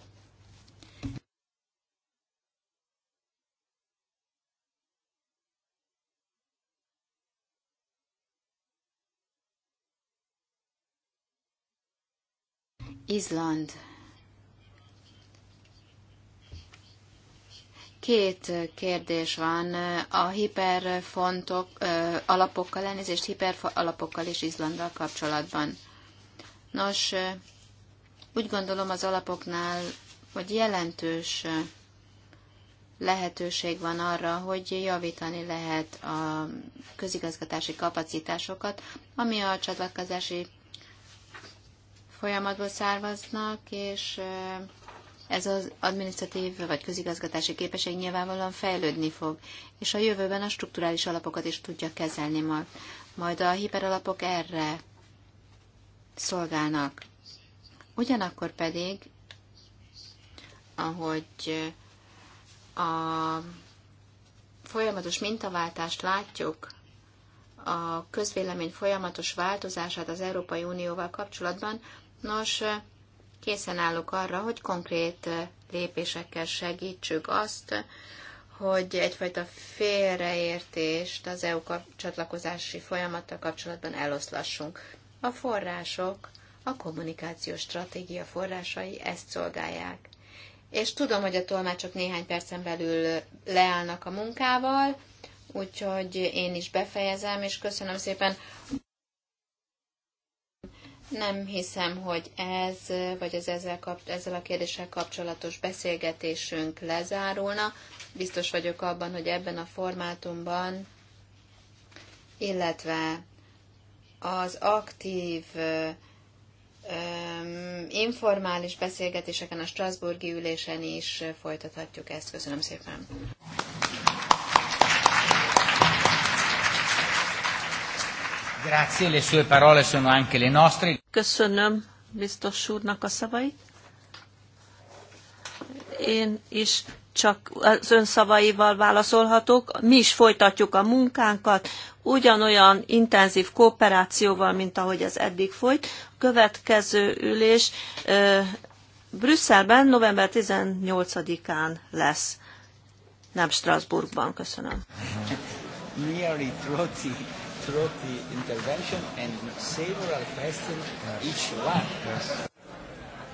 Izland Két kérdés van. A hiperfontok alapokkal, elnézést hiperalapokkal és Izlanddal kapcsolatban. Nos, úgy gondolom az alapoknál, hogy jelentős lehetőség van arra, hogy javítani lehet a közigazgatási kapacitásokat, ami a csatlakozási folyamatból származnak, és ez az adminisztratív vagy közigazgatási képesség nyilvánvalóan fejlődni fog, és a jövőben a strukturális alapokat is tudja kezelni majd. Majd a hiperalapok erre szolgálnak. Ugyanakkor pedig, ahogy a folyamatos mintaváltást látjuk, a közvélemény folyamatos változását az Európai Unióval kapcsolatban, Nos, készen állok arra, hogy konkrét lépésekkel segítsük azt, hogy egyfajta félreértést az EU csatlakozási folyamattal kapcsolatban eloszlassunk. A források, a kommunikációs stratégia forrásai ezt szolgálják. És tudom, hogy a tolmácsok néhány percen belül leállnak a munkával, úgyhogy én is befejezem, és köszönöm szépen. Nem hiszem, hogy ez, vagy az ezzel, kap, ezzel a kérdéssel kapcsolatos beszélgetésünk lezárulna. Biztos vagyok abban, hogy ebben a formátumban, illetve az aktív informális beszélgetéseken, a Strasburgi ülésen is folytathatjuk ezt. Köszönöm szépen! Grazie, le sue parole sono anche le nostre. Köszönöm biztos úrnak a szavait. Én is csak az ön szavaival válaszolhatok. Mi is folytatjuk a munkánkat, ugyanolyan intenzív kooperációval, mint ahogy ez eddig folyt. A következő ülés ö, Brüsszelben november 18-án lesz, nem Strasbourgban. Köszönöm. Nearly throughout the intervention and several questions yes. each one. Yes.